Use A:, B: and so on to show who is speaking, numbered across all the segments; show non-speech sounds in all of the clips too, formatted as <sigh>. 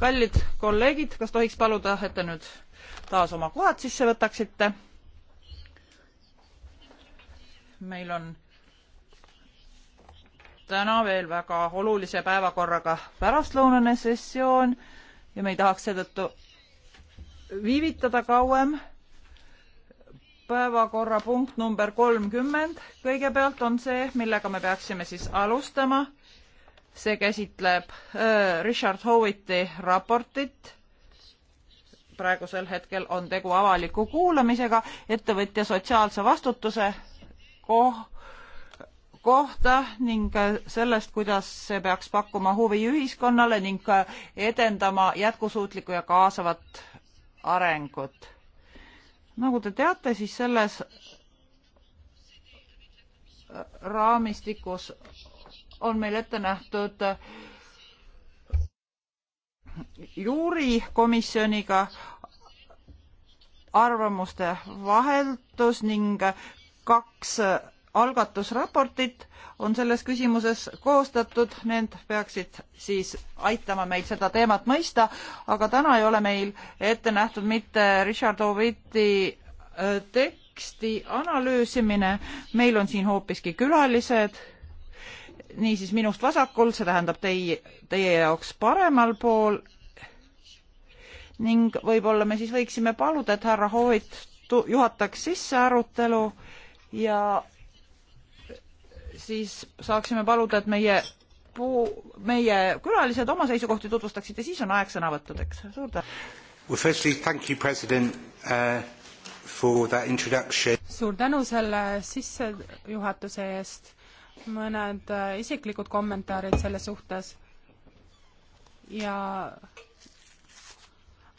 A: kallid kolleegid, kas tohiks paluda, et te nüüd taas oma kohad sisse võtaksite? meil on täna veel väga olulise päevakorraga pärastlõunane sessioon ja me ei tahaks seetõttu viivitada kauem. päevakorrapunkt number kolmkümmend kõigepealt on see, millega me peaksime siis alustama see käsitleb äh, Richard Howitti raportit. praegusel hetkel on tegu avaliku kuulamisega ettevõtja sotsiaalse vastutuse koh-, kohta ning äh, sellest, kuidas see peaks pakkuma huvi ühiskonnale ning äh, edendama jätkusuutlikku ja kaasavat arengut. nagu te teate, siis selles raamistikus on meil ette nähtud juurikomisjoniga arvamuste vaheldus ning kaks algatusraportit on selles küsimuses koostatud, need peaksid siis aitama meil seda teemat mõista, aga täna ei ole meil ette nähtud mitte Richard Oviti äh, teksti analüüsimine, meil on siin hoopiski külalised niisiis minust vasakul, see tähendab teie, teie jaoks paremal pool. ning võib-olla me siis võiksime paluda, et härra Hoovit juhataks sisse arutelu ja siis saaksime paluda, et meie puu, meie külalised oma seisukohti tutvustaksid ja siis on aeg sõnavõttudeks. suur tänu
B: well,. Uh,
C: suur tänu selle sissejuhatuse eest mõned äh, isiklikud kommentaarid selle suhtes ja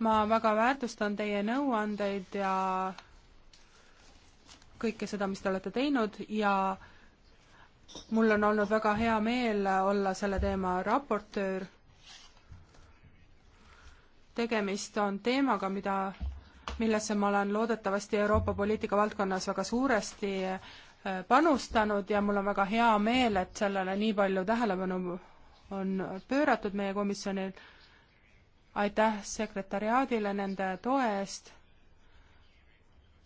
C: ma väga väärtustan teie nõuandeid ja kõike seda, mis te olete teinud ja mul on olnud väga hea meel olla selle teema raportöör. tegemist on teemaga, mida, millesse ma olen loodetavasti Euroopa poliitika valdkonnas väga suuresti panustanud ja mul on väga hea meel, et sellele nii palju tähelepanu on pööratud meie komisjonil. aitäh sekretariaadile nende toe eest.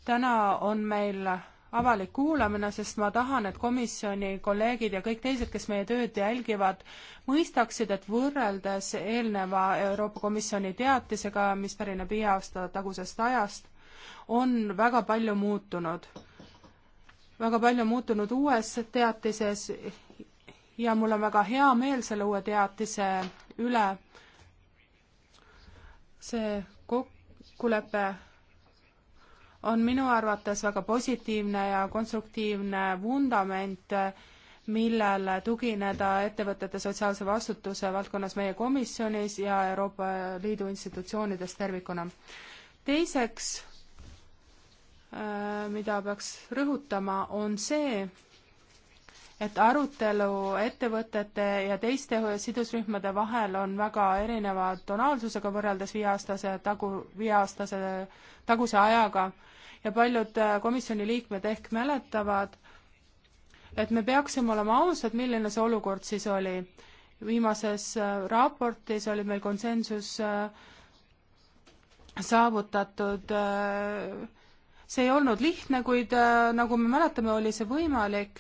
C: täna on meil avalik kuulamine, sest ma tahan, et komisjoni kolleegid ja kõik teised, kes meie tööd jälgivad, mõistaksid, et võrreldes eelneva Euroopa Komisjoni teatisega, mis pärineb viie aasta tagusest ajast, on väga palju muutunud väga palju on muutunud uues teatises ja mul on väga hea meel selle uue teatise üle. see kokkulepe on minu arvates väga positiivne ja konstruktiivne vundament, millele tugineda ettevõtete sotsiaalse vastutuse valdkonnas meie komisjonis ja Euroopa Liidu institutsioonides tervikuna. teiseks Äh, mida peaks rõhutama, on see, et arutelu ettevõtete ja teiste sidusrühmade vahel on väga erineva tonaalsusega võrreldes viieaastase tagu, viieaastase taguse ajaga ja paljud äh, komisjoni liikmed ehk mäletavad, et me peaksime olema ausad, milline see olukord siis oli. viimases äh, raportis oli meil konsensus saavutatud äh, see ei olnud lihtne, kuid äh, nagu me mäletame, oli see võimalik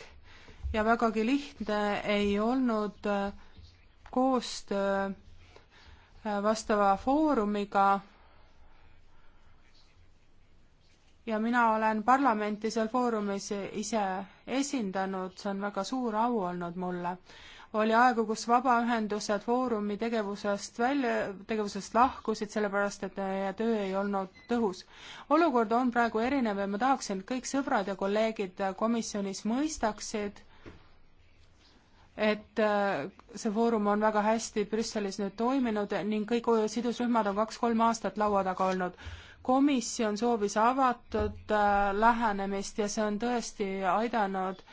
C: ja vägagi lihtne ei olnud äh, koostöö äh, vastava foorumiga. ja mina olen parlamenti seal foorumis ise esindanud, see on väga suur au olnud mulle oli aegu, kus vabaühendused Foorumi tegevusest välja, tegevusest lahkusid, sellepärast et teie töö ei olnud tõhus. olukord on praegu erinev ja ma tahaksin, et kõik sõbrad ja kolleegid komisjonis mõistaksid, et äh, see foorum on väga hästi Brüsselis nüüd toiminud ning kõik sidusrühmad on kaks-kolm aastat laua taga olnud. komisjon soovis avatud äh, lähenemist ja see on tõesti aidanud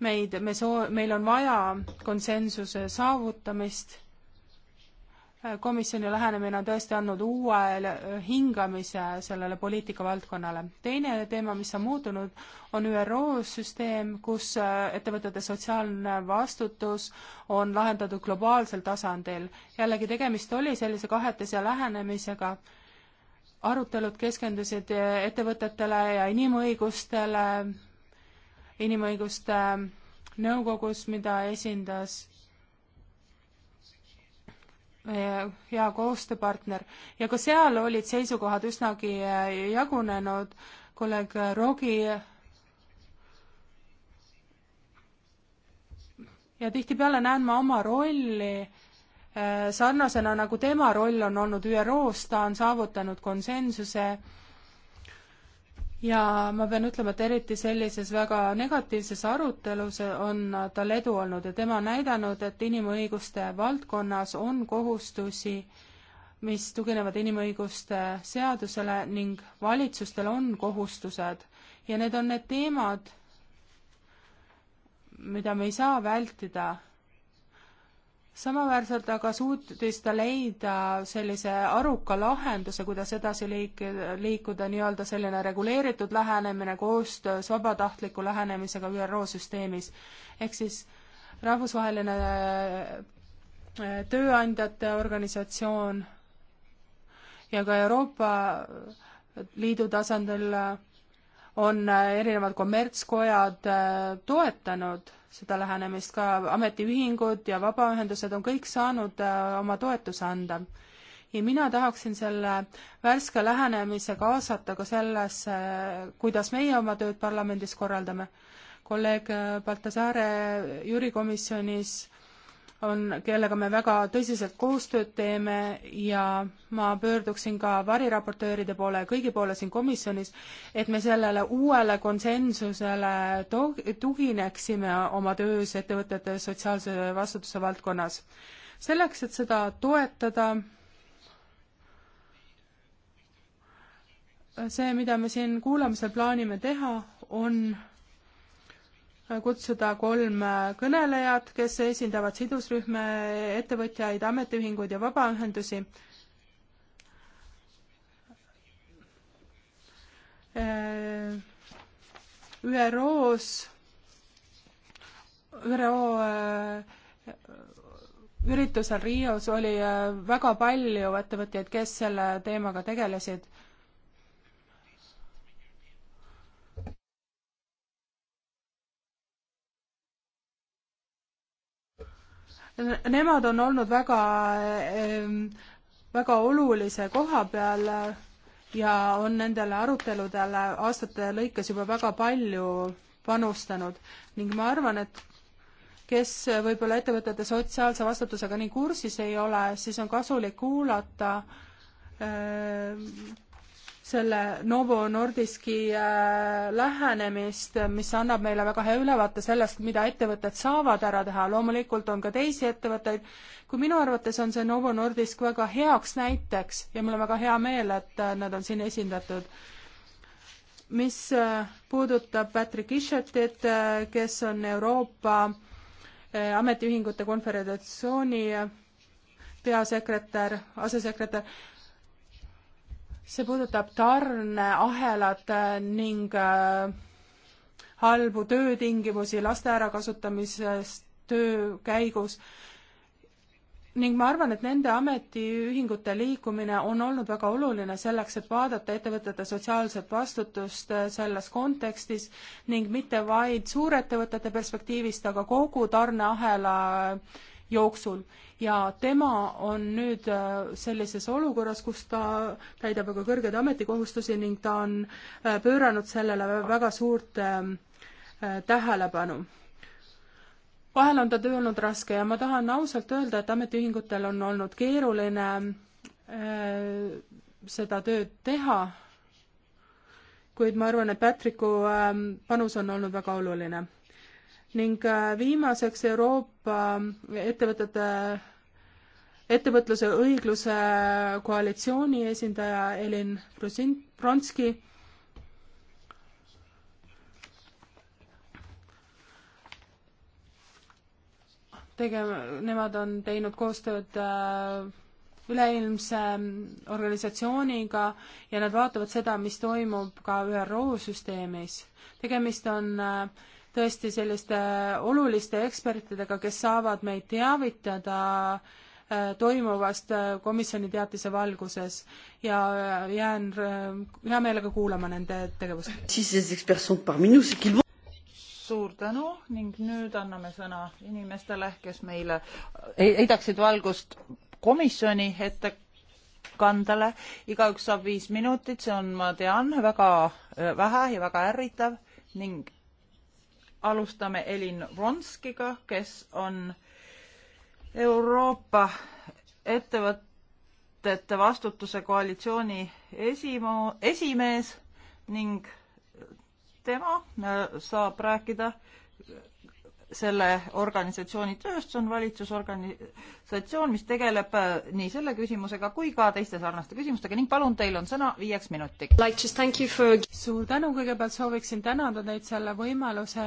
C: meid, me soo-, meil on vaja konsensuse saavutamist, komisjoni lähenemine on tõesti andnud uue hingamise sellele poliitikavaldkonnale. teine teema, mis on muutunud, on ÜRO süsteem, kus äh, ettevõtete sotsiaalne vastutus on lahendatud globaalsel tasandil. jällegi tegemist oli sellise kahetise lähenemisega, arutelud keskendusid äh, ettevõtetele ja inimõigustele, inimõiguste ähm, nõukogus, mida esindas meie äh, hea koostööpartner ja ka seal olid seisukohad üsnagi äh, jagunenud, kolleeg Rogi ja tihtipeale näen ma oma rolli äh, sarnasena, nagu tema roll on olnud ÜRO-s, ta on saavutanud konsensuse ja ma pean ütlema, et eriti sellises väga negatiivses arutelus on tal edu olnud ja tema on näidanud, et inimõiguste valdkonnas on kohustusi, mis tuginevad inimõiguste seadusele ning valitsustel on kohustused ja need on need teemad, mida me ei saa vältida samaväärselt aga suutis ta leida sellise aruka lahenduse, kuidas edasi liik-, liikuda, nii-öelda selline reguleeritud lähenemine koostöös vabatahtliku lähenemisega ÜRO süsteemis. ehk siis rahvusvaheline äh, tööandjate organisatsioon ja ka Euroopa Liidu tasandil on äh, erinevad kommertskojad äh, toetanud seda lähenemist, ka ametiühingud ja vabaühendused on kõik saanud äh, oma toetuse anda. ja mina tahaksin selle värske lähenemise kaasata ka sellesse, kuidas meie oma tööd parlamendis korraldame. kolleeg äh, Baltasaare juurikomisjonis on, kellega me väga tõsiselt koostööd teeme ja ma pöörduksin ka variraportööride poole ja kõigi poole siin komisjonis, et me sellele uuele konsensusele to-, tugineksime oma töös ettevõtete sotsiaalse vastutuse valdkonnas. selleks, et seda toetada, see, mida me siin kuulamisel plaanime teha, on kutsuda kolm kõnelejat, kes esindavad sidusrühme ettevõtjaid, ametiühinguid ja vabaühendusi. ÜRO-s, ÜRO äh, üritusel Rios oli äh, väga palju ettevõtjaid, kes selle teemaga tegelesid nemad on olnud väga, väga olulise koha peal ja on nendele aruteludele aastate lõikes juba väga palju panustanud ning ma arvan, et kes võib-olla ettevõtete sotsiaalse vastutusega nii kursis ei ole, siis on kasulik kuulata selle Novo Nordiski äh, lähenemist, mis annab meile väga hea ülevaate sellest, mida ettevõtted saavad ära teha, loomulikult on ka teisi ettevõtteid, kui minu arvates on see Novo Nordisk väga heaks näiteks ja mul on väga hea meel, et äh, nad on siin esindatud. mis äh, puudutab Patrick Ishetit, kes on Euroopa Ametiühingute Konföderatsiooni peasekretär, asesekretär, see puudutab tarneahelat ning äh, halbu töötingimusi laste ärakasutamisest töö käigus ning ma arvan, et nende ametiühingute liikumine on olnud väga oluline selleks, et vaadata ettevõtete sotsiaalset vastutust äh, selles kontekstis ning mitte vaid suurettevõtete perspektiivist, aga kogu tarneahela jooksul ja tema on nüüd äh, sellises olukorras, kus ta täidab väga kõrgeid ametikohustusi ning ta on äh, pööranud sellele väga suurt ähm, äh, tähelepanu vahel on ta töönud raske ja ma tahan ausalt öelda, et ametiühingutel on olnud keeruline äh, seda tööd teha, kuid ma arvan, et Patricku äh, panus on olnud väga oluline ning äh, viimaseks Euroopa ettevõtete, ettevõtluse õigluse koalitsiooni esindaja Elin Brusin-, Bronski tege-, nemad on teinud koostööd äh, üleilmse organisatsiooniga ja nad vaatavad seda, mis toimub ka ÜRO süsteemis. tegemist on äh, tõesti selliste äh, oluliste ekspertidega, kes saavad meid teavitada äh, toimuvast äh, komisjoni teatise valguses ja jään hea meelega kuulama nende tegevust. suur tänu ning nüüd anname sõna
A: inimestele, kes meile heidaksid valgust komisjoni ette kandele, igaüks saab viis minutit, see on, ma tean, väga vähe ja väga ärritav ning alustame Elin Vronskiga, kes on Euroopa ettevõtete vastutuse koalitsiooni esimo-, esimees ning tema äh, saab rääkida selle organisatsiooni tööst, see on valitsusorganisatsioon, mis tegeleb äh, nii selle küsimusega kui ka teiste sarnaste küsimustega ning palun, teil on sõna viieks minutiks like for.... suur
C: tänu, kõigepealt sooviksin tänada teid selle võimaluse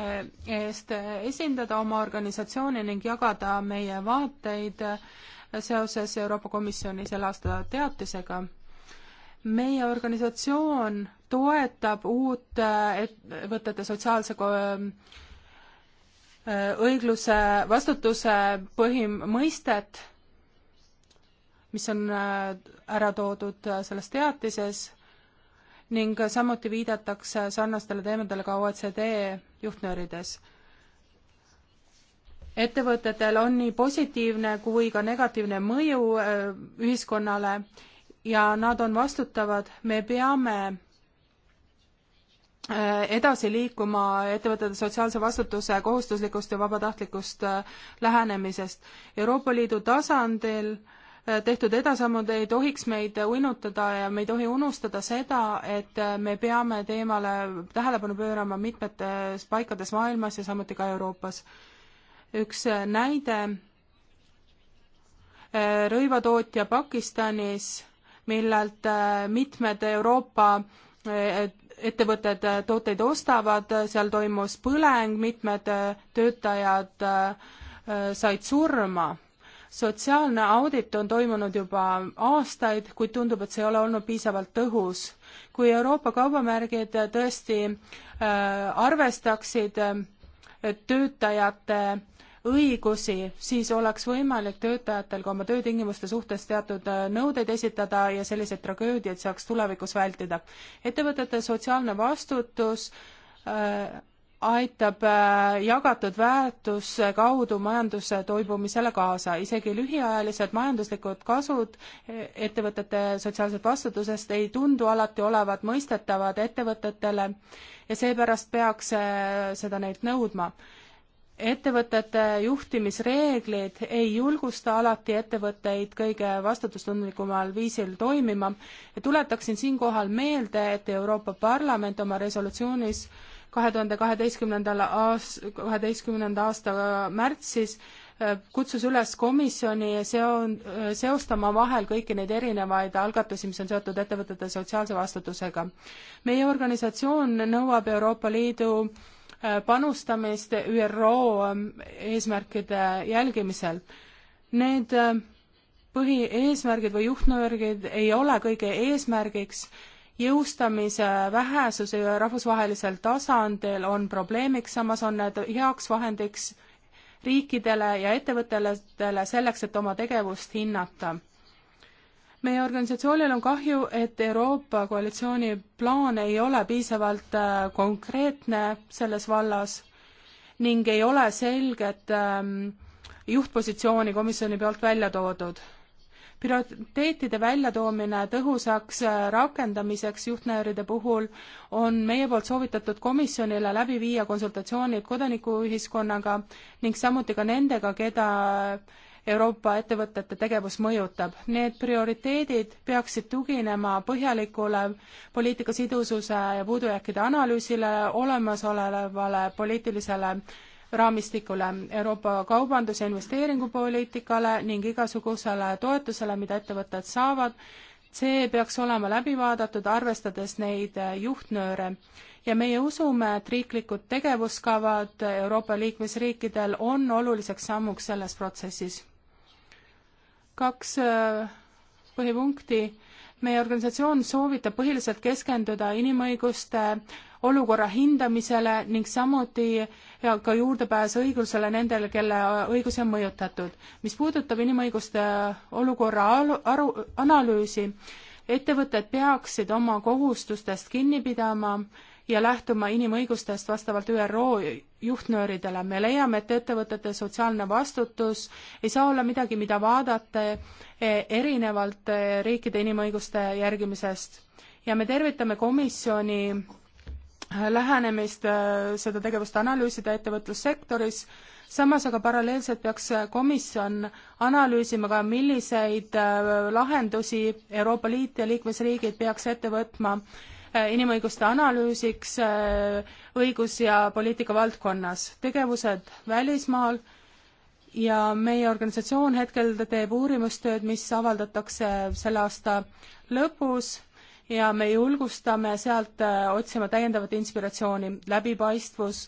C: eest esindada oma organisatsiooni ning jagada meie vaateid seoses Euroopa Komisjoni selle aasta teatisega meie organisatsioon toetab uut ettevõtete sotsiaalse õigluse, vastutuse põhimõistet, mis on äh, ära toodud äh, selles teatises ning samuti viidatakse sarnastele teemadele ka OECD juhtnöörides. ettevõtetel on nii positiivne kui ka negatiivne mõju äh, ühiskonnale ja nad on vastutavad, me peame Äh, edasi liikuma ettevõtete sotsiaalse vastutuse kohustuslikust ja vabatahtlikust äh, lähenemisest. Euroopa Liidu tasandil äh, tehtud edasammud ei tohiks meid uinutada ja me ei tohi unustada seda, et me peame teemale tähelepanu pöörama mitmetes paikades maailmas ja samuti ka Euroopas. üks näide, rõivatootja Pakistanis, millelt mitmed Euroopa ettevõtted äh, tooteid ostavad, äh, seal toimus põleng, mitmed äh, töötajad said surma. sotsiaalne audit on toimunud juba aastaid, kuid tundub, et see ei ole olnud piisavalt tõhus. kui Euroopa kaubamärgid tõesti arvestaksid töötajate õigusi, siis oleks võimalik töötajatel ka oma töötingimuste suhtes teatud äh, nõudeid esitada ja selliseid tragöödiaid saaks tulevikus vältida. ettevõtete sotsiaalne vastutus äh, aitab äh, jagatud väärtuse kaudu majanduse toibumisele kaasa. isegi lühiajalised majanduslikud kasud e, ettevõtete sotsiaalsest vastutusest ei tundu alati olevat mõistetavad ettevõtetele ja seepärast peaks äh, seda neilt nõudma ettevõtete juhtimisreeglid ei julgusta alati ettevõtteid kõige vastutustundlikumal viisil toimima ja tuletaksin siinkohal meelde, et Euroopa Parlament oma resolutsioonis kahe tuhande kaheteistkümnendal aas-, kaheteistkümnenda aasta märtsis äh, kutsus üles komisjoni seon-, seostama vahel kõiki neid erinevaid algatusi, mis on seotud ettevõtete sotsiaalse vastutusega. meie organisatsioon nõuab Euroopa Liidu äh, panustamist ÜRO ähm, eesmärkide jälgimisel. Need ähm, põhieesmärgid või juhtnöörgid ei ole kõige eesmärgiks, jõustamise vähesus rahvusvahelisel tasandil on probleemiks, samas on need heaks vahendiks riikidele ja ettevõtetele selleks, et oma tegevust hinnata meie organisatsioonil on kahju, et Euroopa koalitsiooni plaan ei ole piisavalt äh, konkreetne selles vallas ning ei ole selget ähm, juhtpositsiooni komisjoni poolt välja toodud. prioriteetide väljatoomine tõhusaks äh, rakendamiseks juhtnööride puhul on meie poolt soovitatud komisjonile läbi viia konsultatsioonid kodanikuühiskonnaga ning samuti ka nendega, keda Euroopa ettevõtete tegevus mõjutab. Need prioriteedid peaksid tuginema põhjalikule poliitika sidususe ja puudujääkide analüüsile, olemasolevale poliitilisele raamistikule, Euroopa kaubandus- ja investeeringupoliitikale ning igasugusele toetusele, mida ettevõtted saavad, see peaks olema läbi vaadatud, arvestades neid juhtnööre. ja meie usume, et riiklikud tegevuskavad Euroopa liikmesriikidel on oluliseks sammuks selles protsessis kaks äh, põhipunkti. meie organisatsioon soovitab põhiliselt keskenduda inimõiguste olukorra hindamisele ning samuti ja ka juurdepääs õiglusele nendel, kelle äh, õigusi on mõjutatud. mis puudutab inimõiguste äh, olukorra alu, aru, analüüsi, ettevõtted peaksid oma kohustustest kinni pidama äh, ja lähtuma inimõigustest vastavalt ÜRO juhtnööridele. me leiame, et ettevõtete sotsiaalne vastutus ei saa olla midagi, mida vaadata e, erinevalt e, riikide inimõiguste järgimisest. ja me tervitame komisjoni e, lähenemist seda tegevust analüüsida ettevõtlussektoris, samas aga paralleelselt peaks komisjon analüüsima ka, milliseid lahendusi Euroopa Liit ja liikmesriigid peaks ette võtma äh, Äh, inimõiguste analüüsiks äh, õigus- ja poliitika valdkonnas. tegevused välismaal ja meie organisatsioon hetkel teeb uurimustööd, mis avaldatakse selle aasta lõpus ja me julgustame sealt äh, otsima täiendavat inspiratsiooni. läbipaistvus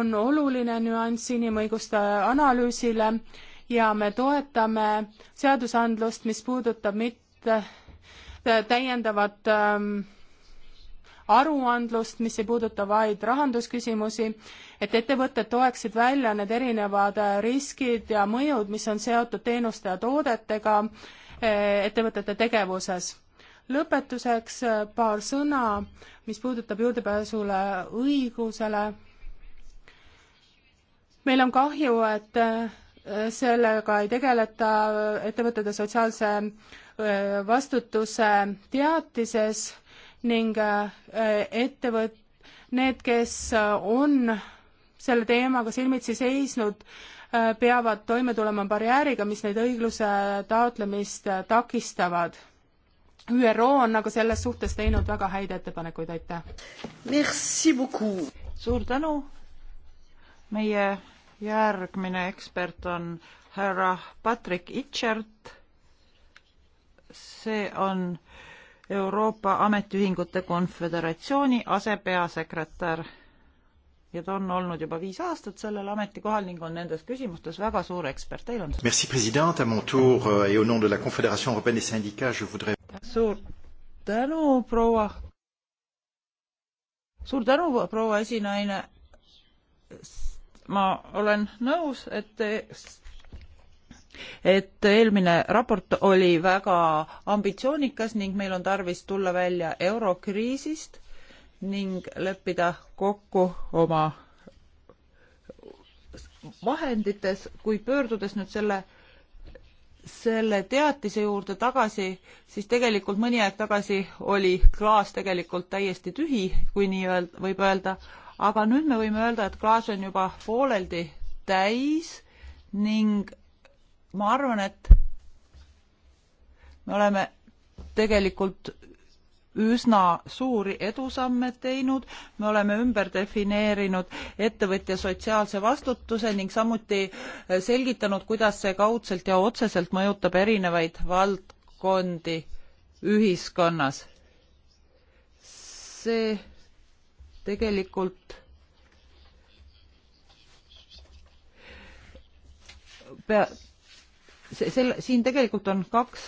C: on oluline nüanss inimõiguste analüüsile ja me toetame seadusandlust, mis puudutab mitte täiendavat ähm, aruandlust, mis ei puuduta vaid rahandusküsimusi, et ettevõtted toeksid välja need erinevad äh, riskid ja mõjud, mis on seotud teenuste ja toodetega äh, ettevõtete tegevuses lõpetuseks äh, paar sõna, mis puudutab juurdepääsule õigusele. meil on kahju, et sellega ei tegeleta ettevõtete sotsiaalse vastutuse teatises ning äh, ettevõt-, need, kes äh, on selle teemaga silmitsi seisnud, äh, peavad toime tulema barjääriga, mis neid õigluse taotlemist takistavad. ÜRO on aga selles suhtes teinud väga häid ettepanekuid, aitäh! suur tänu! meie järgmine
A: ekspert on härra Patrick Itchert. see on Euroopa Ametiühingute Konföderatsiooni asepeasekretär ja ta on olnud juba viis aastat sellel ametikohal ning on nendes küsimustes väga suur ekspert. Teil on
D: Merci president, à mon tour euh, et au nom de la Confédération Européenne des Syndicats, je voudrais
A: suur tänu, proua, suur tänu, proua esinaine. ma olen nõus, et te et eelmine raport oli väga ambitsioonikas ning meil on tarvis tulla välja eurokriisist ning leppida kokku oma vahendites, kui pöördudes nüüd selle, selle teatise juurde tagasi, siis tegelikult mõni aeg tagasi oli klaas tegelikult täiesti tühi, kui nii öelda, võib öelda, aga nüüd me võime öelda, et klaas on juba pooleldi täis ning ma arvan, et me oleme tegelikult üsna suuri edusamme teinud, me oleme ümber defineerinud ettevõtja sotsiaalse vastutuse ning samuti selgitanud, kuidas see kaudselt ja otseselt mõjutab erinevaid valdkondi ühiskonnas. see tegelikult pea-, see, selle, siin tegelikult on kaks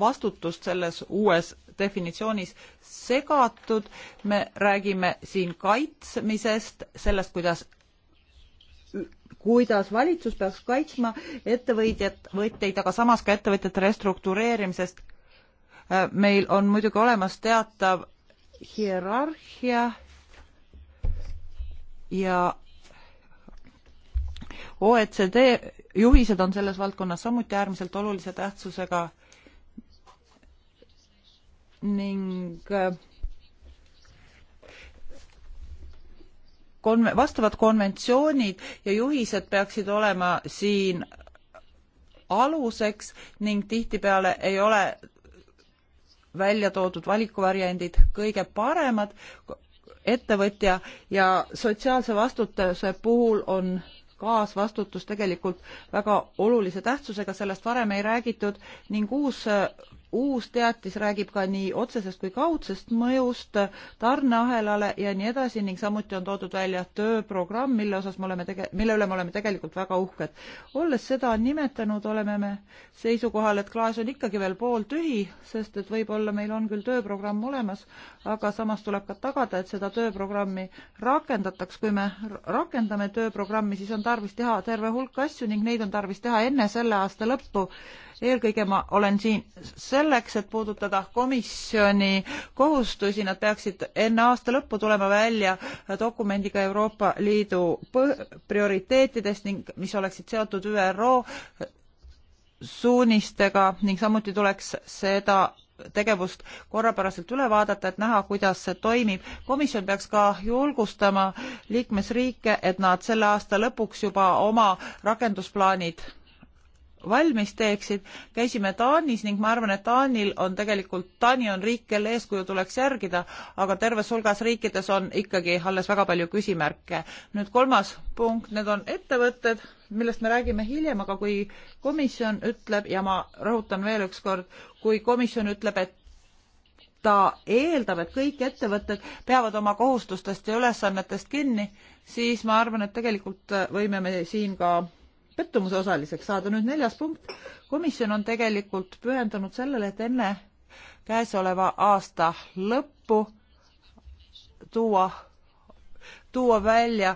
A: vastutust selles uues definitsioonis segatud. me räägime siin kaitsmisest, sellest, kuidas kuidas valitsus peaks kaitsma ettevõtjat, võtteid, aga samas ka ettevõtjate restruktureerimisest. meil on muidugi olemas teatav hierarhia ja OECD juhised on selles valdkonnas samuti äärmiselt olulise tähtsusega ning äh, konve-, vastavad konventsioonid ja juhised peaksid olema siin aluseks ning tihtipeale ei ole välja toodud valikuvariandid kõige paremad ettevõtja ja sotsiaalse vastutuse puhul on kaasvastutus tegelikult väga olulise tähtsusega, sellest varem ei räägitud ning uus uus teatis räägib ka nii otsesest kui kaudsest mõjust tarneahelale ja nii edasi ning samuti on toodud välja tööprogramm, mille osas me oleme tege-, mille üle me oleme tegelikult väga uhked. olles seda nimetanud, oleme me seisukohal, et klaas on ikkagi veel pooltühi, sest et võib-olla meil on küll tööprogramm olemas, aga samas tuleb ka tagada, et seda tööprogrammi rakendataks. kui me rakendame tööprogrammi, siis on tarvis teha terve hulk asju ning neid on tarvis teha enne selle aasta lõppu eelkõige ma olen siin selleks, et puudutada komisjoni kohustusi, nad peaksid enne aasta lõppu tulema välja dokumendiga Euroopa Liidu prioriteetidest ning mis oleksid seotud ÜRO suunistega ning samuti tuleks seda tegevust korrapäraselt üle vaadata, et näha, kuidas see toimib. komisjon peaks ka julgustama liikmesriike, et nad selle aasta lõpuks juba oma rakendusplaanid valmis teeksid. käisime Taanis ning ma arvan, et Taanil on tegelikult, Taani on riik, kelle eeskuju tuleks järgida, aga terves hulgas riikides on ikkagi alles väga palju küsimärke. nüüd kolmas punkt, need on ettevõtted, millest me räägime hiljem, aga kui komisjon ütleb ja ma rõhutan veel ükskord, kui komisjon ütleb, et ta eeldab, et kõik ettevõtted peavad oma kohustustest ja ülesannetest kinni, siis ma arvan, et tegelikult võime me siin ka pettumuse osaliseks saada. nüüd neljas punkt. komisjon on tegelikult pühendunud sellele, et enne käesoleva aasta lõppu tuua, tuua välja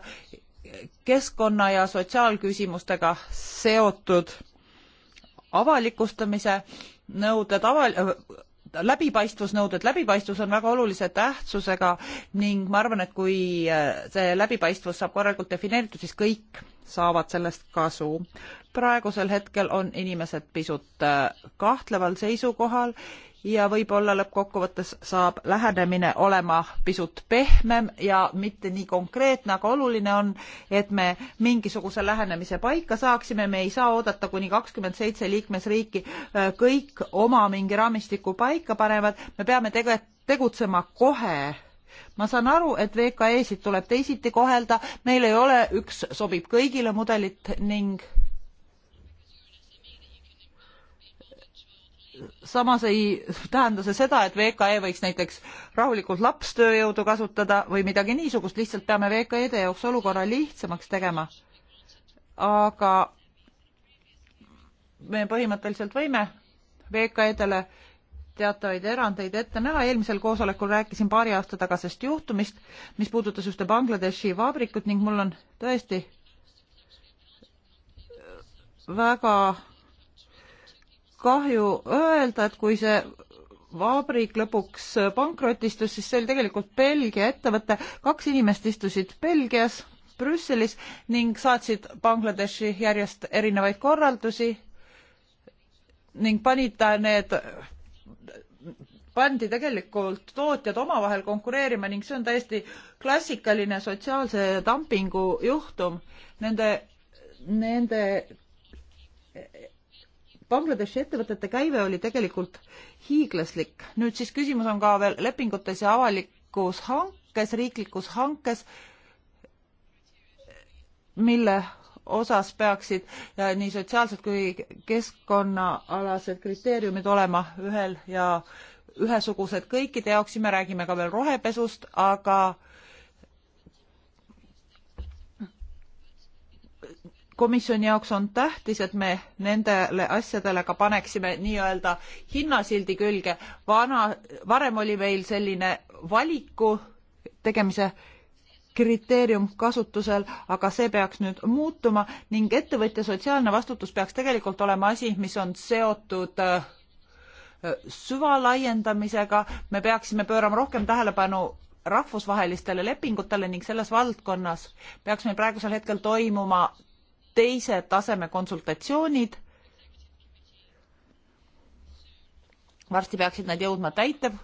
A: keskkonna ja sotsiaalküsimustega seotud avalikustamise nõuded aval-, läbipaistvusnõuded, läbipaistvus on väga olulise tähtsusega ning ma arvan, et kui äh, see läbipaistvus saab korralikult defineeritud, siis kõik saavad sellest kasu. praegusel hetkel on inimesed pisut äh, kahtleval seisukohal ja võib-olla lõppkokkuvõttes saab lähenemine olema pisut pehmem ja mitte nii konkreetne, aga oluline on, et me mingisuguse lähenemise paika saaksime, me ei saa oodata, kuni kakskümmend seitse liikmesriiki äh, kõik oma mingi raamistiku paika panevad, me peame tege-, tegutsema kohe ma saan aru, et VKE-sid tuleb teisiti kohelda, meil ei ole üks sobib kõigile mudelit ning samas ei tähenda see seda, et VKE võiks näiteks rahulikult lapstööjõudu kasutada või midagi niisugust, lihtsalt peame VKE-de jaoks olukorra lihtsamaks tegema. aga me põhimõtteliselt võime VKE-dele teatavaid erandeid ette näha, eelmisel koosolekul rääkisin paari aasta tagasest juhtumist, mis puudutas just Bangladeshi vabrikut ning mul on tõesti väga kahju öelda, et kui see vabrik lõpuks pankrotistus, siis see oli tegelikult Belgia ettevõte, kaks inimest istusid Belgias, Brüsselis ning saatsid Bangladeshi järjest erinevaid korraldusi ning panid ta need pandi tegelikult tootjad omavahel konkureerima ning see on täiesti klassikaline sotsiaalse dumpingu juhtum. Nende, nende Bangladeshi ettevõtete käive oli tegelikult hiiglaslik. nüüd siis küsimus on ka veel lepingutes ja avalikus hankes, riiklikus hankes, mille osas peaksid nii sotsiaalsed kui keskkonnaalased kriteeriumid olema ühel ja ühesugused kõikide jaoks ja me räägime ka veel rohepesust, aga komisjoni jaoks on tähtis, et me nendele asjadele ka paneksime nii-öelda hinnasildi külge. vana, varem oli meil selline valiku tegemise kriteerium kasutusel, aga see peaks nüüd muutuma ning ettevõtja sotsiaalne vastutus peaks tegelikult olema asi, mis on seotud äh, süvalaiendamisega, me peaksime pöörama rohkem tähelepanu rahvusvahelistele lepingutele ning selles valdkonnas peaks meil praegusel hetkel toimuma teise taseme konsultatsioonid. varsti peaksid nad jõudma täitev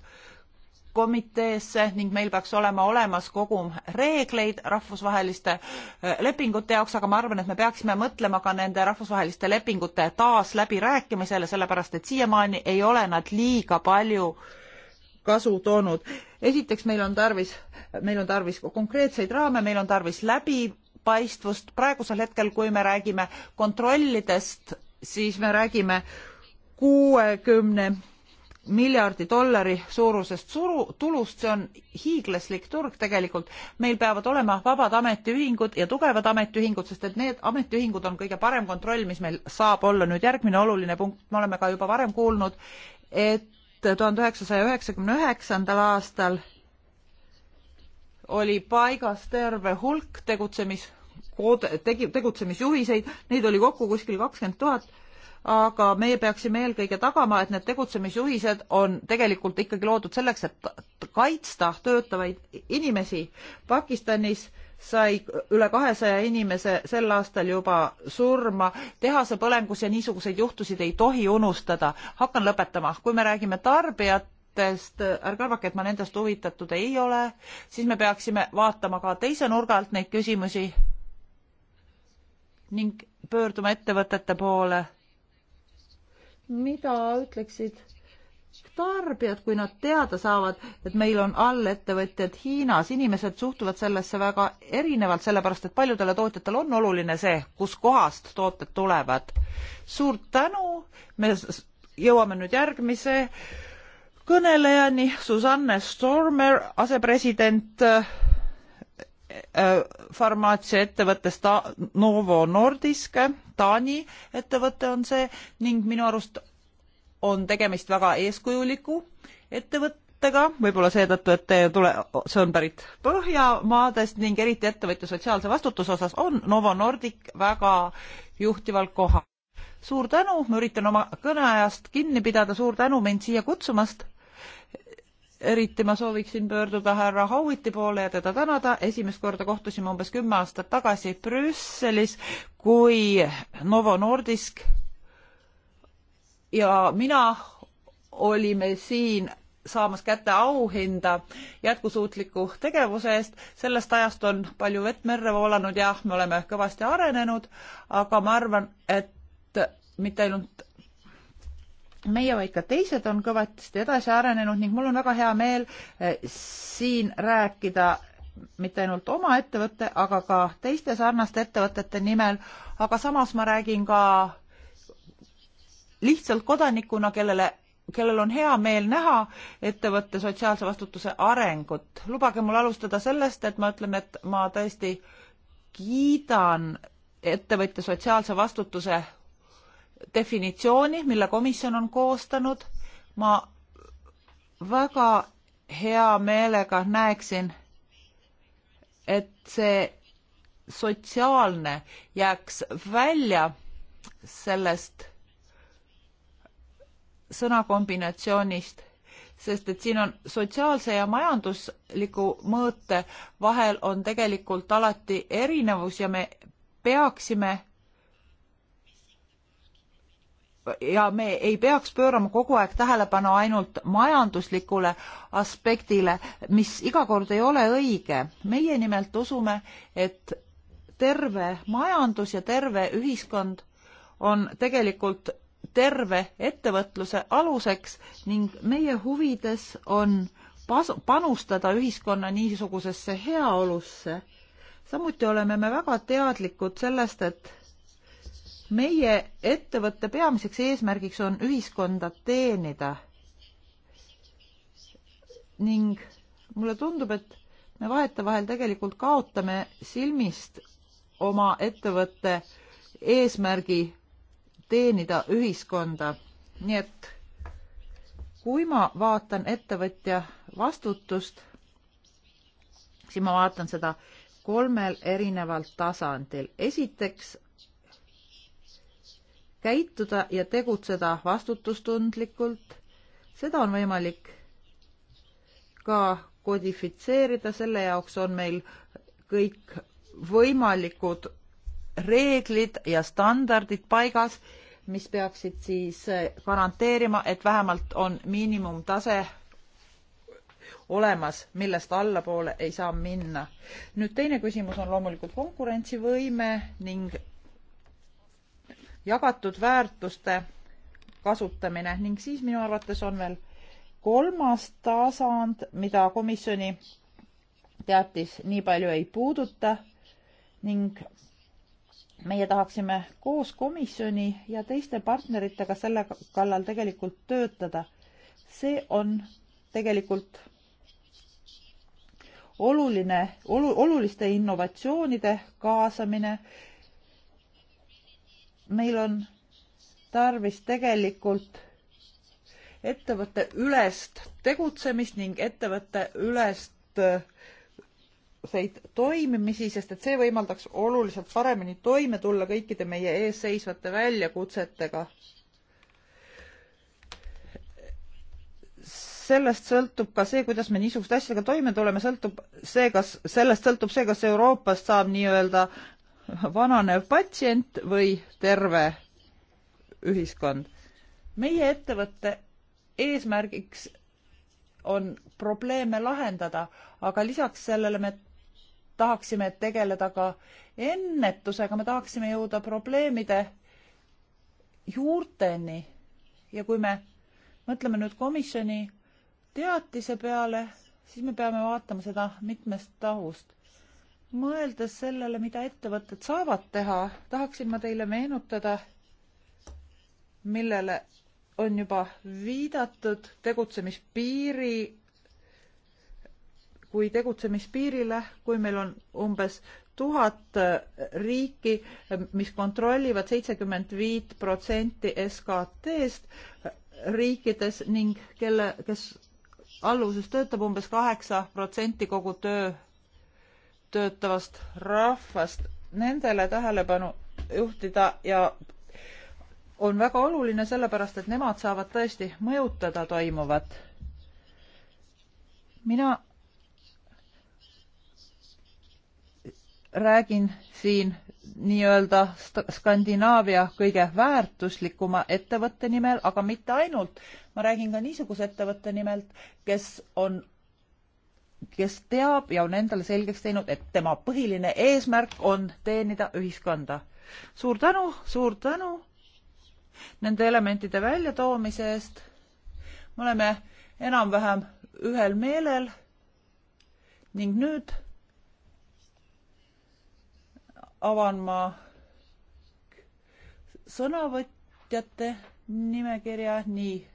A: komiteesse ning meil peaks olema olemas kogum reegleid rahvusvaheliste äh, lepingute jaoks, aga ma arvan, et me peaksime mõtlema ka nende rahvusvaheliste lepingute taasläbirääkimisele, sellepärast et siiamaani ei ole nad liiga palju kasu toonud. esiteks meil on tarvis, meil on tarvis konkreetseid raame, meil on tarvis läbipaistvust, praegusel hetkel, kui me räägime kontrollidest, siis me räägime kuuekümne 60 miljardi dollari suurusest suru, tulust, see on hiiglaslik turg tegelikult. meil peavad olema vabad ametiühingud ja tugevad ametiühingud, sest et need ametiühingud on kõige parem kontroll, mis meil saab olla. nüüd järgmine oluline punkt, me oleme ka juba varem kuulnud, et tuhande üheksasaja üheksakümne üheksandal aastal oli paigas terve hulk tegutsemis, tegi, tegutsemisjuhiseid, neid oli kokku kuskil kakskümmend tuhat aga meie peaksime eelkõige tagama, et need tegutsemisjuhised on tegelikult ikkagi loodud selleks, et kaitsta töötavaid inimesi. Pakistanis sai üle kahesaja inimese sel aastal juba surma tehase põlengus ja niisuguseid juhtusid ei tohi unustada. hakkan lõpetama, kui me räägime tarbijat, mõttest, ärge arvake, et ma nendest huvitatud ei ole, siis me peaksime vaatama ka teise nurga alt neid küsimusi ning pöörduma ettevõtete poole mida ütleksid tarbijad, kui nad teada saavad, et meil on allettevõtjad Hiinas, inimesed suhtuvad sellesse väga erinevalt, sellepärast et paljudele tootjatele on oluline see, kuskohast tooted tulevad. suur tänu, me jõuame nüüd järgmise kõnelejani, Susanne Stormer, asepresident Äh, farmaatsiaettevõttes ta-, Novo Nordisk, Taani ettevõte on see ning minu arust on tegemist väga eeskujuliku ettevõttega, võib-olla seetõttu, et tule, see on pärit Põhjamaadest ning eriti ettevõtja sotsiaalse vastutuse osas on Novo Nordic väga juhtival kohal. suur tänu, ma üritan oma kõneajast kinni pidada, suur tänu mind siia kutsumast eriti ma sooviksin pöörduda härra Howiti poole ja teda tänada. esimest korda kohtusime umbes kümme aastat tagasi Brüsselis, kui Novo Nordisk ja mina olime siin saamas kätte auhinda jätkusuutliku tegevuse eest. sellest ajast on palju vett merre voolanud ja me oleme kõvasti arenenud, aga ma arvan, et mitte ainult meie, vaid ka teised on kõvasti edasi arenenud ning mul on väga hea meel eh, siin rääkida mitte ainult oma ettevõtte, aga ka teiste sarnaste ettevõtete nimel, aga samas ma räägin ka lihtsalt kodanikuna, kellele, kellel on hea meel näha ettevõtte sotsiaalse vastutuse arengut. lubage mul alustada sellest, et ma ütlen, et ma tõesti kiidan ettevõtja sotsiaalse vastutuse definitsiooni, mille komisjon on koostanud. ma väga hea meelega näeksin, et see sotsiaalne jääks välja sellest sõnakombinatsioonist, sest et siin on sotsiaalse ja majandusliku mõõte vahel on tegelikult alati erinevus ja me peaksime ja me ei peaks pöörama kogu aeg tähelepanu ainult majanduslikule aspektile, mis iga kord ei ole õige. meie nimelt usume, et terve majandus ja terve ühiskond on tegelikult terve ettevõtluse aluseks ning meie huvides on panustada ühiskonna niisugusesse heaolusse. samuti oleme me väga teadlikud sellest, et meie ettevõtte peamiseks eesmärgiks on ühiskonda teenida. ning mulle tundub, et me vahetevahel tegelikult kaotame silmist oma ettevõtte eesmärgi teenida ühiskonda. nii et kui ma vaatan ettevõtja vastutust, siis ma vaatan seda kolmel erineval tasandil. esiteks käituda ja tegutseda vastutustundlikult, seda on võimalik ka kodifitseerida, selle jaoks on meil kõik võimalikud reeglid ja standardid paigas, mis peaksid siis eh, garanteerima, et vähemalt on miinimumtase olemas, millest allapoole ei saa minna. nüüd teine küsimus on loomulikult konkurentsivõime ning jagatud väärtuste kasutamine ning siis minu arvates on veel kolmas tasand, mida komisjoni teatis nii palju ei puuduta ning meie tahaksime koos komisjoni ja teiste partneritega selle kallal tegelikult töötada. see on tegelikult oluline olu,, oluliste innovatsioonide kaasamine meil on tarvis tegelikult ettevõtte ülest tegutsemist ning ettevõtte ülest äh, seid toimimisi, sest et see võimaldaks oluliselt paremini toime tulla kõikide meie ees seisvate väljakutsetega. sellest sõltub ka see, kuidas me niisuguste asjadega toime tuleme, sõltub see, kas, sellest sõltub see, kas Euroopast saab nii-öelda vananev patsient või terve ühiskond. meie ettevõtte eesmärgiks on probleeme lahendada, aga lisaks sellele me tahaksime tegeleda ka ennetusega, me tahaksime jõuda probleemide juurteni. ja kui me mõtleme nüüd komisjoni teatise peale, siis me peame vaatama seda mitmest tahust mõeldes sellele, mida ettevõtted saavad teha, tahaksin ma teile meenutada, millele on juba viidatud tegutsemispiiri, kui tegutsemispiirile, kui meil on umbes tuhat riiki, mis kontrollivad seitsekümmend viit protsenti SKT-st riikides ning kelle, kes alluvuses töötab umbes kaheksa protsenti kogu töö töötavast rahvast, nendele tähelepanu juhtida ja on väga oluline sellepärast, et nemad saavad tõesti mõjutada toimuvat. mina räägin siin nii-öelda Skandinaavia kõige väärtuslikuma ettevõtte nimel, aga mitte ainult. ma räägin ka niisuguse ettevõtte nimelt, kes on kes teab ja on endale selgeks teinud, et tema põhiline eesmärk on teenida ühiskonda. suur tänu, suur tänu nende elementide väljatoomise eest. me oleme enam-vähem ühel meelel. ning nüüd avan ma sõnavõtjate nimekirja, nii.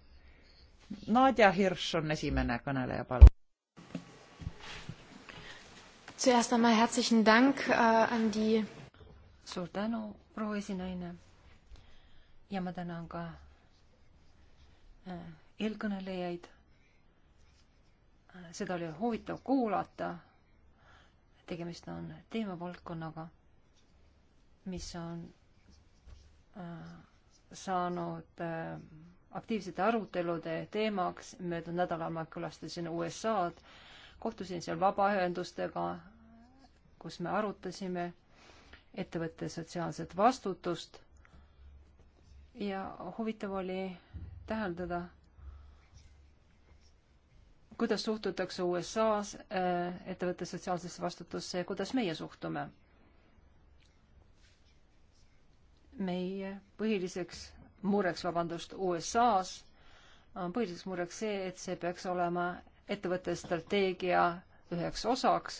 A: Nadja Hirš on esimene kõneleja, palun.
E: Zuerst einmal herzlichen Dank äh, an die suur tänu, proua esinaine. ja ma tänan ka äh, eelkõnelejaid. seda oli huvitav kuulata. tegemist on teemavaldkonnaga, mis on äh, saanud äh, aktiivsete arutelude teemaks. möödunud nädalal ma külastasin USA-d kohtusin seal vabaühendustega, kus me arutasime ettevõtte sotsiaalset vastutust ja huvitav oli täheldada, kuidas suhtutakse USA-s äh, ettevõtte sotsiaalsesse vastutusse ja kuidas meie suhtume. meie põhiliseks mureks, vabandust, USA-s on põhiliseks mureks see, et see peaks olema ettevõtte strateegia üheks osaks.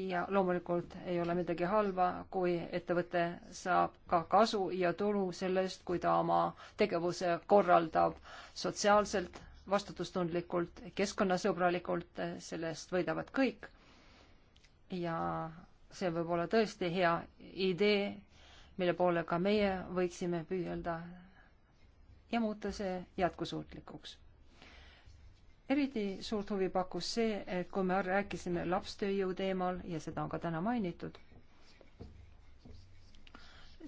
E: ja loomulikult ei ole midagi halba, kui ettevõte saab ka kasu ja tulu sellest, kui ta oma tegevuse korraldab sotsiaalselt, vastutustundlikult, keskkonnasõbralikult, sellest võidavad kõik. ja see võib olla tõesti hea idee, mille poole ka meie võiksime püüelda ja muuta see jätkusuutlikuks eriti suurt huvi pakkus see, et kui me rääkisime lapstööjõu teemal ja seda on ka täna mainitud,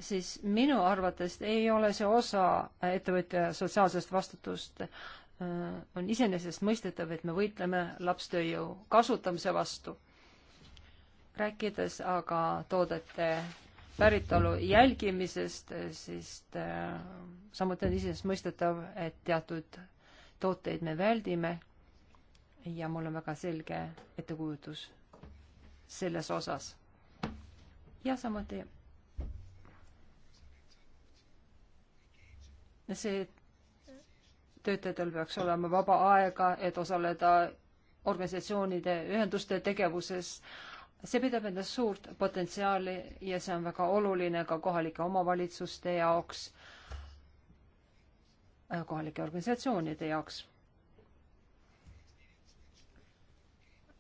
E: siis minu arvates ei ole see osa ettevõtja sotsiaalsest vastutust äh, on iseenesestmõistetav, et me võitleme lapstööjõu kasutamise vastu. rääkides aga toodete päritolu jälgimisest, äh, siis äh, samuti on iseenesestmõistetav, et teatud tooteid me väldime ja mul on väga selge ettekujutus selles osas. ja samuti see töötajatel peaks olema vaba aega, et osaleda organisatsioonide, ühenduste tegevuses. see pidab endast suurt potentsiaali ja see on väga oluline ka kohalike omavalitsuste jaoks äh, Äh, kohalike organisatsioonide jaoks.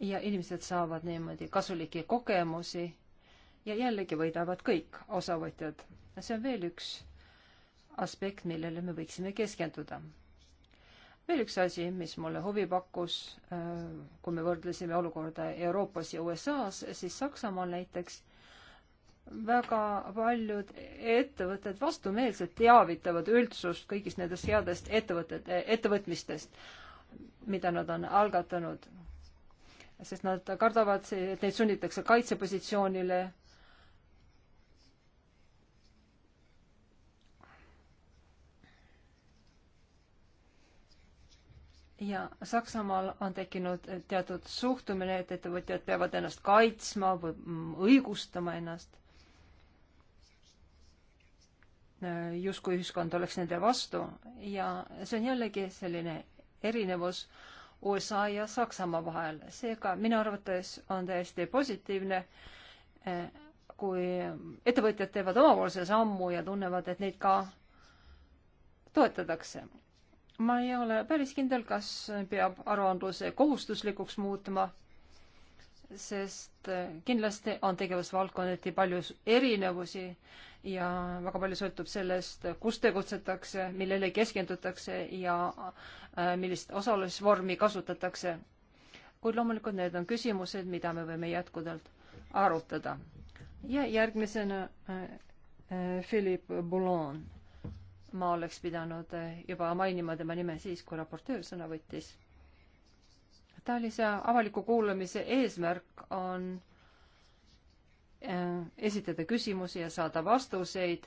E: ja inimesed saavad niimoodi kasulikke kogemusi ja jällegi võidavad kõik osavõtjad. see on veel üks aspekt, millele me võiksime keskenduda. veel üks asi, mis mulle huvi pakkus, äh, kui me võrdlesime olukorda Euroopas ja USA-s, siis Saksamaal näiteks väga paljud ettevõtted vastumeelselt teavitavad üldsust kõigist nendest headest ettevõtted, ettevõtmistest, mida nad on algatanud. sest nad kardavad, et neid sunnitakse kaitsepositsioonile. ja Saksamaal on tekkinud teatud suhtumine, et ettevõtjad peavad ennast kaitsma või õigustama ennast justkui ühiskond oleks nende vastu ja see on jällegi selline erinevus USA ja Saksamaa vahel. seega minu arvates on täiesti positiivne, kui ettevõtjad teevad omapoolse sammu ja tunnevad, et neid ka toetatakse. ma ei ole päris kindel, kas peab aruandluse kohustuslikuks muutma sest äh, kindlasti on tegevusvaldkonniti palju erinevusi ja väga palju sõltub sellest, kus tegutsetakse, millele keskendutakse ja äh, millist osalusvormi kasutatakse. kuid loomulikult need on küsimused, mida me võime jätkuvalt arutada. ja järgmisena äh, Philippe Boulon. ma oleks pidanud juba mainima tema nime siis, kui raportöör sõna võttis tähtajalise avaliku kuulamise eesmärk on äh, esitada küsimusi ja saada vastuseid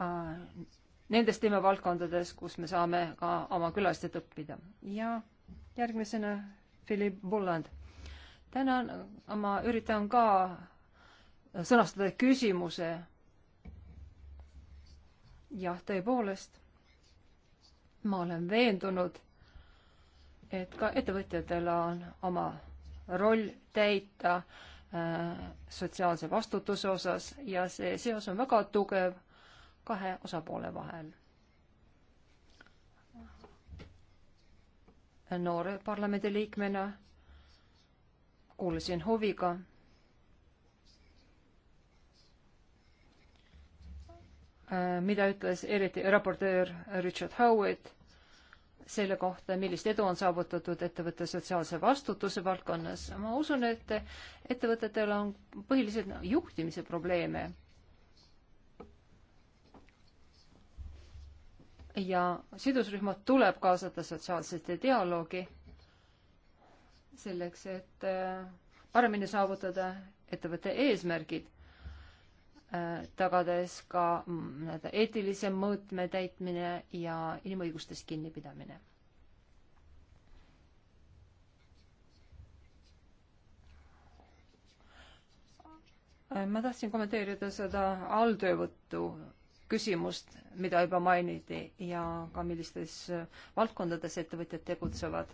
E: äh, nendes teemavaldkondades, kus me saame ka oma külastajad õppida. ja järgmisena Philip Bulland. tänan, ma üritan ka sõnastada küsimuse. jah, tõepoolest, ma olen veendunud et ka ettevõtjatel on oma roll täita äh, sotsiaalse vastutuse osas ja see seos on väga tugev kahe osapoole vahel. noore parlamendiliikmena kuulasin huviga äh, mida ütles eriti raportöör Richard Howard selle kohta, millist edu on saavutatud ettevõtte sotsiaalse vastutuse valdkonnas. ma usun, et ettevõtetel on põhiliselt juhtimise probleeme. ja sidusrühmad tuleb kaasata sotsiaalsesse dialoogi selleks, et äh, paremini saavutada ettevõtte eesmärgid Äh, tagades ka mm, nii-öelda eetilise mõõtme täitmine ja inimõigustest kinnipidamine. Äh, ma tahtsin kommenteerida seda alltöövõttu küsimust, mida juba mainiti ja ka millistes äh, valdkondades ettevõtjad tegutsevad.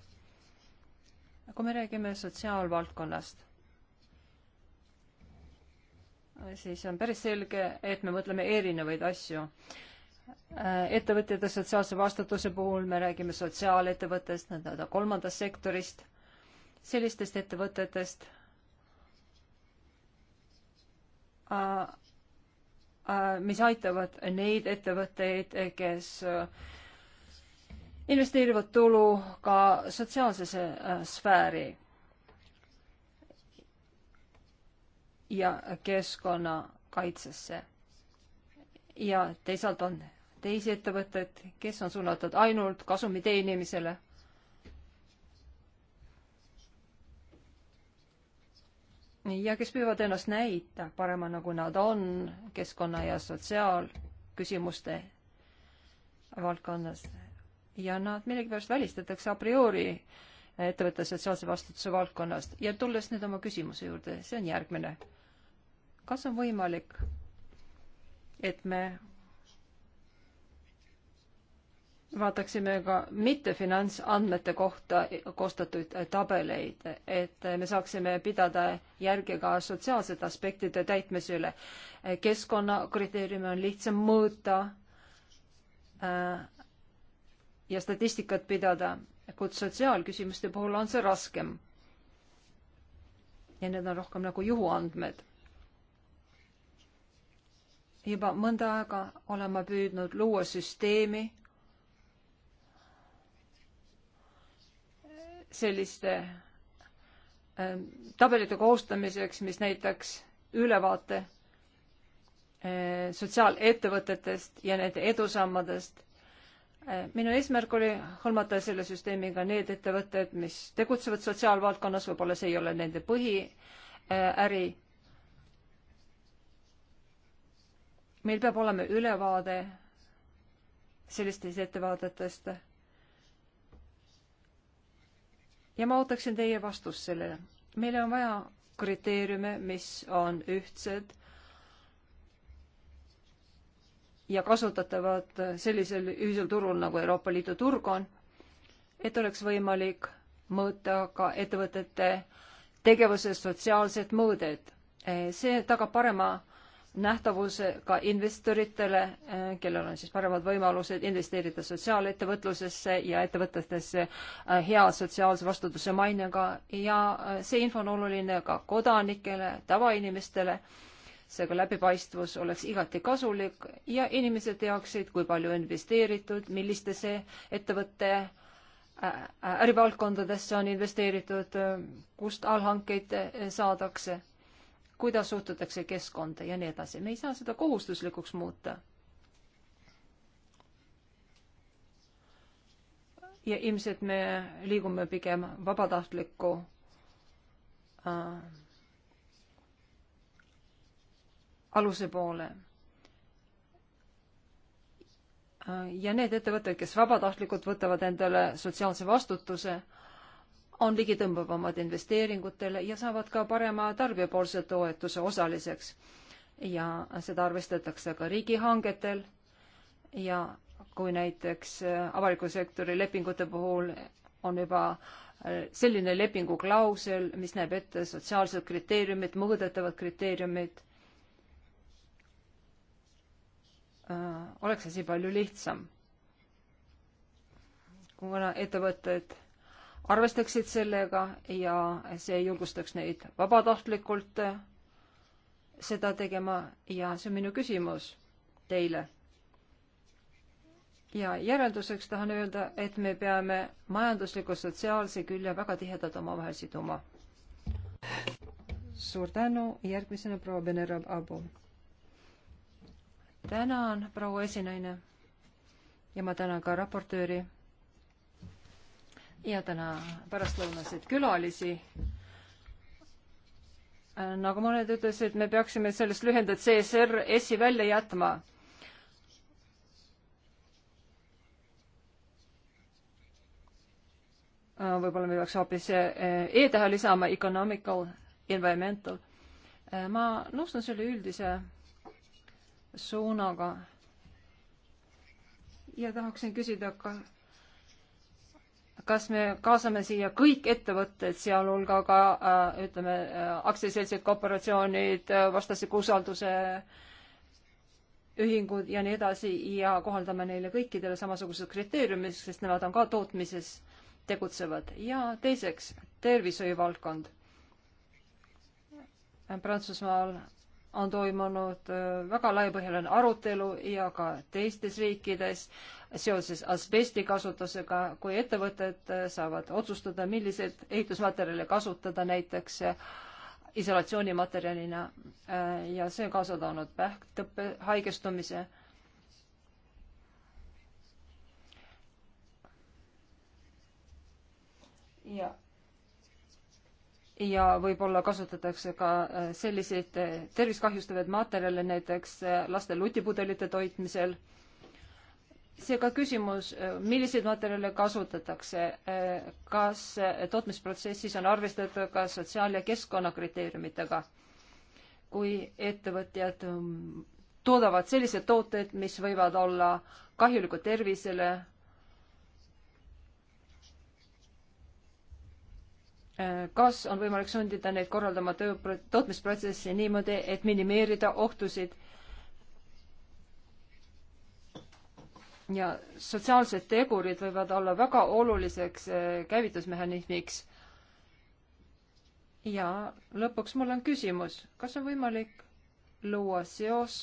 E: kui me räägime sotsiaalvaldkonnast siis on päris selge, et me mõtleme erinevaid asju. Äh, ettevõtjate sotsiaalse vastutuse puhul me räägime sotsiaalettevõttest, nii-öelda kolmandast sektorist, sellistest ettevõtetest, äh, äh, mis aitavad neid ettevõtteid, kes investeerivad tulu ka sotsiaalsesse sfääri ja keskkonnakaitsesse. ja teisalt on teisi ettevõtteid, kes on suunatud ainult kasumi teenimisele. ja kes püüavad ennast näita parema, nagu nad on keskkonna ja sotsiaalküsimuste valdkonnas. ja nad millegipärast välistatakse a priori ettevõtte sotsiaalse vastutuse valdkonnast ja tulles nüüd oma küsimuse juurde, see on järgmine kas on võimalik, et me vaataksime ka mittefinantsandmete kohta koostatud tabeleid, et me saaksime pidada järgi ka sotsiaalsete aspektide täitmise üle. keskkonnakriteeriume on lihtsam mõõta äh, ja statistikat pidada, kuid sotsiaalküsimuste puhul on see raskem. ja need on rohkem nagu juhuandmed juba mõnda aega olen ma püüdnud luua süsteemi selliste ähm, tabelite koostamiseks, mis näitaks ülevaate äh, sotsiaalettevõtetest ja nende edusammadest. Äh, minu eesmärk oli hõlmata selle süsteemiga need ettevõtted, mis tegutsevad sotsiaalvaldkonnas, võib-olla see ei ole nende põhiäri, meil peab olema ülevaade sellistest ettevaadetest. ja ma ootaksin teie vastust sellele. meil on vaja kriteeriume, mis on ühtsed ja kasutatavad sellisel ühisel turul, nagu Euroopa Liidu turg on, et oleks võimalik mõõta ka ettevõtete tegevuse sotsiaalsed mõõded. see tagab parema nähtavusega investoritele, eh, kellel on siis paremad võimalused investeerida sotsiaalettevõtlusesse ja ettevõtetesse eh, hea sotsiaalse vastutuse mainega ja eh, see info on oluline ka kodanikele, tavainimestele. seega läbipaistvus oleks igati kasulik ja inimesed teaksid, kui palju investeeritud, millistesse ettevõtte ärivaldkondadesse on investeeritud, kust allhankeid saadakse kuidas suhtutakse keskkonda ja nii edasi. me ei saa seda kohustuslikuks muuta. ja ilmselt me liigume pigem vabatahtliku äh, aluse poole äh, ja need ettevõtted, kes vabatahtlikult võtavad endale sotsiaalse vastutuse, on ligitõmbavamad investeeringutele ja saavad ka parema tarbijapoolse toetuse osaliseks. ja seda arvestatakse ka riigihangetel ja kui näiteks äh, avaliku sektori lepingute puhul on juba äh, selline lepinguklausel, mis näeb ette sotsiaalsed kriteeriumid, mõõdetavad kriteeriumid, äh, oleks asi palju lihtsam. kuna ettevõtted et arvestaksid sellega ja see julgustaks neid vabatahtlikult eh, seda tegema ja see on minu küsimus teile. ja järelduseks tahan öelda, et me peame majandusliku sotsiaalse külje väga tihedalt omavahel siduma. suur tänu, järgmisena proua Venerab Abu. tänan, proua esinaine. ja ma tänan ka raportööri ja täna pärastlõunaseid külalisi. nagu mõned ütlesid, me peaksime sellest lühendat CSR S-i välja jätma. võib-olla me peaks hoopis E-tähe lisama, economical, environmental. ma nõustun selle üldise suunaga ja tahaksin küsida, kas kas me kaasame siia kõik ettevõtted, sealhulga ka äh, ütleme äh,, aktsiaseltsid, korporatsioonid äh,, vastastikku usalduse ühingud ja nii edasi ja kohaldame neile kõikidele samasugused kriteeriumid, sest nemad on ka tootmises tegutsevad. ja teiseks, tervishoiuvaldkond. Prantsusmaal on toimunud äh, väga laiapõhjaline arutelu ja ka teistes riikides äh, seoses asbesti kasutusega, kui ettevõtted äh, saavad otsustada, milliseid ehitusmaterjale kasutada näiteks äh, isolatsioonimaterjalina äh, ja see on kaasa toonud pähktõppe haigestumise ja, ja võib-olla kasutatakse ka selliseid tervist kahjustavaid materjale näiteks laste lutipudelite toitmisel seega küsimus, milliseid materjale kasutatakse, kas tootmisprotsessis on arvestatud ka sotsiaal- ja keskkonnakriteeriumitega, kui ettevõtjad um, toodavad selliseid tooteid, mis võivad olla kahjulikud tervisele, kas on võimalik sundida neid korraldama töö, tootmisprotsessi niimoodi, et minimeerida ohtusid ja sotsiaalsed tegurid võivad olla väga oluliseks äh, käivitusmehhanismiks. ja lõpuks mul on küsimus, kas on võimalik luua seos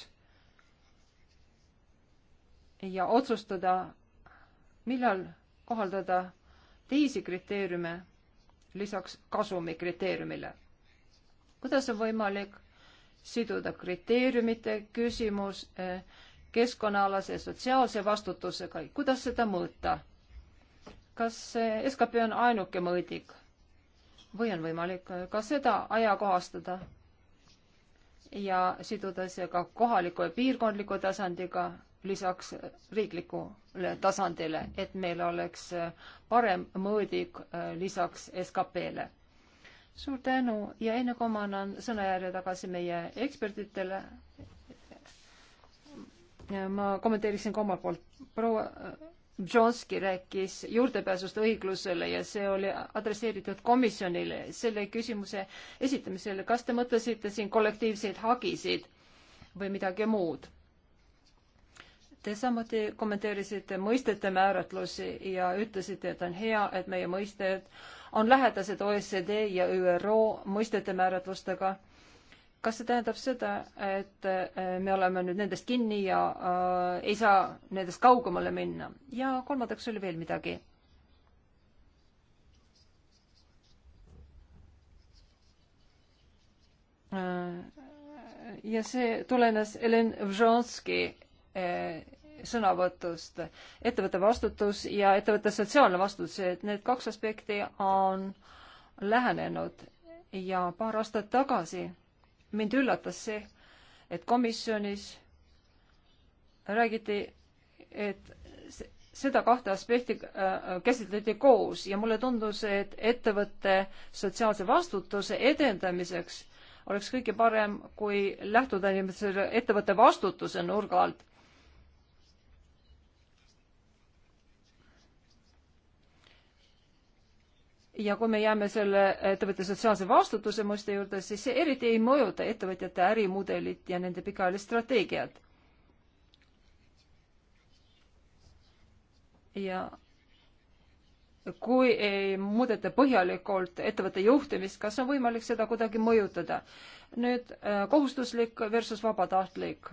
E: ja otsustada, millal kohaldada teisi kriteeriume lisaks kasumi kriteeriumile. kuidas on võimalik siduda kriteeriumite küsimus eh, keskkonnaalase ja sotsiaalse vastutusega, kuidas seda mõõta? kas skp on ainuke mõõdik või on võimalik ka seda ajakohastada ja siduda see ka kohaliku ja piirkondliku tasandiga, lisaks riiklikule tasandile, et meil oleks parem mõõdik äh, lisaks skp-le. suur tänu ja enne kui ma annan sõnajärje tagasi meie ekspertidele, ma kommenteeriksin ka omalt poolt. proua Jonski äh, rääkis juurdepääsust õiglusele ja see oli adresseeritud komisjonile selle küsimuse esitamisel. kas te mõtlesite siin kollektiivseid hagisid või midagi muud? Te samuti kommenteerisite mõistete määratlusi ja ütlesite, et on hea, et meie mõisted on lähedased OECD ja ÜRO mõistete määratlustega kas see tähendab seda, et äh, me oleme nüüd nendest kinni ja äh, ei saa nendest kaugemale minna? ja kolmandaks oli veel midagi. Äh, ja see tulenes Helen Vžonski äh, sõnavõtust, ettevõtte vastutus ja ettevõtte sotsiaalne vastutus, et need kaks aspekti on lähenenud ja paar aastat tagasi mind üllatas see, et komisjonis räägiti, et seda kahte aspekti äh, käsitleti koos ja mulle tundus, et ettevõtte sotsiaalse vastutuse edendamiseks oleks kõige parem, kui lähtuda niimoodi selle ettevõtte vastutuse nurga alt ja kui me jääme selle ettevõtte sotsiaalse vastutuse mõiste juurde, siis see eriti ei mõjuta ettevõtjate ärimudelit ja nende pikaajalist strateegiat. ja kui ei muudeta põhjalikult ettevõtte juhtimist, kas on võimalik seda kuidagi mõjutada? nüüd äh, kohustuslik versus vabatahtlik.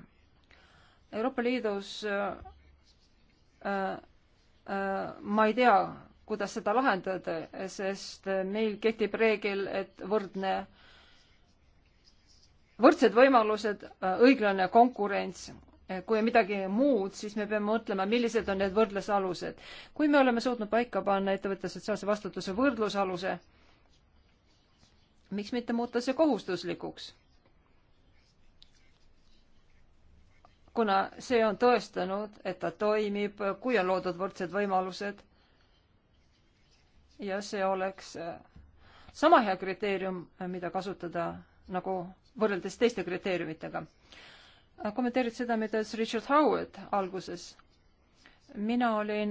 E: Euroopa Liidus äh, äh, ma ei tea, kuidas seda lahendada, sest meil kehtib reegel, et võrdne, võrdsed võimalused, õiglane konkurents kui midagi muud, siis me peame mõtlema, millised on need võrdlusalused. kui me oleme suutnud paika panna ettevõtte sotsiaalse vastutuse võrdlusaluse, miks mitte muuta see kohustuslikuks? kuna see on tõestanud, et ta toimib, kui on loodud võrdsed võimalused ja see oleks äh, sama hea kriteerium, äh, mida kasutada nagu võrreldes teiste kriteeriumitega. Äh, kommenteerid seda, mida ütles Richard Howard alguses. mina olin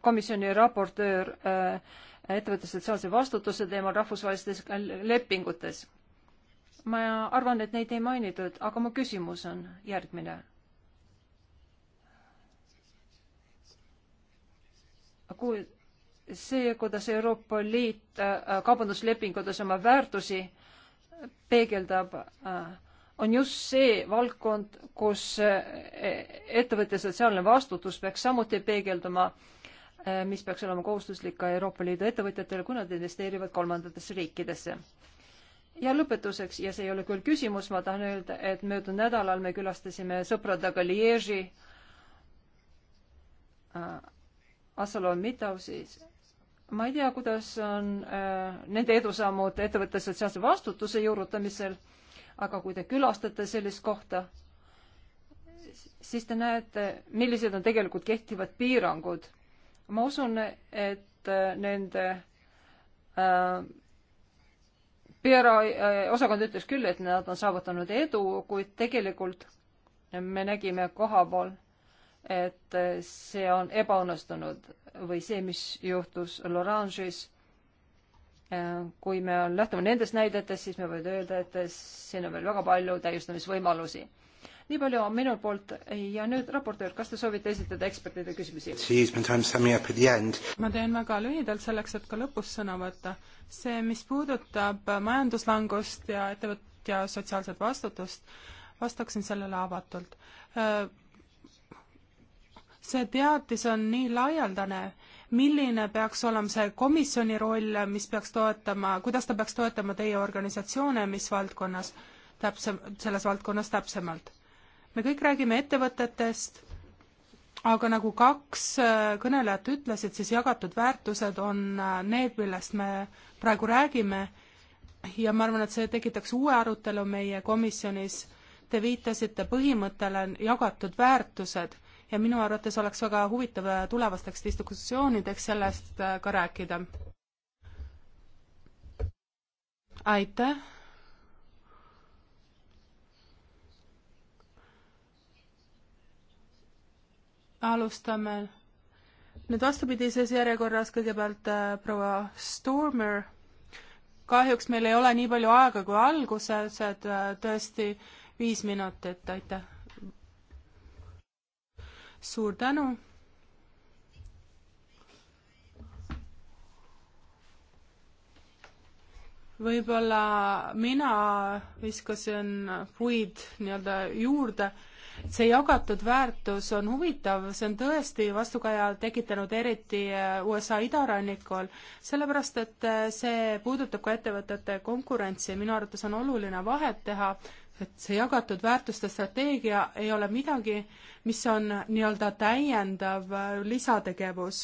E: komisjoni raportöör ettevõtte sotsiaalse vastutuse teemal rahvusvahelistes lepingutes. ma arvan, et neid ei mainitud, aga mu küsimus on järgmine kui see, kuidas Euroopa Liit äh, kaubanduslepingutes oma väärtusi peegeldab, äh, on just see valdkond, kus äh, ettevõtte sotsiaalne vastutus peaks samuti peegelduma, mis peaks olema kohustuslik ka Euroopa Liidu ettevõtjatele, kui nad investeerivad kolmandatesse riikidesse. ja lõpetuseks, ja see ei ole küll küsimus, ma tahan öelda, et möödunud nädalal me külastasime sõpradega Liegi Assalon Mitausis ma ei tea, kuidas on äh, nende edusammud ettevõtte sotsiaalse vastutuse juurutamisel, aga kui te külastate sellist kohta, siis te näete, millised on tegelikult kehtivad piirangud. ma usun, et äh, nende äh, PR äh, osakond ütles küll, et nad on saavutanud edu, kuid tegelikult me nägime koha peal et see on ebaõnnestunud või see, mis juhtus Lorange'is. kui me lähtume nendest näidetest, siis me võime öelda, et siin on veel väga palju täiustamisvõimalusi. nii palju on minu poolt ja nüüd raportöör, kas te soovite esitada ekspertide küsimusi?
C: ma teen väga lühidalt selleks, et ka lõpus sõna võtta. see, mis puudutab majanduslangust ja ettevõtja sotsiaalset vastutust, vastaksin sellele avatult see teatis on nii laialdane, milline peaks olema see komisjoni roll, mis peaks toetama, kuidas ta peaks toetama teie organisatsioone, mis valdkonnas täpsem, selles valdkonnas täpsemalt? me kõik räägime ettevõtetest, aga nagu kaks äh, kõnelejat ütlesid, siis jagatud väärtused on äh, need, millest me praegu räägime ja ma arvan, et see tekitaks uue arutelu meie komisjonis. Te viitasite põhimõttele jagatud väärtused ja minu arvates oleks väga huvitav tulevasteks diskussioonideks sellest äh, ka rääkida. aitäh. alustame nüüd vastupidises järjekorras kõigepealt äh, proua Stormer. kahjuks meil ei ole nii palju aega kui alguses, et äh, tõesti viis minutit, aitäh suur tänu. võib-olla mina viskasin puid nii-öelda juurde see jagatud väärtus on huvitav, see on tõesti vastukaja tekitanud eriti USA idarannikul, sellepärast et see puudutab ka ettevõtete konkurentsi, minu arvates on oluline vahet teha et see jagatud väärtuste strateegia ei ole midagi, mis on nii-öelda täiendav äh, lisategevus.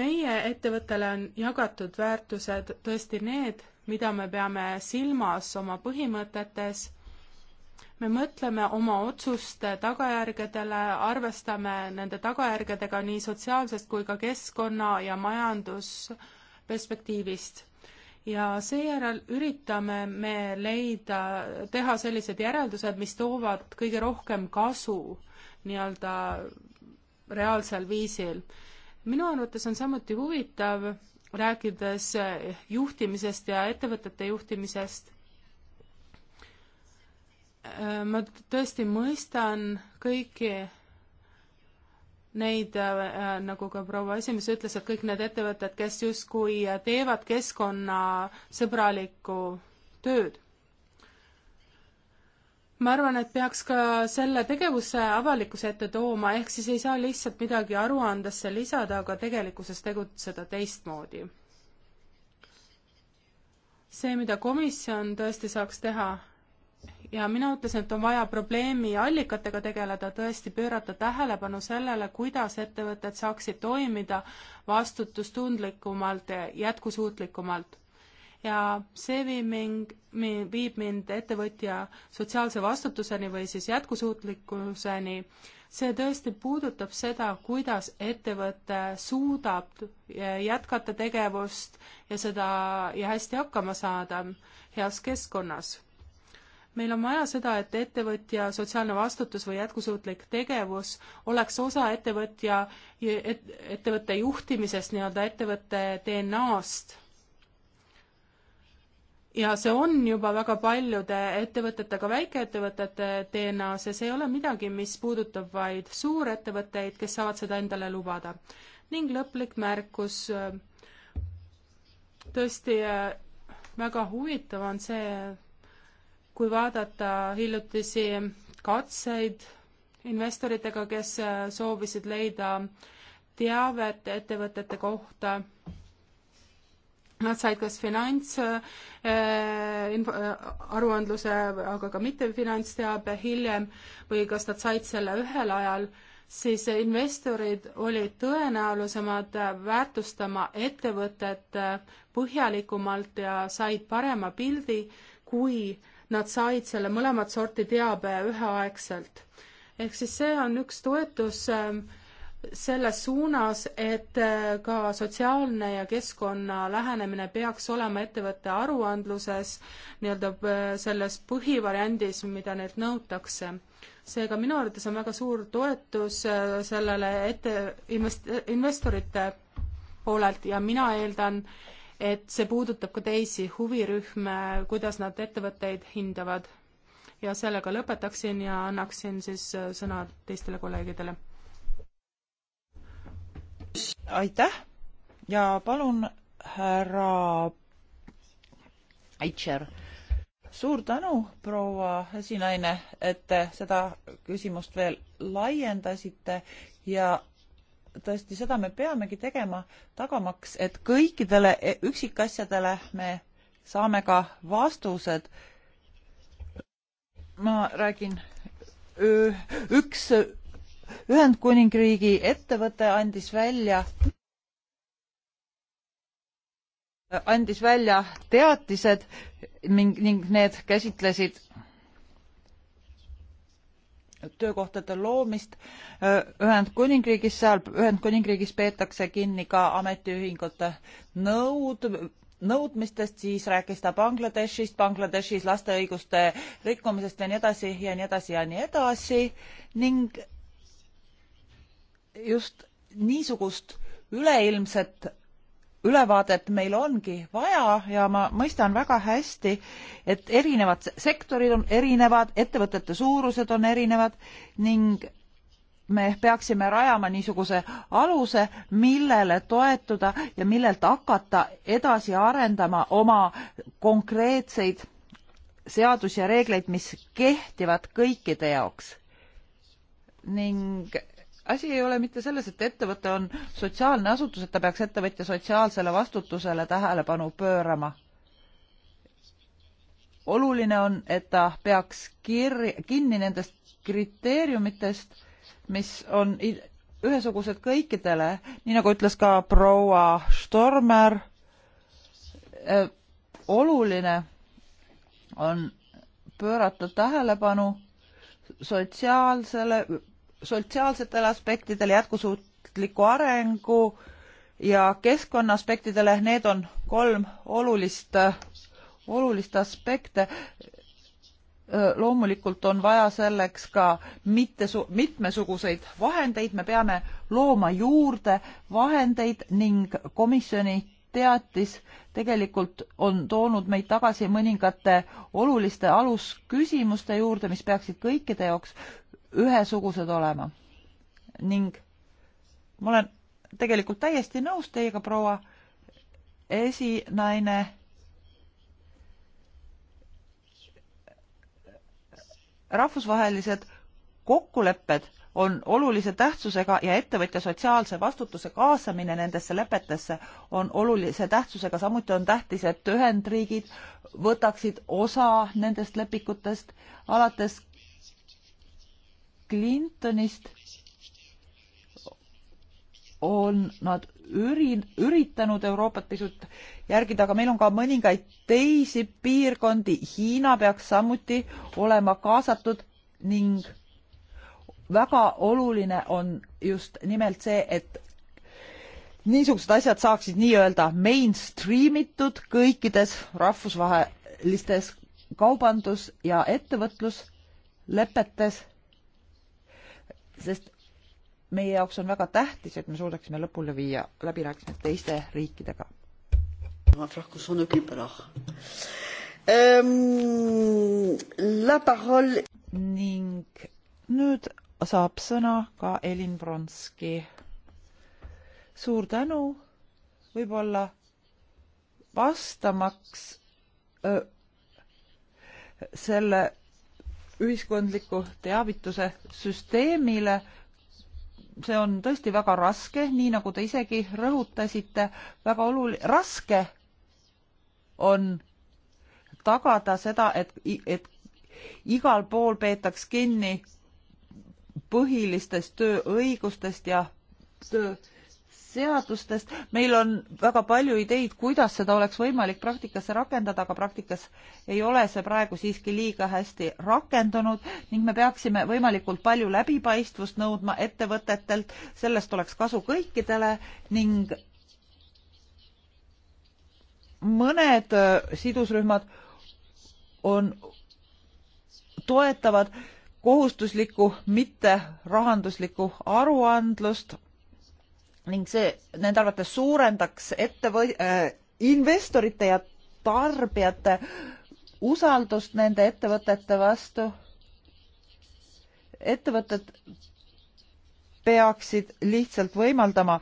C: meie ettevõttele on jagatud väärtused tõesti need, mida me peame silmas oma põhimõtetes, me mõtleme oma otsuste tagajärgedele, arvestame nende tagajärgedega nii sotsiaalsest kui ka keskkonna ja majandusperspektiivist ja seejärel üritame me leida, teha sellised järeldused, mis toovad kõige rohkem kasu nii-öelda reaalsel viisil. minu arvates on samuti huvitav, rääkides juhtimisest ja ettevõtete juhtimisest, äh, ma tõesti mõistan kõiki neid, äh, äh, nagu ka proua esimees ütles, et kõik need ettevõtted, kes justkui teevad keskkonnasõbralikku tööd. ma arvan, et peaks ka selle tegevuse avalikkuse ette tooma, ehk siis ei saa lihtsalt midagi aruandesse lisada, aga tegelikkuses tegutseda teistmoodi. see, mida komisjon tõesti saaks teha, ja mina ütlesin, et on vaja probleemi allikatega tegeleda, tõesti pöörata tähelepanu sellele, kuidas ettevõtted saaksid toimida vastutustundlikumalt ja jätkusuutlikumalt. ja see viib mind, viib mind ettevõtja sotsiaalse vastutuseni või siis jätkusuutlikkuseni. see tõesti puudutab seda, kuidas ettevõte suudab jätkata tegevust ja seda ja hästi hakkama saada heas keskkonnas meil on vaja seda, et ettevõtja sotsiaalne vastutus või jätkusuutlik tegevus oleks osa ettevõtja et,, ettevõtte juhtimisest, nii-öelda ettevõtte DNA-st. ja see on juba väga paljude ettevõtetega väikeettevõtete DNA-s ja see ei ole midagi, mis puudutab vaid suurettevõtteid, kes saavad seda endale lubada. ning lõplik märkus, tõesti äh, väga huvitav on see, kui vaadata hiljutisi katseid investoritega, kes äh, soovisid leida teavet ettevõtete kohta, Nad said kas finantsaruandluse äh,, äh aga ka mitte finantsteabe hiljem või kas nad said selle ühel ajal, siis investorid olid tõenäolisemad väärtustama ettevõtet põhjalikumalt ja said parema pildi, kui äh, nad said selle mõlemat sorti teabe üheaegselt. ehk siis see on üks toetus ähm, selles suunas, et äh, ka sotsiaalne ja keskkonna lähenemine peaks olema ettevõtte aruandluses nii-öelda äh, selles põhivariandis, mida neilt nõutakse seega minu arvates on väga suur toetus äh, sellele ette invest-, investorite poolelt ja mina eeldan, et see puudutab ka teisi huvirühme, kuidas nad ettevõtteid hindavad. ja sellega lõpetaksin ja annaksin siis äh, sõna teistele kolleegidele. aitäh ja palun, härra
A: Aitšer suur tänu, proua esinaine, et te seda küsimust veel laiendasite ja tõesti, seda me peamegi tegema, tagamaks, et kõikidele e-, üksikasjadele me saame ka vastused. ma räägin, üks Ühendkuningriigi ettevõte andis välja, andis välja teatised ning, ning need käsitlesid töökohtade loomist Ühendkuningriigis, seal Ühendkuningriigis peetakse kinni ka ametiühingute nõud, nõudmistest, siis rääkis ta Bangladeshist, Bangladeshis laste õiguste rikkumisest ja nii edasi ja nii edasi ja nii edasi ning just niisugust üleilmset ülevaadet meil ongi vaja ja ma mõistan väga hästi, et erinevad sektorid on erinevad, ettevõtete suurused on erinevad ning me peaksime rajama niisuguse aluse, millele toetuda ja millelt hakata edasi arendama oma konkreetseid seadusi ja reegleid, mis kehtivad kõikide jaoks. ning asi ei ole mitte selles, et ettevõte on sotsiaalne asutus, et ta peaks ettevõtja sotsiaalsele vastutusele tähelepanu pöörama. oluline on, et ta peaks kirja, kinni nendest kriteeriumitest, mis on ühesugused kõikidele, nii nagu ütles ka proua Stormer. Äh, oluline on pöörata tähelepanu sotsiaalsele sotsiaalsetele aspektidele, jätkusuutliku arengu ja keskkonna aspektidele, need on kolm olulist, olulist aspekte. loomulikult on vaja selleks ka mitte, mitmesuguseid vahendeid, me peame looma juurde vahendeid ning komisjoni teatis tegelikult on toonud meid tagasi mõningate oluliste alusküsimuste juurde, mis peaksid kõikide jaoks ühesugused olema. ning ma olen tegelikult täiesti nõus teiega, proua esinaine. rahvusvahelised kokkulepped on olulise tähtsusega ja ettevõtja sotsiaalse vastutuse kaasamine nendesse lepetesse on olulise tähtsusega. samuti on tähtis, et Ühendriigid võtaksid osa nendest lepikutest. alates Clintonist on nad üri-, üritanud Euroopat pisut järgida, aga meil on ka mõningaid teisi piirkondi, Hiina peaks samuti olema kaasatud ning väga oluline on just nimelt see, et niisugused asjad saaksid nii-öelda mainstream itud kõikides rahvusvahelistes kaubandus- ja ettevõtluslepetes sest meie jaoks on väga tähtis, et me suudaksime lõpule viia läbirääkimised teiste riikidega. Ehm, ning nüüd saab sõna ka Elin Vronski. suur tänu, võib-olla vastamaks öö, selle ühiskondliku teavituse süsteemile. see on tõesti väga raske, nii nagu te isegi rõhutasite, väga oluline, raske on tagada seda, et, et igal pool peetaks kinni põhilistest tööõigustest ja töö seadustest. meil on väga palju ideid, kuidas seda oleks võimalik praktikasse rakendada, aga praktikas ei ole see praegu siiski liiga hästi rakendunud ning me peaksime võimalikult palju läbipaistvust nõudma ettevõtetelt, sellest oleks kasu kõikidele ning mõned äh, sidusrühmad on, toetavad kohustuslikku mitterahanduslikku aruandlust ning see nende arvates suurendaks ettevõ- äh,, investorite ja tarbijate usaldust nende ettevõtete vastu. ettevõtted peaksid lihtsalt võimaldama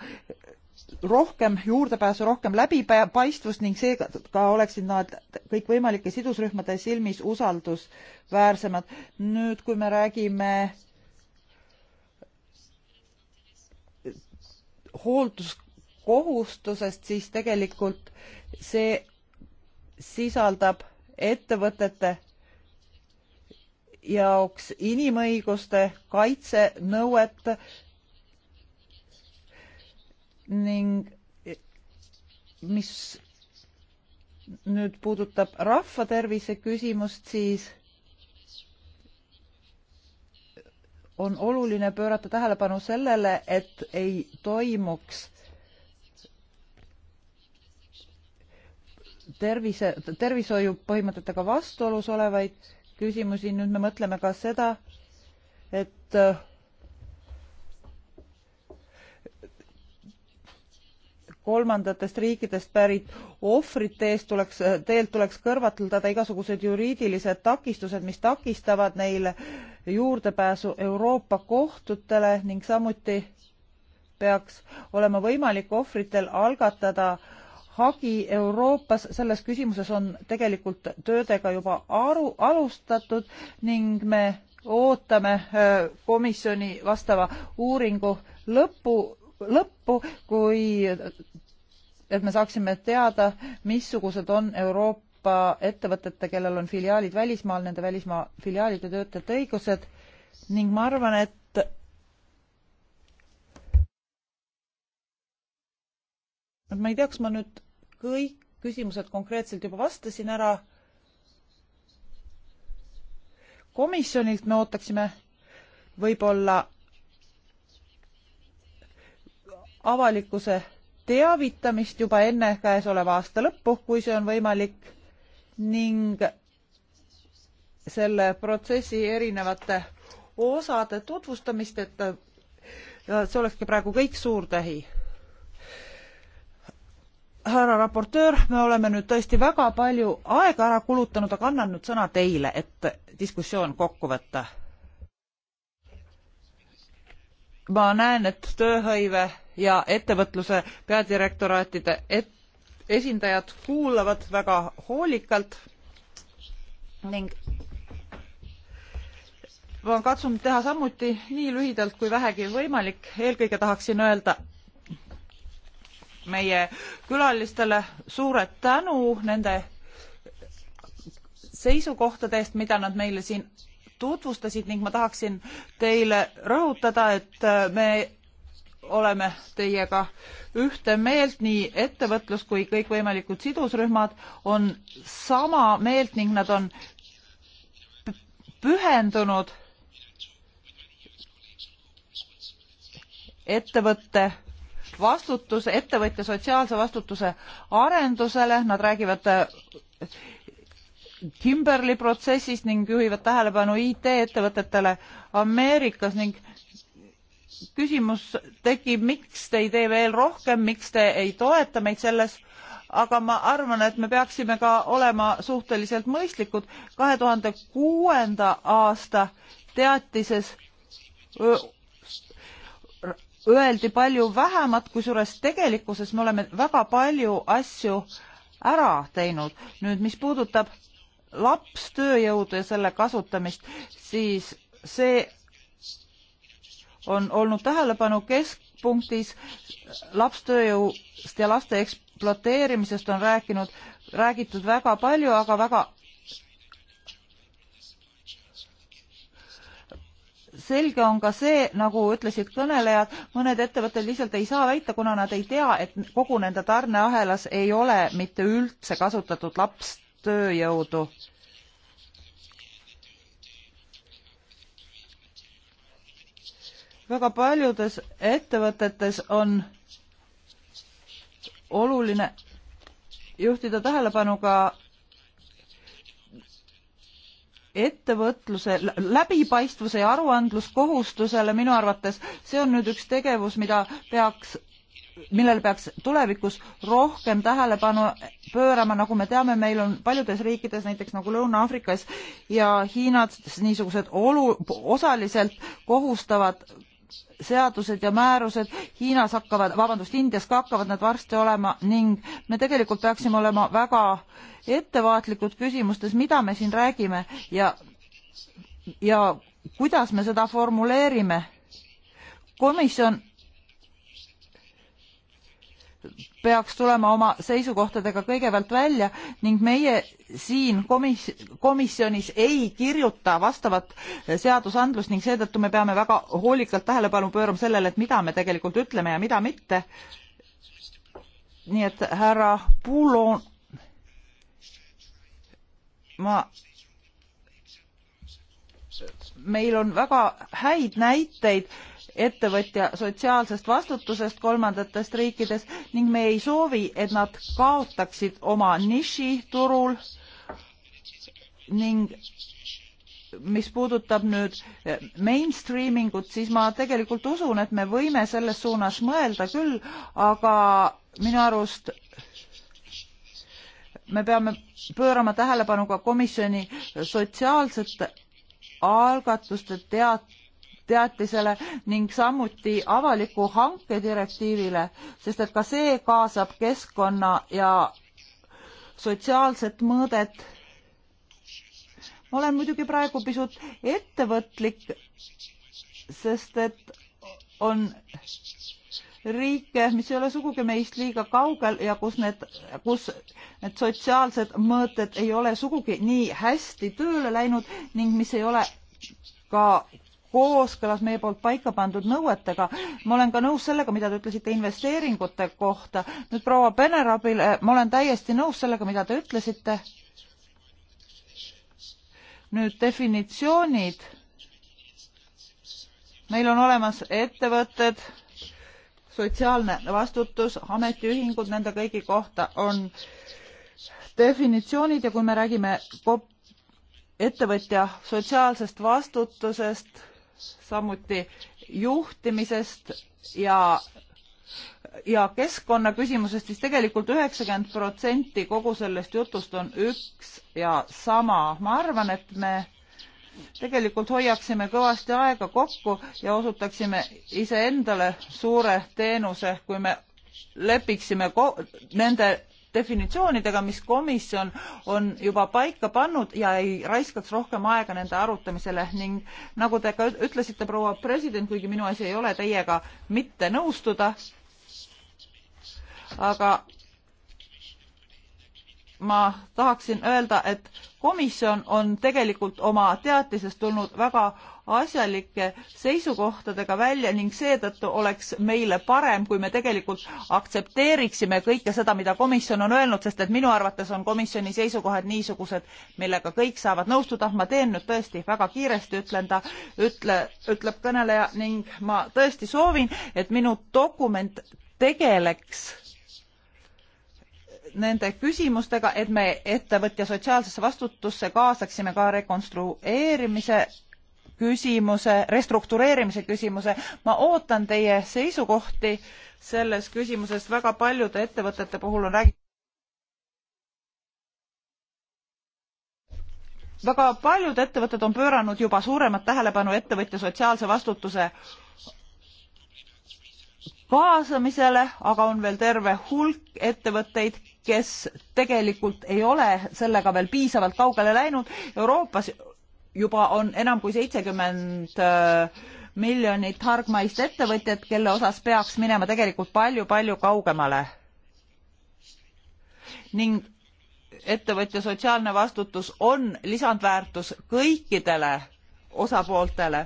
A: rohkem juurdepääsu, rohkem läbipaistvust ning seega ka oleksid nad kõikvõimalike sidusrühmade silmis usaldusväärsemad. nüüd, kui me räägime hoolduskohustusest, siis tegelikult see sisaldab ettevõtete jaoks inimõiguste kaitsenõuet ning mis nüüd puudutab rahvatervise küsimust, siis on oluline pöörata tähelepanu sellele, et ei toimuks tervise, tervishoiu põhimõtetega vastuolus olevaid küsimusi, nüüd me mõtleme ka seda, et kolmandatest riikidest pärit ohvrite eest tuleks, teelt tuleks kõrvatada igasugused juriidilised takistused, mis takistavad neile juurdepääsu Euroopa kohtutele ning samuti peaks olema võimalik ohvritel algatada hagi Euroopas, selles küsimuses on tegelikult töödega juba aru, alustatud ning me ootame äh, komisjoni vastava uuringu lõppu lõppu, kui et me saaksime teada, missugused on Euroopa ettevõtete, kellel on filiaalid välismaal, nende välismaa filiaalide töötajate õigused ning ma arvan, et et ma ei tea, kas ma nüüd kõik küsimused konkreetselt juba vastasin ära. komisjonilt me ootaksime võib-olla avalikkuse teavitamist juba enne käesoleva aasta lõppu, kui see on võimalik ning selle protsessi erinevate osade tutvustamist, et see olekski praegu kõik suurtähi. härra raportöör, me oleme nüüd tõesti väga palju aega ära kulutanud, aga annan nüüd sõna teile, et diskussioon kokku võtta ma näen, et tööhõive ja ettevõtluse peadirektoraatide et esindajad kuulavad väga hoolikalt ning ma katsun teha samuti nii lühidalt kui vähegi võimalik. eelkõige tahaksin öelda meie külalistele suured tänu nende seisukohtade eest, mida nad meile siin tutvustasid ning ma tahaksin teile rõhutada, et äh, me oleme teiega ühte meelt, nii ettevõtlus kui kõikvõimalikud sidusrühmad on sama meelt ning nad on pühendunud ettevõtte vastutuse, ettevõtja sotsiaalse vastutuse arendusele, nad räägivad äh, Kimberli protsessist ning juhivad tähelepanu IT-ettevõtetele Ameerikas ning küsimus tekib, miks te ei tee veel rohkem, miks te ei toeta meid selles, aga ma arvan, et me peaksime ka olema suhteliselt mõistlikud. kahe tuhande kuuenda aasta teatises öeldi palju vähemat, kusjuures tegelikkuses me oleme väga palju asju ära teinud. nüüd, mis puudutab lapstööjõudu ja selle kasutamist, siis see on olnud tähelepanu keskpunktis. lapstööjõust ja laste ekspluateerimisest on rääkinud, räägitud väga palju, aga väga selge on ka see, nagu ütlesid kõnelejad, mõned ettevõtted lihtsalt ei saa väita, kuna nad ei tea, et kogu nende tarneahelas ei ole mitte üldse kasutatud laps tööjõudu. väga paljudes ettevõtetes on oluline juhtida tähelepanu ka ettevõtluse läbipaistvuse ja aruandluskohustusele minu arvates see on nüüd üks tegevus, mida peaks millele peaks tulevikus rohkem tähelepanu pöörama, nagu me teame, meil on paljudes riikides, näiteks nagu Lõuna-Aafrikas ja Hiinas niisugused olu, osaliselt kohustavad seadused ja määrused Hiinas hakkavad, vabandust, Indias ka hakkavad nad varsti olema ning me tegelikult peaksime olema väga ettevaatlikud küsimustes, mida me siin räägime ja, ja kuidas me seda formuleerime. komisjon peaks tulema oma seisukohtadega kõigepealt välja ning meie siin komis komisjonis ei kirjuta vastavat seadusandlust ning seetõttu me peame väga hoolikalt tähelepanu pöörama sellele, et mida me tegelikult ütleme ja mida mitte. nii et härra Puulon, ma meil on väga häid näiteid ettevõtja sotsiaalsest vastutusest kolmandates riikides ning me ei soovi, et nad kaotaksid oma niši turul ning mis puudutab nüüd mainstreamingut, siis ma tegelikult usun, et me võime selles suunas mõelda küll, aga minu arust me peame pöörama tähelepanu ka komisjoni sotsiaalsete algatuste teat-, teatisele ning samuti avaliku hanke direktiivile, sest et ka see kaasab keskkonna ja sotsiaalset mõõdet. ma olen muidugi praegu pisut ettevõtlik, sest et on riike, mis ei ole sugugi meist liiga kaugel ja kus need, kus need sotsiaalsed mõõted ei ole sugugi nii hästi tööle läinud ning mis ei ole ka kooskõlas meie poolt paika pandud nõuetega. ma olen ka nõus sellega, mida te ütlesite investeeringute kohta. nüüd proua Penerabile, ma olen täiesti nõus sellega, mida te ütlesite. nüüd definitsioonid. meil on olemas ettevõtted, sotsiaalne vastutus, ametiühingud, nende kõigi kohta on definitsioonid ja kui me räägime ettevõtja sotsiaalsest vastutusest, samuti juhtimisest ja ja keskkonnaküsimusest, siis tegelikult üheksakümmend protsenti kogu sellest jutust on üks ja sama. ma arvan, et me tegelikult hoiaksime kõvasti aega kokku ja osutaksime iseendale suure teenuse, kui me lepiksime nende definitsioonidega, mis komisjon on juba paika pannud ja ei raiskaks rohkem aega nende arutamisele ning nagu te ka ütlesite, proua president, kuigi minu asi ei ole teiega mitte nõustuda, aga ma tahaksin öelda, et komisjon on tegelikult oma teatisest tulnud väga asjalike seisukohtadega välja ning seetõttu oleks meile parem, kui me tegelikult aktsepteeriksime kõike seda, mida komisjon on öelnud, sest et minu arvates on komisjoni seisukohad niisugused, millega kõik saavad nõustuda. ma teen nüüd tõesti väga kiiresti, ütlen ta, ütle, ütleb kõneleja ning ma tõesti soovin, et minu dokument tegeleks nende küsimustega, et me ettevõtja sotsiaalsesse vastutusse kaasaksime ka rekonstrueerimise küsimuse, restruktureerimise küsimuse. ma ootan teie seisukohti selles küsimuses, väga paljude ettevõtete puhul on räägitud väga paljud ettevõtted on pööranud juba suuremat tähelepanu ettevõtja sotsiaalse vastutuse kaasamisele, aga on veel terve hulk ettevõtteid, kes tegelikult ei ole sellega veel piisavalt kaugele läinud. Euroopas juba on enam kui seitsekümmend äh, miljonit hargmaist ettevõtjat, kelle osas peaks minema tegelikult palju-palju kaugemale. ning ettevõtja sotsiaalne vastutus on lisandväärtus kõikidele osapooltele.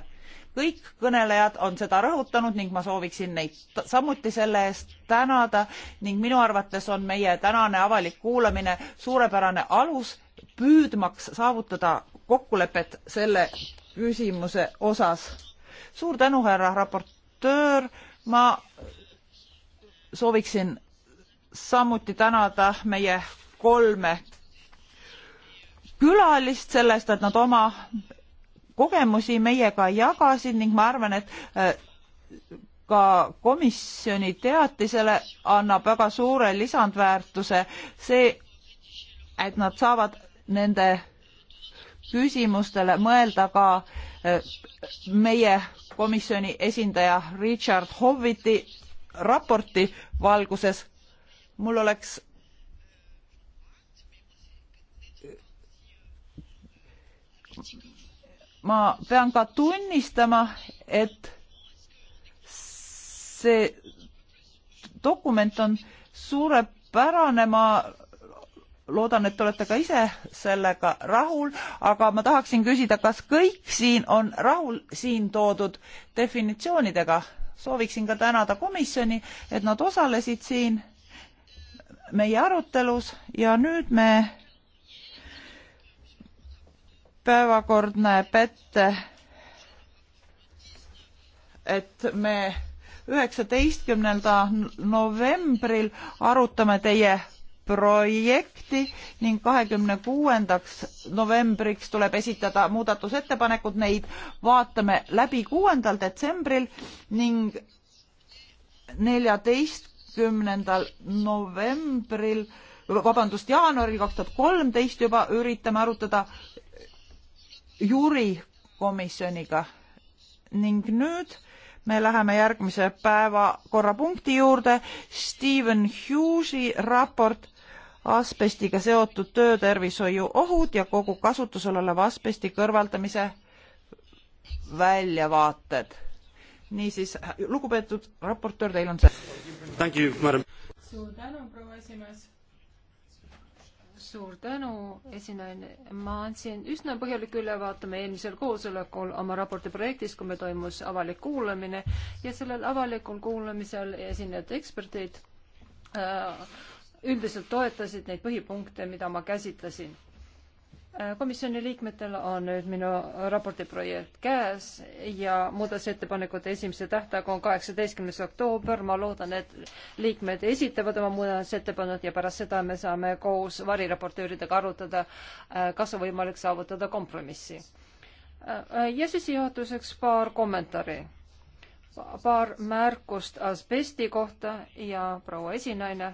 A: kõik kõnelejad on seda rõhutanud ning ma sooviksin neid samuti selle eest tänada ning minu arvates on meie tänane avalik kuulamine suurepärane alus püüdmaks saavutada kokkulepet selle küsimuse osas. suur tänu, härra raportöör, ma sooviksin samuti tänada meie kolme külalist sellest, et nad oma kogemusi meiega jagasid ning ma arvan, et äh, ka komisjoni teatisele annab väga suure lisandväärtuse see, et nad saavad nende küsimustele mõelda ka eh, meie komisjoni esindaja Richard Hoviti raporti valguses. mul oleks ma pean ka tunnistama, et see dokument on suurepärane, ma loodan, et olete ka ise sellega rahul, aga ma tahaksin küsida, kas kõik siin on rahul siin toodud definitsioonidega? sooviksin ka tänada komisjoni, et nad osalesid siin meie arutelus ja nüüd me, päevakord näeb ette, et me üheksateistkümnenda novembril arutame teie projekti ning kahekümne kuuendaks novembriks tuleb esitada muudatusettepanekud, neid vaatame läbi kuuendal detsembril ning neljateistkümnendal novembril, vabandust, jaanuaril kaks tuhat kolmteist juba üritame arutada juri komisjoniga ning nüüd me läheme järgmise päevakorrapunkti juurde. Steven Hughes'i raport asbestiga seotud töötervishoiu ohud ja kogu kasutusel oleva asbesti kõrvaldamise väljavaated. niisiis, lugupeetud raportöör, teil on see.
E: suur tänu, proua esimees. suur tänu, esinaine. ma andsin üsna põhjaliku ülevaate me eelmisel koosolekul oma raporti projektist, kui meil toimus avalik kuulamine ja sellel avalikul kuulamisel esinejad eksperdid äh, üldiselt toetasid neid põhipunkte, mida ma käsitlesin. Äh, komisjoni liikmetel on nüüd minu raporti projekt käes ja muudatusettepanekute esimese tähtaeg on kaheksateistkümnes oktoober, ma loodan, et liikmed esitavad oma muudatusettepanekud ja pärast seda me saame koos variraportööridega arutada, äh, kas on võimalik saavutada kompromissi. Äh, ja sissejuhatuseks paar kommentaari paar märkust asbesti kohta ja proua esinaine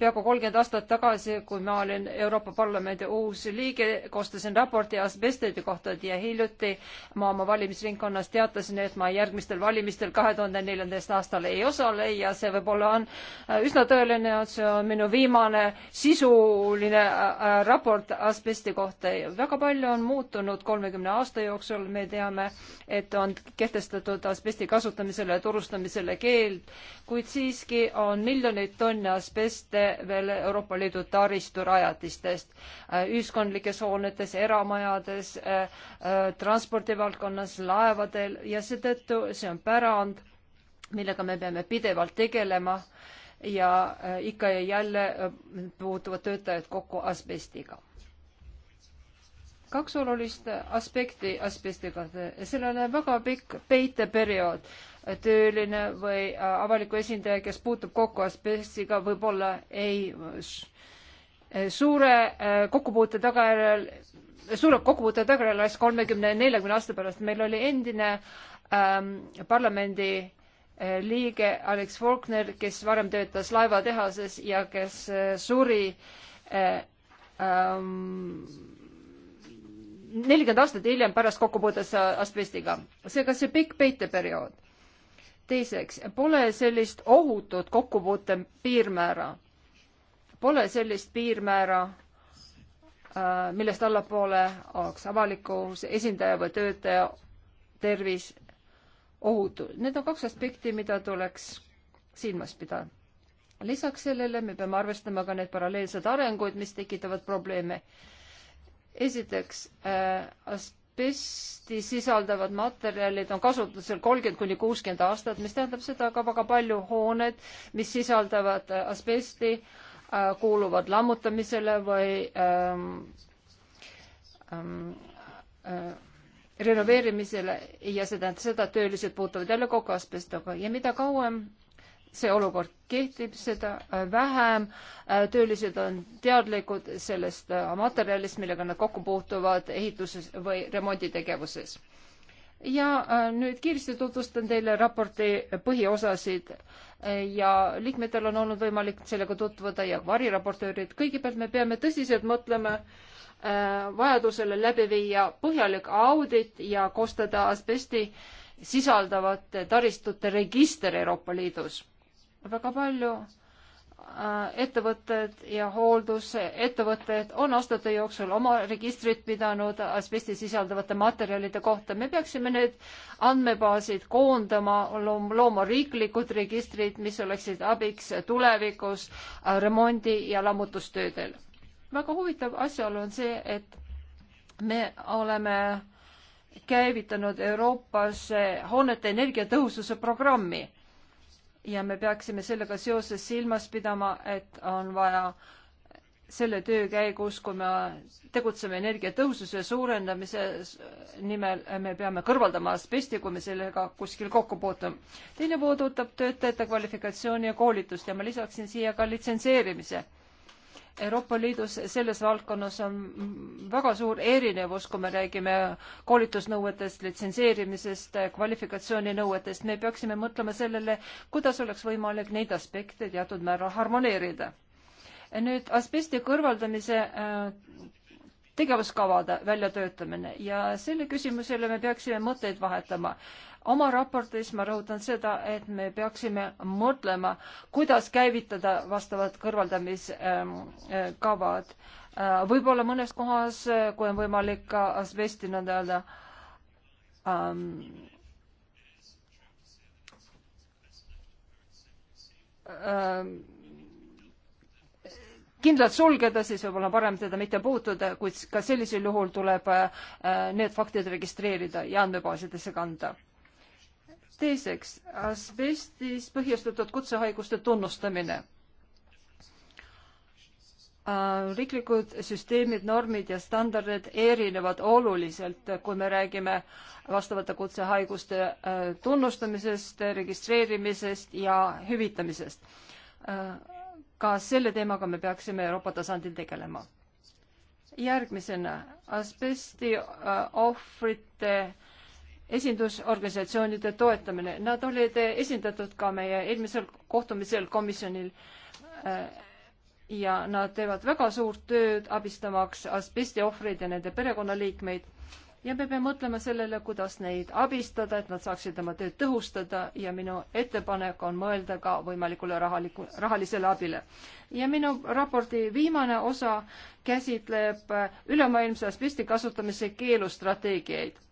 E: peaaegu kolmkümmend aastat tagasi, kui ma olin Euroopa Parlamendi uus liige, koostasin raporti asbestide kohta ja hiljuti ma oma valimisringkonnas teatasin, et ma järgmistel valimistel kahe tuhande neljandast aastal ei osale ja see võib-olla on äh, üsna tõeline, et see on minu viimane sisuline äh, äh, raport asbesti kohta. väga palju on muutunud kolmekümne aasta jooksul, me teame, et on kehtestatud asbesti kasutamisele ja turustamisele keeld, kuid siiski on miljoneid tonne asbeste veel Euroopa Liidu taristurajatistest äh, ühiskondlikes hoonetes, eramajades, äh, äh, transpordivaldkonnas, laevadel ja seetõttu see on pärand, millega me peame pidevalt tegelema ja ikka ja jälle puutuvad töötajad kokku asbestiga. kaks olulist aspekti asbestiga, sellel on väga pikk peiteperiood tööline või äh, avaliku esindaja, kes puutub kokku asbestiga, võib-olla ei äh, suure äh, kokkupuute tagajärjel, suure kokkupuute tagajärjel alles kolmekümne, neljakümne aasta pärast. meil oli endine ähm, parlamendi liige Alex Faulkner, kes varem töötas laevatehases ja kes suri ähm, nelikümmend ähm, aastat hiljem pärast kokkupuudes asbestiga. seega see pikk peiteperiood teiseks, pole sellist ohutut kokkupuute piirmäära. Pole sellist piirmäära, äh, millest allapoole oleks avaliku esindaja või töötaja tervis ohutu. Need on kaks aspekti, mida tuleks silmas pidada. lisaks sellele me peame arvestama ka need paralleelsed arengud, mis tekitavad probleeme. esiteks äh, asbesti sisaldavad materjalid on kasutusel kolmkümmend kuni kuuskümmend aastat, mis tähendab seda ka väga palju hooned, mis sisaldavad asbesti, äh, kuuluvad lammutamisele või ähm, ähm, äh, renoveerimisele ja see tähendab seda, et töölised puutuvad jälle kokku asbestiga ja mida kauem see olukord kehtib, seda äh, vähem äh, töölised on teadlikud sellest äh, materjalist, millega nad kokku puutuvad ehituses või remonditegevuses. ja nüüd kiiresti tutvustan teile raporti põhiosasid ja liikmetel on olnud võimalik sellega tutvuda ja variraportöörid. kõigepealt me peame tõsiselt mõtlema vajadusele läbi viia põhjalik audit ja koostada asbesti sisaldavate taristute register Euroopa Liidus väga palju äh, ettevõtted ja hooldusettevõtted on aastate jooksul oma registrit pidanud asbesti sisaldavate materjalide kohta. me peaksime need andmebaasid koondama, looma riiklikud registrid, mis oleksid abiks tulevikus äh, remondi- ja lammutustöödel. väga huvitav asjaolu on see, et me oleme käivitanud Euroopas äh, hoonete energiatõhususe programmi ja me peaksime sellega seoses silmas pidama, et on vaja selle töö käigus, kui me tegutseme energiatõhususe suurendamise nimel, me peame kõrvaldama asbesti, kui me sellega kuskil kokku puutume. teine puudutab töötajate kvalifikatsiooni ja koolitust ja ma lisaksin siia ka litsenseerimise Euroopa Liidus selles valdkonnas on väga suur erinevus, kui me räägime koolitusnõuetest, litsenseerimisest, kvalifikatsiooninõuetest, me peaksime mõtlema sellele, kuidas oleks võimalik neid aspekte teatud määral harmoneerida. nüüd asbesti kõrvaldamise äh, tegevuskavade väljatöötamine ja selle küsimusele me peaksime mõtteid vahetama oma raportis ma rõhutan seda, et me peaksime mõtlema, kuidas käivitada vastavad kõrvaldamiskavad. Ähm, äh, äh, võib-olla mõnes kohas, äh, kui on võimalik ka asbesti nõnda öelda ähm, ähm, kindlalt sulgeda, siis võib-olla parem teda mitte puutuda, kuid ka sellisel juhul tuleb need faktid registreerida ja andmebaasidesse kanda teiseks, asbestis põhjustatud kutsehaiguste tunnustamine. Äh, riiklikud süsteemid, normid ja standardid erinevad oluliselt, kui me räägime vastavate kutsehaiguste äh, tunnustamisest, registreerimisest ja hüvitamisest. Äh, ka selle teemaga me peaksime Euroopa tasandil tegelema. järgmisena asbesti ohvrite äh, esindusorganisatsioonide toetamine. Nad olid esindatud ka meie eelmisel kohtumisel komisjonil äh, ja nad teevad väga suurt tööd abistamaks asbestiohvreid ja nende perekonnaliikmeid ja me peame mõtlema sellele, kuidas neid abistada, et nad saaksid oma tööd tõhustada ja minu ettepanek on mõelda ka võimalikule rahaliku, rahalisele abile. ja minu raporti viimane osa käsitleb äh, ülemaailmse asbesti kasutamise keelustrateegiaid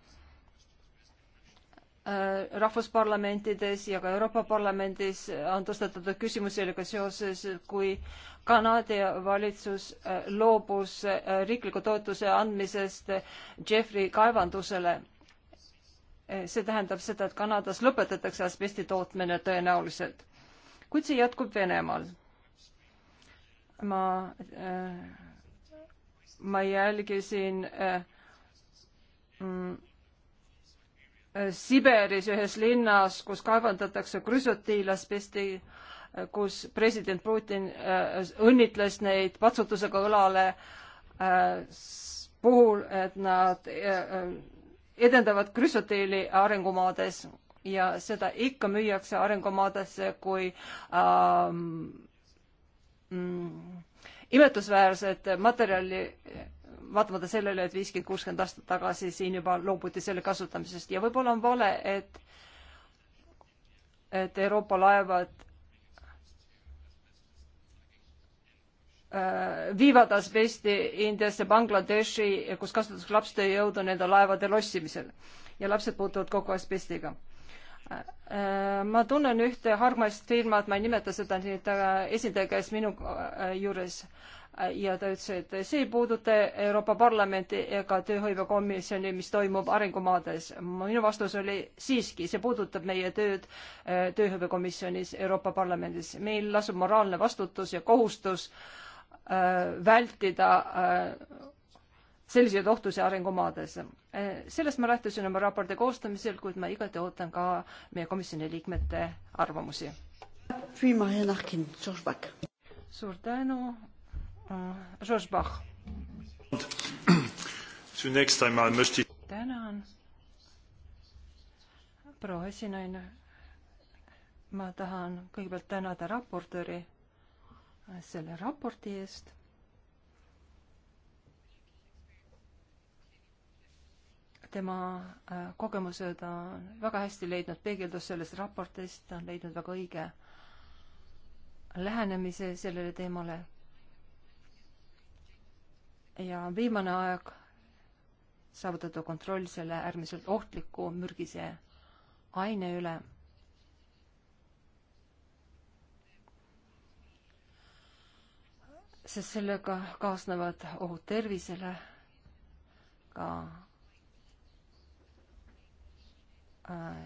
E: Äh, rahvusparlamentides ja ka Euroopa Parlamendis on tõstatatud küsimus sellega seoses, kui Kanada valitsus äh, loobus äh, riikliku toetuse andmisest Jeffrey kaevandusele. see tähendab seda, et Kanadas lõpetatakse asbesti tootmine tõenäoliselt, kuid see jätkub Venemaal. ma äh,, ma jälgisin äh, mm, Siberis ühes linnas, kus kaevandatakse krüsotiilasbesti, kus president Putin äh, õnnitles neid patsutusega õlale äh, puhul, et nad äh, edendavad krüsotiili arengumaades ja seda ikka müüakse arengumaadesse kui ähm, mm, imetlusväärset materjali vaatamata sellele, et viiskümmend, kuuskümmend aastat tagasi siin juba loobuti selle kasutamisest ja võib-olla on vale, et et Euroopa laevad äh, viivad asbesti Indiasse, Bangladeshi, kus kasutatakse lapstööjõudu nende laevade lossimisel ja lapsed puutuvad kokku asbestiga äh,. ma tunnen ühte hargmaist firmat, ma ei nimeta seda nüüd äh,, esindaja käis minu äh, juures äh, ja ta ütles, et see ei puuduta Euroopa Parlamenti ega tööhõivekomisjoni, mis toimub arengumaades. minu vastus oli siiski, see puudutab meie tööd äh, tööhõivekomisjonis Euroopa Parlamendis. meil lasub moraalne vastutus ja kohustus äh, vältida äh, selliseid ohtusid arengumaades. Äh, sellest ma lähtusin oma raporti koostamisel, kuid ma igati ootan ka meie komisjoni liikmete arvamusi. suur tänu Äh, George Bach.
F: Zunächst einmal möchte ich
E: tänan, proua esinaine. ma tahan kõigepealt tänada raportööri selle raporti eest. tema äh, kogemused on väga hästi leidnud peegeldust sellest raportist, ta on leidnud väga õige lähenemise sellele teemale ja on viimane aeg saavutada kontroll selle äärmiselt ohtliku mürgise aine üle. sest sellega kaasnevad ohud tervisele, ka äh,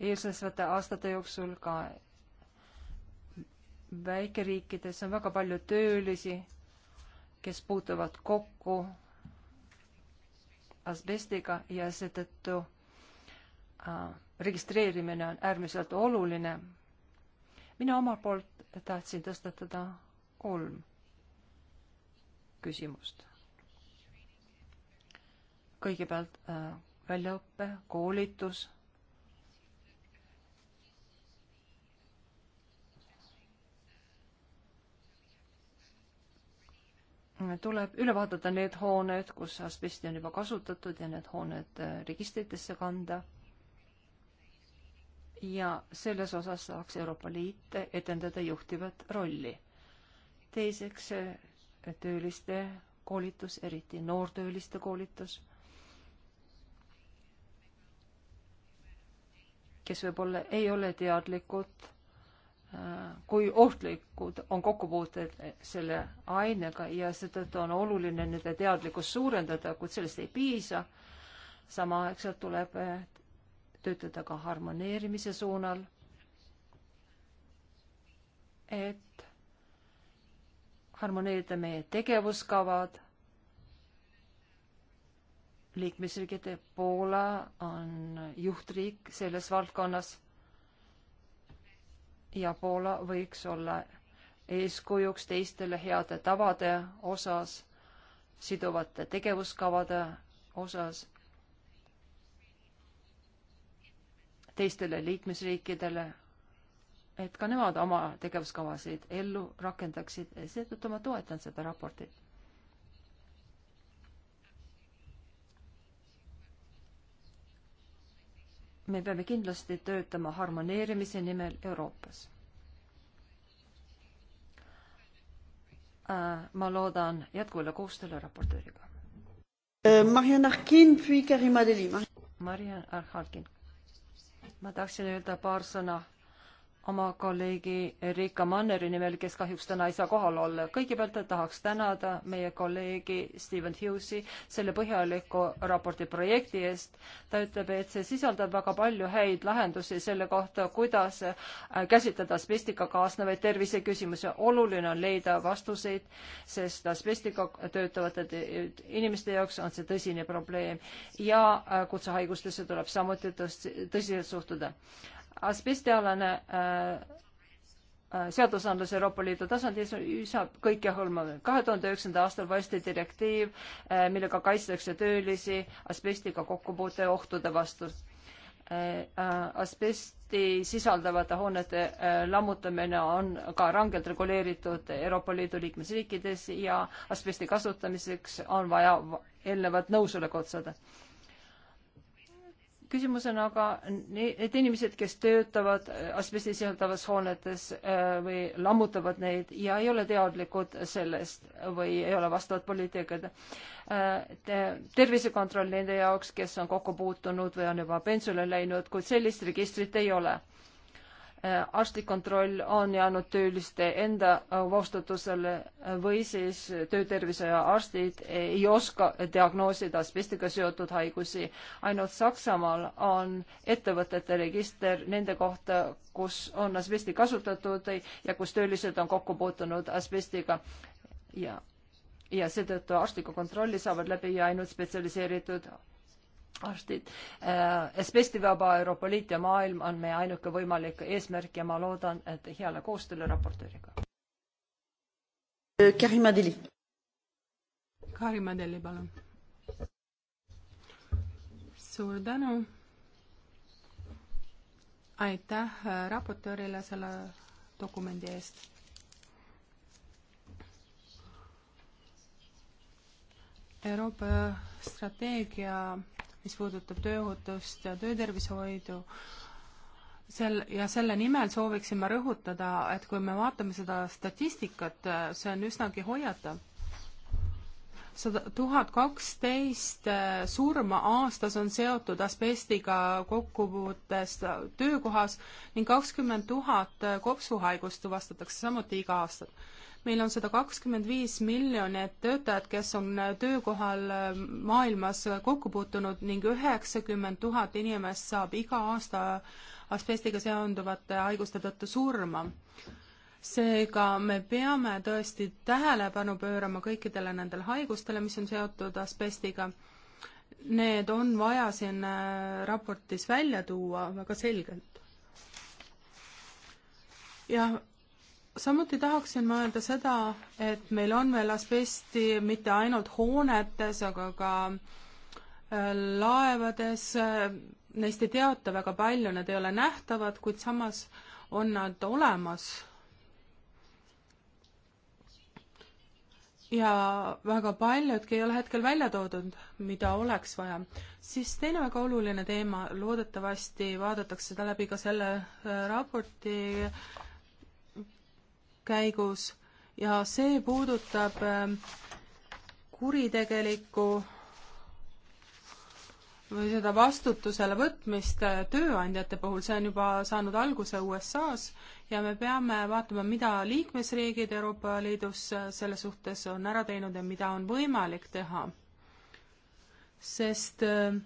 E: eelseisvate aastate jooksul ka väikeriikides on väga palju töölisi kes puutuvad kokku asbestiga ja seetõttu äh, registreerimine on äärmiselt oluline. mina omalt poolt tahtsin tõstatada kolm küsimust. kõigepealt äh, väljaõpe, koolitus tuleb üle vaadata need hooned, kus asbesti on juba kasutatud ja need hooned äh, registritesse kanda. ja selles osas saaks Euroopa Liit etendada juhtivat rolli. teiseks, äh, tööliste koolitus, eriti noortööliste koolitus, kes võib-olla ei ole teadlikud kui ohtlikud on kokkupuuted selle ainega ja seetõttu on oluline nende teadlikkust suurendada, kuid sellest ei piisa. samaaegselt tuleb töötada ka harmoneerimise suunal. et harmoneerida meie tegevuskavad. liikmesriigid, Poola on juhtriik selles valdkonnas ja Poola võiks olla eeskujuks teistele heade tavade osas, siduvate tegevuskavade osas, teistele liikmesriikidele, et ka nemad oma tegevuskavasid ellu rakendaksid, seetõttu ma toetan seda raportit me peame kindlasti töötama harmoneerimise nimel Euroopas. Äh, ma loodan jätkuvale koostööle raportööriga.
G: Äh, Mariann Arkin, puis Karima Deli.
E: Mariann Arkin. ma tahtsin öelda paar sõna oma kolleegi Erika Manneri nimel, kes kahjuks täna ei saa kohal olla. kõigepealt tahaks tänada meie kolleegi Steven Hughes'i selle põhjaliku raporti projekti eest. ta ütleb, et see sisaldab väga palju häid lahendusi selle kohta, kuidas äh, käsitleda asbestiga kaasnevaid terviseküsimusi. oluline on leida vastuseid, sest asbestiga töötavate inimeste jaoks on see tõsine probleem ja äh, kutsehaigustesse tuleb samuti tõsiselt suhtuda asbestialane äh, äh, seadusandlus Euroopa Liidu tasandil saab kõike hõlmav. kahe tuhande üheksanda aastal võeti direktiiv, äh, millega kaitstakse töölisi asbestiga kokkupuute ohtude vastu. asbesti sisaldavate hoonete lammutamine on ka rangelt reguleeritud Euroopa Liidu liikmesriikides ja asbesti kasutamiseks on vaja eelnevat nõusolekut saada küsimus on aga, et inimesed, kes töötavad äh, asbesti sisaldavas hoonetes äh, või lammutavad neid ja ei ole teadlikud sellest või ei ole vastavad poliitikad. Äh, tervisekontroll nende jaoks, kes on kokku puutunud või on juba pensionile läinud, kuid sellist registrit ei ole Äh, arstikontroll on jäänud tööliste enda äh, vastutusele või siis töötervishoiuarstid ei oska diagnoosida asbestiga seotud haigusi. ainult Saksamaal on ettevõtete register nende kohta, kus on asbesti kasutatud ja kus töölised on kokku puutunud asbestiga ja, ja seetõttu arstlikku kontrolli saavad läbi ainult spetsialiseeritud arstid. Asbesti äh, vaba Euroopa Liit ja maailm on meie ainuke võimalik eesmärk ja ma loodan, et heale koostööle raportööriga.
G: Karima Deli.
C: Karima Deli, palun. suur tänu. aitäh äh, raportöörile selle dokumendi eest Euroopa strateegia mis puudutab tööohutust ja töötervishoidu, sel, ja selle nimel sooviksin ma rõhutada, et kui me vaatame seda statistikat, see on üsnagi hoiatav. sada, tuhat kaksteist äh, surma aastas on seotud asbestiga kokkupuutest äh, töökohas ning kakskümmend tuhat äh, kopsuhaigust tuvastatakse samuti iga aasta meil on sada kakskümmend viis miljonit töötajat, kes on töökohal äh, maailmas kokku puutunud ning üheksakümmend tuhat inimest saab iga aasta asbestiga seonduvate haiguste tõttu surma. seega me peame tõesti tähelepanu pöörama kõikidele nendele haigustele, mis on seotud asbestiga. Need on vaja siin äh, raportis välja tuua väga selgelt. jah, samuti tahaksin ma öelda seda, et meil on veel asbesti mitte ainult hoonetes, aga ka äh, laevades, neist ei teata väga palju, nad ei ole nähtavad, kuid samas on nad olemas. ja väga paljudki ei ole hetkel välja toodud, mida oleks vaja. siis teine väga oluline teema, loodetavasti vaadatakse seda läbi ka selle äh, raporti käigus ja see puudutab ähm, kuritegelikku või seda vastutusele võtmist äh, tööandjate puhul, see on juba saanud alguse USA-s ja me peame vaatama, mida liikmesriigid Euroopa Liidus äh, selle suhtes on ära teinud ja mida on võimalik teha. sest äh,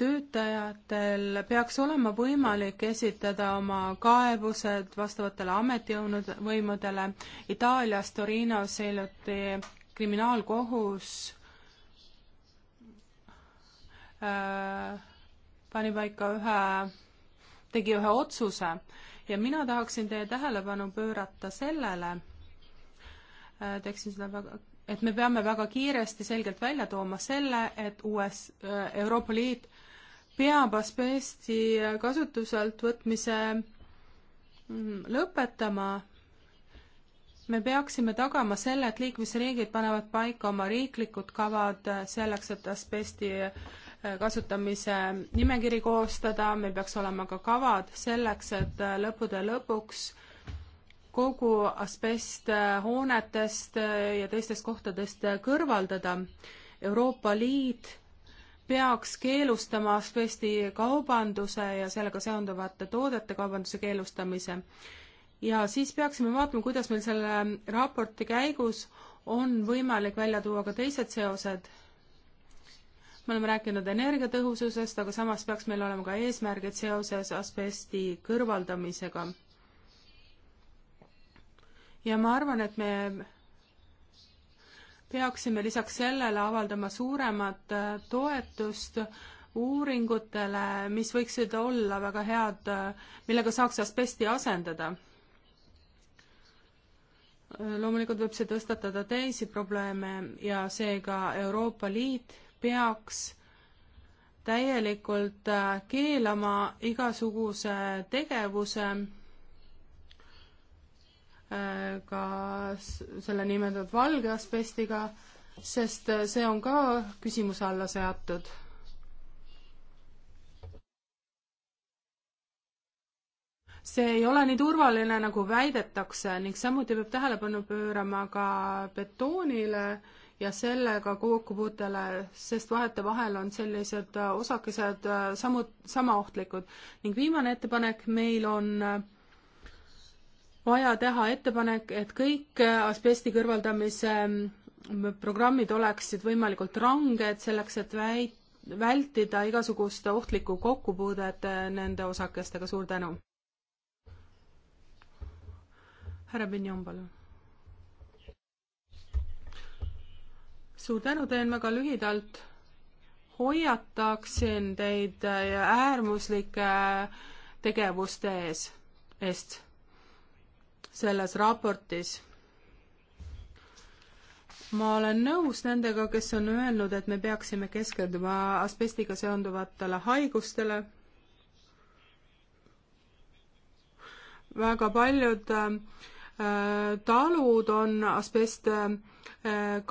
C: töötajatel peaks olema võimalik esitada oma kaebused vastavatele ametivõimudele. Itaalias Torinos hiljuti kriminaalkohus äh, pani paika ühe, tegi ühe otsuse ja mina tahaksin teie tähelepanu pöörata sellele äh,, teeksin seda väga et me peame väga kiiresti selgelt välja tooma selle, et US äh,, Euroopa Liit peab asbesti kasutuselt võtmise mm, lõpetama, me peaksime tagama selle, et liikmesriigid panevad paika oma riiklikud kavad selleks, et asbesti äh, kasutamise nimekiri koostada, meil peaks olema ka kavad selleks, et äh, lõppude lõpuks kogu asbest äh, hoonetest ja teistest kohtadest kõrvaldada. Euroopa Liit peaks keelustama asbesti kaubanduse ja sellega seonduvate toodete kaubanduse keelustamise. ja siis peaksime vaatama, kuidas meil selle raporti käigus on võimalik välja tuua ka teised seosed. me oleme rääkinud energiatõhususest, aga samas peaks meil olema ka eesmärgid seoses asbesti kõrvaldamisega. ja ma arvan, et me peaksime lisaks sellele avaldama suuremat äh, toetust uuringutele, mis võiksid olla väga head, äh, millega saaks asbesti asendada. Äh, loomulikult võib see tõstatada teisi probleeme ja seega Euroopa Liit peaks täielikult keelama igasuguse tegevuse Äh, ka selle nimetatud valge asbestiga, sest äh, see on ka küsimuse alla seatud. see ei ole nii turvaline, nagu väidetakse ning samuti peab tähelepanu pöörama ka betoonile ja sellega kokkupuutele, sest vahetevahel on sellised äh, osakesed samu, sama ohtlikud. ning viimane ettepanek meil on äh, vaja teha ettepanek, et kõik asbesti kõrvaldamise mm, programmid oleksid võimalikult ranged, selleks et väit-, vältida igasugust ohtlikku kokkupuudet eh, nende osakestega, suur tänu! härra Benjon, palun! suur tänu, teen väga lühidalt. hoiataksin teid eh, äärmuslike eh, tegevuste ees, eest selles raportis. ma olen nõus nendega, kes on öelnud, et me peaksime keskenduma asbestiga seonduvatele haigustele väga paljud äh, talud on asbest äh,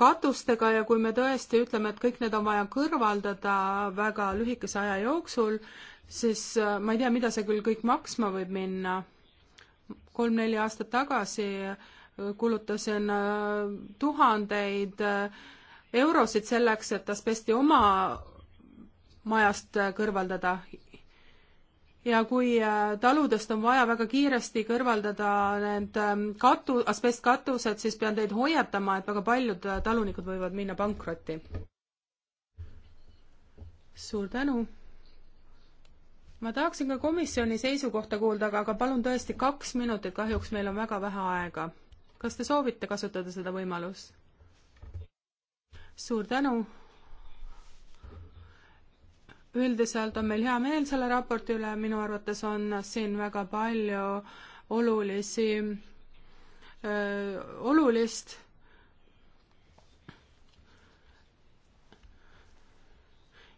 C: katustega ja kui me tõesti ütleme, et kõik need on vaja kõrvaldada väga lühikese aja jooksul, siis äh, ma ei tea, mida see küll kõik maksma võib minna kolm-neli aastat tagasi kulutasin äh, tuhandeid äh, eurosid selleks, et asbesti oma majast äh, kõrvaldada. ja kui taludest on vaja väga kiiresti kõrvaldada need ähm, katu, asbestkatused, siis pean teid hoiatama, et väga paljud talunikud võivad minna pankrotti. suur tänu! ma tahaksin ka komisjoni seisukohta kuulda, aga, aga palun tõesti kaks minutit, kahjuks meil on väga vähe aega. kas te soovite kasutada seda võimalust? suur tänu. üldiselt on meil hea meel selle raporti üle, minu arvates on siin väga palju olulisi, äh, olulist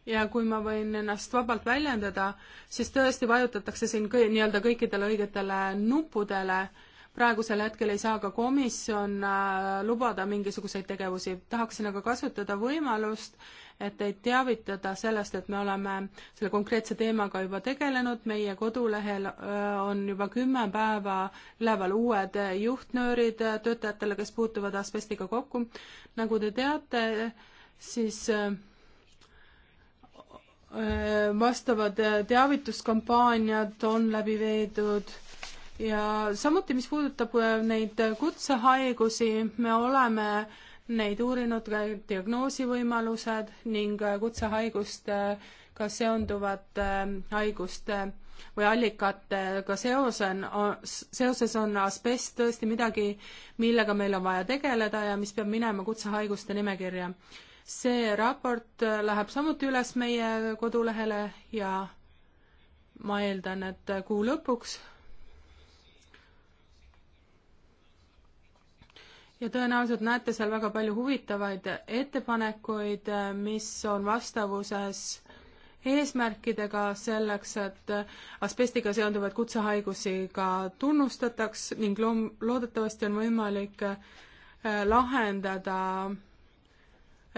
C: ja kui ma võin ennast vabalt väljendada, siis tõesti vajutatakse siin kõi, nii-öelda kõikidele õigetele nuppudele. praegusel hetkel ei saa ka komisjon äh, lubada mingisuguseid tegevusi. tahaksin aga kasutada võimalust, et teid teavitada sellest, et me oleme selle konkreetse teemaga juba tegelenud, meie kodulehel äh, on juba kümme päeva üleval uued juhtnöörid äh, töötajatele, kes puutuvad asbestiga kokku. nagu te teate, siis äh, Äh, vastavad äh, teavituskampaaniad on läbi veedud ja samuti, mis puudutab äh, neid kutsehaigusi, me oleme neid uurinud, diagnoosivõimalused ning kutsehaigustega seonduvate haiguste või allikatega seos on, seoses on asbest tõesti midagi, millega meil on vaja tegeleda ja mis peab minema kutsehaiguste nimekirja see raport läheb samuti üles meie kodulehele ja ma eeldan, et kuu lõpuks ja tõenäoliselt näete seal väga palju huvitavaid ettepanekuid, mis on vastavuses eesmärkidega selleks, et asbestiga seonduvaid kutsehaigusi ka tunnustataks ning loom-, loodetavasti on võimalik eh, lahendada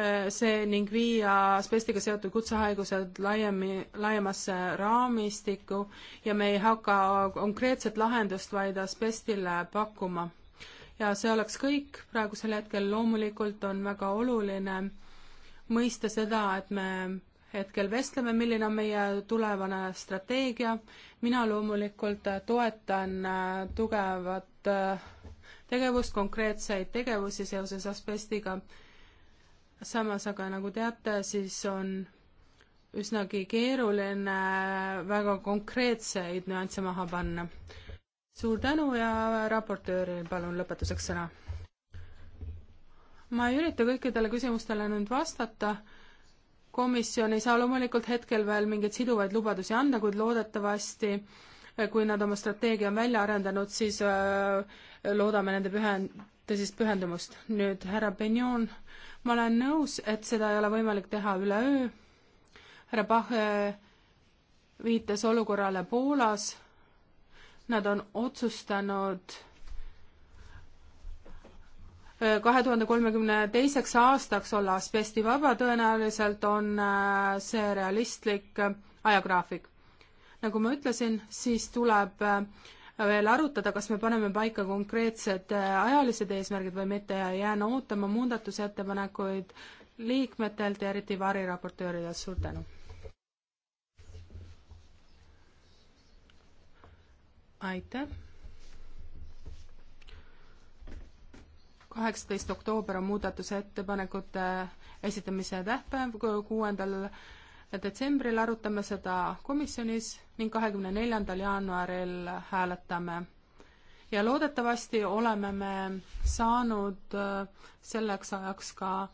C: Äh, see ning viia asbestiga seotud kutsehaigused laiemi, laiemasse raamistikku ja me ei hakka konkreetset lahendust vaid asbestile pakkuma. ja see oleks kõik, praegusel hetkel loomulikult on väga oluline mõista seda, et me hetkel vestleme, milline on meie tulevane strateegia. mina loomulikult toetan äh, tugevat äh, tegevust, konkreetseid tegevusi seoses asbestiga samas aga nagu teate, siis on üsnagi keeruline väga konkreetseid nüansse maha panna. suur tänu ja raportööril palun lõpetuseks sõna. ma ei ürita kõikidele küsimustele nüüd vastata komisjon ei saa loomulikult hetkel veel mingeid siduvaid lubadusi anda, kuid loodetavasti kui nad oma strateegia on välja arendanud, siis äh, loodame nende pühen-, tõsist pühendumust. nüüd härra Benjon ma olen nõus, et seda ei ole võimalik teha üleöö. härra Pahe viitas olukorrale Poolas. Nad on otsustanud äh, kahe tuhande kolmekümne teiseks aastaks olla asbestivaba, tõenäoliselt on äh, see realistlik äh, ajagraafik. nagu ma ütlesin, siis tuleb veel arutada, kas me paneme paika konkreetsed äh, ajalised eesmärgid või mitte ja jään ootama muudatusettepanekuid liikmetelt ja eriti variraportööridelt, suur tänu! aitäh! kaheksateist oktoober on muudatusettepanekute esitamise tähtpäev, kuuendal detsembril arutame seda komisjonis ning kahekümne neljandal jaanuaril hääletame. ja loodetavasti oleme me saanud äh, selleks ajaks ka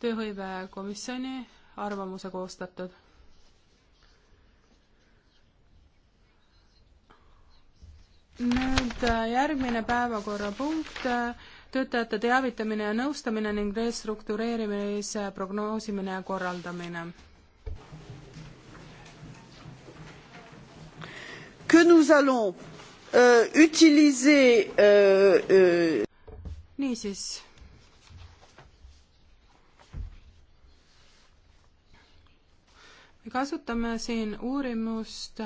C: tööhõivekomisjoni arvamuse koostatud. nüüd äh, järgmine päevakorrapunkt, äh, töötajate teavitamine ja nõustamine ning restruktureerimise prognoosimine ja korraldamine
G: que nous allons euh, utiliser euh, euh... niisiis
C: me kasutame siin uurimust,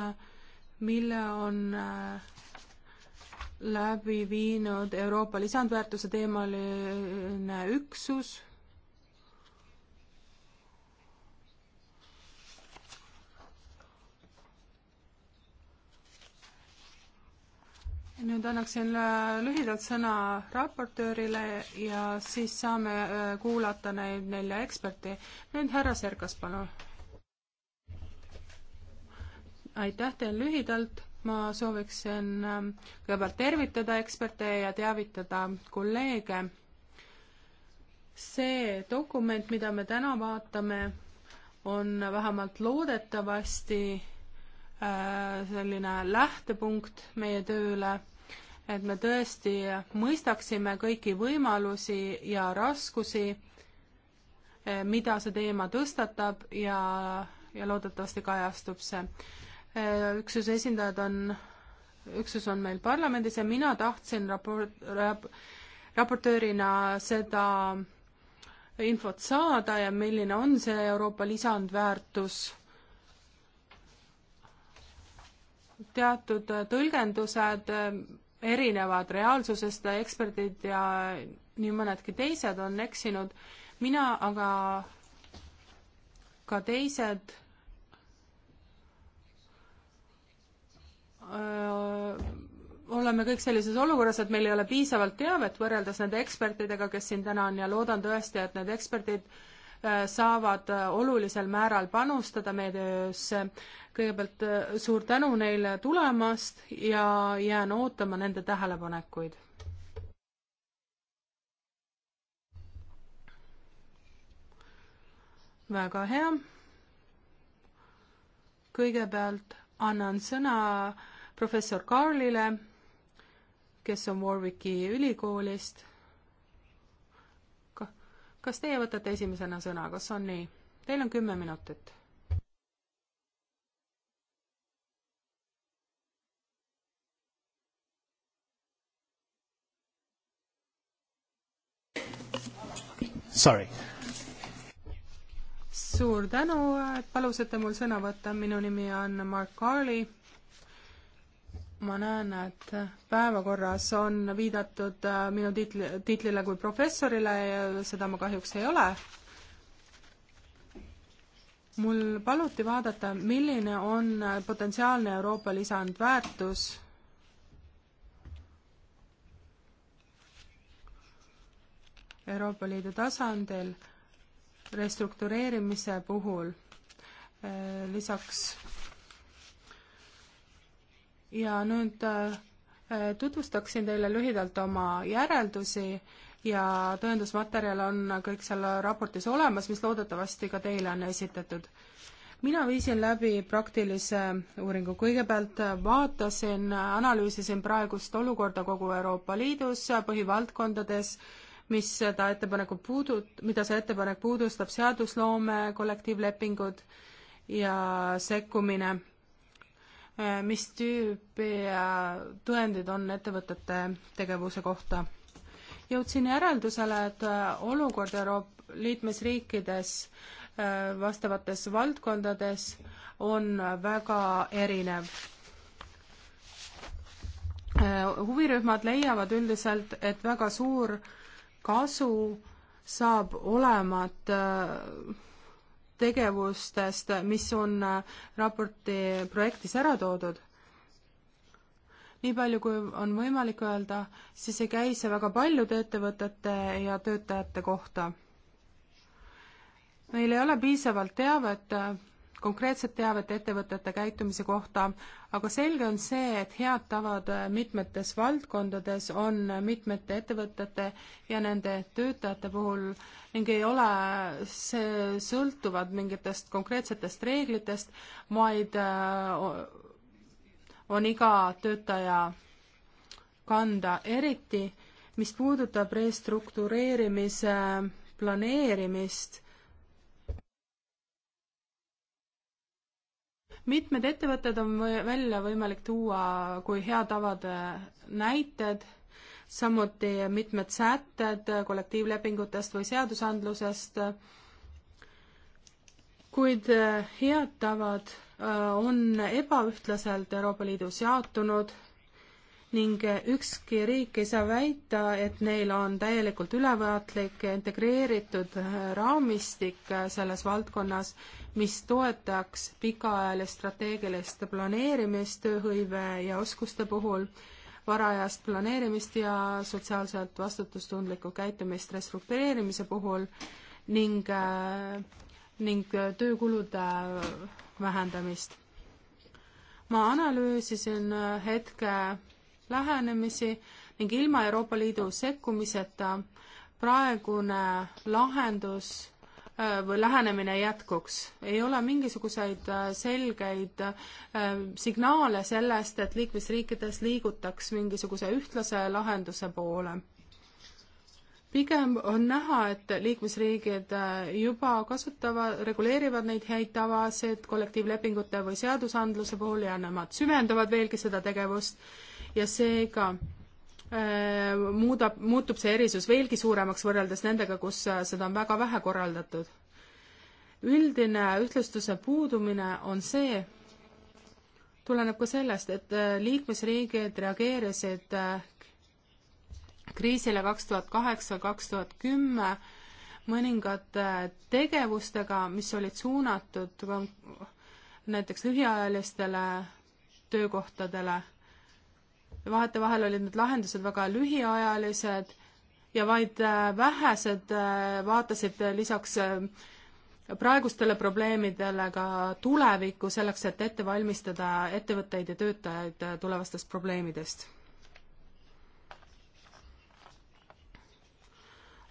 C: mille on äh, läbi viinud Euroopa lisandväärtuse teemaline üksus nüüd annaksin äh, lühidalt sõna raportöörile ja siis saame äh, kuulata neid nelja eksperti. nüüd härra Serkas, palun. aitäh teile lühidalt, ma sooviksin ähm, kõigepealt tervitada eksperte ja teavitada kolleege. see dokument, mida me täna vaatame, on vähemalt loodetavasti äh, selline lähtepunkt meie tööle et me tõesti mõistaksime kõiki võimalusi ja raskusi, eh, mida see teema tõstatab ja, ja loodetavasti kajastub see. Eh, üksuse esindajad on, üksus on meil parlamendis ja mina tahtsin raport rap,, raportöörina seda infot saada ja milline on see Euroopa lisandväärtus teatud tõlgendused eh, erinevad reaalsusest, eksperdid ja nii mõnedki teised on eksinud, mina aga ka teised öö, oleme kõik sellises olukorras, et meil ei ole piisavalt teavet võrreldes nende ekspertidega, kes siin täna on ja loodan tõesti, et need eksperdid öö, Äh, saavad äh, olulisel määral panustada meie töösse. kõigepealt äh, suur tänu neile tulemast ja jään ootama nende tähelepanekuid. väga hea. kõigepealt annan sõna professor Karlile, kes on Warwicki ülikoolist kas teie võtate esimesena sõna, kas on nii? Teil on kümme minutit. Sorry. suur tänu, et palusite mul sõna võtta, minu nimi on Mark Carli ma näen, et päevakorras on viidatud äh, minu tiitli, tiitlile kui professorile ja seda ma kahjuks ei ole. mul paluti vaadata, milline on potentsiaalne Euroopa lisandväärtus Euroopa Liidu tasandil restruktureerimise puhul. Äh, lisaks ja nüüd äh, tutvustaksin teile lühidalt oma järeldusi ja tõendusmaterjal on kõik seal raportis olemas, mis loodetavasti ka teile on esitatud. mina viisin läbi praktilise uuringu, kõigepealt vaatasin, analüüsisin praegust olukorda kogu Euroopa Liidus põhivaldkondades, mis seda ettepaneku puudut-, mida see ettepanek puudustab, seadusloome, kollektiivlepingud ja sekkumine Äh, mis tüüpi äh, tõendid on ettevõtete tegevuse kohta. jõudsin järeldusele, et äh, olukord Euroopa liikmesriikides vastavates valdkondades on väga erinev. huvirühmad leiavad üldiselt, et väga suur kasu saab olemat äh, tegevustest, mis on äh, raporti projektis ära toodud. nii palju, kui on võimalik öelda, siis ei käi see väga paljude ettevõtete ja töötajate kohta. meil ei ole piisavalt teavet konkreetset teavet ettevõtete käitumise kohta, aga selge on see, et head tavad mitmetes valdkondades on mitmete ettevõtete ja nende töötajate puhul ning ei ole, see sõltuvad mingitest konkreetsetest reeglitest, vaid äh, on iga töötaja kanda, eriti mis puudutab restruktureerimise planeerimist mitmed ettevõtted on välja võimalik tuua kui hea tavade näited, samuti mitmed sätted kollektiivlepingutest või seadusandlusest, kuid äh, head tavad äh, on ebaühtlaselt Euroopa Liidus jaotunud ning äh, ükski riik ei saa väita, et neil on täielikult ülevaatlik integreeritud raamistik selles valdkonnas mis toetaks pikaajalist strateegilist planeerimist tööhõive ja oskuste puhul, varajast planeerimist ja sotsiaalselt vastutustundlikku käitumist restruktureerimise puhul ning, äh, ning töökulude vähendamist. ma analüüsisin äh, hetke lähenemisi ning ilma Euroopa Liidu sekkumiseta praegune lahendus Äh, lähenemine jätkuks. ei ole mingisuguseid äh, selgeid äh, signaale sellest, et liikmesriikides liigutaks mingisuguse ühtlase lahenduse poole. pigem on näha, et liikmesriigid juba kasutavad, reguleerivad neid häid tavasid kollektiivlepingute või seadusandluse puhul ja nemad süvendavad veelgi seda tegevust ja seega Äh, muudab, muutub see erisus veelgi suuremaks võrreldes nendega, kus äh, seda on väga vähe korraldatud. üldine ühtlustuse puudumine on see, tuleneb ka sellest, et äh, liikmesriigid reageerisid kriisile kaks tuhat kaheksa, kaks tuhat kümme mõningate tegevustega, mis olid suunatud näiteks lühiajalistele töökohtadele vahetevahel olid need lahendused väga lühiajalised ja vaid äh, vähesed äh, vaatasid lisaks äh, praegustele probleemidele ka tulevikku, selleks et ette valmistada ettevõtteid ja töötajaid tulevastest probleemidest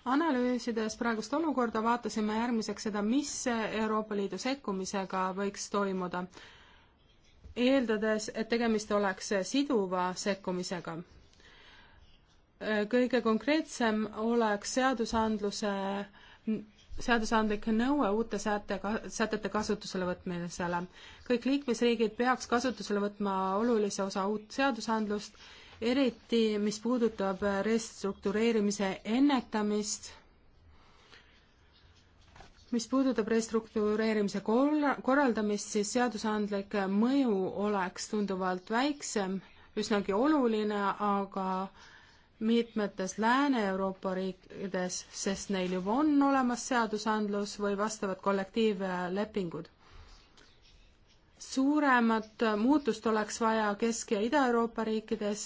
C: analüüsides praegust olukorda, vaatasime järgmiseks seda, mis Euroopa Liidu sekkumisega võiks toimuda eeldades, et tegemist oleks siduva sekkumisega. kõige konkreetsem oleks seadusandluse, seadusandlik nõue uute säte, sätete kasutusele võtmisele. kõik liikmesriigid peaks kasutusele võtma olulise osa uut seadusandlust, eriti mis puudutab restruktureerimise ennetamist mis puudutab restruktureerimise korra, korraldamist, siis seadusandlik mõju oleks tunduvalt väiksem, üsnagi oluline, aga mitmetes Lääne-Euroopa riikides, sest neil juba on olemas seadusandlus või vastavad kollektiivlepingud. suuremat muutust oleks vaja Kesk- ja Ida-Euroopa riikides,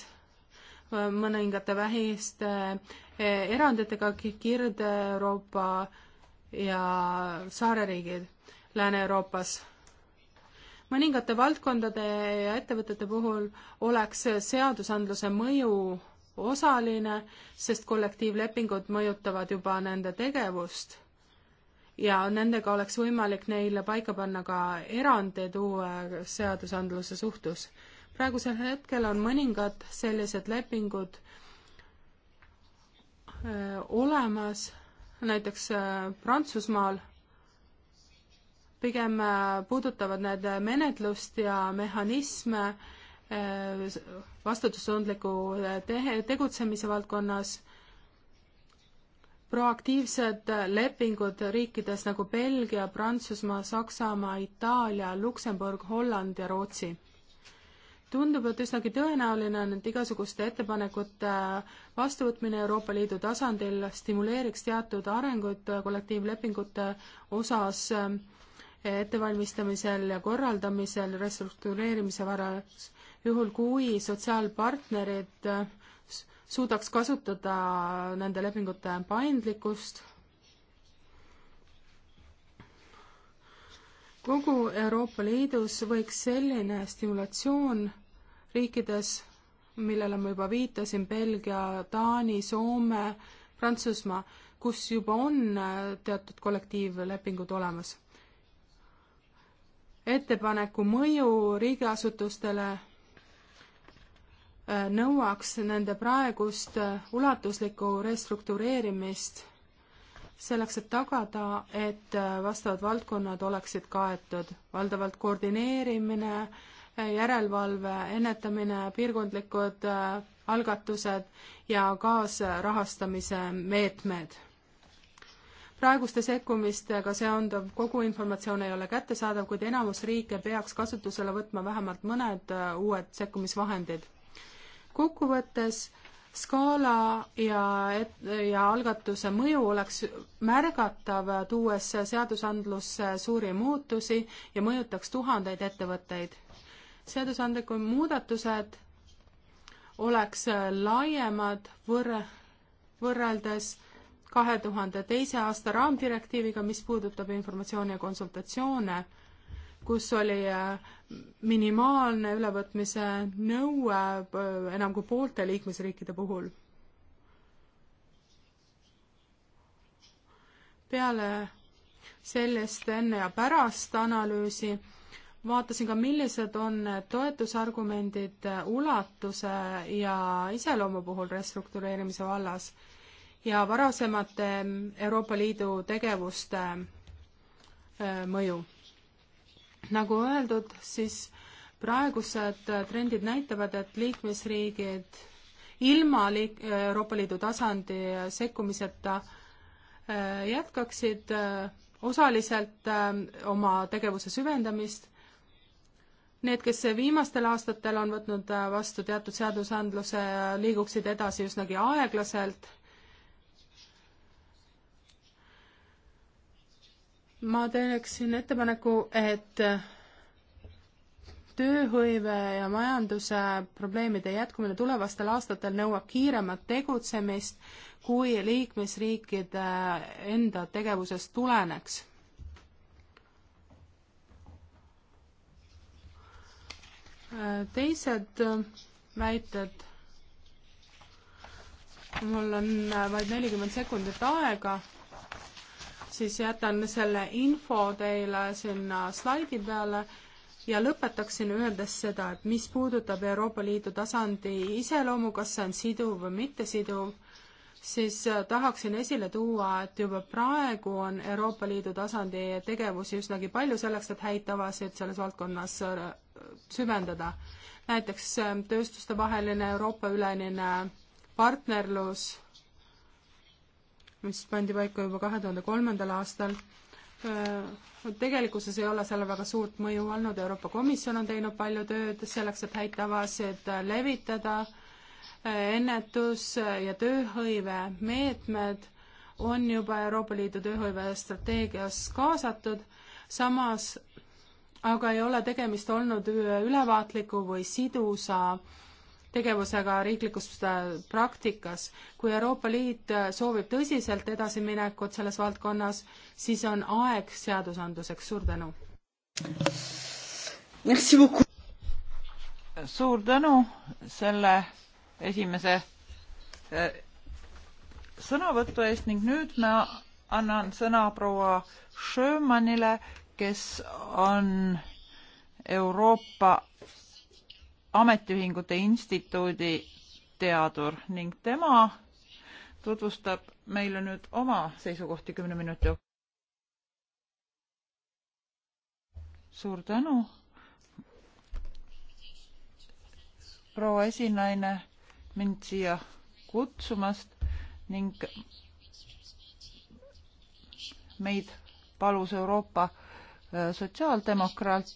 C: mõningate vähiste eh, eranditega Kirde-Euroopa ja saareriigid Lääne-Euroopas. mõningate valdkondade ja ettevõtete puhul oleks seadusandluse mõju osaline, sest kollektiivlepingud mõjutavad juba nende tegevust. ja nendega oleks võimalik neile paika panna ka erandeid uue seadusandluse suhtes. praegusel hetkel on mõningad sellised lepingud öö, äh, olemas näiteks äh, Prantsusmaal, pigem äh, puudutavad need menetlust ja mehhanisme äh, vastutustundliku tehe, tegutsemise valdkonnas, proaktiivsed lepingud riikides nagu Belgia, Prantsusmaa, Saksamaa, Itaalia, Luksemburg, Holland ja Rootsi tundub, et üsnagi tõenäoline on, et igasuguste ettepanekute vastuvõtmine Euroopa Liidu tasandil stimuleeriks teatud arengut kollektiivlepingute osas eh, ettevalmistamisel ja korraldamisel restruktureerimise varas, juhul kui sotsiaalpartnerid eh, suudaks kasutada nende lepingute paindlikkust kogu Euroopa Liidus võiks selline stimulatsioon riikides, millele ma juba viitasin, Belgia, Taani, Soome, Prantsusmaa, kus juba on äh, teatud kollektiivlepingud olemas. ettepaneku mõju riigiasutustele äh, nõuaks nende praegust äh, ulatuslikku restruktureerimist selleks, et tagada, et äh, vastavad valdkonnad oleksid kaetud. valdavalt koordineerimine, äh, järelevalve, ennetamine, piirkondlikud äh, algatused ja kaasrahastamise meetmed. praeguste sekkumistega seonduv kogu informatsioon ei ole kättesaadav, kuid enamus riike peaks kasutusele võtma vähemalt mõned uued sekkumisvahendid. kokkuvõttes skaala ja, ja algatuse mõju oleks märgatav, tuues seadusandlusse suuri muutusi ja mõjutaks tuhandeid ettevõtteid. seadusandlikud muudatused oleks laiemad võrre, võrreldes kahe tuhande teise aasta raamdirektiiviga, mis puudutab informatsiooni ja konsultatsioone kus oli äh, minimaalne ülevõtmise nõue äh, enam kui poolte liikmesriikide puhul. peale sellist enne ja pärast analüüsi vaatasin ka, millised on toetusargumendid äh, ulatuse ja iseloomu puhul restruktureerimise vallas ja varasemate Euroopa Liidu tegevuste mõju nagu öeldud, siis praegused trendid näitavad, et liikmesriigid ilma liik-, Euroopa Liidu tasandi sekkumiseta äh, jätkaksid äh, osaliselt äh, oma tegevuse süvendamist. Need, kes viimastel aastatel on võtnud vastu teatud seadusandluse, liiguksid edasi üsnagi aeglaselt ma teeksin ettepaneku, et tööhõive ja majanduse probleemide jätkumine tulevastel aastatel nõuab kiiremat tegutsemist, kui liikmesriikide enda tegevusest tuleneks. teised väited. mul on vaid nelikümmend sekundit aega siis jätan selle info teile sinna slaidi peale ja lõpetaksin öeldes seda, et mis puudutab Euroopa Liidu tasandi iseloomu, kas see on siduv või mittesiduv, siis äh, tahaksin esile tuua, et juba praegu on Euroopa Liidu tasandi tegevusi üsnagi palju selleks, et häid tavasid selles valdkonnas äh, süvendada. näiteks äh, tööstustevaheline Euroopa-ülene partnerlus mis pandi paika juba kahe tuhande kolmandal aastal. Äh, tegelikkuses ei ole sellel väga suurt mõju olnud, Euroopa Komisjon on teinud palju tööd selleks, et häid tavasid levitada, äh, ennetus- ja tööhõivemeetmed on juba Euroopa Liidu tööhõivestrateegias kaasatud, samas aga ei ole tegemist olnud ülevaatliku või sidusa äh, tegevusega riiklikus äh, praktikas. kui Euroopa Liit äh, soovib tõsiselt edasiminekut selles valdkonnas, siis on aeg seadusandluseks, suur tänu! suur tänu
G: selle
A: esimese äh, sõnavõtu eest ning nüüd ma annan sõna proua Schömanile, kes on Euroopa Ametiühingute Instituudi teadur ning tema tutvustab meile nüüd oma seisukohti kümne minuti jooksul. suur tänu. proua esinaine mind siia kutsumast ning meid palus Euroopa äh, sotsiaaldemokraat,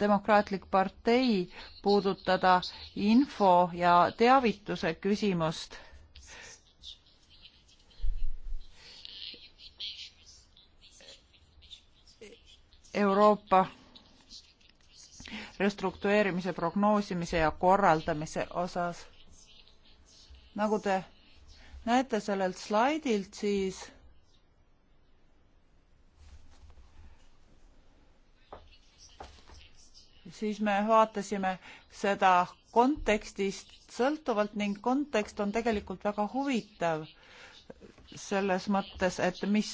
A: demokraatlik partei puudutada info ja teavituse küsimust. Euroopa restruktureerimise prognoosimise ja korraldamise osas. nagu te näete sellelt slaidilt, siis siis me vaatasime seda kontekstist sõltuvalt ning kontekst on tegelikult väga huvitav selles mõttes, et mis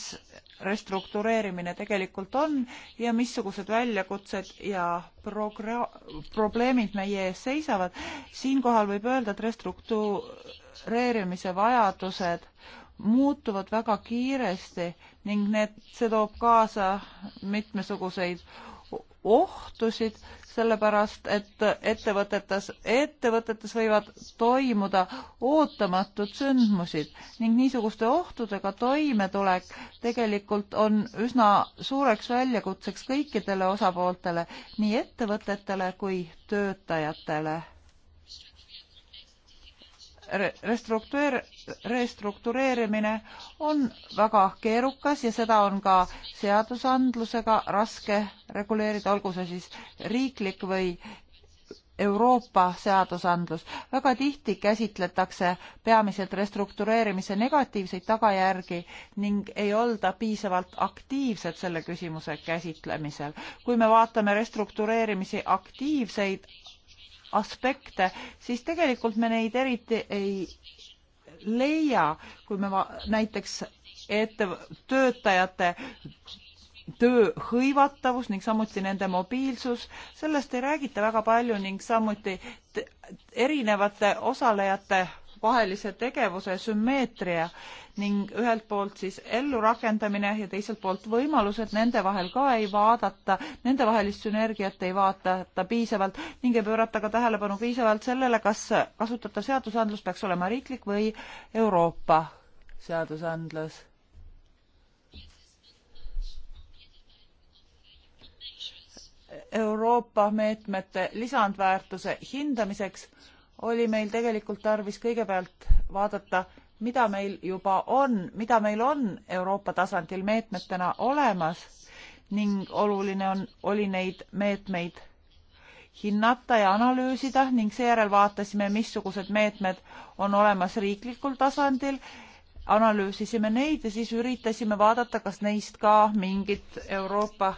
A: restruktureerimine tegelikult on ja missugused väljakutsed ja progra-, probleemid meie ees seisavad. siinkohal võib öelda, et restruktureerimise vajadused muutuvad väga kiiresti ning need, see toob kaasa mitmesuguseid ohtusid, sellepärast et ettevõtetes, ettevõtetes võivad toimuda ootamatud sündmusid ning niisuguste ohtudega toimetulek tegelikult on üsna suureks väljakutseks kõikidele osapooltele, nii ettevõtetele kui töötajatele restruktureer-, restruktureerimine on väga keerukas ja seda on ka seadusandlusega raske reguleerida, olgu see siis riiklik või Euroopa seadusandlus. väga tihti käsitletakse peamiselt restruktureerimise negatiivseid tagajärgi ning ei olda piisavalt aktiivsed selle küsimuse käsitlemisel. kui me vaatame restruktureerimisi aktiivseid aspekte, siis tegelikult me neid eriti ei leia, kui me näiteks ette töötajate töö hõivatavus ning samuti nende mobiilsus, sellest ei räägita väga palju ning samuti erinevate osalejate vahelise tegevuse sümmeetria ning ühelt poolt siis ellurakendamine ja teiselt poolt võimalused nende vahel ka ei vaadata, nendevahelist sünergiat ei vaadata piisavalt ning ei pöörata ka tähelepanu piisavalt sellele, kas kasutatav seadusandlus peaks olema riiklik või Euroopa seadusandlus Euroopa meetmete lisandväärtuse hindamiseks oli meil tegelikult tarvis kõigepealt vaadata, mida meil juba on, mida meil on Euroopa tasandil meetmetena olemas ning oluline on, oli neid meetmeid hinnata ja analüüsida ning seejärel vaatasime, missugused meetmed on olemas riiklikul tasandil, analüüsisime neid ja siis üritasime vaadata, kas neist ka mingit Euroopa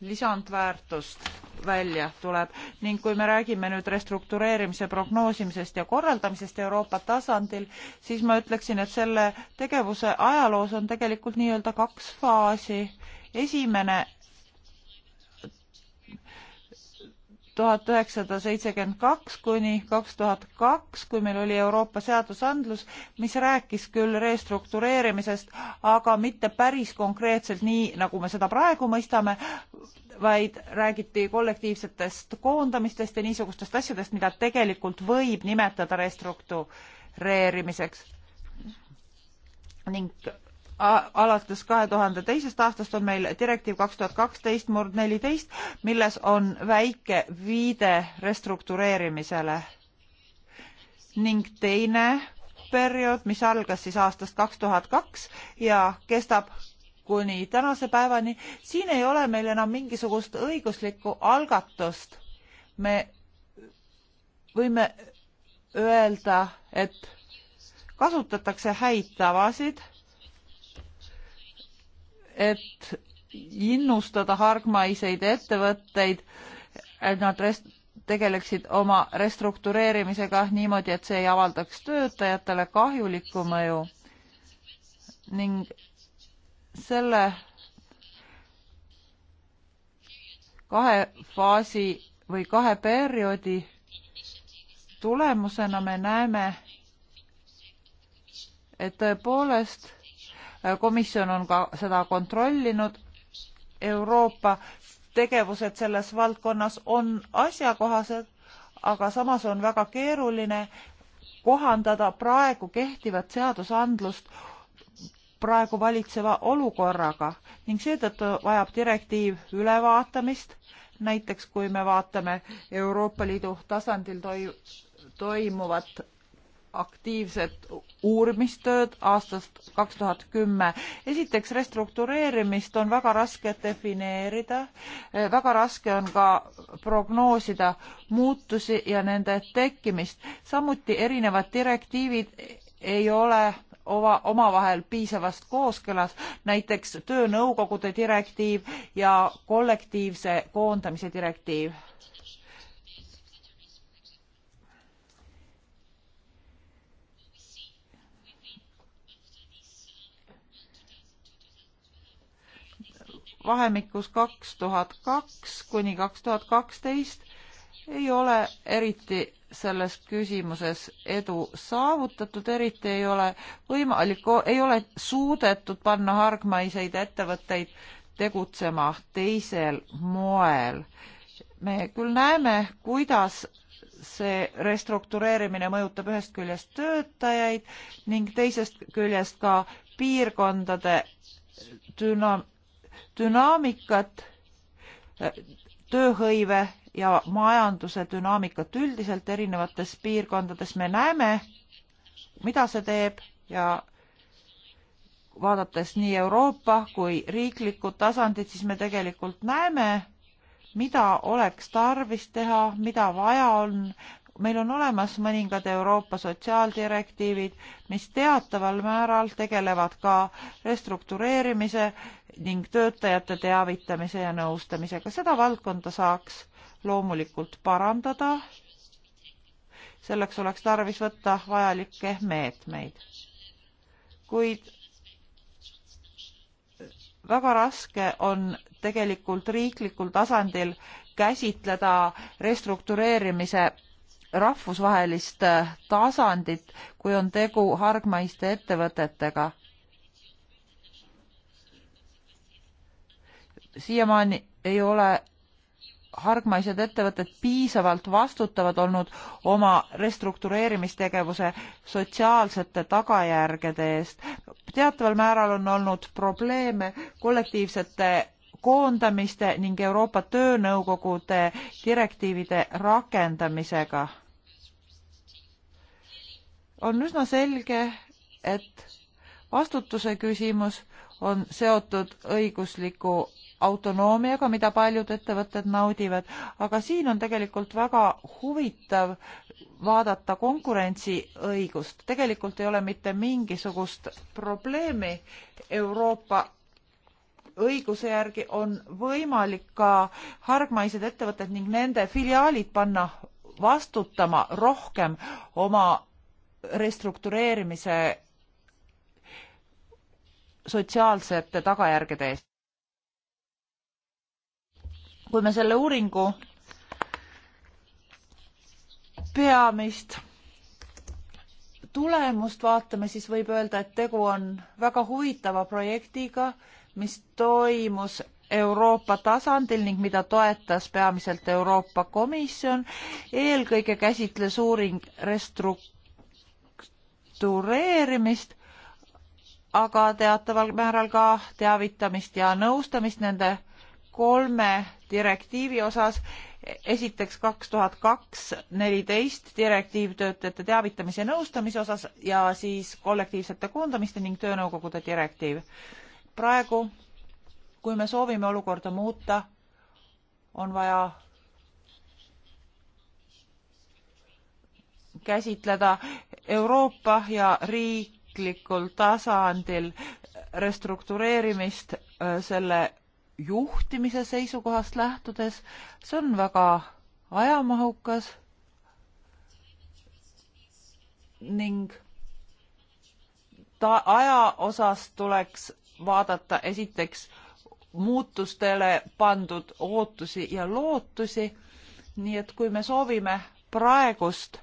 A: lisandväärtust välja tuleb ning kui me räägime nüüd restruktureerimise prognoosimisest ja korraldamisest Euroopa tasandil, siis ma ütleksin, et selle tegevuse ajaloos on tegelikult nii-öelda kaks faasi. esimene tuhat üheksasada seitsekümmend kaks kuni kaks tuhat kaks, kui meil oli Euroopa seadusandlus, mis rääkis küll restruktureerimisest, aga mitte päris konkreetselt nii, nagu me seda praegu mõistame, vaid räägiti kollektiivsetest koondamistest ja niisugustest asjadest, mida tegelikult võib nimetada restruktureerimiseks. ning alates kahe tuhande teisest aastast on meil direktiiv kaks tuhat kaksteist murd neliteist, milles on väike viide restruktureerimisele. ning teine periood, mis algas siis aastast kaks tuhat kaks ja kestab kuni tänase päevani, siin ei ole meil enam mingisugust õiguslikku algatust. me võime öelda, et kasutatakse häid tavasid et innustada hargmaiseid ettevõtteid, et nad rest-, tegeleksid oma restruktureerimisega niimoodi, et see ei avaldaks töötajatele kahjulikku mõju ning selle kahe faasi või kahe perioodi tulemusena me näeme, et tõepoolest komisjon on ka seda kontrollinud. Euroopa tegevused selles valdkonnas on asjakohased, aga samas on väga keeruline kohandada praegu kehtivat seadusandlust praegu valitseva olukorraga ning seetõttu vajab direktiiv ülevaatamist. näiteks kui me vaatame Euroopa Liidu tasandil toimuvat aktiivset uurimistööd aastast kaks tuhat kümme. esiteks restruktureerimist on väga raske defineerida, eh, väga raske on ka prognoosida muutusi ja nende tekkimist. samuti erinevad direktiivid ei ole oma, omavahel piisavast kooskõlas, näiteks töönõukogude direktiiv ja kollektiivse koondamise direktiiv vahemikus kaks tuhat kaks kuni kaks tuhat kaksteist ei ole eriti selles küsimuses edu saavutatud, eriti ei ole võimalik, ei ole suudetud panna hargmaiseid ettevõtteid tegutsema teisel moel. me küll näeme, kuidas see restruktureerimine mõjutab ühest küljest töötajaid ning teisest küljest ka piirkondade düna-, dünaamikat, tööhõive ja majanduse dünaamikat üldiselt erinevates piirkondades me näeme, mida see teeb ja vaadates nii Euroopa kui riiklikku tasandit, siis me tegelikult näeme, mida oleks tarvis teha, mida vaja on. meil on olemas mõningad Euroopa sotsiaaldirektiivid, mis teataval määral tegelevad ka restruktureerimise ning töötajate teavitamise ja nõustamisega. seda valdkonda saaks loomulikult parandada. selleks oleks tarvis võtta vajalikke meetmeid. kuid väga raske on tegelikult riiklikul tasandil käsitleda restruktureerimise rahvusvahelist tasandit, kui on tegu hargmaiste ettevõtetega siiamaani ei ole hargmaised ettevõtted piisavalt vastutavad olnud oma restruktureerimistegevuse sotsiaalsete tagajärgede eest. teataval määral on olnud probleeme kollektiivsete koondamiste ning Euroopa Töönõukogude direktiivide rakendamisega. on üsna selge, et vastutuse küsimus on seotud õigusliku autonoomiaga, mida paljud ettevõtted naudivad, aga siin on tegelikult väga huvitav vaadata konkurentsiõigust. tegelikult ei ole mitte mingisugust probleemi Euroopa õiguse järgi on võimalik ka hargmaised ettevõtted ning nende filiaalid panna vastutama rohkem oma restruktureerimise sotsiaalsete tagajärgede eest kui me selle uuringu peamist tulemust vaatame, siis võib öelda, et tegu on väga huvitava projektiga, mis toimus Euroopa tasandil ning mida toetas peamiselt Euroopa Komisjon. eelkõige käsitles uuring restruktureerimist, aga teataval määral ka teavitamist ja nõustamist nende kolme direktiivi osas. esiteks kaks tuhat kaks neliteist direktiiv töötajate teavitamise nõustamise osas ja siis kollektiivsete koondamiste ning töönõukogude direktiiv. praegu, kui me soovime olukorda muuta, on vaja käsitleda Euroopa ja riiklikul tasandil restruktureerimist äh, selle juhtimise seisukohast lähtudes, see on väga ajamahukas ning ta aja osas tuleks vaadata esiteks muutustele pandud ootusi ja lootusi. nii et kui me soovime praegust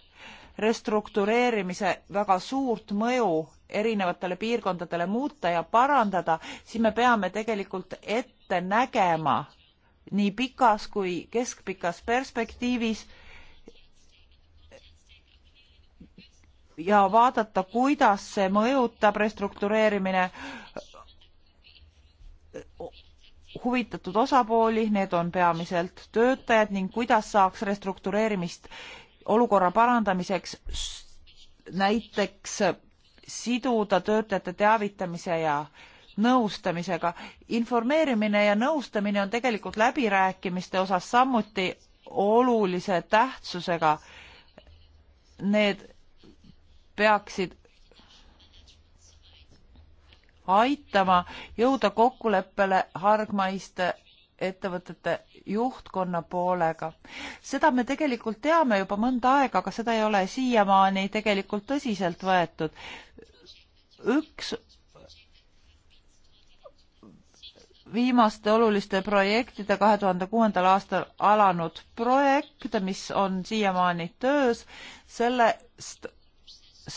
A: restruktureerimise väga suurt mõju erinevatele piirkondadele muuta ja parandada, siis me peame tegelikult ette ette nägema nii pikas kui keskpikas perspektiivis ja vaadata, kuidas see mõjutab restruktureerimine huvitatud osapooli, need on peamiselt töötajad ning kuidas saaks restruktureerimist olukorra parandamiseks näiteks siduda töötajate teavitamise ja nõustamisega. informeerimine ja nõustamine on tegelikult läbirääkimiste osas samuti olulise tähtsusega. Need peaksid aitama jõuda kokkuleppele hargmaiste ettevõtete juhtkonna poolega. seda me tegelikult teame juba mõnda aega, aga seda ei ole siiamaani tegelikult tõsiselt võetud. üks viimaste oluliste projektide kahe tuhande kuuendal aastal alanud projekt, mis on siiamaani töös, sellest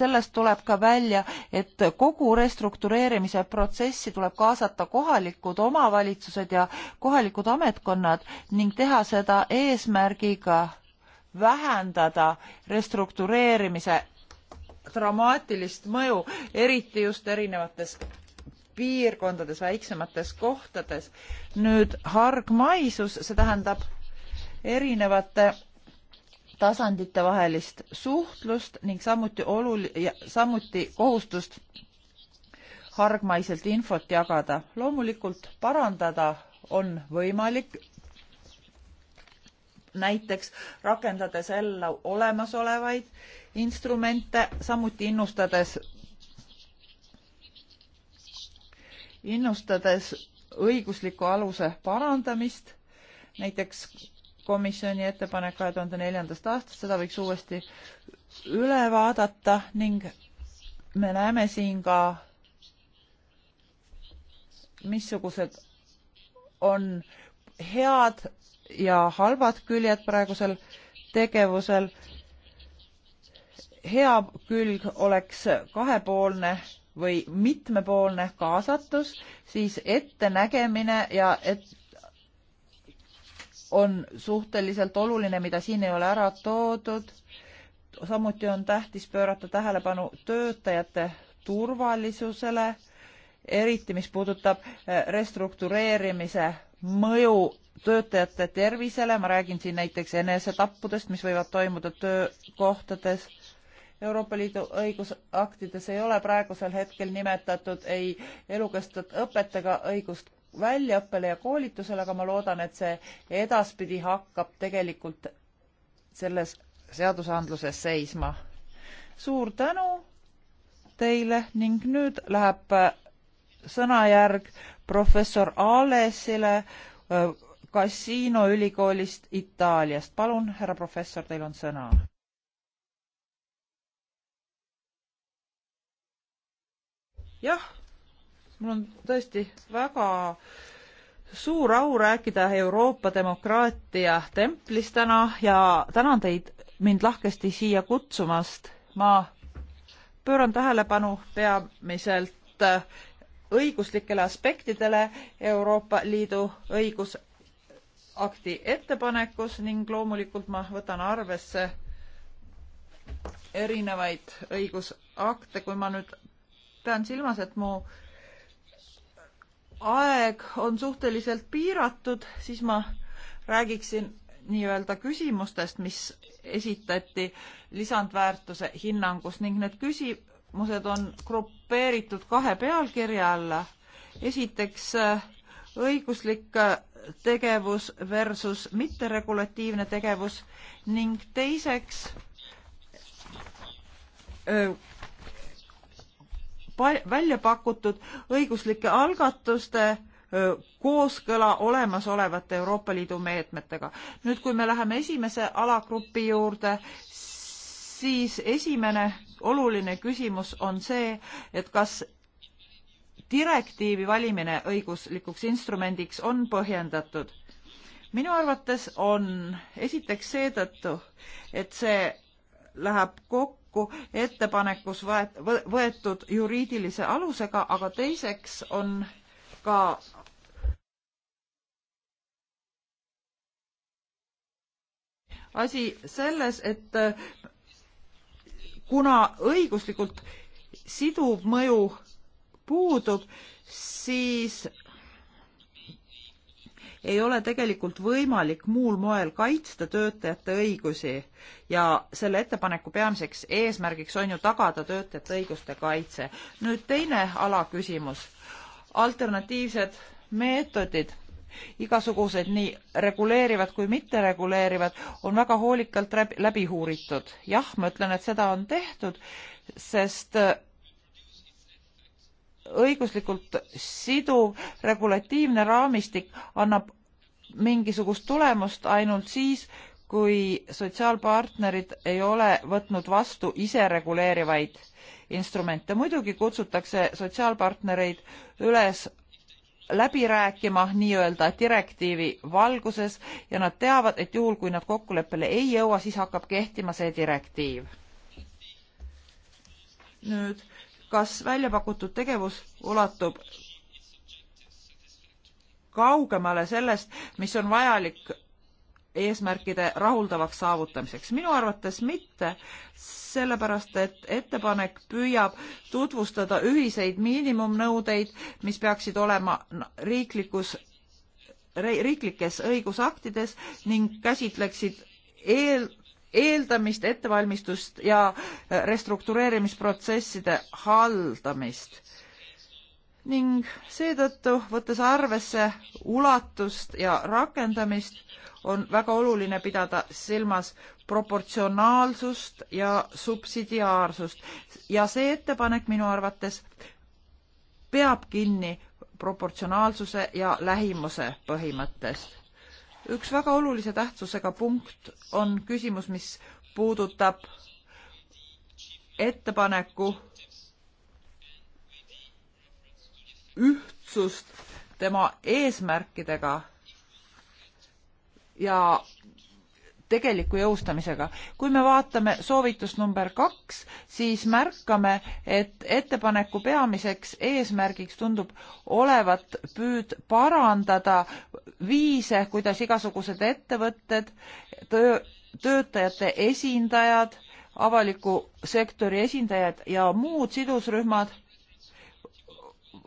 A: sellest tuleb ka välja, et kogu restruktureerimise protsessi tuleb kaasata kohalikud omavalitsused ja kohalikud ametkonnad ning teha seda eesmärgiga vähendada restruktureerimise dramaatilist mõju, eriti just erinevates piirkondades, väiksemates kohtades. nüüd hargmaisus, see tähendab erinevate tasandite vahelist suhtlust ning samuti olul-, samuti kohustust hargmaiselt infot jagada. loomulikult parandada on võimalik, näiteks rakendades ellu olemasolevaid instrumente, samuti innustades innustades õigusliku aluse parandamist, näiteks komisjoni ettepanek kahe tuhande neljandast aastast, seda võiks uuesti üle vaadata ning me näeme siin ka, missugused on head ja halvad küljed praegusel tegevusel. hea külg oleks kahepoolne või mitmepoolne kaasatus, siis ettenägemine ja et on suhteliselt oluline, mida siin ei ole ära toodud. samuti on tähtis pöörata tähelepanu töötajate turvalisusele, eriti mis puudutab eh, restruktureerimise mõju töötajate tervisele, ma räägin siin näiteks enesetappudest, mis võivad toimuda töökohtades Euroopa Liidu õigusaktides ei ole praegusel hetkel nimetatud ei elukestvat õpet ega õigust väljaõppele ja koolitusele, aga ma loodan, et see edaspidi hakkab tegelikult selles seadusandluses seisma. suur tänu teile ning nüüd läheb sõnajärg professor Alesile äh, Cassino ülikoolist Itaaliast. palun, härra professor, teil on sõna. jah, mul on tõesti väga suur au rääkida Euroopa demokraatia templis täna ja tänan teid mind lahkesti siia kutsumast. ma pööran tähelepanu peamiselt õiguslikele aspektidele Euroopa Liidu õigusakti ettepanekus ning loomulikult ma võtan arvesse erinevaid õigusakte, kui ma nüüd pean silmas, et mu aeg on suhteliselt piiratud, siis ma räägiksin nii-öelda küsimustest, mis esitati lisandväärtuse hinnangus ning need küsimused on grupeeritud kahe pealkirja alla. esiteks õiguslik tegevus versus mitteregulatiivne tegevus ning teiseks välja pakutud õiguslike algatuste kooskõla olemasolevate Euroopa Liidu meetmetega. nüüd, kui me läheme esimese alagrupi juurde, siis esimene oluline küsimus on see, et kas direktiivi valimine õiguslikuks instrumendiks on põhjendatud. minu arvates on esiteks seetõttu, et see läheb kokku kokku ettepanekus võet, võetud juriidilise alusega, aga teiseks on ka asi selles, et äh, kuna õiguslikult siduv mõju puudub, siis ei ole tegelikult võimalik muul moel kaitsta töötajate õigusi ja selle ettepaneku peamiseks eesmärgiks on ju tagada töötajate õiguste kaitse. nüüd teine alaküsimus, alternatiivsed meetodid igasugused nii reguleerivad kui mittereguleerivad on väga hoolikalt läbi, läbi uuritud. jah, ma ütlen, et seda on tehtud, sest õiguslikult siduv regulatiivne raamistik annab mingisugust tulemust ainult siis, kui sotsiaalpartnerid ei ole võtnud vastu isereguleerivaid instrumente. muidugi kutsutakse sotsiaalpartnereid üles läbi rääkima nii-öelda direktiivi valguses ja nad teavad, et juhul, kui nad kokkuleppele ei jõua, siis hakkab kehtima see direktiiv. nüüd kas välja pakutud tegevus ulatub kaugemale sellest, mis on vajalik eesmärkide rahuldavaks saavutamiseks? minu arvates mitte, sellepärast et ettepanek püüab tutvustada ühiseid miinimumnõudeid, mis peaksid olema riiklikus, riiklikes õigusaktides ning käsitleksid eel, eeldamist, ettevalmistust ja restruktureerimisprotsesside haldamist. ning seetõttu, võttes arvesse ulatust ja rakendamist, on väga oluline pidada silmas proportsionaalsust ja subsidiaarsust ja see ettepanek minu arvates peab kinni proportsionaalsuse ja lähimuse põhimõttest üks väga olulise tähtsusega punkt on küsimus, mis puudutab ettepaneku ühtsust tema eesmärkidega ja tegeliku jõustamisega. kui me vaatame soovitust number kaks, siis märkame, et ettepaneku peamiseks eesmärgiks tundub olevat püüd parandada viise, kuidas igasugused ettevõtted, töö, töötajate esindajad, avaliku sektori esindajad ja muud sidusrühmad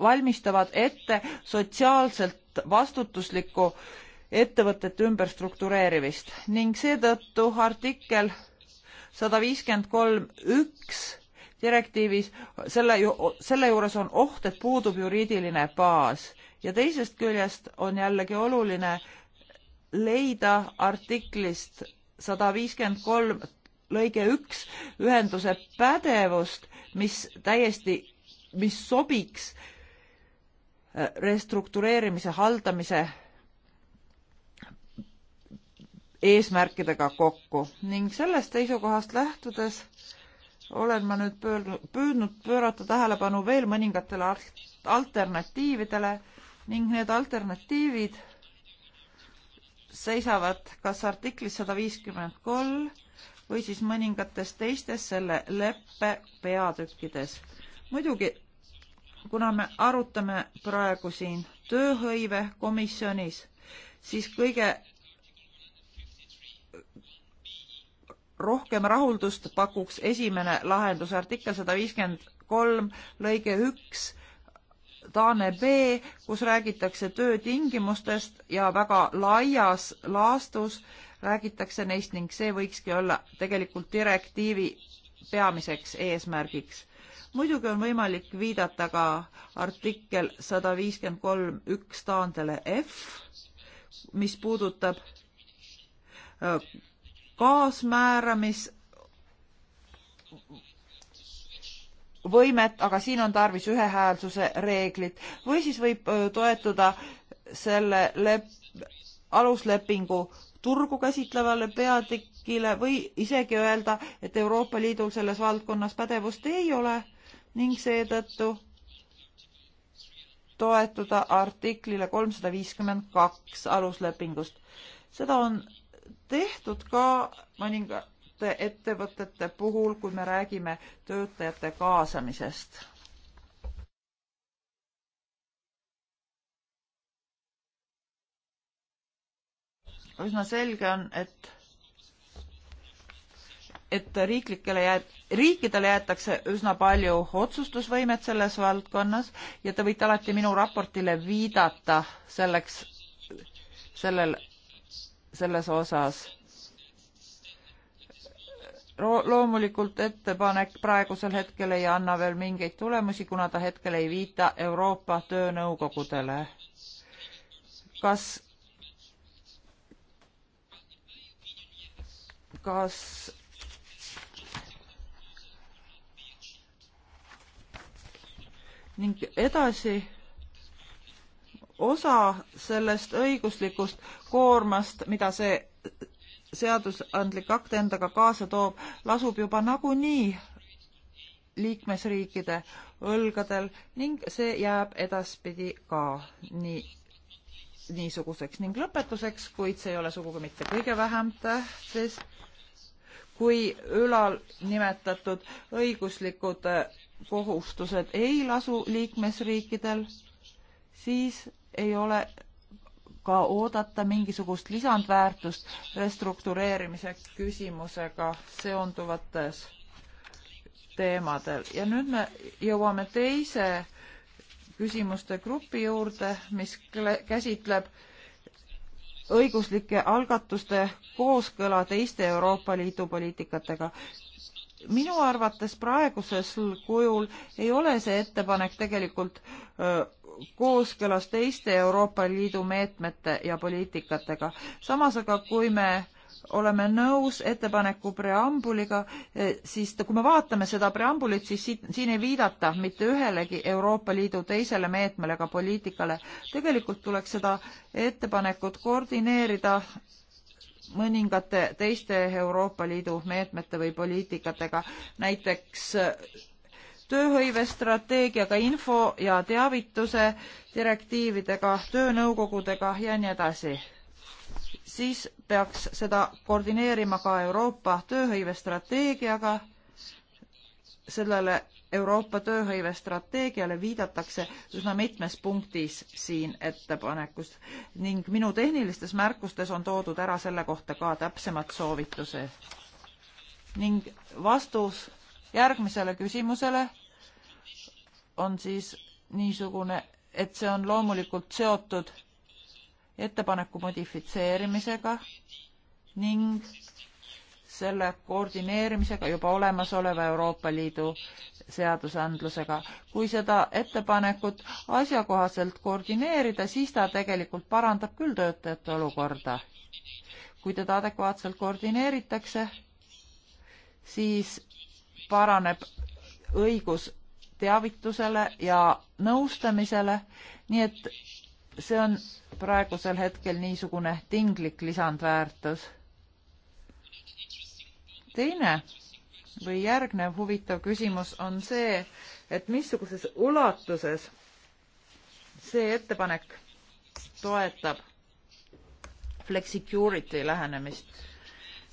A: valmistavad ette sotsiaalselt vastutuslikku ettevõtete ümberstruktureerimist ning seetõttu artikkel sada viiskümmend kolm üks direktiivis selle ju, selle juures on oht, et puudub juriidiline baas ja teisest küljest on jällegi oluline leida artiklist sada viiskümmend kolm lõige üks ühenduse pädevust, mis täiesti, mis sobiks äh, restruktureerimise haldamise eesmärkidega kokku ning sellest seisukohast lähtudes olen ma nüüd pöördunud, püüdnud pöörata tähelepanu veel mõningatele alternatiividele ning need alternatiivid seisavad kas artiklis sada viiskümmend kolm või siis mõningates teistes selle leppe peatükkides. muidugi, kuna me arutame praegu siin tööhõive komisjonis, siis kõige rohkem rahuldust pakuks esimene lahendus, artikkel sada viiskümmend kolm lõige üks, Taane B, kus räägitakse töötingimustest ja väga laias laastus räägitakse neist ning see võikski olla tegelikult direktiivi peamiseks eesmärgiks. muidugi on võimalik viidata ka artikkel sada viiskümmend kolm üks taandele F, mis puudutab äh, kaasmääramis võimet, aga siin on tarvis ühehäälsuse reeglit või siis võib toetuda selle lep-, aluslepingu turgu käsitlevale peatükile või isegi öelda, et Euroopa Liidul selles valdkonnas pädevust ei ole ning seetõttu toetuda artiklile kolmsada viiskümmend kaks aluslepingust. seda on tehtud ka mõningate ettevõtete puhul, kui me räägime töötajate kaasamisest. üsna selge on, et et riiklikele jää-, riikidele jäetakse üsna palju otsustusvõimet selles valdkonnas ja te võite alati minu raportile viidata selleks, sellel selles osas. loomulikult ettepanek praegusel hetkel ei anna veel mingeid tulemusi, kuna ta hetkel ei viita Euroopa töönõukogudele. kas, kas ning edasi osa sellest õiguslikust koormast, mida see seadusandlik akt endaga kaasa toob, lasub juba nagunii liikmesriikide õlgadel ning see jääb edaspidi ka nii, niisuguseks ning lõpetuseks, kuid see ei ole sugugi mitte kõige vähem tähtis, kui ülalnimetatud õiguslikud kohustused ei lasu liikmesriikidel, siis ei ole ka oodata mingisugust lisandväärtust restruktureerimise küsimusega seonduvates teemadel. ja nüüd me jõuame teise küsimuste grupi juurde, mis käsitleb õiguslike algatuste kooskõla teiste Euroopa Liidu poliitikatega. minu arvates praegusel kujul ei ole see ettepanek tegelikult öö, kooskõlas teiste Euroopa Liidu meetmete ja poliitikatega. samas aga, kui me oleme nõus ettepaneku preambuliga, eh, siis kui me vaatame seda preambulit, siis siit, siin ei viidata mitte ühelegi Euroopa Liidu teisele meetmele ega poliitikale. tegelikult tuleks seda ettepanekut koordineerida mõningate teiste Euroopa Liidu meetmete või poliitikatega, näiteks eh, tööhõivestrateegiaga, info ja teavituse direktiividega, töönõukogudega ja nii edasi. siis peaks seda koordineerima ka Euroopa tööhõivestrateegiaga. sellele Euroopa tööhõivestrateegiale viidatakse üsna mitmes punktis siin ettepanekus ning minu tehnilistes märkustes on toodud ära selle kohta ka täpsemad soovitused. ning vastus järgmisele küsimusele on siis niisugune, et see on loomulikult seotud ettepaneku modifitseerimisega ning selle koordineerimisega juba olemasoleva Euroopa Liidu seadusandlusega. kui seda ettepanekut asjakohaselt koordineerida, siis ta tegelikult parandab küll töötajate olukorda. kui teda adekvaatselt koordineeritakse, siis paraneb õigus teavitusele ja nõustamisele, nii et see on praegusel hetkel niisugune tinglik lisandväärtus. teine või järgnev huvitav küsimus on see, et missuguses ulatuses see ettepanek toetab flexicurity lähenemist.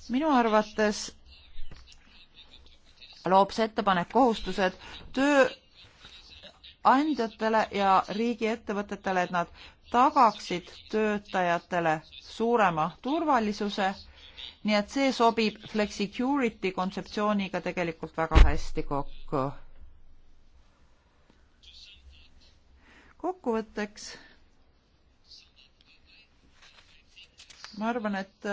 A: minu arvates loob see ettepanek kohustused tööandjatele ja riigiettevõtetele, et nad tagaksid töötajatele suurema turvalisuse. nii et see sobib flexicurity kontseptsiooniga tegelikult väga hästi kokku. kokkuvõtteks ma arvan, et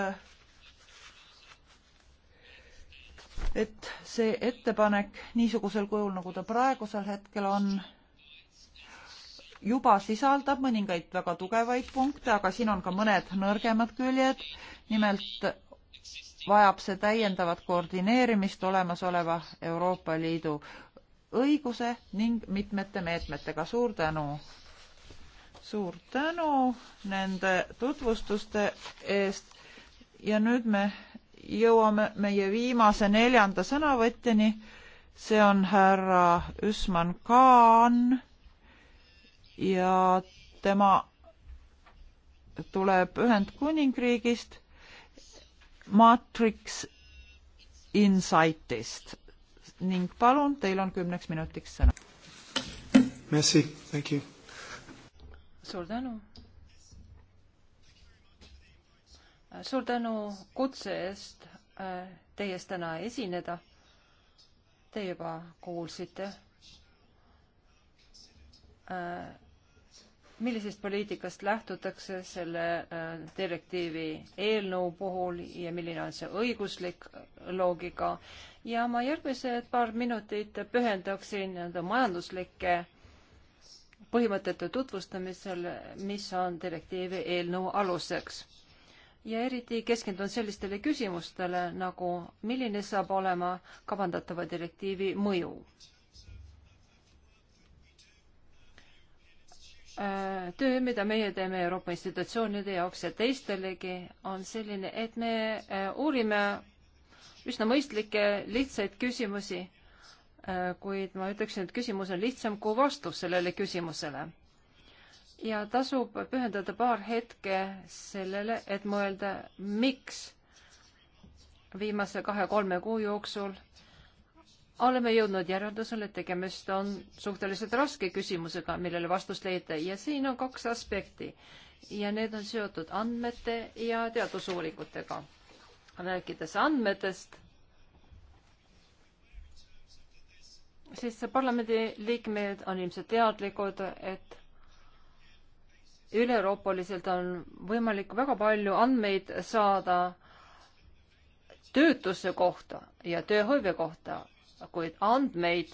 A: et see ettepanek niisugusel kujul, nagu ta praegusel hetkel on, juba sisaldab mõningaid väga tugevaid punkte, aga siin on ka mõned nõrgemad küljed. nimelt vajab see täiendavat koordineerimist olemasoleva Euroopa Liidu õiguse ning mitmete meetmetega. suur tänu! suur tänu nende tutvustuste eest ja nüüd me jõuame meie viimase neljanda sõnavõtjani. see on härra Üsman Kaan ja tema tuleb Ühendkuningriigist Matrix Insightist ning palun, teil on kümneks minutiks sõna.
H: Merci, thank you.
E: suur tänu suur tänu kutse eest äh, teie ees täna esineda. Te juba kuulsite, äh, millisest poliitikast lähtutakse selle äh, direktiivi eelnõu puhul ja milline on see õiguslik loogika. ja ma järgmised paar minutit pühendaksin nii-öelda majanduslike põhimõtete tutvustamisele, mis on direktiivi eelnõu aluseks ja eriti keskendun sellistele küsimustele nagu milline saab olema kavandatava direktiivi mõju. Äh, töö, mida meie teeme Euroopa institutsioonide jaoks ja teistelegi, on selline, et me äh, uurime üsna mõistlikke lihtsaid küsimusi, äh, kuid ma ütleksin, et küsimus on lihtsam kui vastus sellele küsimusele ja tasub pühendada paar hetke sellele, et mõelda, miks viimase kahe-kolme kuu jooksul oleme jõudnud järeldusele, et tegemist on suhteliselt raske küsimusega, millele vastust leida ja siin on kaks aspekti ja need on seotud andmete ja teadusuuringutega. rääkides andmetest, siis parlamendi liikmed on ilmselt teadlikud, et üleeuroopaliselt on võimalik väga palju andmeid saada töötuse kohta ja tööhõive kohta, kuid andmeid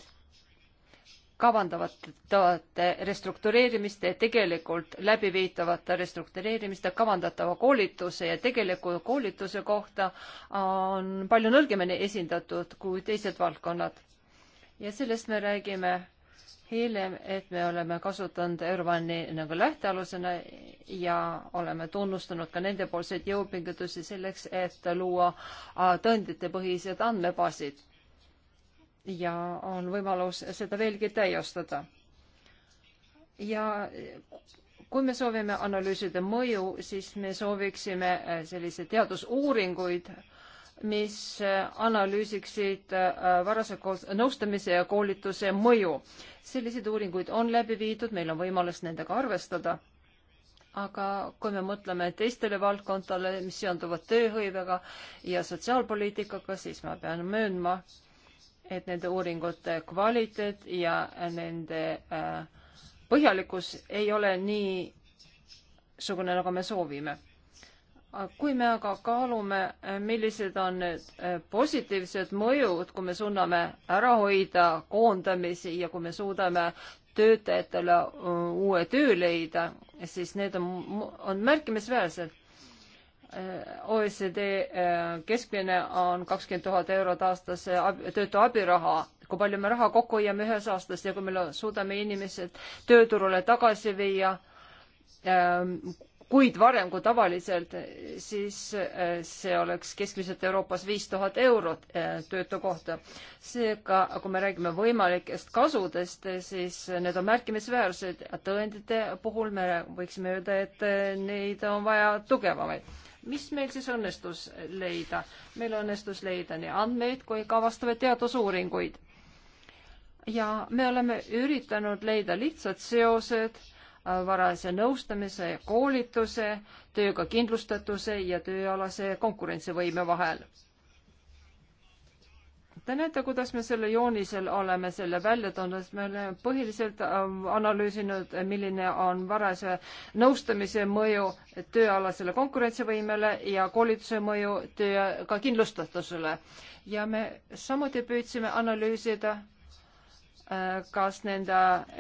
E: kavandatavate restruktureerimiste ja tegelikult läbiviitavate restruktureerimiste, kavandatava koolituse ja tegeliku koolituse kohta on palju nõrgemini esindatud kui teised valdkonnad. ja sellest me räägime hiljem, et me oleme kasutanud Eurvani nagu lähtealusena ja oleme tunnustanud ka nendepoolseid jõupingutusi selleks, et luua äh, tõenditepõhised andmebaasid. ja on võimalus seda veelgi täiustada. ja kui me soovime analüüsida mõju, siis me sooviksime äh, selliseid teadusuuringuid mis äh, analüüsiksid äh, varase nõustamise ja koolituse mõju. selliseid uuringuid on läbi viidud, meil on võimalus nendega arvestada. aga kui me mõtleme teistele valdkondadele, mis seonduvad tööhõivega ja sotsiaalpoliitikaga, siis ma pean möönma, et nende uuringute kvaliteet ja nende äh, põhjalikkus ei ole niisugune, nagu me soovime kui me aga kaalume, millised on need eh, positiivsed mõjud, kui me suudame ära hoida koondamisi ja kui me suudame töötajatele eh, uue töö leida, siis need on, on märkimisväärsed. Eh, OECD keskmine on kakskümmend tuhat eurot aastas töötu abiraha, kui palju me raha kokku hoiame ühes aastas ja kui me suudame inimesed tööturule tagasi viia kuid varem kui tavaliselt, siis äh, see oleks keskmiselt Euroopas viis tuhat eurot äh, töötu kohta. seega, kui me räägime võimalikest kasudest, siis need on märkimisväärsed. tõendite puhul me võiksime öelda, et äh, neid on vaja tugevamaid. mis meil siis õnnestus leida? meil õnnestus leida nii andmeid kui ka vastavaid teadusuuringuid. ja me oleme üritanud leida lihtsad seosed varajase nõustamise ja koolituse, tööga kindlustatuse ja tööalase konkurentsivõime vahel. Te näete, kuidas me selle joonisel oleme selle välja toonud, me oleme põhiliselt ähm, analüüsinud, milline on varase nõustamise mõju tööalasele konkurentsivõimele ja koolituse mõju tööga kindlustatusele. ja me samuti püüdsime analüüsida Äh, kas nende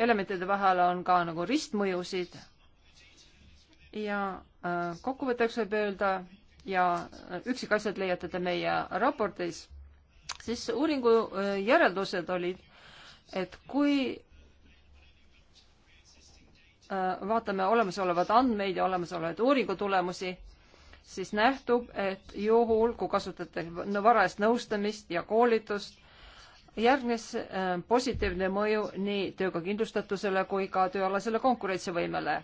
E: elementide vahel on ka nagu ristmõjusid. ja äh, kokkuvõtteks võib öelda ja äh, üksikasjad leiate te meie raportis, siis uuringu järeldused olid, et kui vaatame olemasolevaid andmeid ja olemasolevaid uuringu tulemusi, siis nähtub, et juhul, kui kasutatakse varajast nõustamist ja koolitust, järgnes äh, positiivne mõju nii tööga kindlustatusele kui ka tööalasele konkurentsivõimele.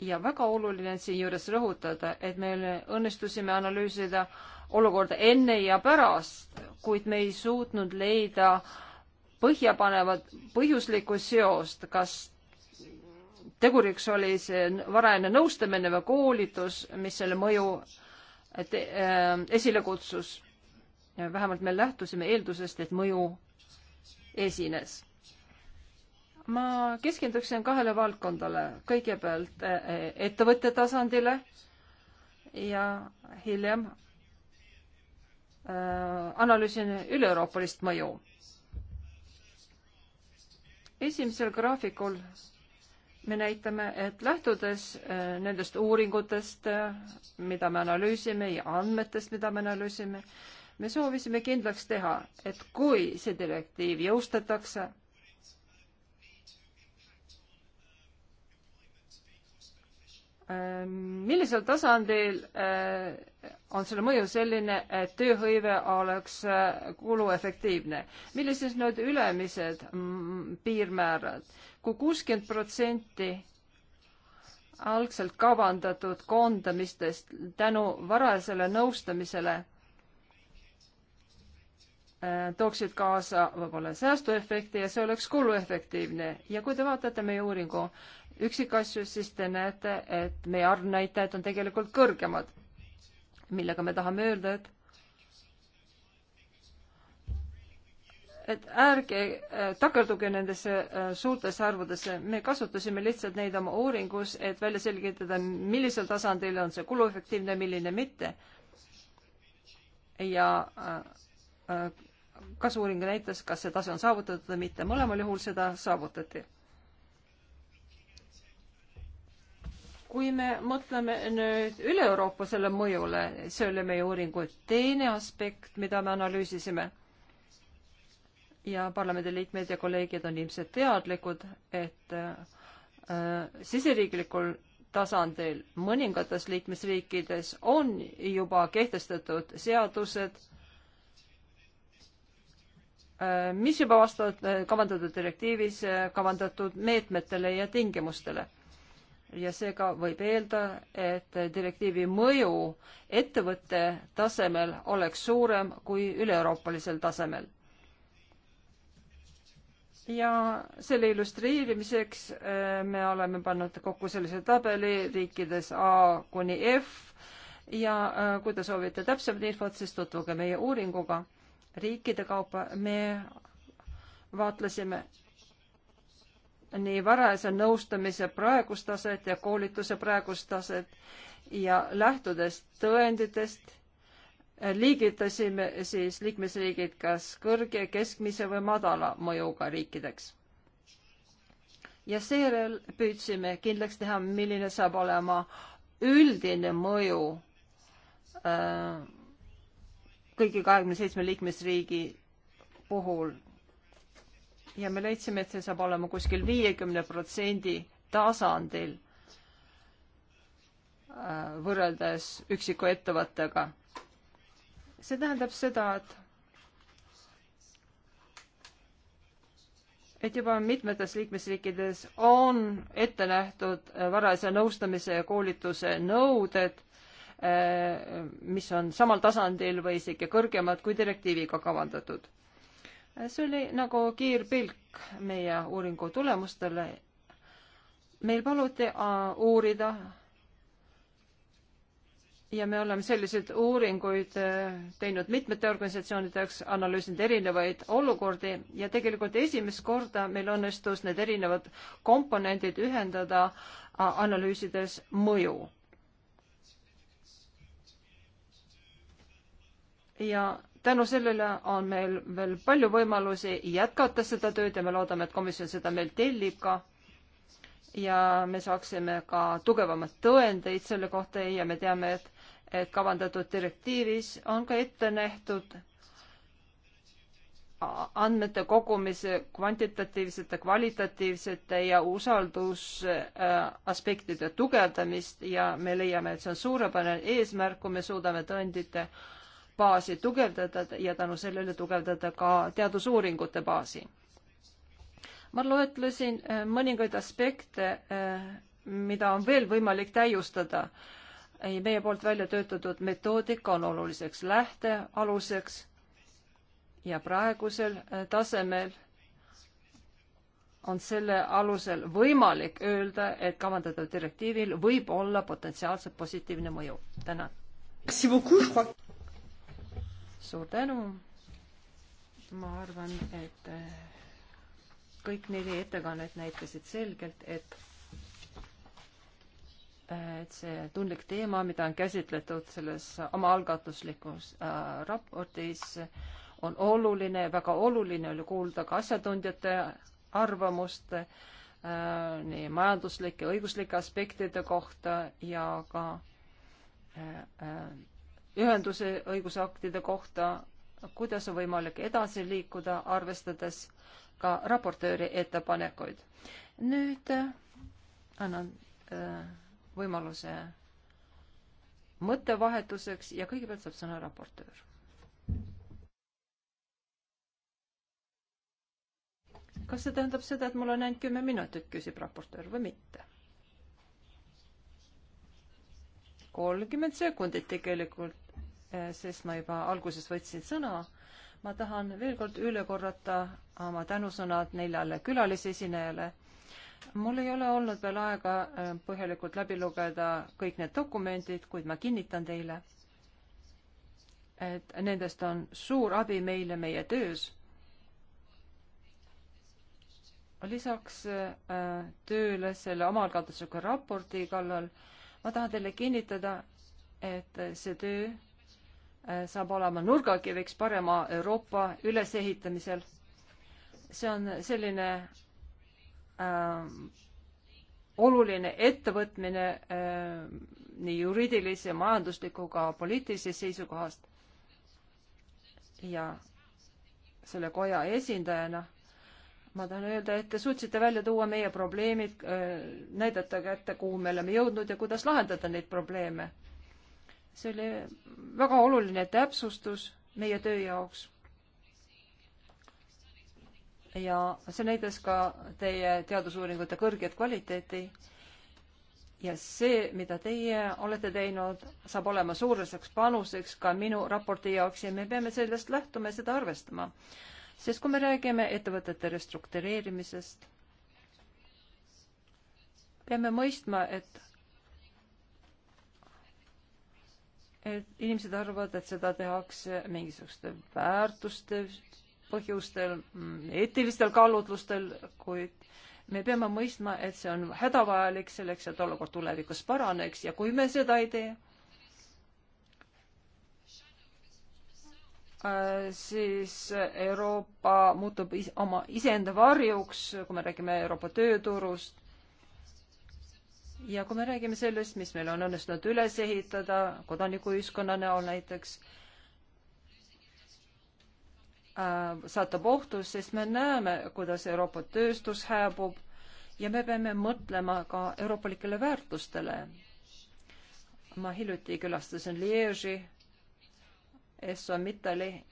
E: ja väga oluline on siinjuures rõhutada, et me õnnestusime analüüsida olukorda enne ja pärast, kuid me ei suutnud leida põhjapanevat põhjuslikku seost, kas teguriks oli see varajane nõustamine või koolitus, mis selle mõju et, äh, esile kutsus vähemalt me lähtusime eeldusest, et mõju esines. ma keskenduksin kahele valdkondale, kõigepealt e, e, ettevõtte tasandile ja hiljem e, analüüsin üle-euroopalist mõju. esimesel graafikul me näitame, et lähtudes nendest uuringutest, mida me analüüsime ja andmetest, mida me analüüsime, me soovisime kindlaks teha, et kui see direktiiv jõustatakse, ähm, millisel tasandil äh, on selle mõju selline, et tööhõive oleks äh, kuluefektiivne? millised need ülemised mm, piirmäärad kui? kui kuuskümmend protsenti algselt kavandatud koondamistest tänu varajasele nõustamisele Äh, tooksid kaasa võib-olla säästuefekti ja see oleks kuluefektiivne. ja kui te vaatate meie uuringu üksikasju, siis te näete, et meie arvnäitajad on tegelikult kõrgemad, millega me tahame öelda, et et ärge äh, takerduge nendesse äh, suurtesse arvudesse, me kasutasime lihtsalt neid oma uuringus, et välja selgitada, millisel tasandil on see kuluefektiivne, milline mitte. ja äh, kasuuring näitas, kas see tase on saavutatud või mitte, mõlemal juhul seda saavutati. kui me mõtleme nüüd üle-euroopasele mõjule, see oli meie uuringu teine aspekt, mida me analüüsisime ja parlamendiliikmed ja kolleegid on ilmselt teadlikud, et äh, siseriiklikul tasandil mõningates liikmesriikides on juba kehtestatud seadused, Äh, mis juba vastavad äh, kavandatud direktiivis äh, kavandatud meetmetele ja tingimustele. ja seega võib eelda, et direktiivi mõju ettevõtte tasemel oleks suurem kui üleeuroopalisel tasemel. ja selle illustreerimiseks me oleme pannud kokku sellise tabeli riikides A kuni F ja kui te soovite täpsemat infot, siis tutvuge meie uuringuga riikide kaupa. me vaatlesime nii varajase nõustamise praegust taset ja koolituse praegust taset ja lähtudes tõenditest liigitasime siis liikmesriigid kas kõrge, keskmise või madala mõjuga riikideks. ja seejärel püüdsime kindlaks teha, milline saab olema üldine mõju äh, kõigi kahekümne seitsme liikmesriigi puhul ja me leidsime, et see saab olema kuskil viiekümne protsendi tasandil äh, võrreldes üksiku ettevõttega. see tähendab seda, et et juba mitmetes liikmesriikides on ette nähtud varajase nõustamise ja koolituse nõuded Äh, mis on samal tasandil või isegi kõrgemad kui direktiiviga kavandatud. see oli nagu kiirpilk meie uuringu tulemustele. meil paluti äh, uurida ja me oleme selliseid uuringuid äh, teinud mitmete organisatsioonide jaoks, analüüsinud erinevaid olukordi ja tegelikult esimest korda meil õnnestus need erinevad komponendid ühendada analüüsides mõju ja tänu sellele on meil veel palju võimalusi jätkata seda tööd ja me loodame, et komisjon seda meilt tellib ka. ja me saaksime ka tugevamaid tõendeid selle kohta ja me teame, et, et kavandatud direktiivis on ka ette nähtud andmete kogumise kvantitatiivsete, kvalitatiivsete ja usaldusaspektide äh, tugevdamist ja me leiame, et see on suurepärane eesmärk, kui me suudame tõendite äh, baasi tugevdada ja tänu sellele tugevdada ka teadusuuringute baasi. ma loetlesin äh, mõningaid aspekte, äh, mida on veel võimalik täiustada. meie poolt välja töötatud metoodika on oluliseks lähtealuseks ja praegusel äh, tasemel on selle alusel võimalik öelda, et kavandatav direktiivil võib olla potentsiaalselt positiivne mõju. tänan suur tänu. ma arvan, et äh, kõik neli ettekannet näitasid selgelt, et äh, et see tundlik teema, mida on käsitletud selles omaalgatuslikus äh, raportis, on oluline, väga oluline oli kuulda ka asjatundjate arvamust äh, nii majanduslike, õiguslike aspektide kohta ja ka äh, äh ühenduse õigusaktide kohta, kuidas on võimalik edasi liikuda, arvestades ka raportööri ettepanekuid. nüüd äh, annan äh, võimaluse mõttevahetuseks ja kõigepealt saab sõna raportöör. kas see tähendab seda, et mul on ainult kümme minutit, küsib raportöör või mitte? kolmkümmend sekundit tegelikult, eh, sest ma juba alguses võtsin sõna. ma tahan veel kord üle korrata oma tänusõnad neljale külalisesinejale. mul ei ole olnud veel aega eh, põhjalikult läbi lugeda kõik need dokumendid, kuid ma kinnitan teile, et nendest on suur abi meile meie töös lisaks äh, tööle selle omaalgatusliku raporti kallal äh, ma tahan teile kinnitada, et see töö äh, saab olema nurgakiviks parema Euroopa ülesehitamisel. see on selline äh, oluline ettevõtmine äh, nii juriidilise, majandusliku ka poliitilisest seisukohast. ja selle koja esindajana ma tahan öelda, et te suutsite välja tuua meie probleemid, äh, näidata kätte, kuhu me oleme jõudnud ja kuidas lahendada neid probleeme. see oli väga oluline täpsustus meie töö jaoks. ja see näitas ka teie teadusuuringute kõrget kvaliteeti. ja see, mida teie olete teinud, saab olema suureseks panuseks ka minu raporti jaoks ja me peame sellest lähtuma ja seda arvestama sest kui me räägime ettevõtete restruktureerimisest, peame mõistma, et et inimesed arvavad, et seda tehakse mingisuguste väärtuste põhjustel, eetilistel kaalutlustel, kuid me peame mõistma, et see on hädavajalik selleks, et olukord tulevikus paraneks ja kui me seda ei tee, Äh, siis Euroopa muutub is oma iseenda varjuks, kui me räägime Euroopa tööturust. ja kui me räägime sellest, mis meil on õnnestunud üles ehitada kodanikuühiskonna näol näiteks äh,, satub ohtu, sest me näeme, kuidas Euroopa tööstus hääbub ja me peame mõtlema ka euroopalikele väärtustele. ma hiljuti külastasin Liegi SMITali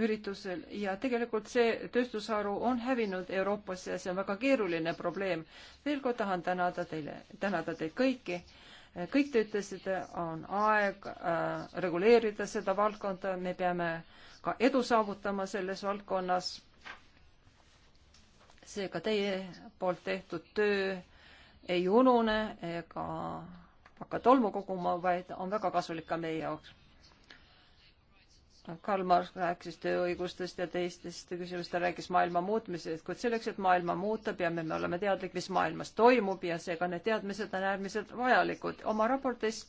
E: üritusel ja tegelikult see tööstusharu on hävinud Euroopas ja see on väga keeruline probleem. veel kord tahan tänada teile, tänada teid kõiki. kõik te ütlesite, on aeg äh, reguleerida seda valdkonda, me peame ka edu saavutama selles valdkonnas. seega teie poolt tehtud töö ei unune ega hakka tolmu koguma, vaid on väga kasulik ka meie jaoks. Karl Marx rääkis tööõigustest ja teistest küsimustest, rääkis maailma muutmisest, kuid selleks, et maailma muuta, peame me olema teadlik, mis maailmas toimub ja seega need teadmised on äärmiselt vajalikud. oma raportis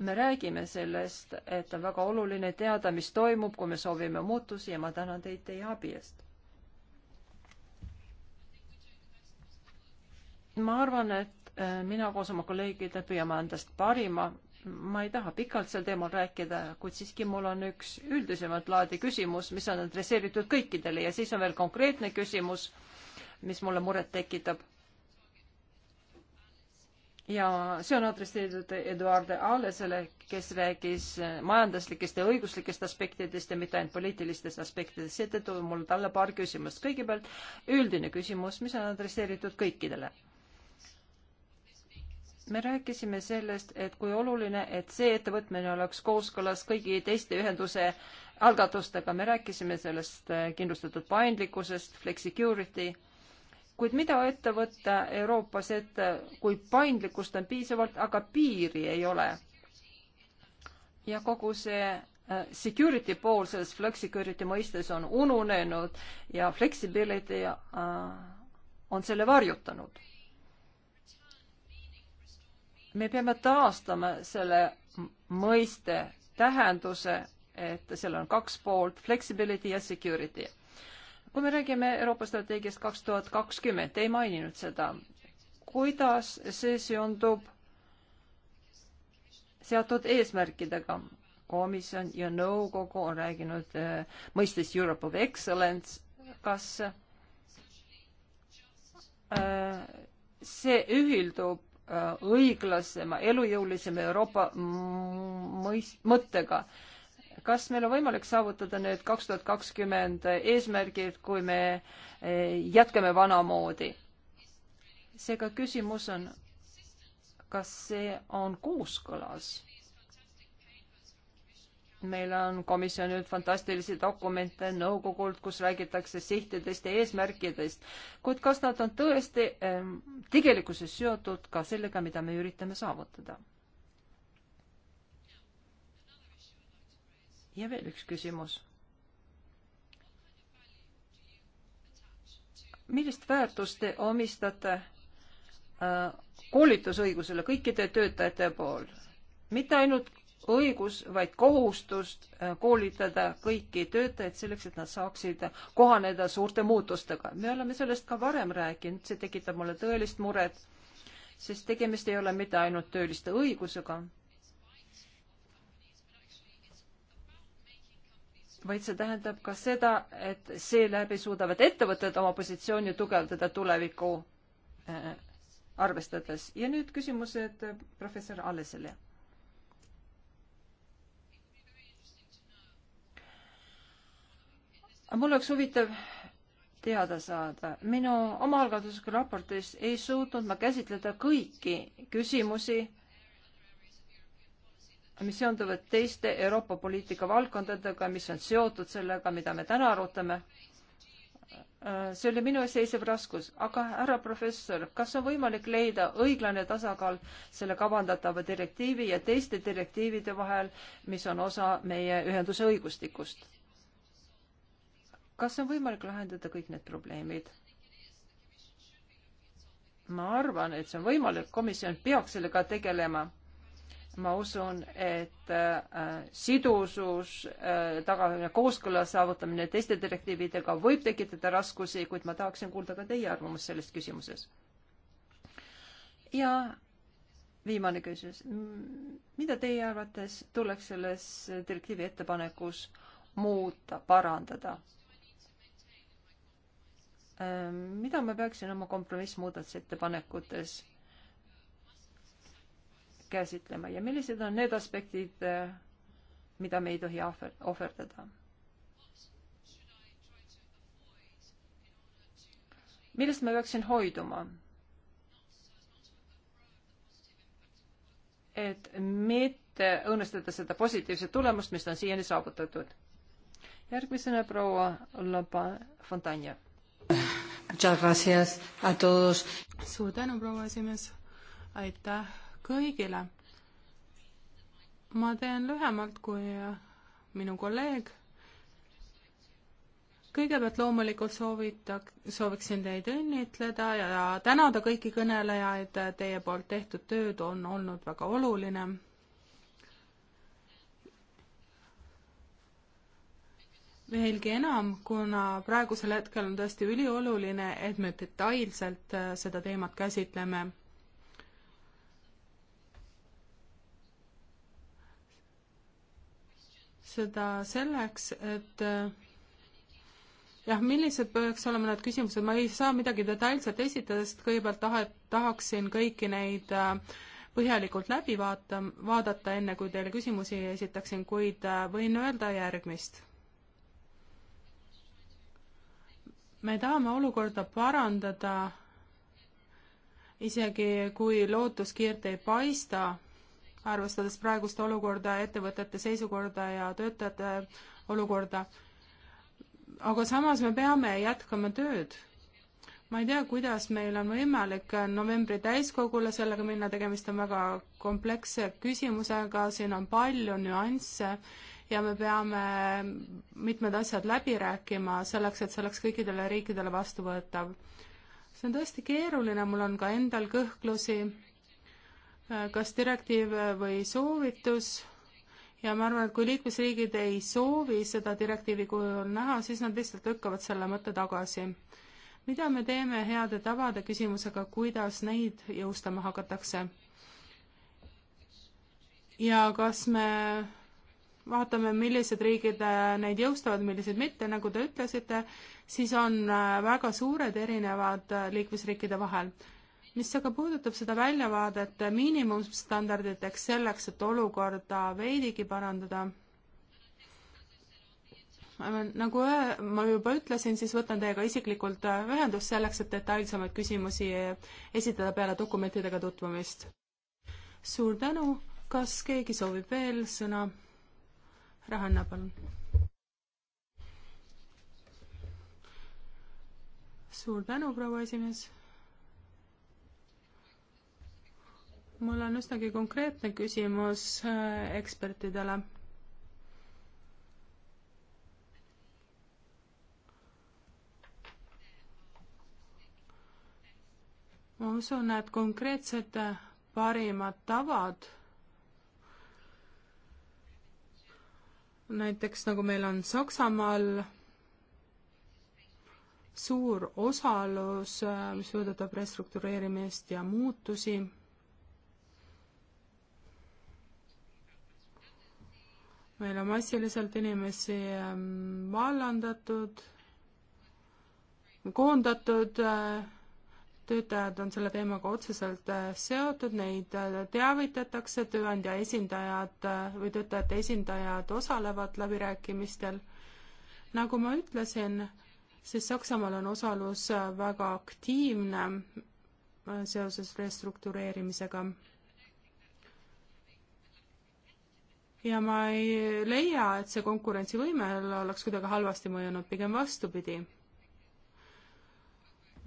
E: me räägime sellest, et on väga oluline teada, mis toimub, kui me soovime muutusi ja ma tänan teid teie abi eest. ma arvan, et Äh, mina koos oma kolleegide püüame endast parima. ma ei taha pikalt sel teemal rääkida, kuid siiski mul on üks üldisemat laadi küsimus, mis on adresseeritud kõikidele ja siis on veel konkreetne küsimus, mis mulle muret tekitab. ja see on adresseeritud Eduard Aalesele, kes rääkis majanduslikest ja õiguslikest aspektidest ja mitte ainult poliitilistest aspektidest, seetõttu mul talle paar küsimust. kõigepealt üldine küsimus, mis on adresseeritud kõikidele me rääkisime sellest, et kui oluline, et see ettevõtmine oleks kooskõlas kõigi teiste ühenduse algatustega, me rääkisime sellest äh, kindlustatud paindlikkusest, flexicurity, kuid mida ette võtta Euroopas, et kui paindlikkust on piisavalt, aga piiri ei ole? ja kogu see äh, security pool selles flexicurity mõistes on ununenud ja flexibility äh, on selle varjutanud me peame taastama selle mõiste tähenduse, et seal on kaks poolt, flexibility ja security. kui me räägime Euroopa strateegiast kaks tuhat kakskümmend, te ei maininud seda, kuidas see seondub seatud eesmärkidega? komisjon ja nõukogu on rääkinud äh, eh, mõistest Europe of Excellence, kas äh, see ühildub Äh, õiglasema, elujõulisema Euroopa mõist-, mõttega. kas meil on võimalik saavutada need kaks tuhat kakskümmend eesmärgid, kui me äh, jätkame vanamoodi? seega küsimus on, kas see on kooskõlas meil on komisjonilt fantastilisi dokumente nõukogult, kus räägitakse sihtidest ja eesmärkidest, kuid kas nad on tõesti ähm, tegelikkuses seotud ka sellega, mida me üritame saavutada? ja veel üks küsimus. millist väärtust te omistate äh, koolitusõigusele kõikide töötajate pool? mitte ainult õigus, vaid kohustust äh, koolitada kõiki töötajaid selleks, et nad saaksid kohaneda suurte muutustega. me oleme sellest ka varem rääkinud, see tekitab mulle tõelist muret, sest tegemist ei ole mitte ainult tööliste õigusega, vaid see tähendab ka seda, et seeläbi suudavad ettevõtted oma positsiooni tugevdada tulevikku äh, arvestades. ja nüüd küsimused äh, professor Allesele mul oleks huvitav teada saada. minu omaalgatuslikku raportis ei suutnud ma käsitleda kõiki küsimusi, mis seonduvad teiste Euroopa poliitika valdkondadega, mis on seotud sellega, mida me täna arutame. see oli minu ees seisev raskus, aga härra professor, kas on võimalik leida õiglane tasakaal selle kavandatava direktiivi ja teiste direktiivide vahel, mis on osa meie ühenduse õigustikust? kas on võimalik lahendada kõik need probleemid? ma arvan, et see on võimalik, komisjon peaks sellega tegelema. ma usun, et äh, sidusus äh,, tagamine, kooskõla saavutamine teiste direktiividega võib tekitada raskusi, kuid ma tahaksin kuulda ka teie arvamust selles küsimuses. ja viimane küsimus. mida teie arvates tuleks selles direktiivi ettepanekus muuta, parandada? Ehm, mida ma peaksin oma kompromissmuudatusettepanekutes käsitlema ja millised on need aspektid, eh, mida me ei tohi ohver-, ohverdada? millest ma peaksin hoiduma? et mitte õõnestada seda positiivset tulemust, mis on siiani saavutatud. järgmisena proua Lopa Fontanja
C: suur tänu, proua esimees. aitäh kõigile. ma teen lühemalt kui minu kolleeg. kõigepealt loomulikult soovita, sooviksin teid õnnitleda ja tänada kõiki kõnelejaid, teie poolt tehtud tööd on olnud väga oluline veelgi enam, kuna praegusel hetkel on tõesti ülioluline, et me detailselt äh, seda teemat käsitleme. seda selleks, et äh, jah, millised peaks olema need küsimused, ma ei saa midagi detailselt esitada, sest kõigepealt tahe, tahaksin kõiki neid äh, põhjalikult läbi vaata, vaadata, enne kui teile küsimusi esitaksin, kuid äh, võin öelda järgmist me tahame olukorda parandada, isegi kui lootuskiirt ei paista, arvestades praegust olukorda, ettevõtete seisukorda ja töötajate olukorda. aga samas me peame jätkama tööd. ma ei tea, kuidas meil on võimalik novembri täiskogule sellega minna, tegemist on väga kompleksse küsimusega, siin on palju nüansse ja me peame mitmed asjad läbi rääkima selleks, et see oleks kõikidele riikidele vastuvõetav. see on tõesti keeruline, mul on ka endal kõhklusi, äh, kas direktiiv või soovitus ja ma arvan, et kui liikmesriigid ei soovi seda direktiivi kujul näha, siis nad lihtsalt lükkavad selle mõtte tagasi. mida me teeme heade tavade küsimusega, kuidas neid jõustama hakatakse? ja kas me vaatame, millised riigid äh, neid jõustavad, millised mitte, nagu te ütlesite, siis on äh, väga suured erinevad äh, liikmesriikide vahel. mis aga puudutab seda väljavaadet miinimumstandarditeks selleks, et olukorda veidigi parandada, nagu ma juba ütlesin, siis võtan teiega isiklikult ühendust selleks, et detailsemaid küsimusi esitada peale dokumentidega tutvumist. suur tänu, kas keegi soovib veel sõna? Rahanna, palun. suur tänu, proua esimees. mul on üsnagi konkreetne küsimus äh, ekspertidele. ma usun, et konkreetsed äh, parimad tavad näiteks nagu meil on Saksamaal suur osalus, äh, mis puudutab restruktureerimist ja muutusi. meil on massiliselt inimesi ähm, vallandatud, koondatud äh, töötajad on selle teemaga otseselt äh, seotud, neid äh, teavitatakse, tööandja esindajad äh, või töötajate esindajad osalevad läbirääkimistel. nagu ma ütlesin, siis Saksamaal on osalus väga aktiivne seoses restruktureerimisega. ja ma ei leia, et see konkurentsivõimele oleks kuidagi halvasti mõjunud, pigem vastupidi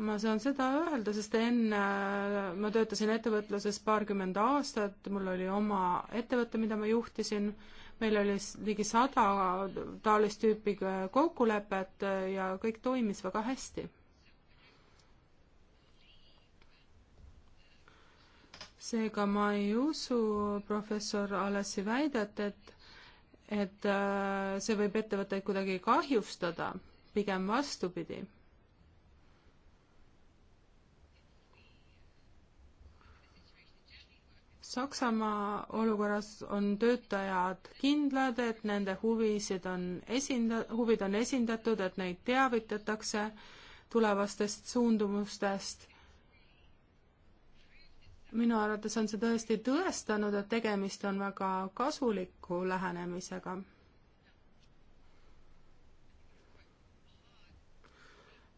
C: ma saan seda öelda, sest enne äh, ma töötasin ettevõtluses paarkümmend aastat, mul oli oma ettevõte, mida ma juhtisin, meil oli ligi sada taolist tüüpi äh, kokkulepet äh, ja kõik toimis väga hästi. seega ma ei usu professor Alessi väidet, et, et see võib ettevõtteid kuidagi kahjustada, pigem vastupidi Saksamaa olukorras on töötajad kindlad, et nende huvisid on esinda-, huvid on esindatud, et neid teavitatakse tulevastest suundumustest. minu arvates on see tõesti tõestanud, et tegemist on väga kasuliku lähenemisega.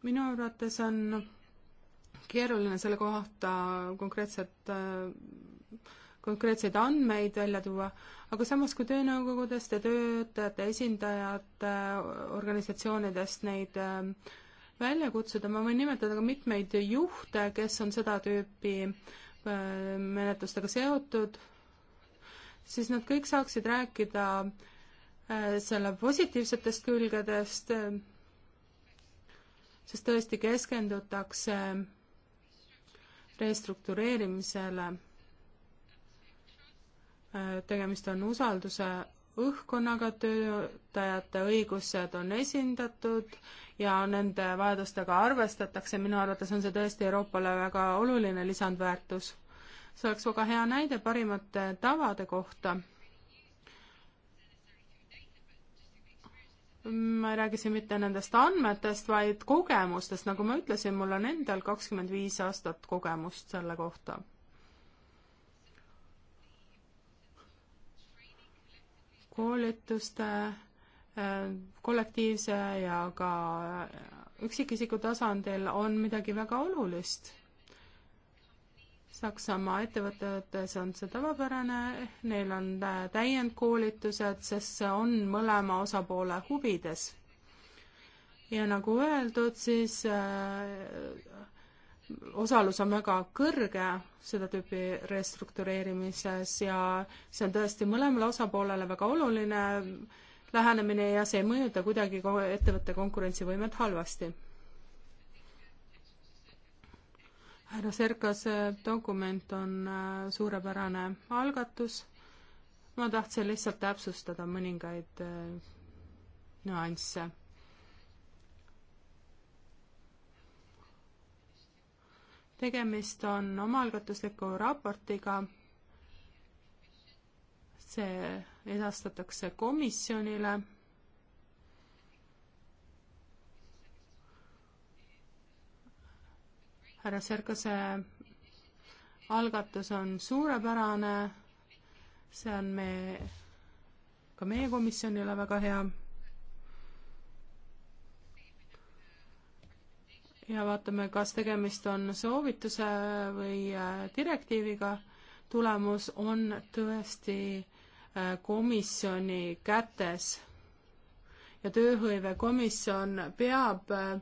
C: minu arvates on keeruline selle kohta konkreetset äh, konkreetseid andmeid välja tuua, aga samas, kui töönõukogudest ja töötajate esindajad organisatsioonidest neid ähm, välja kutsuda, ma võin nimetada ka mitmeid juhte, kes on seda tüüpi ähm, menetlustega seotud, siis nad kõik saaksid rääkida äh, selle positiivsetest külgedest, ähm, sest tõesti keskendutakse restruktureerimisele tegemist on usalduse õhkkonnaga, töötajate õigused on esindatud ja nende vajadustega arvestatakse, minu arvates on see tõesti Euroopale väga oluline lisandväärtus. see oleks väga hea näide parimate tavade kohta. ma ei räägi siin mitte nendest andmetest, vaid kogemustest, nagu ma ütlesin, mul on endal kakskümmend viis aastat kogemust selle kohta koolituste äh, kollektiivse ja ka üksikisiku tasandil on midagi väga olulist. Saksamaa ettevõtetes on see tavapärane, neil on äh, täiendkoolitused, sest see on mõlema osapoole huvides. ja nagu öeldud, siis äh, osalus on väga kõrge seda tüüpi restruktureerimises ja see on tõesti mõlemale osapoolele väga oluline lähenemine ja see ei mõjuta kuidagi ettevõtte konkurentsivõimet halvasti. härra Serkas, dokument on äh, suurepärane algatus. ma tahtsin lihtsalt täpsustada mõningaid äh, nüansse tegemist on omaalgatusliku raportiga, see edastatakse komisjonile härra Serkase algatus on suurepärane, see on me, ka meie komisjonile väga hea ja vaatame, kas tegemist on soovituse või äh, direktiiviga. tulemus on tõesti äh, komisjoni kätes ja tööhõivekomisjon peab äh,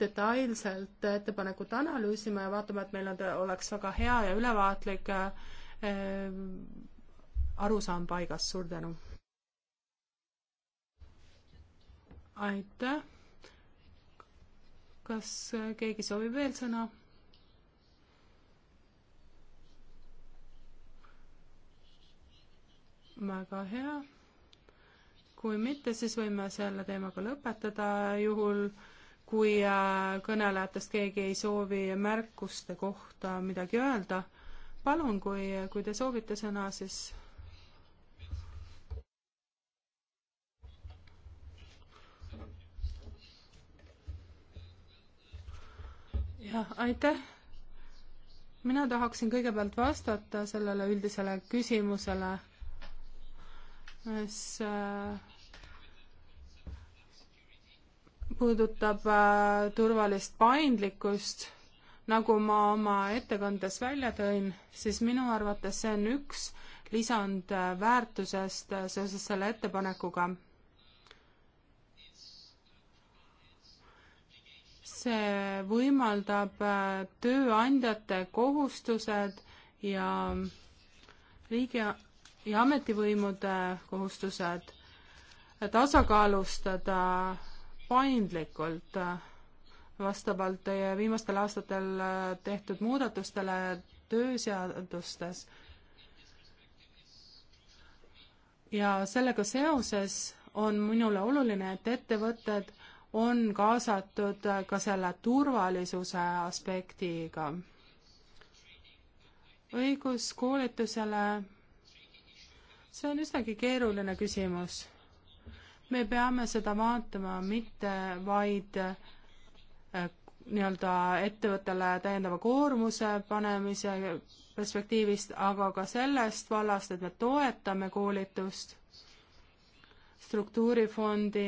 C: detailselt ettepanekut analüüsima ja vaatama, et meil on, oleks väga hea ja ülevaatlik äh, arusaam paigas, suur tänu! aitäh! kas keegi soovib veel sõna? väga hea. kui mitte, siis võime selle teemaga lõpetada, juhul kui äh, kõnelejatest keegi ei soovi märkuste kohta midagi öelda. palun, kui, kui te soovite sõna, siis jah, aitäh. mina tahaksin kõigepealt vastata sellele üldisele küsimusele, mis äh, puudutab äh, turvalist paindlikkust. nagu ma oma ettekandes välja tõin, siis minu arvates see on üks lisandväärtusest äh, seoses selle ettepanekuga see võimaldab äh, tööandjate kohustused ja riigi ja ametivõimude kohustused tasakaalustada paindlikult äh, vastavalt teie viimastel aastatel äh, tehtud muudatustele tööseadustes. ja sellega seoses on minule oluline, et ettevõtted on kaasatud ka selle turvalisuse aspektiga. õiguskoolitusele, see on üsnagi keeruline küsimus. me peame seda vaatama mitte vaid eh, nii-öelda ettevõttele täiendava koormuse panemise perspektiivist, aga ka sellest vallast, et me toetame koolitust, struktuurifondi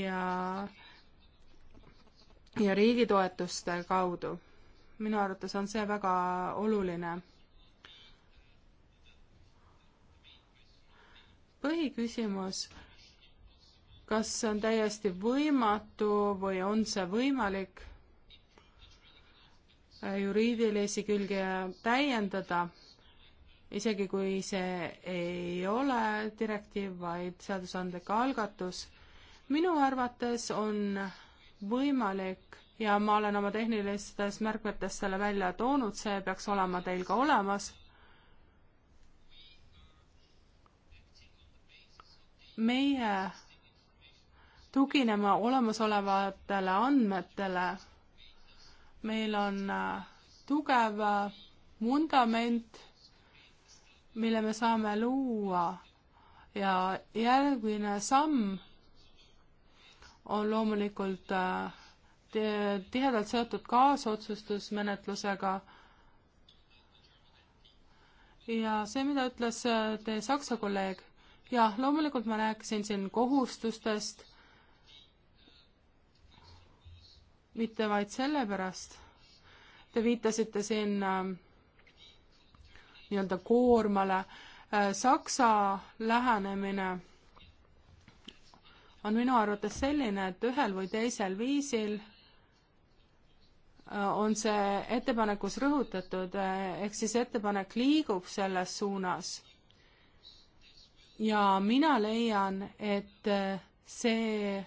C: ja äh, ja riigi toetuste kaudu. minu arvates on see väga oluline. põhiküsimus, kas see on täiesti võimatu või on see võimalik äh, juriidilisi külgi täiendada, isegi kui see ei ole direktiiv, vaid seadusandlik algatus, minu arvates on võimalik ja ma olen oma tehnilistes märkmetes selle välja toonud, see peaks olema teil ka olemas. meie tuginema olemasolevatele andmetele. meil on äh, tugev äh, vundament, mille me saame luua ja järgmine samm on loomulikult äh, tihedalt seotud kaasotsustusmenetlusega. ja see, mida ütles äh, teie Saksa kolleeg, jah, loomulikult ma rääkisin siin kohustustest, mitte vaid sellepärast. Te viitasite siin äh, nii-öelda koormale. Saksa lähenemine on minu arvates selline, et ühel või teisel viisil äh, on see ettepanekus rõhutatud, äh, ehk siis ettepanek liigub selles suunas. ja mina leian, et äh, see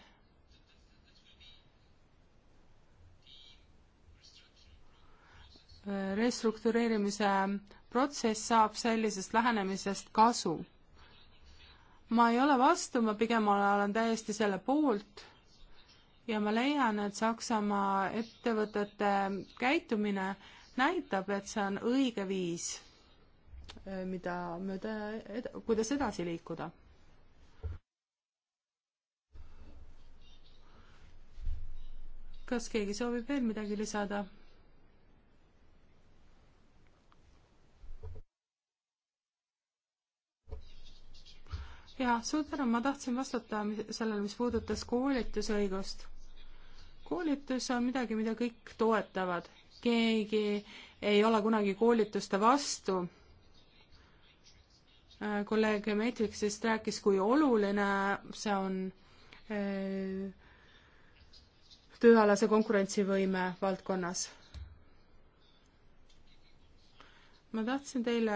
C: restruktureerimise protsess saab sellisest lähenemisest kasu ma ei ole vastu, ma pigem olen täiesti selle poolt ja ma leian, et Saksamaa ettevõtete käitumine näitab, et see on õige viis, eh, mida mööda, kuidas edasi liikuda. kas keegi soovib veel midagi lisada? jaa, suur tänu, ma tahtsin vastata sellele, mis puudutas koolitusõigust. koolitus on midagi, mida kõik toetavad, keegi ei ole kunagi koolituste vastu. Äh, kolleeg Matrixist rääkis, kui oluline see on äh, tööalase konkurentsivõime valdkonnas. ma tahtsin teile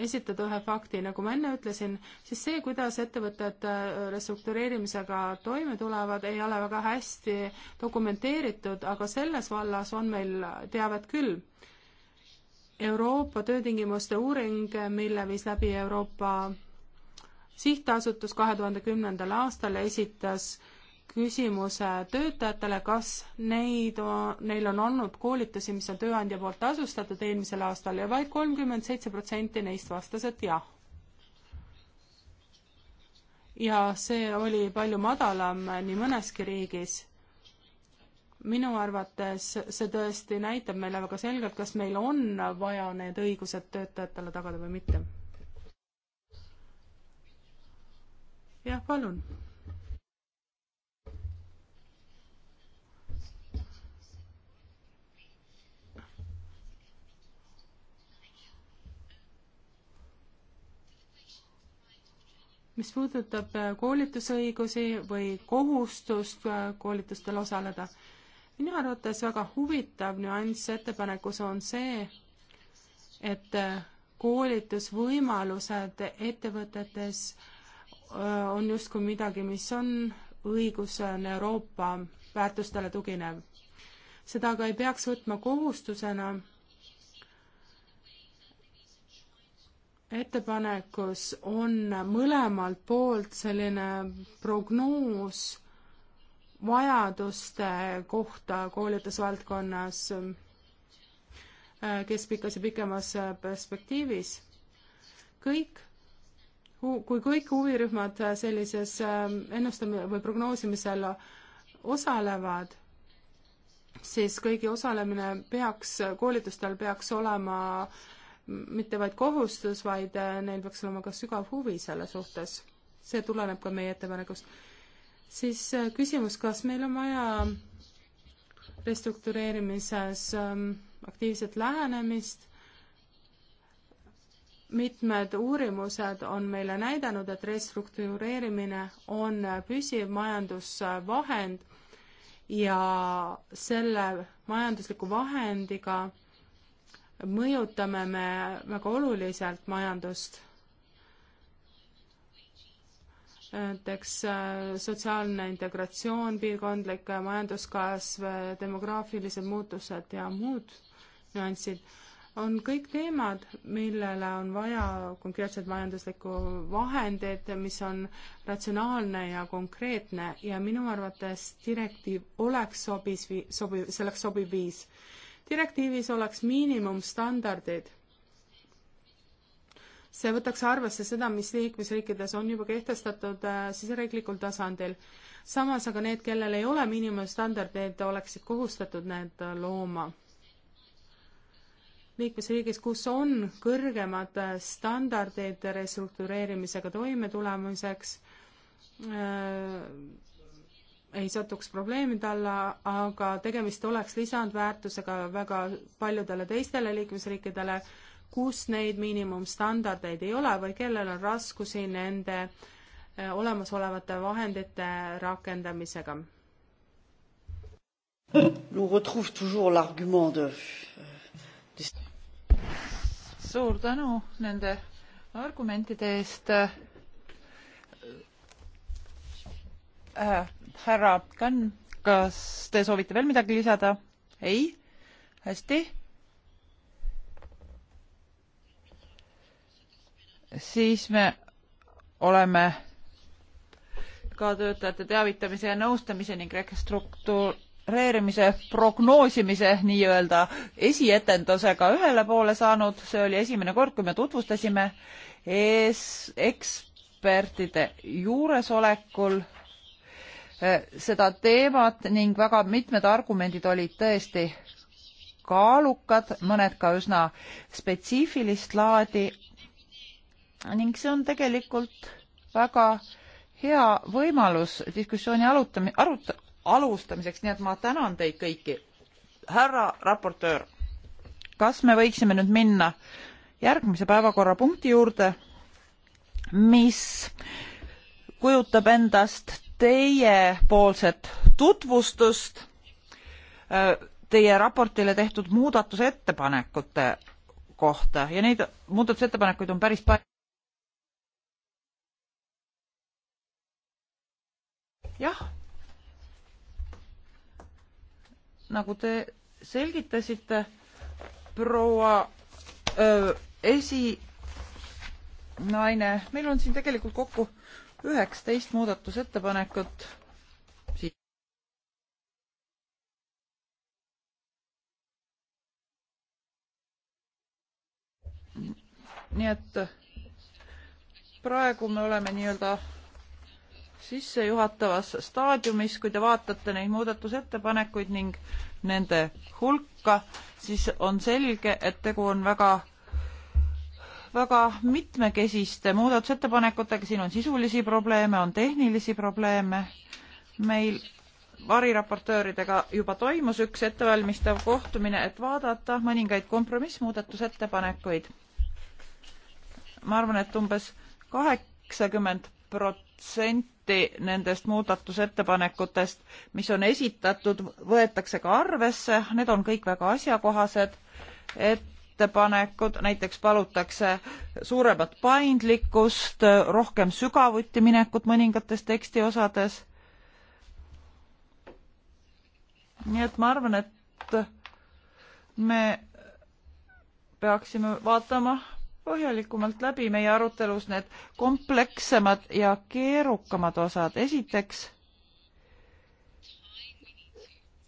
C: esitada ühe fakti, nagu ma enne ütlesin, siis see, kuidas ettevõtted äh, restruktureerimisega toime tulevad, ei ole väga hästi dokumenteeritud, aga selles vallas on meil teavet küll. Euroopa töötingimuste uuring, mille viis läbi Euroopa sihtasutus kahe tuhande kümnendal aastal, esitas äh, küsimuse töötajatele, kas neid, neil on olnud koolitusi, mis on tööandja poolt tasustatud eelmisel aastal ja vaid kolmkümmend seitse protsenti neist vastas, et jah. ja see oli palju madalam nii mõneski riigis. minu arvates see tõesti näitab meile väga selgelt, kas meil on vaja need õigused töötajatele tagada või mitte. jah, palun mis puudutab äh, koolitusõigusi või kohustust äh, koolitustel osaleda. minu arvates väga huvitav nüanss ettepanekus on see, et äh, koolitusvõimalused ettevõtetes on justkui midagi, mis on õigus, on Euroopa väärtustele tuginev. seda aga ei peaks võtma kohustusena ettepanekus on mõlemalt poolt selline prognoos vajaduste kohta koolitusvaldkonnas keskpikas ja pikemas perspektiivis. kõik, kui kõik huvirühmad sellises ähm, ennustam- või prognoosimisel osalevad, siis kõigi osalemine peaks, koolitustel peaks olema äh, mitte vaid kohustus, vaid äh, neil peaks olema ka sügav huvi selle suhtes. see tuleneb ka meie ettepanekust. siis äh, küsimus, kas meil on vaja restruktureerimises ähm, aktiivset lähenemist, mitmed uurimused on meile näidanud, et restruktureerimine on püsiv majandusvahend ja selle majandusliku vahendiga äh, mõjutame me väga oluliselt majandust. näiteks äh, sotsiaalne integratsioon, piirkondlik äh, majanduskasv, äh, demograafilised muutused ja muud nüansid on kõik teemad, millele on vaja konkreetset majanduslikku vahendit, mis on ratsionaalne ja konkreetne ja minu arvates direktiiv oleks sobis, sobiv, selleks sobiv viis direktiivis oleks miinimumstandardid. see võtaks arvesse seda, mis liikmesriikides on juba kehtestatud äh, siseriiklikul tasandil. samas aga need, kellel ei ole miinimumstandardeid, oleksid kohustatud need äh, looma liikmesriigis, kus on kõrgemad äh, standardid restruktureerimisega toimetulemiseks, ei satuks probleemide alla, aga tegemist oleks lisandväärtusega väga paljudele teistele liikmesriikidele, kus neid miinimumstandardeid ei ole või kellel on raskusi nende eh, olemasolevate vahendite rakendamisega.
G: Euh,
A: suur tänu nende argumentide eest äh härra Kann, kas te soovite veel midagi lisada? ei? hästi. siis me oleme ka töötajate teavitamise ja nõustamise ning restruktureerimise prognoosimise nii-öelda esietendusega ühele poole saanud, see oli esimene kord, kui me tutvustasime ees ekspertide juuresolekul Äh, seda teemat ning väga mitmed argumendid olid tõesti kaalukad, mõned ka üsna spetsiifilist laadi. ning see on tegelikult väga hea võimalus diskussiooni alutami-, arut-, alustamiseks, nii et ma tänan teid kõiki. härra raportöör, kas me võiksime nüüd minna järgmise päevakorrapunkti juurde, mis kujutab endast teiepoolset tutvustust äh, teie raportile tehtud muudatusettepanekute kohta ja neid muudatusettepanekuid on päris palju. jah. nagu te selgitasite, proua äh, esinaine, meil on siin tegelikult kokku üheksateist muudatusettepanekut nii et praegu me oleme nii-öelda sissejuhatavas staadiumis, kui te vaatate neid muudatusettepanekuid ning nende hulka, siis on selge, et tegu on väga väga mitmekesiste muudatusettepanekutega, siin on sisulisi probleeme, on tehnilisi probleeme. meil variraportööridega juba toimus üks ettevalmistav kohtumine, et vaadata mõningaid kompromissmuudatusettepanekuid. ma arvan, et umbes kaheksakümmend protsenti nendest muudatusettepanekutest, mis on esitatud, võetakse ka arvesse, need on kõik väga asjakohased, et ettepanekud, näiteks palutakse suuremat paindlikkust, rohkem sügavuti minekut mõningates tekstiosades. nii et ma arvan, et me peaksime vaatama põhjalikumalt läbi meie arutelus need komplekssemad ja keerukamad osad. esiteks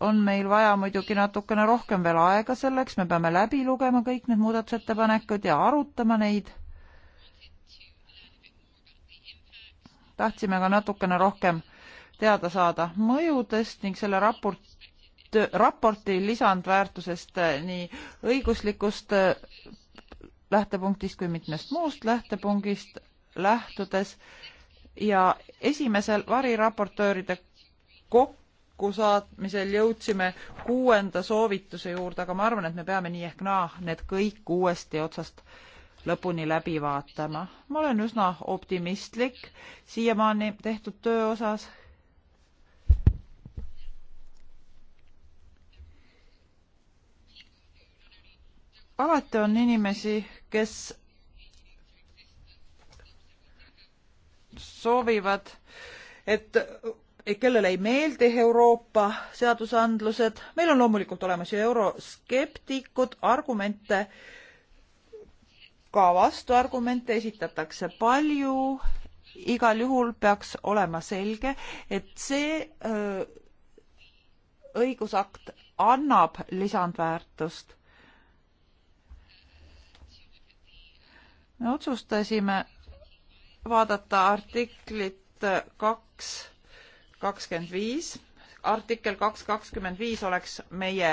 A: on meil vaja muidugi natukene rohkem veel aega selleks, me peame läbi lugema kõik need muudatusettepanekud ja arutama neid. tahtsime ka natukene rohkem teada saada mõjudest ning selle raport, raporti lisandväärtusest eh, nii õiguslikust eh, lähtepunktist kui mitmest muust lähtepungist lähtudes ja esimesel variraportööride kokku kokkusaatmisel jõudsime kuuenda soovituse juurde, aga ma arvan, et me peame nii ehk naa need kõik uuesti otsast lõpuni läbi vaatama. ma olen üsna optimistlik siiamaani tehtud töö osas. alati on inimesi, kes soovivad, et Eh, kellele ei meeldi Euroopa seadusandlused, meil on loomulikult olemas ju euroskeptikud, argumente, ka vastuargumente esitatakse palju, igal juhul peaks olema selge, et see öö, õigusakt annab lisandväärtust. me otsustasime vaadata artiklit kaks kakskümmend viis, artikkel kaks kakskümmend viis oleks meie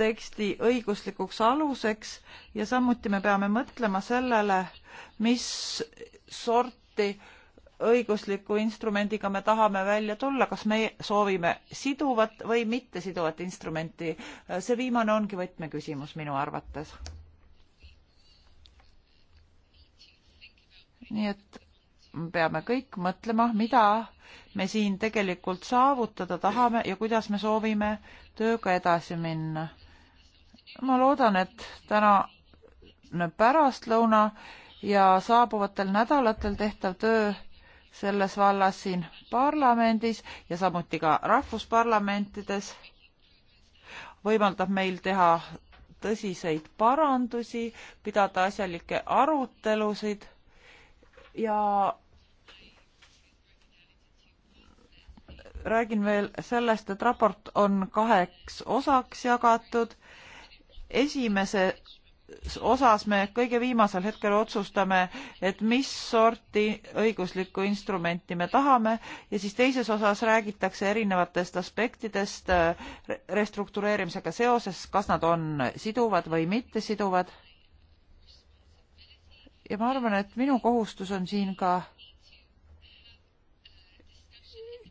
A: teksti õiguslikuks aluseks ja samuti me peame mõtlema sellele, mis sorti õigusliku instrumendiga me tahame välja tulla, kas me soovime siduvat või mittesiduvat instrumenti. see viimane ongi võtmeküsimus minu arvates. nii et peame kõik mõtlema, mida me siin tegelikult saavutada tahame ja kuidas me soovime tööga edasi minna. ma loodan, et tänane pärastlõuna ja saabuvatel nädalatel tehtav töö selles vallas siin parlamendis ja samuti ka rahvusparlamentides võimaldab meil teha tõsiseid parandusi, pidada asjalikke arutelusid ja räägin veel sellest, et raport on kaheks osaks jagatud. esimeses osas me kõige viimasel hetkel otsustame, et mis sorti õiguslikku instrumenti me tahame ja siis teises osas räägitakse erinevatest aspektidest restruktureerimisega seoses, kas nad on siduvad või mittesiduvad. ja ma arvan, et minu kohustus on siin ka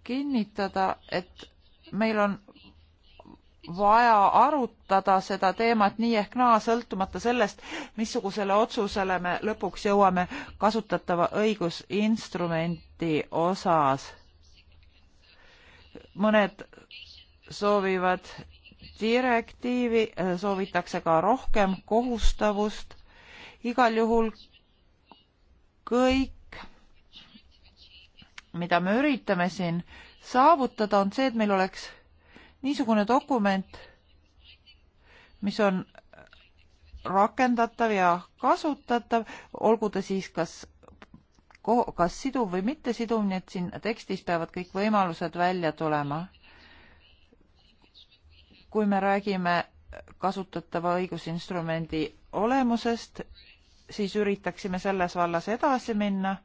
A: kinnitada, et meil on vaja arutada seda teemat nii ehk naa, sõltumata sellest, missugusele otsusele me lõpuks jõuame kasutatava õigusinstrumenti osas. mõned soovivad direktiivi, soovitakse ka rohkem kohustavust. igal juhul kõik mida me üritame siin saavutada, on see, et meil oleks niisugune dokument, mis on rakendatav ja kasutatav, olgu ta siis kas, kas siduv või mittesiduv, nii et siin tekstis peavad kõik võimalused välja tulema. kui me räägime kasutatava õigusinstrumendi olemusest, siis üritaksime selles vallas edasi minna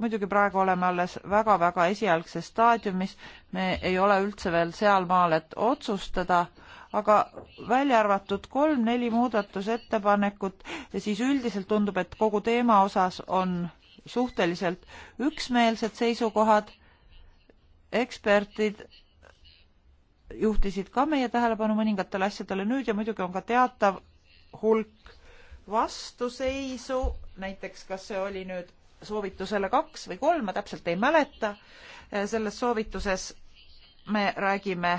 A: muidugi praegu oleme alles väga-väga esialgses staadiumis, me ei ole üldse veel sealmaal, et otsustada, aga välja arvatud kolm-neli muudatusettepanekut, siis üldiselt tundub, et kogu teema osas on suhteliselt üksmeelsed seisukohad. eksperdid juhtisid ka meie tähelepanu mõningatele asjadele nüüd ja muidugi on ka teatav hulk vastuseisu, näiteks kas see oli nüüd soovitusele kaks või kolm, ma täpselt ei mäleta. selles soovituses me räägime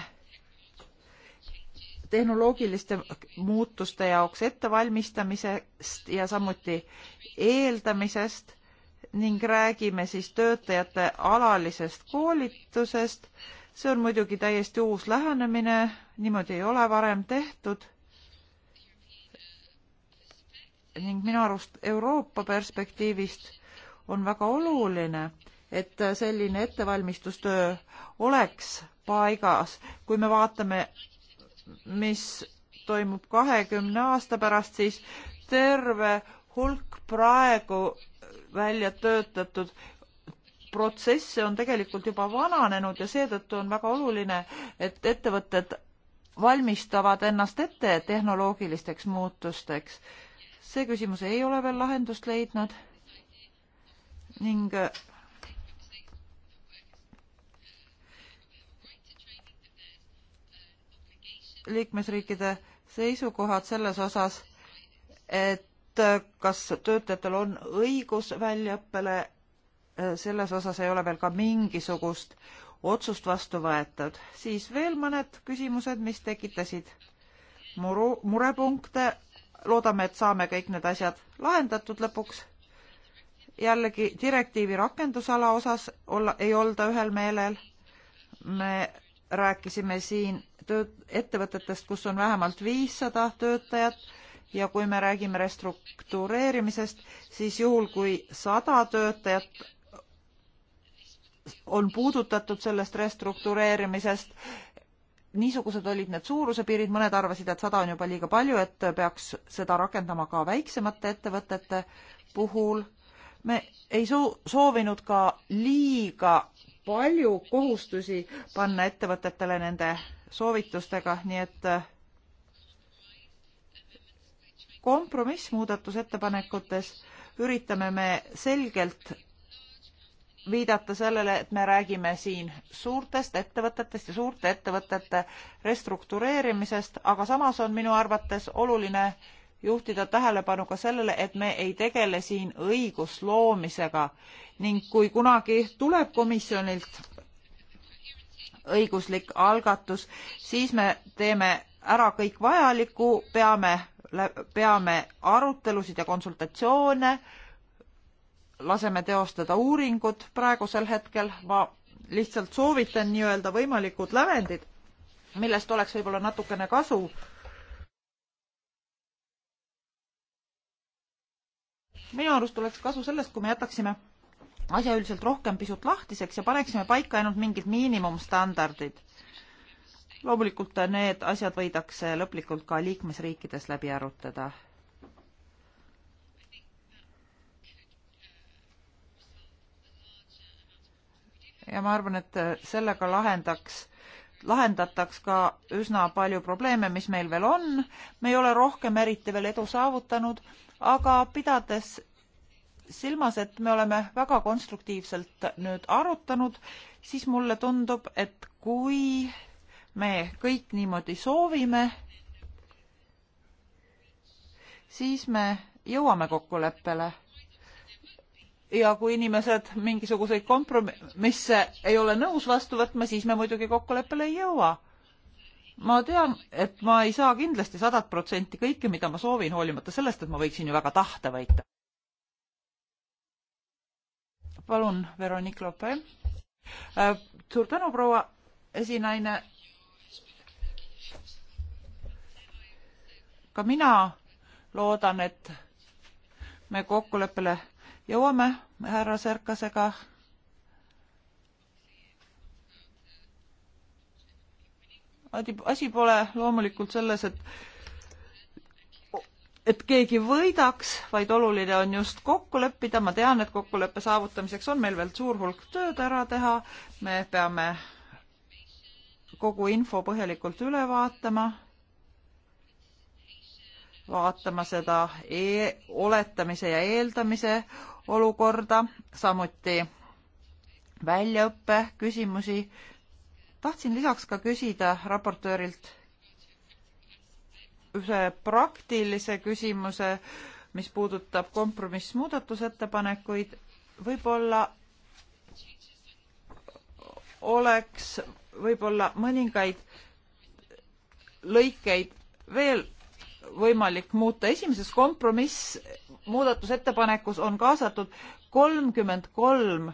A: tehnoloogiliste muutuste jaoks ettevalmistamisest ja samuti eeldamisest ning räägime siis töötajate alalisest koolitusest. see on muidugi täiesti uus lähenemine, niimoodi ei ole varem tehtud. ning minu arust Euroopa perspektiivist on väga oluline, et selline ettevalmistustöö oleks paigas. kui me vaatame, mis toimub kahekümne aasta pärast, siis terve hulk praegu välja töötatud protsesse on tegelikult juba vananenud ja seetõttu on väga oluline, et ettevõtted valmistavad ennast ette tehnoloogilisteks muutusteks. see küsimus ei ole veel lahendust leidnud ning äh, liikmesriikide seisukohad selles osas, et äh, kas töötajatel on õigus väljaõppele, äh, selles osas ei ole veel ka mingisugust otsust vastu võetud. siis veel mõned küsimused, mis tekitasid muru, murepunkte. loodame, et saame kõik need asjad lahendatud lõpuks jällegi direktiivi rakendusala osas olla, ei olda ühel meelel. me rääkisime siin tööd, ettevõtetest, kus on vähemalt viissada töötajat ja kui me räägime restruktureerimisest, siis juhul, kui sada töötajat on puudutatud sellest restruktureerimisest, niisugused olid need suurusepiirid, mõned arvasid, et sada on juba liiga palju, et peaks seda rakendama ka väiksemate ettevõtete puhul me ei soo soovinud ka liiga palju kohustusi panna ettevõtetele nende soovitustega, nii et äh, kompromiss muudatusettepanekutes üritame me selgelt viidata sellele, et me räägime siin suurtest ettevõtetest ja suurte ettevõtete restruktureerimisest, aga samas on minu arvates oluline juhtida tähelepanu ka sellele, et me ei tegele siin õigusloomisega ning kui kunagi tuleb komisjonilt õiguslik algatus, siis me teeme ära kõik vajaliku, peame, peame arutelusid ja konsultatsioone, laseme teostada uuringud praegusel hetkel, ma lihtsalt soovitan nii-öelda võimalikud lävendid, millest oleks võib-olla natukene kasu minu arust oleks kasu sellest, kui me jätaksime asja üldiselt rohkem pisut lahtiseks ja paneksime paika ainult mingid miinimumstandardid. loomulikult need asjad võidakse lõplikult ka liikmesriikides läbi arutada. ja ma arvan, et sellega lahendaks lahendataks ka üsna palju probleeme, mis meil veel on. me ei ole rohkem eriti veel edu saavutanud, aga pidades silmas, et me oleme väga konstruktiivselt nüüd arutanud, siis mulle tundub, et kui me kõik niimoodi soovime, siis me jõuame kokkuleppele. ja kui inimesed mingisuguseid kompromisse ei ole nõus vastu võtma, siis me muidugi kokkuleppele ei jõua ma tean, et ma ei saa kindlasti sadat protsenti kõike, mida ma soovin, hoolimata sellest, et ma võiksin ju väga tahta võita. palun, Veronique Lope. Äh, suur tänu, proua esinaine. ka mina loodan, et me kokkuleppele jõuame härra Serkasega asi pole loomulikult selles, et, et keegi võidaks, vaid oluline on just kokku leppida. ma tean, et kokkuleppe saavutamiseks on meil veel suur hulk tööd ära teha. me peame kogu info põhjalikult üle vaatama vaatama seda e oletamise ja eeldamise olukorda, samuti väljaõppe küsimusi tahtsin lisaks ka küsida raportöörilt ühe praktilise küsimuse, mis puudutab kompromissmuudatusettepanekuid. võib-olla oleks võib-olla mõningaid lõikeid veel võimalik muuta. esimeses kompromiss muudatusettepanekus on kaasatud kolmkümmend kolm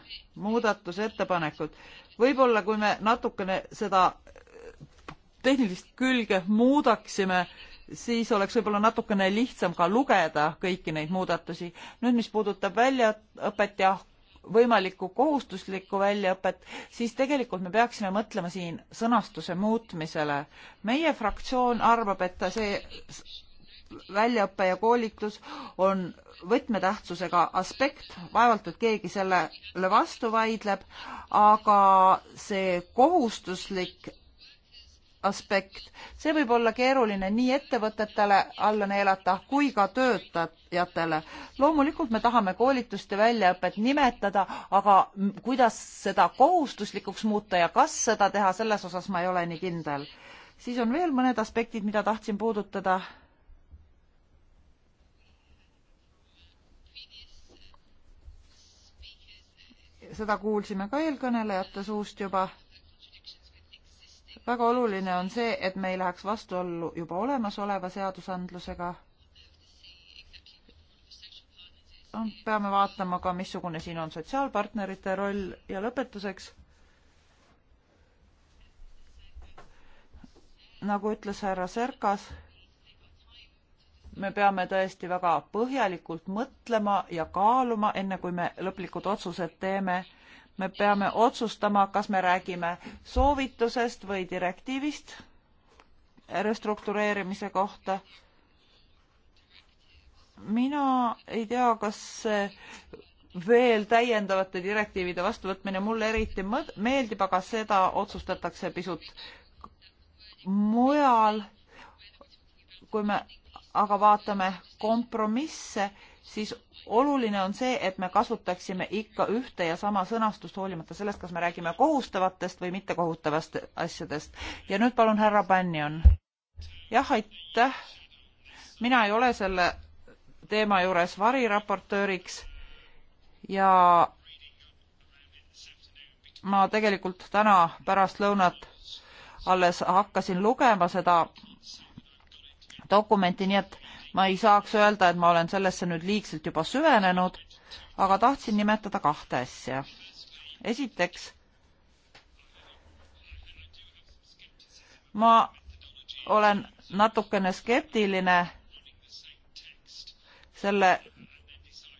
A: muudatusettepanekut võib-olla kui me natukene seda tehnilist külge muudaksime, siis oleks võib-olla natukene lihtsam ka lugeda kõiki neid muudatusi. nüüd, mis puudutab väljaõpet ja võimalikku kohustuslikku väljaõpet, siis tegelikult me peaksime mõtlema siin sõnastuse muutmisele. meie fraktsioon arvab, et see väljaõpe ja koolitus on võtmetähtsusega aspekt, vaevalt et keegi sellele vastu vaidleb, aga see kohustuslik aspekt, see võib olla keeruline nii ettevõtetele alla neelata kui ka töötajatele. loomulikult me tahame koolitust ja väljaõpet nimetada, aga kuidas seda kohustuslikuks muuta ja kas seda teha, selles osas ma ei ole nii kindel. siis on veel mõned aspektid, mida tahtsin puudutada seda kuulsime ka eelkõnelejate suust juba. väga oluline on see, et me ei läheks vastuollu juba olemasoleva seadusandlusega. peame vaatama ka, missugune siin on sotsiaalpartnerite roll ja lõpetuseks. nagu ütles härra Serkas me peame tõesti väga põhjalikult mõtlema ja kaaluma, enne kui me lõplikud otsused teeme. me peame otsustama, kas me räägime soovitusest või direktiivist restruktureerimise kohta. mina ei tea, kas see veel täiendavate direktiivide vastuvõtmine mulle eriti meeldib, aga seda otsustatakse pisut mujal. kui me aga vaatame kompromisse, siis oluline on see, et me kasutaksime ikka ühte ja sama sõnastust, hoolimata sellest, kas me räägime kohustavatest või mitte kohustavast asjadest. ja nüüd palun härra Bannion. jah, aitäh. mina ei ole selle teema juures variraportööriks ja ma tegelikult täna pärastlõunat alles hakkasin lugema seda dokumenti, nii et ma ei saaks öelda, et ma olen sellesse nüüd liigselt juba süvenenud, aga tahtsin nimetada kahte asja. esiteks, ma olen natukene skeptiline selle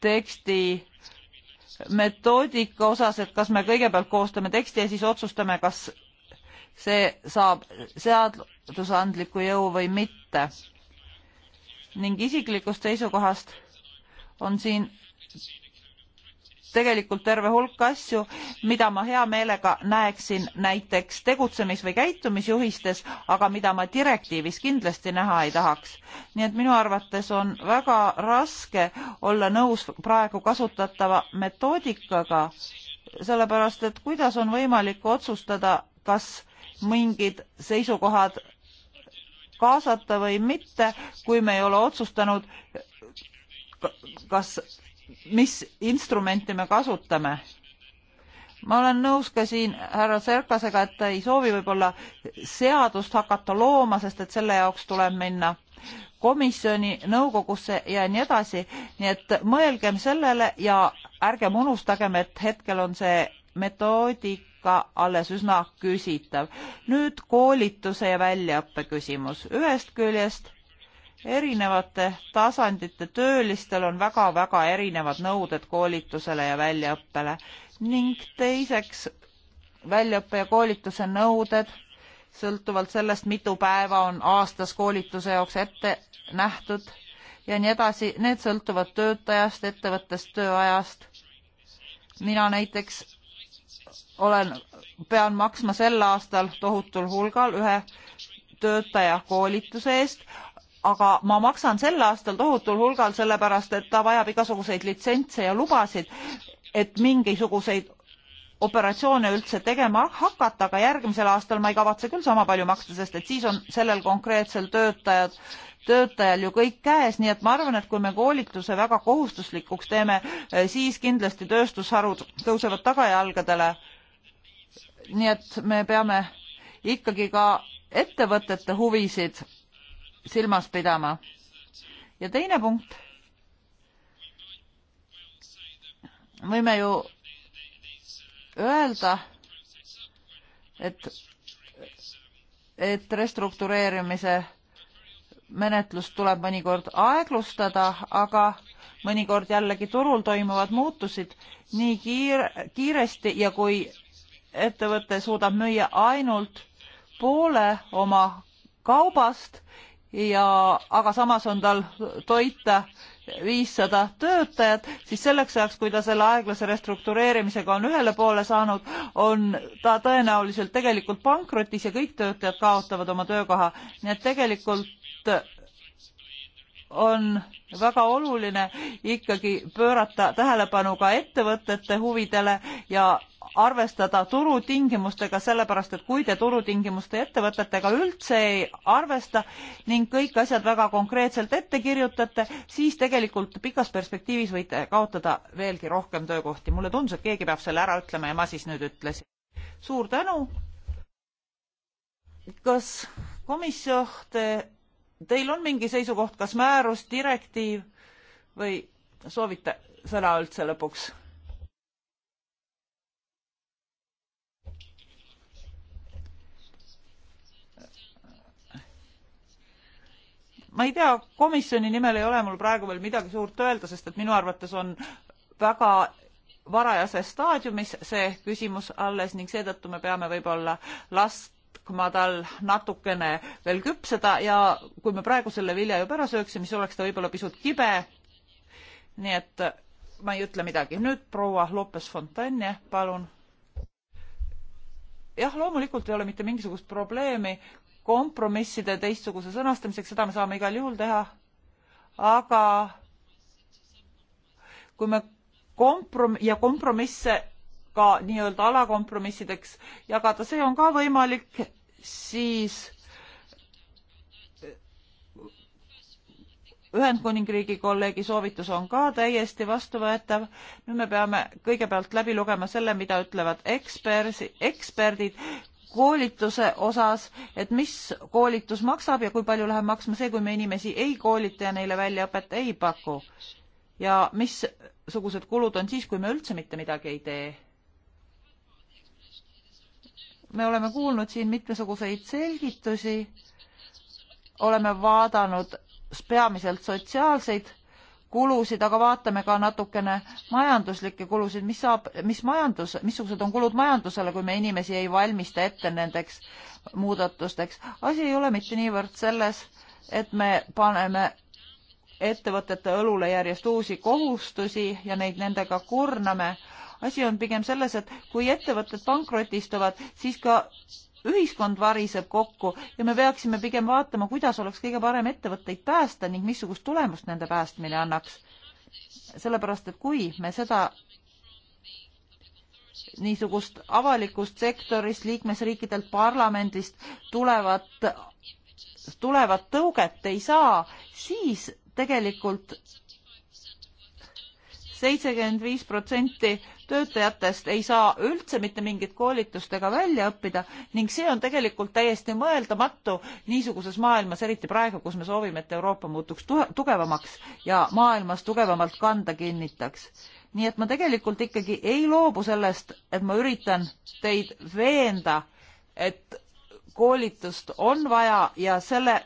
A: teksti metoodika osas, et kas me kõigepealt koostame teksti ja siis otsustame, kas see saab seadusandliku jõu või mitte ning isiklikust seisukohast on siin tegelikult terve hulk asju, mida ma hea meelega näeksin näiteks tegutsemis- või käitumisjuhistes, aga mida ma direktiivis kindlasti näha ei tahaks. nii et minu arvates on väga raske olla nõus praegu kasutatava metoodikaga, sellepärast et kuidas on võimalik otsustada, kas mingid seisukohad kaasata või mitte, kui me ei ole otsustanud, kas, mis instrumenti me kasutame. ma olen nõus ka siin härra Serkasega, et ta ei soovi võib-olla seadust hakata looma, sest et selle jaoks tuleb minna komisjoni, nõukogusse ja nii edasi, nii et mõelgem sellele ja ärgem unustagem, et hetkel on see metoodik ka alles üsna küsitav. nüüd koolituse ja väljaõppe küsimus. ühest küljest erinevate tasandite töölistel on väga-väga erinevad nõuded koolitusele ja väljaõppele ning teiseks väljaõppe ja koolituse nõuded sõltuvalt sellest, mitu päeva on aastas koolituse jaoks ette nähtud ja nii edasi, need sõltuvad töötajast, ettevõttest, tööajast. mina näiteks olen, pean maksma sel aastal tohutul hulgal ühe töötaja koolituse eest, aga ma maksan sel aastal tohutul hulgal, sellepärast et ta vajab igasuguseid litsentse ja lubasid, et mingisuguseid operatsioone üldse tegema hakata, aga järgmisel aastal ma ei kavatse küll sama palju maksta, sest et siis on sellel konkreetsel töötajal töötajal ju kõik käes, nii et ma arvan, et kui me koolituse väga kohustuslikuks teeme, eh, siis kindlasti tööstusharud tõusevad tagajalgadele. nii et me peame ikkagi ka ettevõtete huvisid silmas pidama. ja teine punkt. võime ju öelda, et, et restruktureerimise menetlust tuleb mõnikord aeglustada, aga mõnikord jällegi turul toimuvad muutusid nii kiir, kiiresti ja kui ettevõte suudab müüa ainult poole oma kaubast ja, aga samas on tal toita viissada töötajat, siis selleks ajaks, kui ta selle aeglase restruktureerimisega on ühele poole saanud, on ta tõenäoliselt tegelikult pankrotis ja kõik töötajad kaotavad oma töökoha. nii et tegelikult on väga oluline ikkagi pöörata tähelepanu ka ettevõtete huvidele ja arvestada turutingimustega, sellepärast et kui te turutingimuste ettevõtetega üldse ei arvesta ning kõik asjad väga konkreetselt ette kirjutate, siis tegelikult pikas perspektiivis võite kaotada veelgi rohkem töökohti. mulle tundus, et keegi peab selle ära ütlema ja ma siis nüüd ütlesin. suur tänu. kas komisjon te teil on mingi seisukoht, kas määrus, direktiiv või soovite sõna üldse lõpuks? ma ei tea, komisjoni nimel ei ole mul praegu veel midagi suurt öelda, sest et minu arvates on väga varajases staadiumis see küsimus alles ning seetõttu me peame võib-olla last laskma tal natukene veel küpseda ja kui me praegu selle vilja juba ära sööksime, siis oleks ta võib-olla pisut kibe. nii et ma ei ütle midagi. nüüd proua Lopes Fontanje, palun. jah, loomulikult ei ole mitte mingisugust probleemi kompromisside teistsuguse sõnastamiseks, seda me saame igal juhul teha. aga kui me komprom- ja kompromisse ka nii-öelda alakompromissideks jagada, see on ka võimalik siis Ühendkuningriigi kolleegi soovitus on ka täiesti vastuvõetav. nüüd me peame kõigepealt läbi lugema selle, mida ütlevad ekspersi, eksperdid koolituse osas, et mis koolitus maksab ja kui palju läheb maksma see, kui me inimesi ei koolita ja neile väljaõpet ei paku. ja missugused kulud on siis, kui me üldse mitte midagi ei tee me oleme kuulnud siin mitmesuguseid selgitusi, oleme vaadanud peamiselt sotsiaalseid kulusid, aga vaatame ka natukene majanduslikke kulusid, mis saab, mis majandus, missugused on kulud majandusele, kui me inimesi ei valmista ette nendeks muudatusteks. asi ei ole mitte niivõrd selles, et me paneme ettevõtete õlule järjest uusi kohustusi ja neid nendega kurname, asi on pigem selles, et kui ettevõtted pankrotistuvad, siis ka ühiskond variseb kokku ja me peaksime pigem vaatama, kuidas oleks kõige parem ettevõtteid päästa ning missugust tulemust nende päästmine annaks. sellepärast, et kui me seda niisugust avalikust sektorist, liikmesriikidelt, parlamendist tulevat, tulevat tõuget ei saa, siis tegelikult seitsekümmend viis protsenti töötajatest ei saa üldse mitte mingit koolitust ega välja õppida ning see on tegelikult täiesti mõeldamatu niisuguses maailmas, eriti praegu, kus me soovime, et Euroopa muutuks tugevamaks ja maailmas tugevamalt kanda kinnitaks. nii et ma tegelikult ikkagi ei loobu sellest, et ma üritan teid veenda, et koolitust on vaja ja selle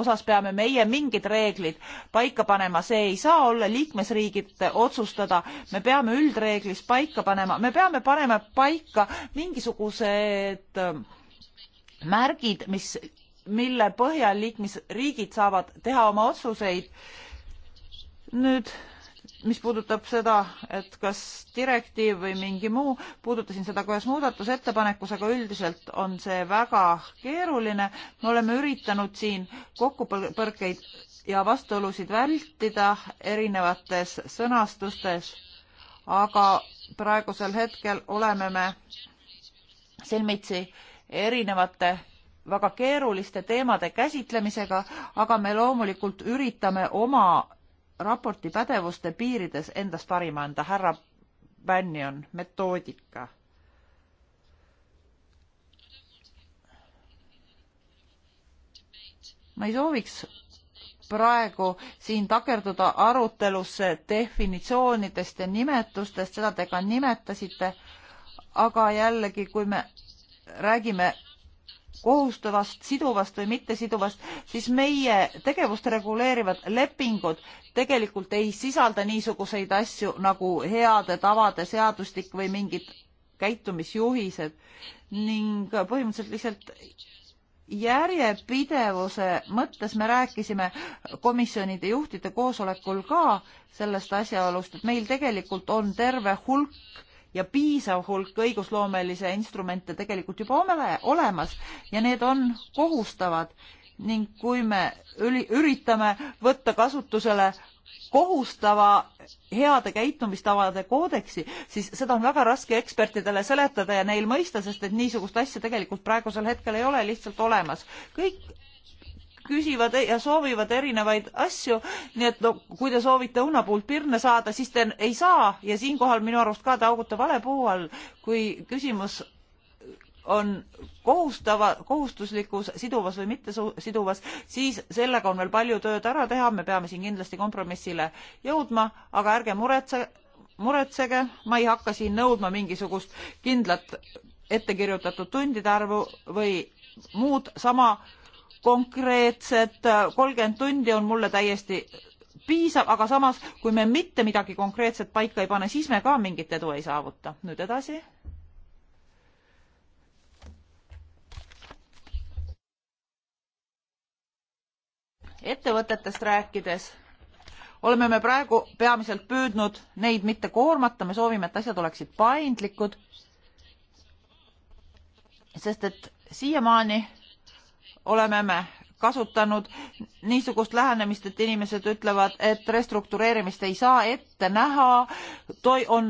A: osas peame meie mingid reeglid paika panema, see ei saa olla liikmesriigid otsustada, me peame üldreeglis paika panema, me peame panema paika mingisugused ähm, märgid, mis, mille põhjal liikmesriigid saavad teha oma otsuseid. nüüd mis puudutab seda, et kas direktiiv või mingi muu, puudutasin seda ka ühes muudatusettepanekus, aga üldiselt on see väga keeruline. me oleme üritanud siin kokkupõrkeid ja vastuolusid vältida erinevates sõnastustes, aga praegusel hetkel oleme me silmitsi erinevate väga keeruliste teemade käsitlemisega, aga me loomulikult üritame oma raporti pädevuste piirides endast parima anda, härra Bannion, metoodika. ma ei sooviks praegu siin takerduda arutelusse definitsioonidest ja nimetustest, seda te ka nimetasite, aga jällegi, kui me räägime kohustavast, siduvast või mittesiduvast, siis meie tegevust reguleerivad lepingud tegelikult ei sisalda niisuguseid asju nagu heade tavade seadustik või mingid käitumisjuhised ning põhimõtteliselt lihtsalt järjepidevuse mõttes me rääkisime komisjonide juhtide koosolekul ka sellest asjaolust, et meil tegelikult on terve hulk ja piisav hulk õigusloomelise instrumente tegelikult juba ole, olemas ja need on kohustavad ning kui me üli, üritame võtta kasutusele kohustava heade käitumistavade koodeksi, siis seda on väga raske ekspertidele seletada ja neil mõista, sest et niisugust asja tegelikult praegusel hetkel ei ole lihtsalt olemas. kõik küsivad e- ja soovivad erinevaid asju, nii et no kui te soovite õunapuult pirne saada, siis te ei saa ja siinkohal minu arust ka te augute vale puu all, kui küsimus on kohustava, kohustuslikus, siduvas või mitte siduvas, siis sellega on veel palju tööd ära teha, me peame siin kindlasti kompromissile jõudma, aga ärge muretse, muretsege, ma ei hakka siin nõudma mingisugust kindlat ettekirjutatud tundide arvu või muud sama konkreetset, äh, kolmkümmend tundi on mulle täiesti piisav, aga samas, kui me mitte midagi konkreetset paika ei pane, siis me ka mingit edu ei saavuta. nüüd edasi. ettevõtetest rääkides oleme me praegu peamiselt püüdnud neid mitte koormata, me soovime, et asjad oleksid paindlikud. sest et siiamaani oleme me kasutanud niisugust lähenemist, et inimesed ütlevad, et restruktureerimist ei saa ette näha, on,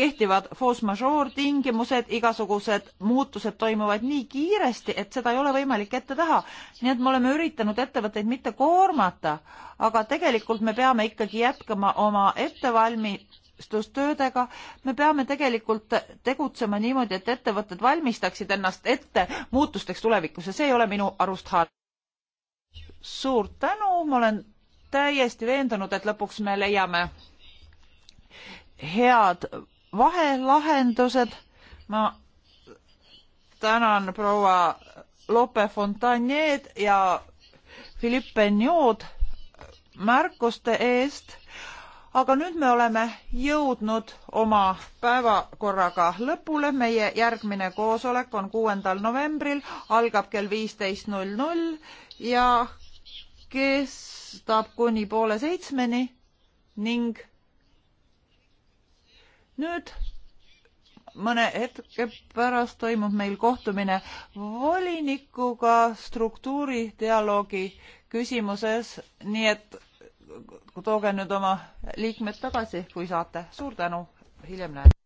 A: kehtivad force majeure tingimused, igasugused muutused toimuvad nii kiiresti, et seda ei ole võimalik ette teha. nii et me oleme üritanud ettevõtteid mitte koormata, aga tegelikult me peame ikkagi jätkama oma ettevalmi-, ettevalmistustöödega. me peame tegelikult tegutsema niimoodi, et ettevõtted valmistaksid ennast ette muutusteks tulevikus ja see ei ole minu arust halb. suur tänu, ma olen täiesti veendunud, et lõpuks me leiame head vahelahendused. ma tänan proua Lope Fontanjed ja Philippe Njood märkuste eest aga nüüd me oleme jõudnud oma päevakorraga lõpule. meie järgmine koosolek on kuuendal novembril, algab kell viisteist null null ja kestab kuni poole seitsmeni ning nüüd mõne hetke pärast toimub meil kohtumine volinikuga struktuuridialoogi küsimuses, nii et tooge nüüd oma liikmed tagasi, kui saate. suur tänu, hiljem näeme.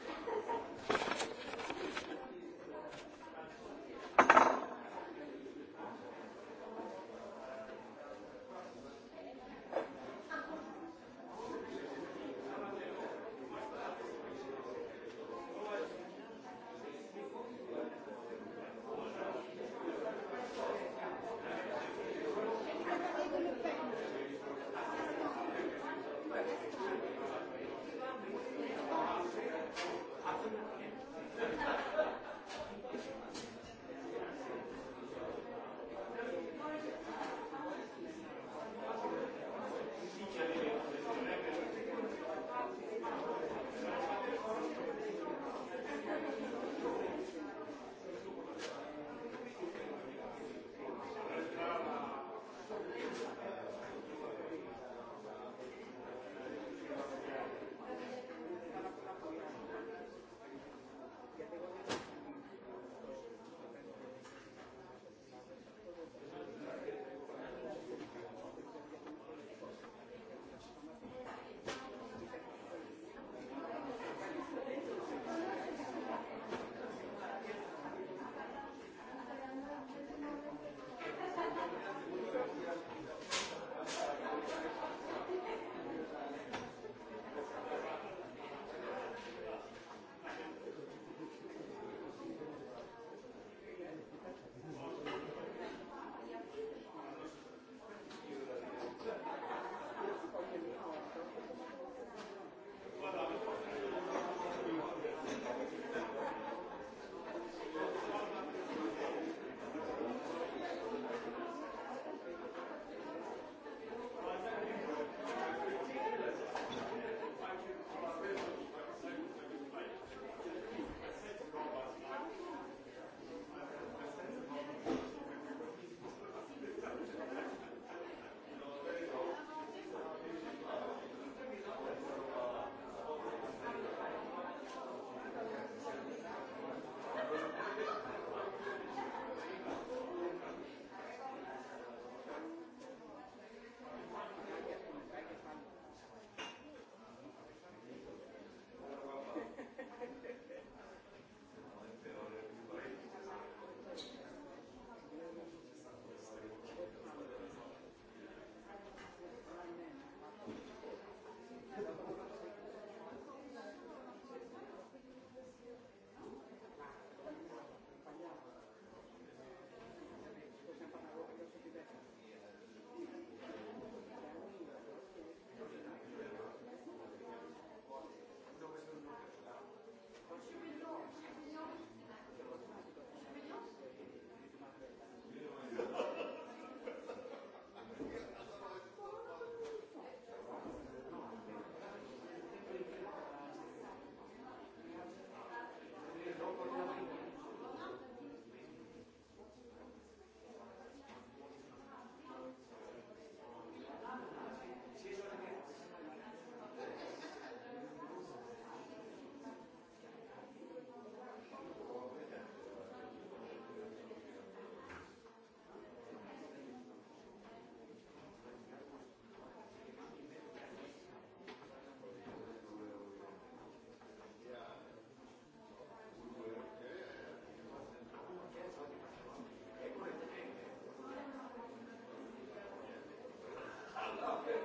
I: I agree.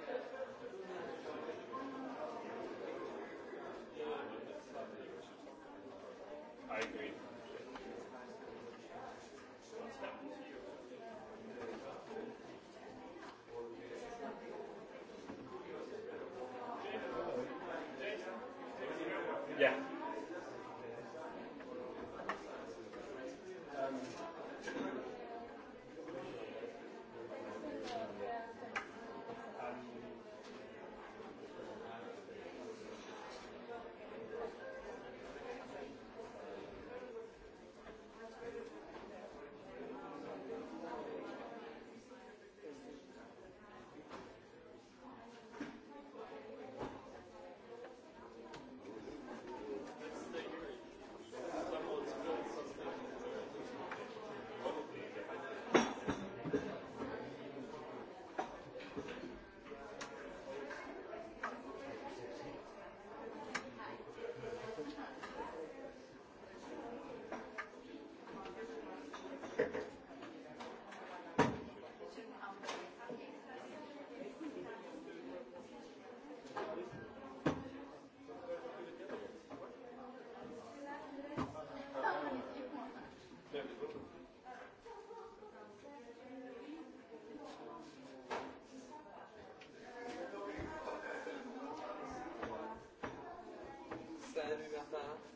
I: What's happened to you? Yeah. Madame Hubertin.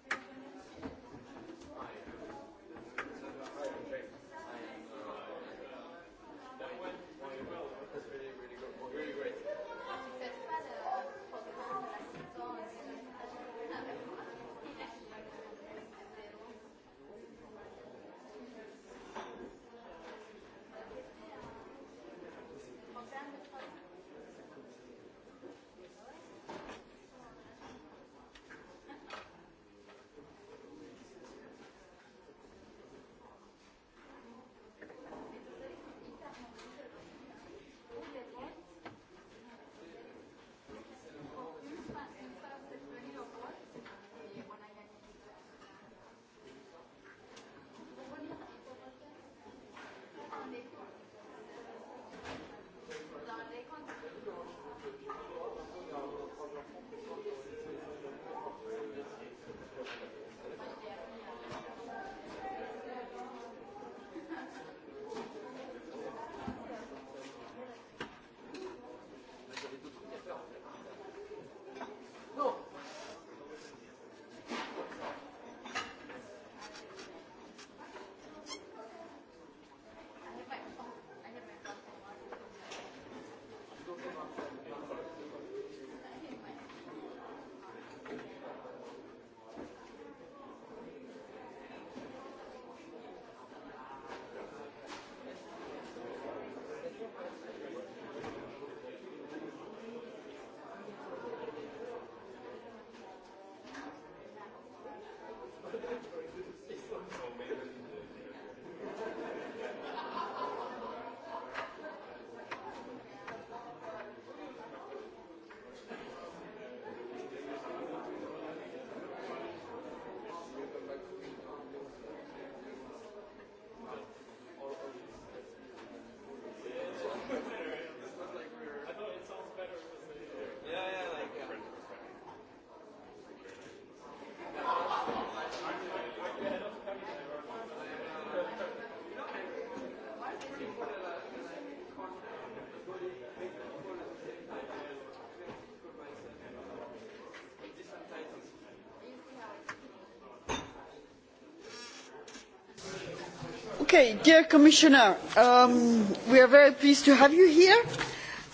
G: Okay, dear Commissioner, um, we are very pleased to have you here.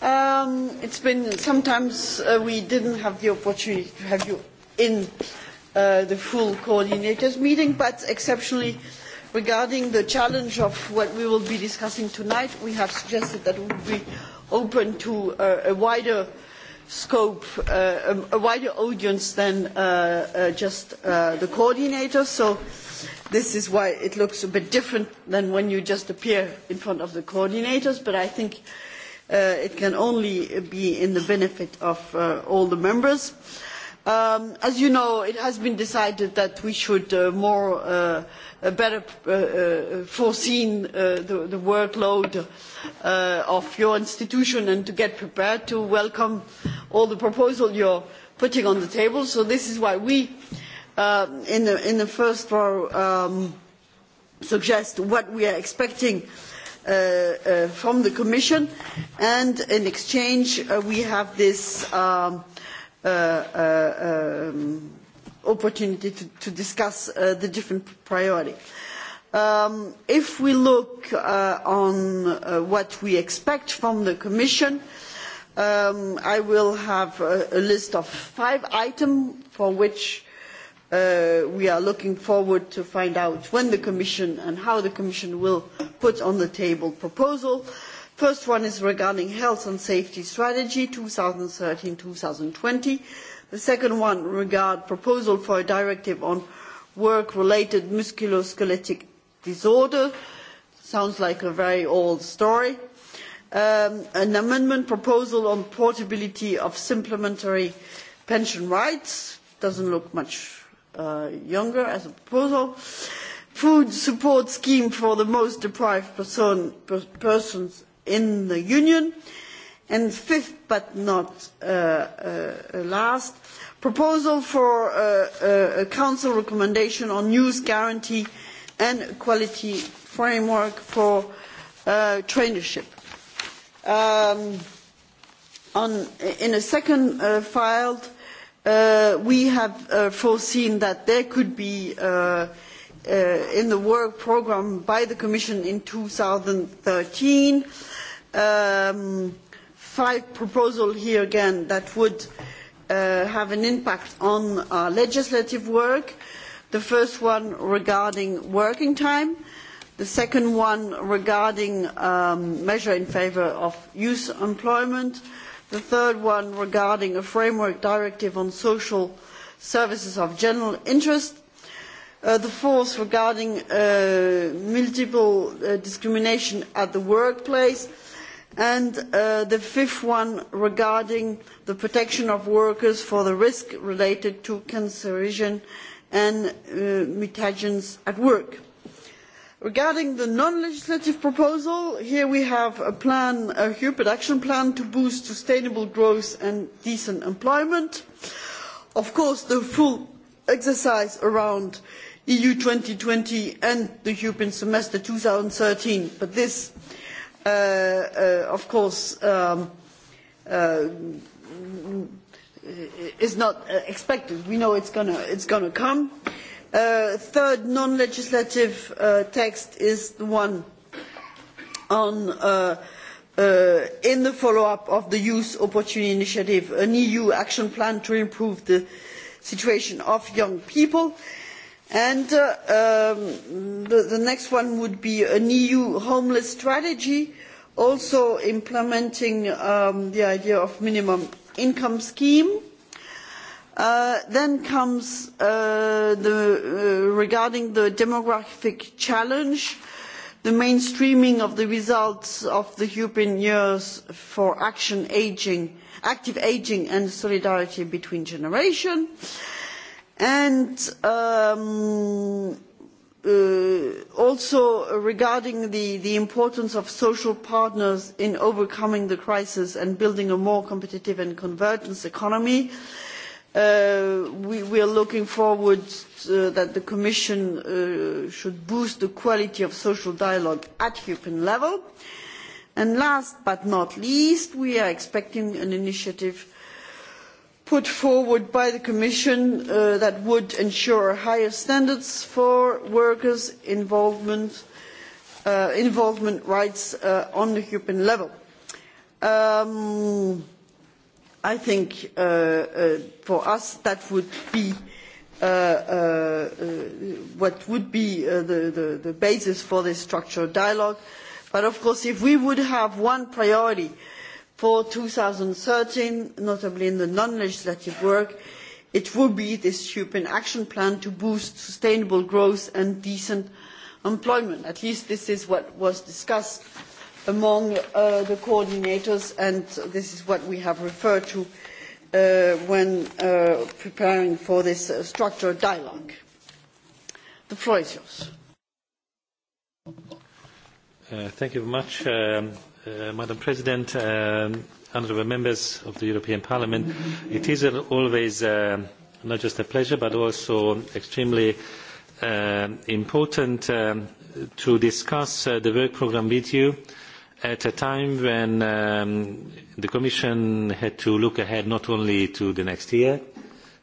G: Um, it's been sometimes uh, we didn't have the opportunity to have you in uh, the full coordinators meeting, but exceptionally regarding the challenge of what we will be discussing tonight, we have suggested that we would be open to uh, a wider scope, uh, um, a wider audience than uh, uh, just uh, the coordinators. So this is why it looks a bit different than when you just appear in front of the coordinators, but I think uh, it can only be in the benefit of uh, all the members. Um, as you know, it has been decided that we should uh, more, uh, better uh, uh, foreseen uh, the, the workload uh, of your institution and to get prepared to welcome all the proposals you're putting on the table. So this is why we uh, uh, in, the, in the first row um, suggest what we are expecting uh, uh, from the Commission, and in exchange uh, we have this um, uh, uh, um, opportunity to, to discuss uh, the different priorities. Um, if we look uh, on uh, what we expect from the Commission, um, I will have a, a list of five items for which Uh, we are looking forward to find out when the commission and how the commission will put on the table proposals. the first one is regarding health and safety strategy two thousand and thirteen two thousand and twenty the second one regards a proposal for a directive on work related musculoskeletal disorder sounds like a very old story um, an amendment proposal on portability of supplementary pension rights doesn't look much uh, younger as a proposal food support scheme for the most deprived person, per, persons in the union and fifth but not uh, uh, last proposal for uh, uh a council recommendation on youth guarantee and equality framework for uh, traineeship. Um, on, in a second uh, filed Uh, we have uh, foreseen that there could be uh, uh in the work programme by the commission in two thousand and thirteen um, five proposals here again that would uh, have an impact on our uh, legislative work the first one regarding working time the second one regarding a um, measure in favour of youth employment and the third one regarding a framework directive on social services of general interest uh, the fourth regarding uh, multiple uh, discrimination at the workplace and uh, the fifth one regarding the protection of workers for the risk related to cancerogen and uh, mutagens at work regarding the non legislative proposal here we have a, plan, a european action plan to boost sustainable growth and decent employment. of course the full exercise around eu two thousand and twenty and the european semester two thousand and thirteen but this uh, uh, of course um, uh, is not uh, expected. we know it is going to come. Uh, third non legislative uh, text is the one on uh, uh, in the follow up of the youth opportunity initiative an eu action plan to improve the situation of young people and uh, um, the, the next one would be an eu homeless strategy also implementing um, the idea of minimum income scheme uh, Uh, then comes uh, the, uh, regarding the demographic challenge the mainstreaming of the results of the european years for aging, active ageing and solidarity between generations and um, uh, also regarding the, the importance of social partners in overcoming the crisis and building a more competitive and convergent economy and Uh, we, we are looking forward to uh, that the commission uh, should boost the quality of social dialogue at european level and last but not least we are expecting an initiative put forward by the commission uh, that would ensure higher standards for workers' involvement, uh, involvement rights uh, on the european level. Um, i think for us that would be uh, uh, uh, what would be uh, the, the, the basis for this structured dialogue. But of course, if we would have one priority for 2013, notably in the non-legislative work, it would be this European Action Plan to boost sustainable growth and decent employment. At least this is what was discussed among uh, the coordinators, and this is what we have referred to uh, uh, when uh, preparing for this uh, structured dialogue. The floor is yours.
D: Uh, thank you very much, um, uh, Madam President, um, honourable members of the European Parliament. It is uh, always uh, not just a pleasure but also extremely uh, important um, to discuss uh, the work programme with you. Uh, at a time when um, the Commission had to look ahead not only to the next year,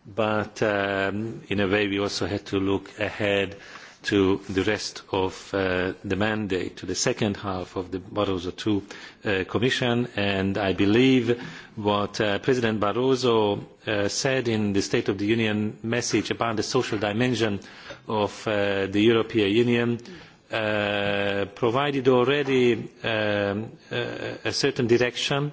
D: but um, in a way we also had to look ahead to the rest of uh, the mandate, to the second half of the Barroso II uh, Commission. And I believe what uh, President Barroso uh, said in the State of the Union message about the social dimension of uh, the European Union mm-hmm uh, provided already um, uh, a certain direction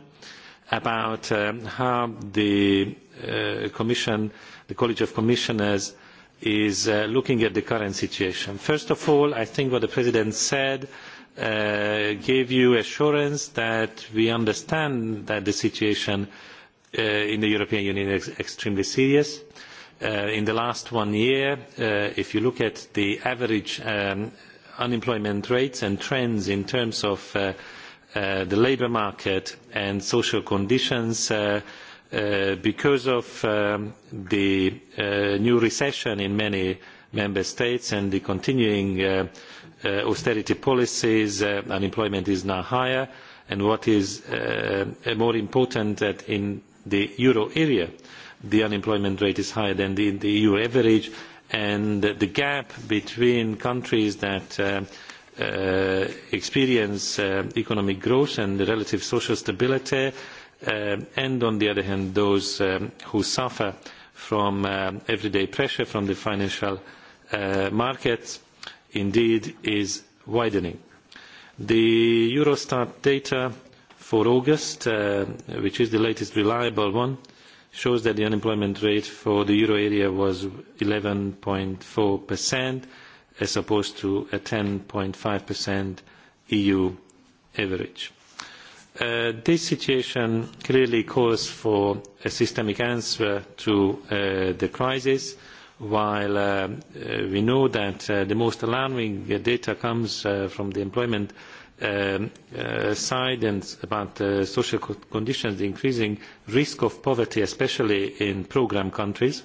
D: about um, how the uh, commission the college of commissioners is uh, looking at the current situation. first of all i think what the president said gave you assurance that we understand that the situation Uh, in the european union is ex extremely serious. Uh, in the last one year uh, if you look at the average um, unemployment rates and trends in terms of uh, uh, the labour market and social conditions uh, uh, because of um, the uh, new recession in many member states and the continuing uh, uh, austerity policies, uh, unemployment is now higher. And what is uh, more important that in the euro area, the unemployment rate is higher than the, the EU average and the gap between countries that uh, uh, experience uh, economic growth and relative social stability uh, and on the other hand those um, who suffer from uh, everyday pressure from the financial uh, markets indeed is widening. the eurostat data for august which is the latest reliable one shows that the unemployment rate for the euro area was 11.4% as opposed to a 10.5% EU average. Uh, this situation clearly calls for a systemic answer to uh, the crisis while uh, uh we know that uh, the most alarming data comes uh, from the employment um, uh, side and about uh, social co conditions, the increasing risk of poverty, especially in programme countries,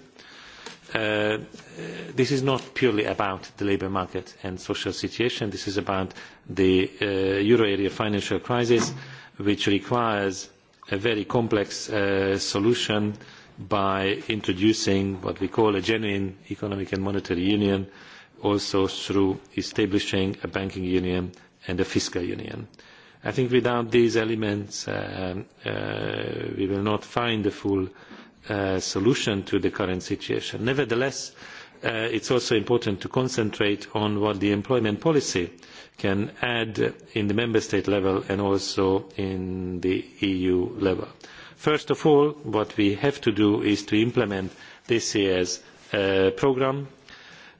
D: uh, this is not purely about the labour market and social situation. This is about the uh, euro area financial crisis, which requires a very complex uh, solution by introducing what we call a genuine economic and monetary union, also through establishing a banking union and the fiscal union. I think without these elements, uh, uh, we will not find the full uh, solution to the current situation. Nevertheless, uh, it's also important to concentrate on what the employment policy can add in the member state level and also in the EU level. First of all, what we have to do is to implement this year's uh, programme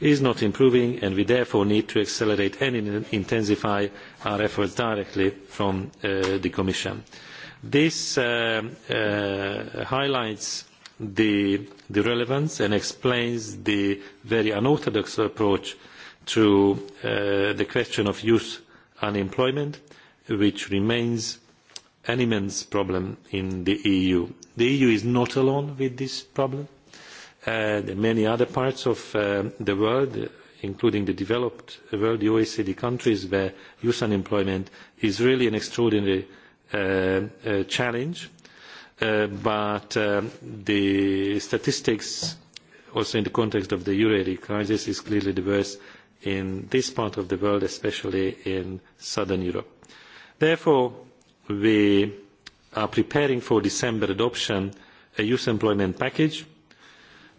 D: is not improving and we therefore need to accelerate and intensify our efforts directly from uh, the commission. this uh, uh, highlights the, the relevance and explains the very unorthodox approach to uh, the question of youth unemployment which remains an immense problem in the eu. the eu is not alone with this problem and many other parts of uh, the world including the developed world the oecd countries where youth unemployment is really an extraordinary uh, uh, challenge uh, but uh, the statistics also in the context of the euro area crisis is clearly the worst in this part of the world especially in southern europe. therefore we are preparing for december adoption a youth employment package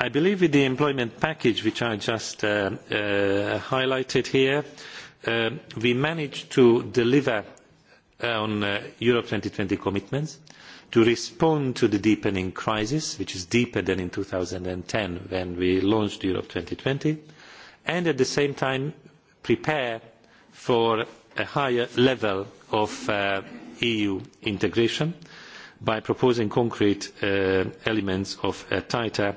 D: I believe with the employment package, which I just uh, uh, highlighted here, uh, we managed to deliver on uh, Europe 2020 commitments, to respond to the deepening crisis, which is deeper than in 2010 when we launched Europe 2020, and at the same time prepare for a higher level of uh, EU integration by proposing concrete uh, elements of a tighter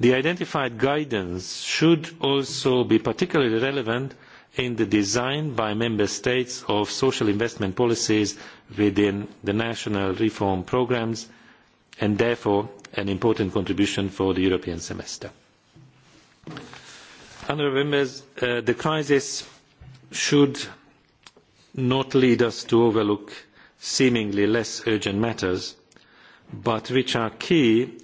D: the identified guidance should also be particularly relevant in the design by member states of social investment policies within the national reform programmes and therefore an important contribution for the european semester. Members, uh, the crisis should not lead us to overlook seemingly less urgent matters but which are key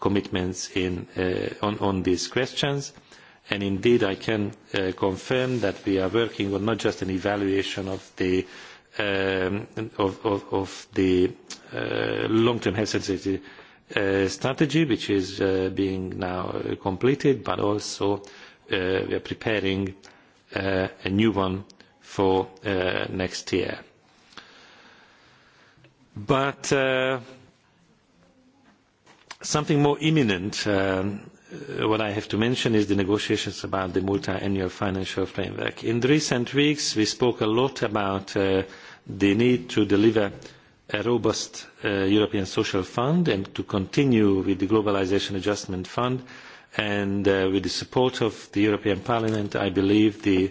D: commitments in, uh, on, on these questions. And indeed, I can uh, confirm that we are working on not just an evaluation of the, um, of, of, of the uh, long-term health sensitivity uh, strategy, which is uh, being now uh, completed, but also uh, we are preparing uh, a new one for uh, next year. But uh, something more imminent um, uh, what i have to mention is the negotiations about the multiannual financial framework. in recent weeks we spoke a lot about uh, the need to deliver a robust uh, european social fund and to continue with the globalisation adjustment fund and uh, with the support of the european parliament i believe the,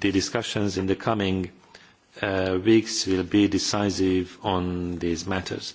D: the discussions in the coming uh, weeks will be decisive on these matters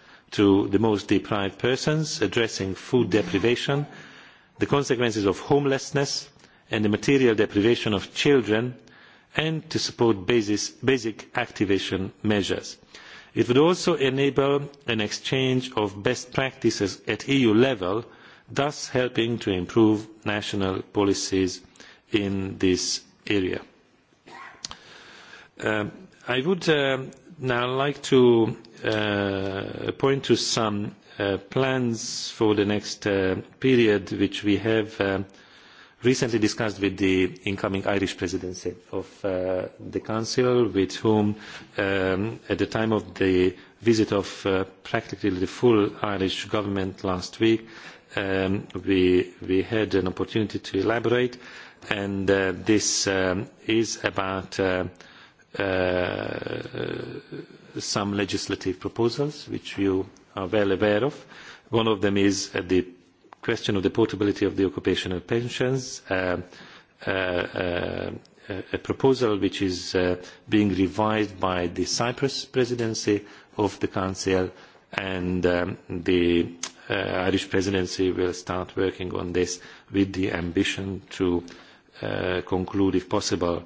D: to the most deprived persons addressing food deprivation the consequences of homelessness and the material deprivation of children and to support basis, basic activation measures. it would also enable an exchange of best practices at eu level thus helping to improve national policies in this area. Um, i would um, now I'd like to uh, point to some uh, plans for the next uh, period which we have um, recently discussed with the incoming Irish presidency of uh, the Council, with whom um, at the time of the visit of uh, practically the full Irish government last week, um, we, we had an opportunity to elaborate, and uh, this um, is about uh, Uh, some legislative proposals which you are well aware of. One of them is uh, the question of the portability of the occupational pensions, uh, uh, uh, a proposal which is uh, being revised by the Cyprus presidency of the Council, and um, the Irish presidency will start working on this with the ambition to conclude, if possible,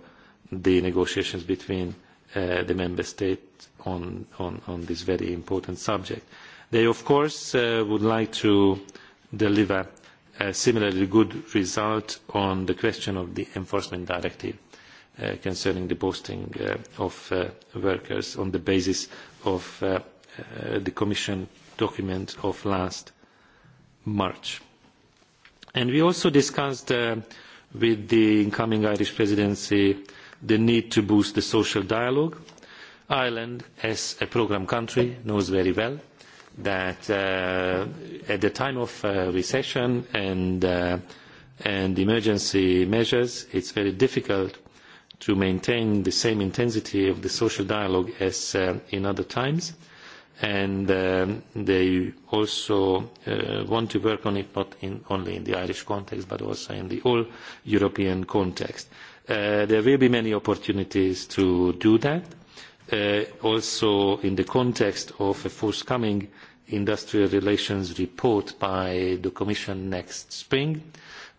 D: the negotiations between uh, the member states on, on, on this very important subject. They, of course, uh, would like to deliver a similarly good result on the question of the enforcement directive uh, concerning the posting uh, of uh, workers on the basis of uh, uh, the Commission document of last March. And we also discussed uh, with the incoming Irish presidency uh, the need to boost the social dialogue. Ireland, as a programme country, knows very well that uh, at the time of uh, recession and, uh, and emergency measures, it's very difficult to maintain the same intensity of the social dialogue as uh, in other times. And um, they also uh, want to work on it not in, only in the Irish context, but also in the all European context. Uh, Uh, there will be many opportunities to do that uh, also in the context of a forthcoming industrial relations report by the commission next spring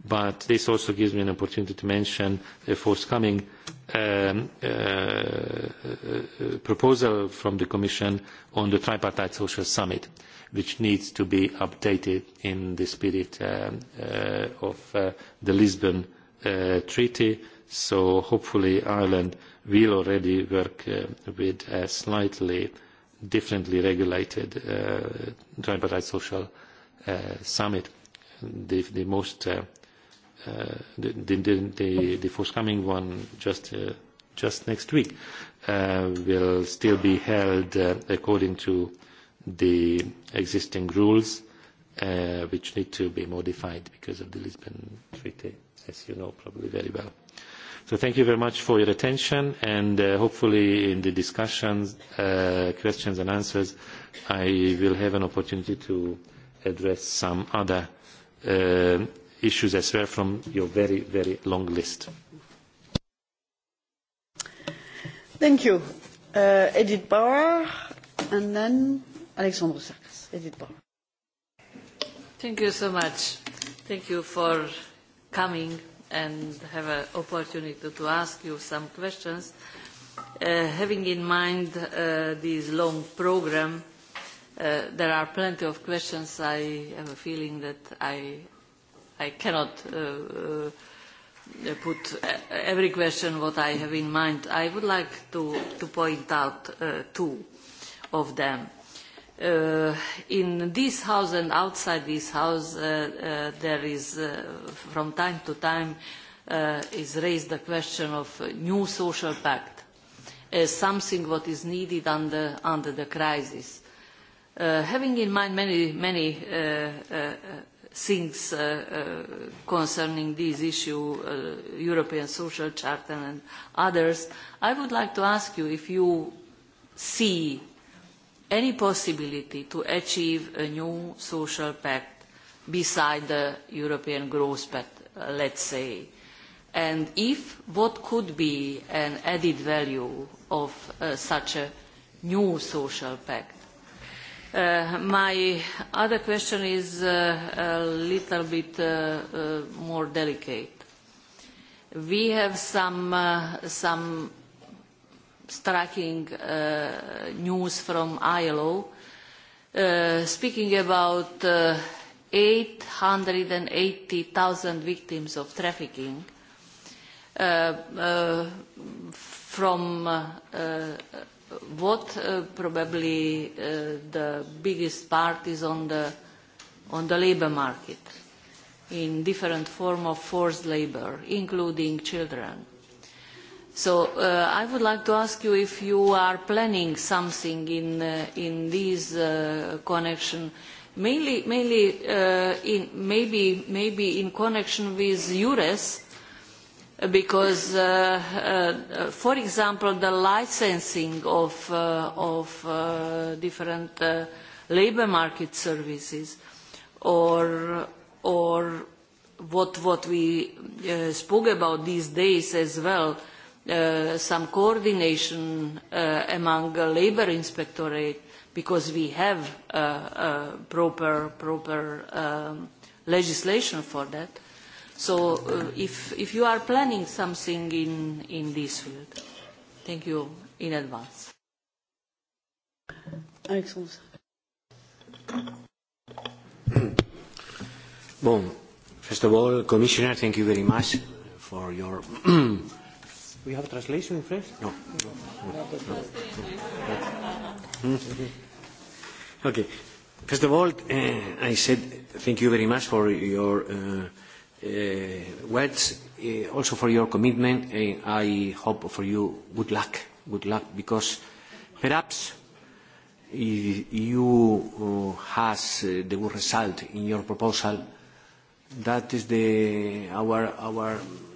D: but this also gives me an opportunity to mention a forthcoming um, uh, proposal from the commission on the tripartite social summit which needs to be updated in the spirit um, uh, of uh, the lisbon uh, treaty so hopefully Ireland will already work uh, with a slightly differently regulated uh, tripartite social uh, summit. The, the most uh, uh, the, the, the, the forthcoming one just uh, just next week uh, will still be held uh, according to the existing rules uh, which need to be modified because of the Lisbon Treaty, as you know probably very well. So thank you very much for your attention, and uh, hopefully in the discussions, uh, questions and answers, I will have an opportunity to address some other uh, issues as well from your very, very long list.
G: Thank you. Uh, Edith Bauer, and then Alexandre Sarkas. Edith Bauer.
J: Thank you so much. Thank you for coming and have an opportunity to ask you some questions. Uh, having in mind uh, this long program, uh, there are plenty of questions. I have a feeling that I, I cannot uh, uh, put every question what I have in mind. I would like to, to point out uh, two of them uh, in this house and outside this house, uh, uh, there is uh, from time to time uh, is raised the question of new social pact as uh, something what is needed under, under the crisis. Uh, having in mind many, many uh, uh, things uh, uh, concerning this issue, uh, European Social Charter and others, I would like to ask you if you see uh, any possibility to achieve a new social pact beside the European growth pact, uh, let's say? And if what could be an added value of uh, such a new social pact? Uh, my other question is uh, a little bit uh, uh, more delicate. We have some, uh, some striking uh, news from ILO, uh, speaking about uh, 880,000 victims of trafficking uh, uh, from uh, uh, what uh, probably uh, the biggest part is on the, on the labor market in different form of forced labor, including children So uh, I would like to ask you if you are planning something in, uh, in this uh, connection, mainly, mainly uh, in, maybe, maybe in connection with EURES, because, uh, uh, for example, the licensing of, uh, of uh, different uh, labor market services or, or what, what we uh, spoke about these days as well, uh, uh, some coordination uh, among uh, labor inspectorate because we have uh, uh, proper proper um, legislation for that. So uh, if, if you are planning something in, in this field, thank you in advance.
G: Alexandre.
H: Bon, first of all, Commissioner, thank you very much for your <clears throat> We have a translation in French? No. no. no. no. okay. First of all, uh, I said thank you very much for your uh, uh, words, uh, also for your commitment. Uh, I hope for you good luck, good luck, because perhaps if you uh, has uh, the good result in your proposal, that is the our our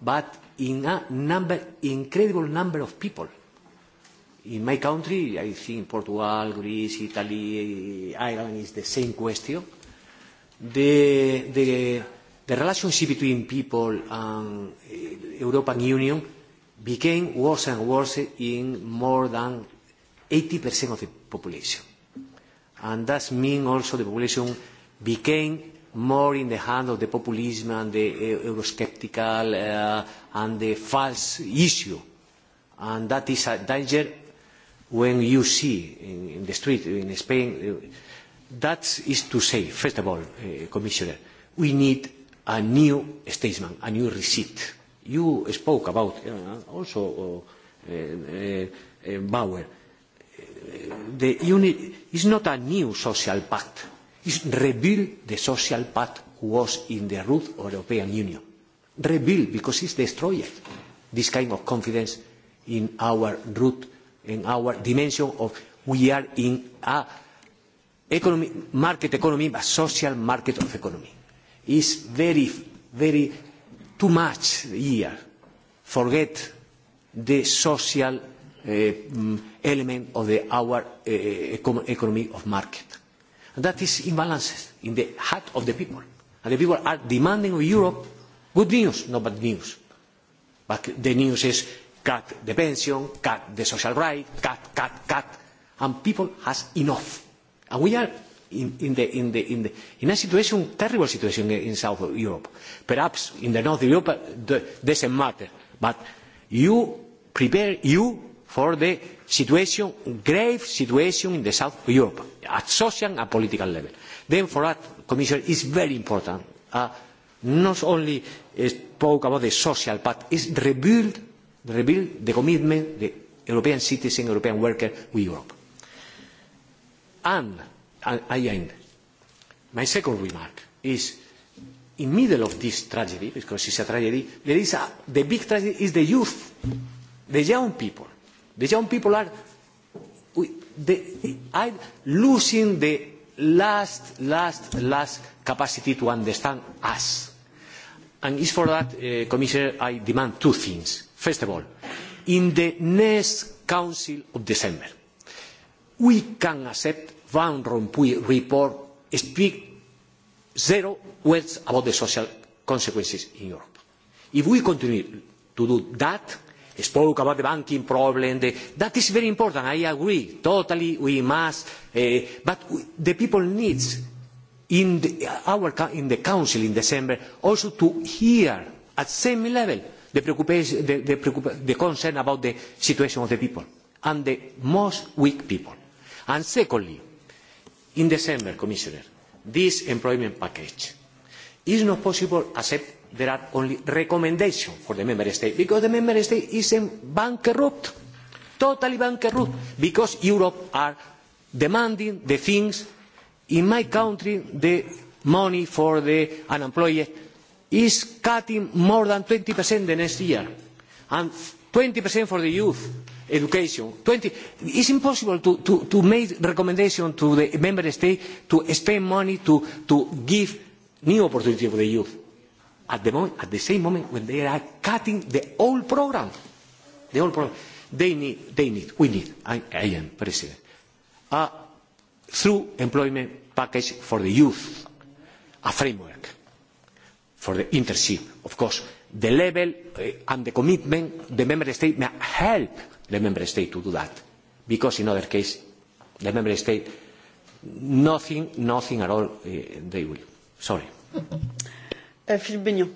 H: but in a number, incredible number of people. In my country, I think Portugal, Greece, Italy, Ireland is the same question. The, the, the relationship between people and eh, European Union became worse and worse in more than 80% of the population. And that means also the population became more in the hand of the populism and the uh, Eurosceptical uh, and the false issue. And that is a danger when you see in, in the street in Spain. Uh, that is to say, first of all, uh, Commissioner, we need a new statement, a new receipt. You spoke about uh, also uh, uh, uh, Bauer. Uh, the unit is not a new social pact is rebuild the social path was in the root of European Union. Rebuild because it's destroyed. This kind of confidence in our root, in our dimension of we are in a economy, market economy, but social market of economy. It's very, very too much here. Forget the social uh, element of the, our uh, eh, eh, econ economy of market And that is imbalances in the heart of the people. And the people are demanding of Europe good news, not bad news. But the news is cut the pension, cut the social right, cut, cut, cut. And people has enough. And we are in, in, the, in, the, in, the, in a situation, terrible situation in, in South Europe. Perhaps in the North Europe, uh, the, doesn't matter. But you prepare you for the situation, grave situation in the south of Europe, at social and political level. Then for that, Commissioner, it's very important, uh, not only uh, spoke about the social, but it's rebuild, rebuild the commitment, the European citizen, European worker with Europe. And, and I end. My second remark is, in middle of this tragedy, because it's a tragedy, there is a, the big tragedy is the youth, the young people The young people are we, the, are losing the last, last, last capacity to understand us. And it's for that, uh, Commissioner, I demand two things. First of all, in the next Council of December, we can accept Van Rompuy report speak zero words about the social consequences in Europe. If we continue to do that, spoke about the banking problem. The, that is very important. I agree totally. We must, uh, but the people needs in the, our in the council in December also to hear at same level the preoccupation, the, the, preoccup, the concern about the situation of the people and the most weak people. And secondly, in December, Commissioner, this employment package is not possible except there are only recommendations for the member state because the member state is bankrupt, totally bankrupt, because Europe are demanding the things. In my country, the money for the unemployed is cutting more than 20% the next year, and 20% for the youth education. 20, it's impossible to, to, to make recommendations to the member state to spend money to, to give new opportunity for the youth at the, moment, at the same moment when they are cutting the whole program. The whole program. They need, they need we need, I, I am President, a through employment package for the youth, a framework for the internship. Of course, the level uh, and the commitment the member state may help the member state to do that, because in other case, the member state, nothing, nothing at all uh, they will. Sorry.
G: Eh, Philippe Baignan.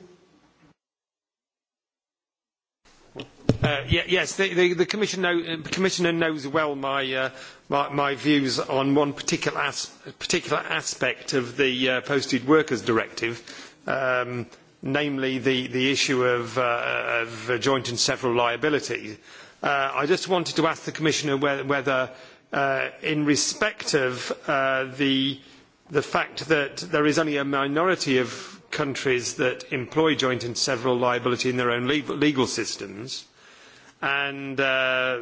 F: Uh, yes, the, the, the commission know, Commissioner knows well my, uh, my, my views on one particular, as, particular aspect of the uh, Posted Workers Directive, um, namely the, the issue of, uh, of joint and several liability. Uh, I just wanted to ask the Commissioner whether, whether uh, in respect of uh, the, the fact that there is only a minority of countries that employ joint and several liability in their own legal systems. And uh,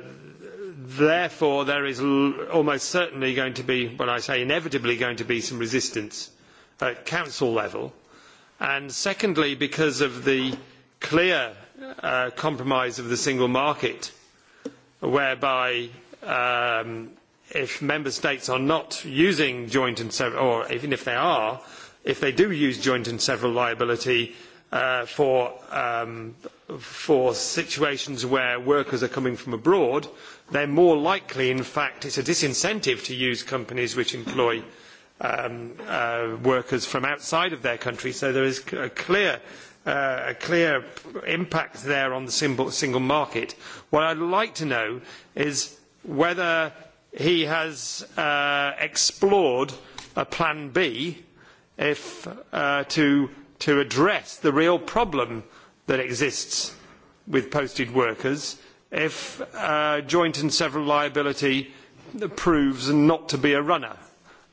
F: therefore, there is l- almost certainly going to be, when I say inevitably, going to be some resistance at council level. And secondly, because of the clear uh, compromise of the single market, whereby um, if member states are not using joint and several, or even if they are, uh, if they do use joint and several liability uh, for, um, for situations where workers are coming from abroad, they're more likely, in fact, it's a disincentive to use companies which employ um, uh, workers from outside of their country. So there is a clear uh, a clear impact there on the symbol, single market. What I'd like to know is whether he has uh, explored a plan B if, uh, to, to address the real problem that exists with posted workers if uh, joint and several liability proves not to be a runner.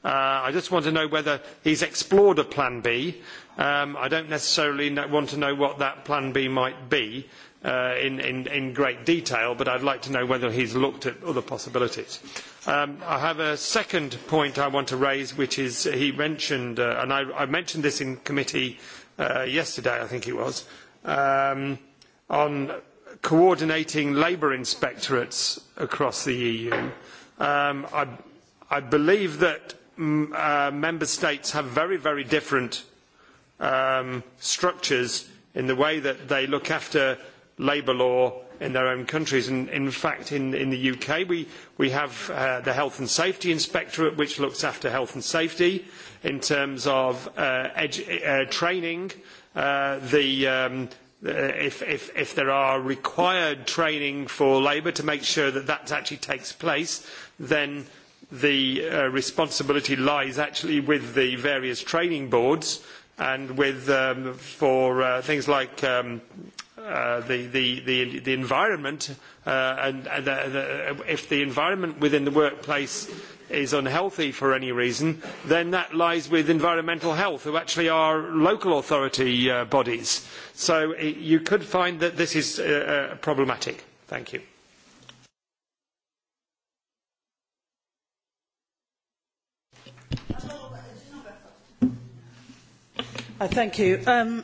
F: Uh, I just want to know whether he's explored a plan B. Um, I don't necessarily want to know what that plan B might be uh, in, in, in great detail, but I'd like to know whether he's looked at other possibilities. Um, I have a second point I want to raise, which is he mentioned, uh, and I, I mentioned this in committee uh, yesterday, I think it was, um, on coordinating labour inspectorates across the EU. Um, I, I believe that mm, uh, member states have very, very different um, structures in the way that they look after labour law in their own countries. And in fact, in, in the UK, we, we have uh, the Health and Safety Inspectorate, which looks after health and safety in terms of uh, edu- uh, training. Uh, the um, if, if, if there are required training for labour to make sure that that actually takes place, then the uh, responsibility lies actually with the various training boards and with um, for uh, things like um, uh, the, the, the, the environment uh, and, and uh, the, the, uh, if the environment within the workplace is unhealthy for any reason, then that lies with environmental health, who actually are local authority uh, bodies. So it, you could find that this is uh, uh, problematic. Thank you.
B: Uh, thank you. Um,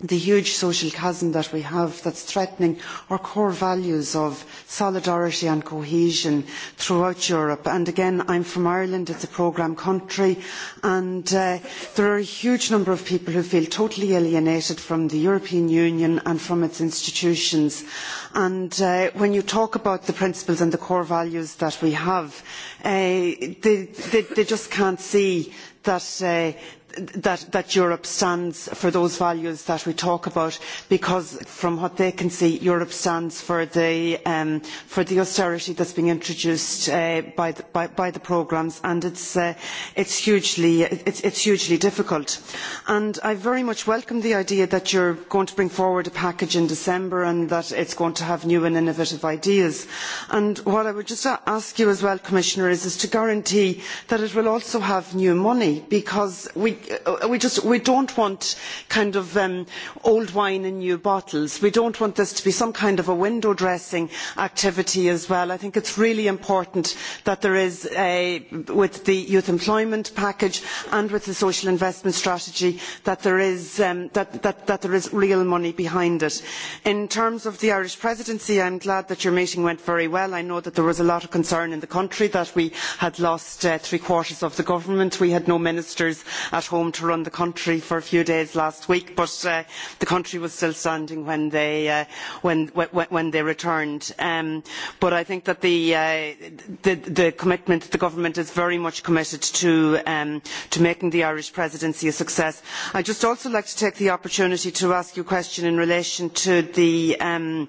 I: the huge social chasm that we have that's threatening our core values of solidarity and cohesion throughout Europe. And again, I'm from Ireland, it's a programme country, and uh, there are a huge number of people who feel totally alienated from the European Union and from its institutions. And uh, when you talk about the principles and the core values that we have, uh, they, they, they just can't see that uh, that, that Europe stands for those values that we talk about because from what they can see Europe stands for the, um, for the austerity that's being introduced uh, by, the, by, by the programmes and it's, uh, it's, hugely, it's, it's hugely difficult. And I very much welcome the idea that you're going to bring forward a package in December and that it's going to have new and innovative ideas. And what I would just ask you as well, Commissioner, is, is to guarantee that it will also have new money because we, Uh, we just we don't want kind of um, old wine in new bottles. We don't want this to be some kind of a window dressing activity as well. I think it's really important that there is a, with the youth employment package and with the social investment strategy that there is um, that, that, that there is real money behind it. In terms of the Irish presidency, I'm glad that your meeting went very well. I know that there was a lot of concern in the country that we had lost uh, three quarters of the government. We had no ministers at home home to run the country for a few days last week, but uh, the country was still standing when they uh, when, when when they returned. Um, but I think that the, uh, the the commitment the government is very much committed to um, to making the Irish presidency a success. I just also like to take the opportunity to ask you a question in relation to the. Um,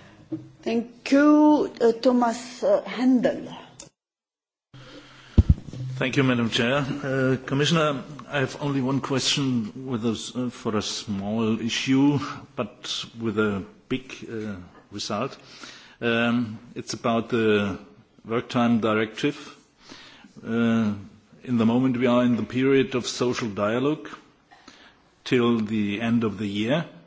G: Thank you, uh, Thomas uh, Handel.
D: Thank you, Madam Chair. Uh, Commissioner, I have only one question with a, uh, for a small issue, but with a big uh, result. Um, it's about the work time directive. Uh, in the moment, we are in the period of social dialogue till the end of the year. Uh,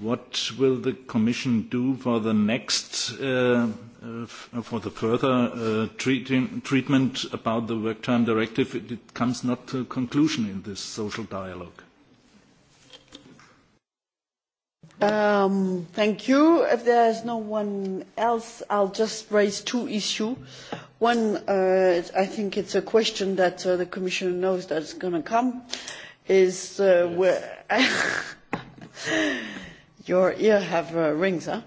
D: What will the Commission do for the next, uh, uh, for the further uh, treating, treatment about the work time directive? It, it comes not to a conclusion in this social dialogue.
H: Um,
G: thank you. If there's no one else, I'll just raise two issues. One, uh, I think it's a question that uh, the Commission knows that's going to come, is uh, yes. where... <laughs> your ear have uh, rings, huh?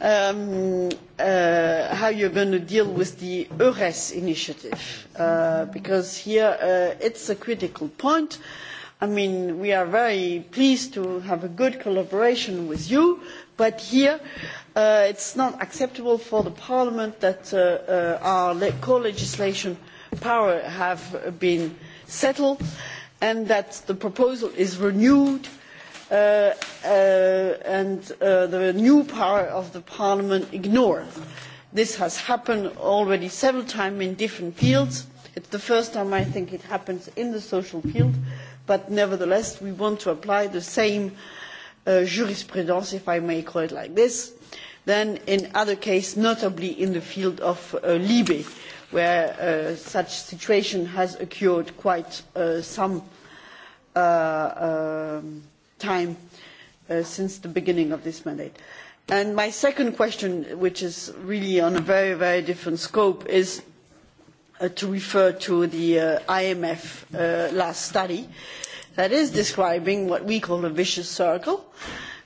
G: Um, uh, how you're going to deal with the EURES initiative, uh, because here uh, it's a critical point. I mean, we are very pleased to have a good collaboration with you, but here uh, it's not acceptable for the Parliament that uh, uh, our le co-legislation power have been settled and that the proposal is renewed uh, uh, and uh, the new power of the parliament ignored. This has happened already several times in different fields. It's the first time I think it happens in the social field, but nevertheless we want to apply the same uh, jurisprudence, if I may call it like this, than in other cases, notably in the field of uh, Libye, where uh, such situation has occurred quite uh, some uh, um, uh, time uh, since the beginning of this mandate. And my second question, which is really on a very, very different scope, is uh, to refer to the uh, IMF uh, last study that is describing what we call a vicious circle,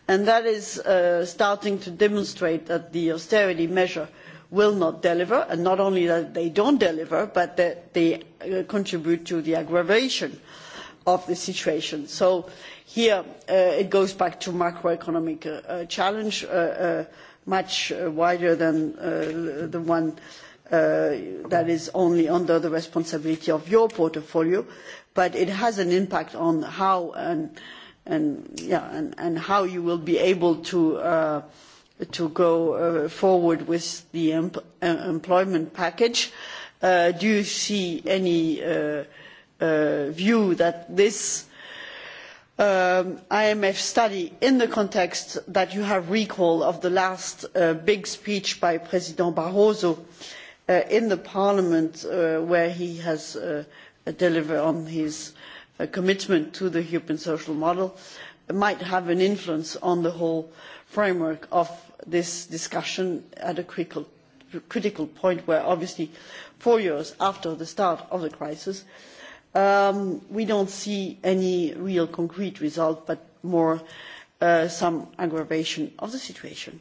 G: and that is uh, starting to demonstrate that the austerity measure will not deliver and not only that they do not deliver but that they uh, contribute to the aggravation of of the situation. so here uh, it goes back to macroeconomic uh, uh challenge uh, uh, much wider than the one that is only under the responsibility of your portfolio but it has an impact on how and, and, yeah, and, and how you will be able to to go uh, forward with the empl employment package. Uh, do you see any uh, uh, view that this um, imf study in the context that you have recalled of the last uh, big speech by president barroso uh, in parliament uh, where he has uh, delivered on his commitment to the european social model might have an influence on the whole framework of this discussion at a critical, critical point where obviously four years after the start of the crisis Um, we don't see any real concrete result, but more uh, some aggravation of the
B: situation.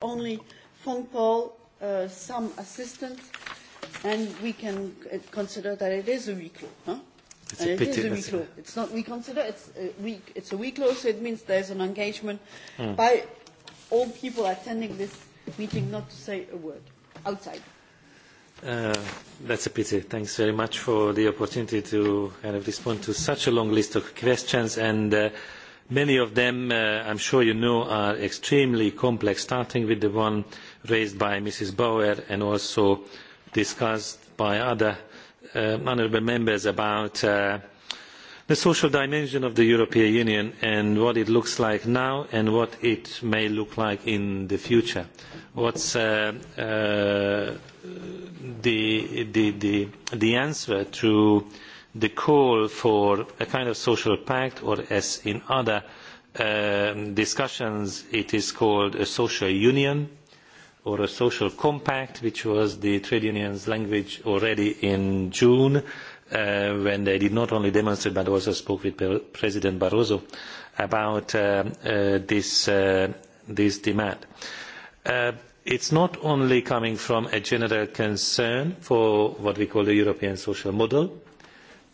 G: Only phone call, uh, some assistance, and we can uh, consider that it is a recall. Huh? It's a and pity. It is a week law. It's not we consider it's a week. It's a week law, so it means there's an engagement mm. by all people attending this meeting not to say a word
E: outside.
D: Uh, that's a pity. Thanks very much for the opportunity to kind of respond to such a long list of questions, and uh, many of them, uh, I'm sure you know, are extremely complex, starting with the one raised by Mrs. Bauer and also discussed by other uh, Uh, honourable members about uh, the social dimension of the european union and what it looks like now and what it may look like in the future what is uh, uh, the, the, the, the answer to the call for a kind of social pact or as in other uh, discussions it is called a social union'? or a social compact, which was the trade union's language already in June, uh, when they did not only demonstrate but also spoke with President Barroso about uh, uh, this, uh, this demand. Uh, it's not only coming from a general concern for what we call the European social model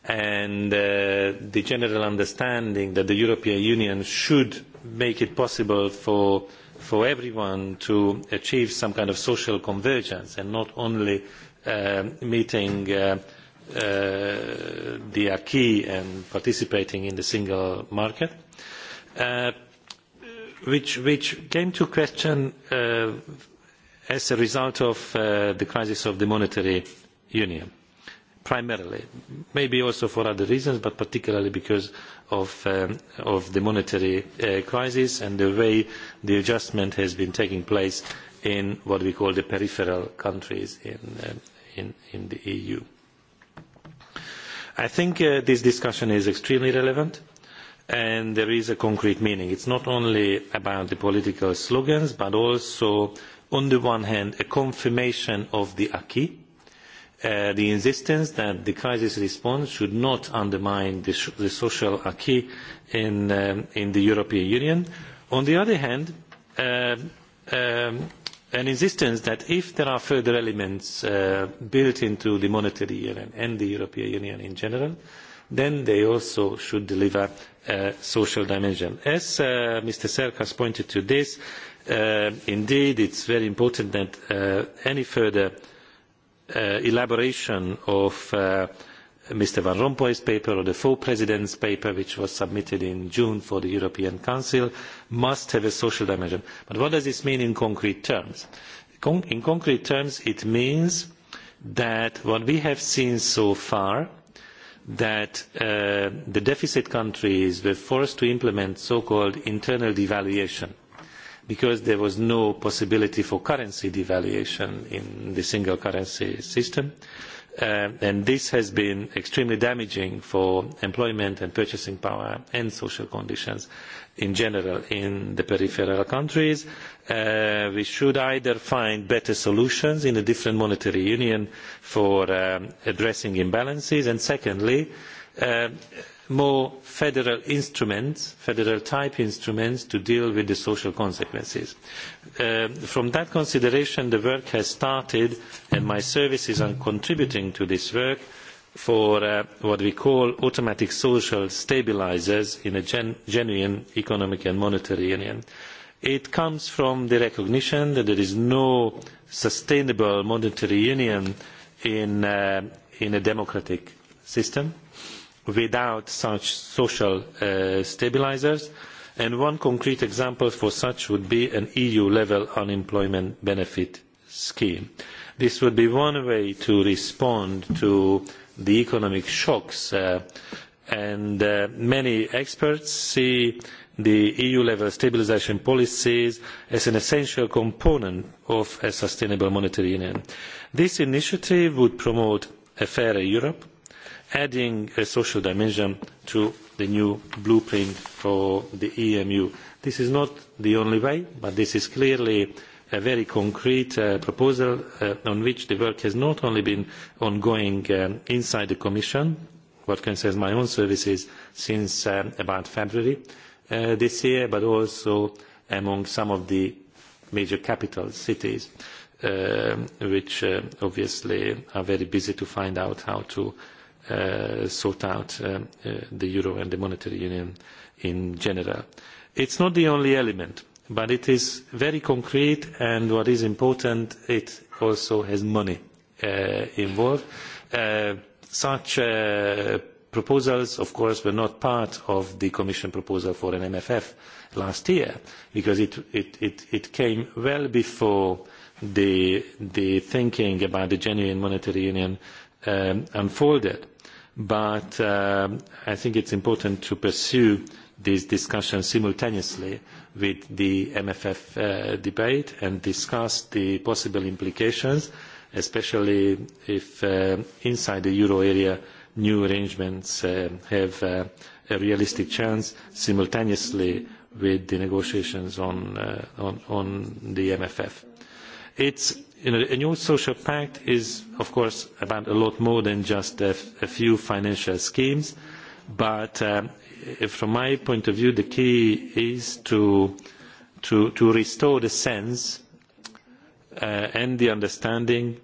D: and uh, the general understanding that the European Union should make it possible for uh, for everyone to achieve some kind of social convergence and not only uh, meeting uh, uh, the acquis and participating in the single market, uh, which, which came to question uh, as a result of uh, the crisis of the monetary union primarily, maybe also for other reasons, but particularly because of, um, of the monetary uh, crisis and the way the adjustment has been taking place in what we call the peripheral countries in, uh, in, in the EU. I think uh, this discussion is extremely relevant and there is a concrete meaning. It's not only about the political slogans but also on the one hand a confirmation of the acquis Uh, the insistence that the crisis response should not undermine the, the social acquis in, um, in the European Union. On the other hand, uh, um, an insistence that if there are further elements uh, built into the monetary union and the European Union in general, then they also should deliver a uh, social dimension. As uh, Mr. Serk has pointed to this, uh, indeed it's very important that uh, any further uh, Uh, elaboration of uh, mr van rompuy's paper or the four presidents' paper which was submitted in june for the european council must have a social dimension. but what does this mean in concrete terms? Con in concrete terms it means that what we have seen so far that uh, the deficit countries were forced to implement so called internal devaluation' because there was no possibility for currency devaluation in the single currency system. Uh, and this has been extremely damaging for employment and purchasing power and social conditions in general in the peripheral countries. Uh, we should either find better solutions in a different monetary union for um, addressing imbalances and secondly uh, more federal instruments, federal type instruments to deal with the social consequences. Uh, from that consideration, the work has started and my services are contributing to this work for uh, what we call automatic social stabilisers in a gen genuine economic and monetary union. It comes from the recognition that there is no sustainable monetary union in, uh, in a democratic system. Uh, without such social uh, stabilisers and one concrete example for such would be an eu level unemployment benefit scheme. this would be one way to respond to the economic shocks uh, and uh, many experts see the eu level stabilisation policies as an essential component of a sustainable monetary union. this initiative would promote a fairer europe adding a social dimension to the new blueprint for the emu. this is not the only way but this is clearly a very concrete uh, proposal uh, on which the work has not only been ongoing um, inside the commission what concerns my own services since um, about february uh, this year but also among some of the major capital cities um, which uh, obviously are very busy to find out how to uh, sort out um, uh, the euro and the monetary union in general. It's not the only element, but it is very concrete and what is important, it also has money uh, involved. Uh, such uh, proposals, of course, were not part of the Commission proposal for an MFF last year because it, it, it, it came well before the, the thinking about the genuine monetary union um, unfolded but uh, I think it's important to pursue this discussion simultaneously with the MFF uh, debate and discuss the possible implications, especially if uh, inside the euro area new arrangements uh, have uh, a realistic chance simultaneously with the negotiations on, uh, on, on the MFF. It's you know, a new social pact is, of course, about a lot more than just a, a few financial schemes. But um, from my point of view, the key is to, to, to restore the sense uh, and the understanding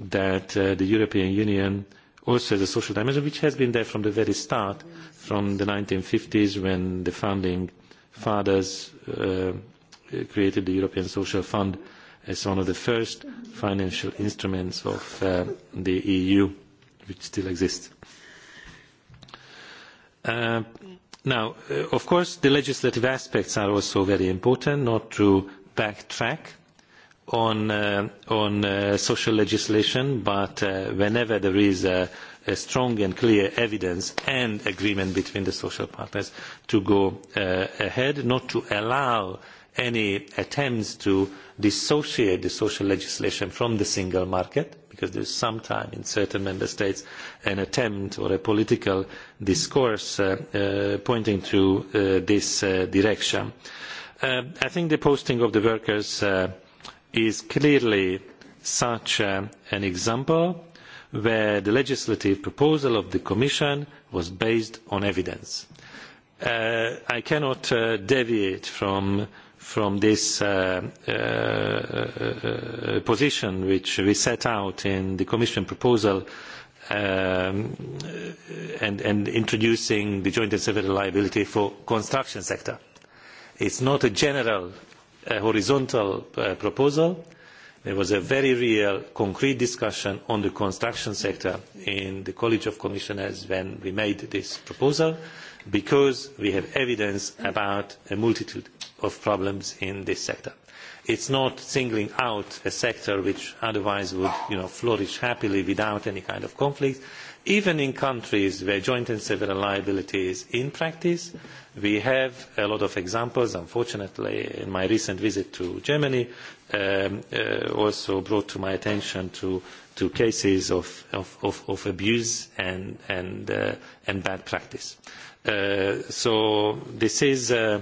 D: that uh, the European Union also has a social dimension, which has been there from the very start, from the 1950s when the founding fathers uh, created the European Social Fund. Uh, as one of the first financial instruments of uh, the EU, which still exists. Uh, now, uh, of course, the legislative aspects are also very important, not to backtrack on, uh, on uh, social legislation, but uh, whenever there is a, a strong and clear evidence and agreement between the social partners to go uh, ahead, not to allow uh, any attempts to dissociate the social legislation from the single market because there is sometimes in certain member states an attempt or a political discourse uh, uh, pointing to uh, this uh, direction. Uh, I think the posting of the workers uh, is clearly such uh, an example where the legislative proposal of the Commission was based on evidence. Uh, I cannot uh, deviate from uh, from this uh uh, uh, uh, position which we set out in the Commission proposal um, and, and introducing the joint and several liability for construction sector. It's not a general uh, horizontal uh, proposal. There was a very real concrete discussion on the construction sector in the College of Commissioners when we made this proposal because we have evidence about a multitude of problems in this sector. it is not singling out a sector which otherwise would you know, flourish happily without any kind of conflict. even in countries where joint and several liability is in practice we have a lot of examples. unfortunately in my recent visit to germany um, uh, also brought to my attention to, to cases of, of, of, of abuse and, and, uh, and bad practice. Uh, so this is uh,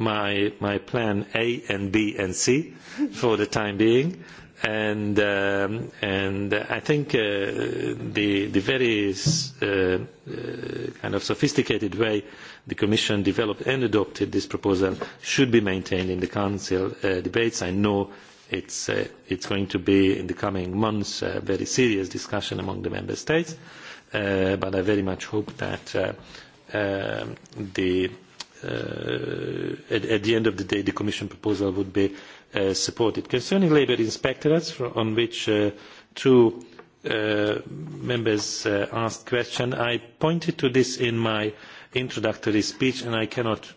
D: my, my plan A and B and C for the time being. And, um, and I think uh, the, the very uh, uh, kind of sophisticated way the Commission developed and adopted this proposal should be maintained in the Council uh, debates. I know it's, uh, it's going to be in the coming months a very serious discussion among the Member States, uh, but I very much hope that uh, uh, the Uh, at, at the end of the day the commission proposal would be uh, supported. concerning labour inspectorates on which uh, two members asked questions i pointed to this in my introductory speech and i cannot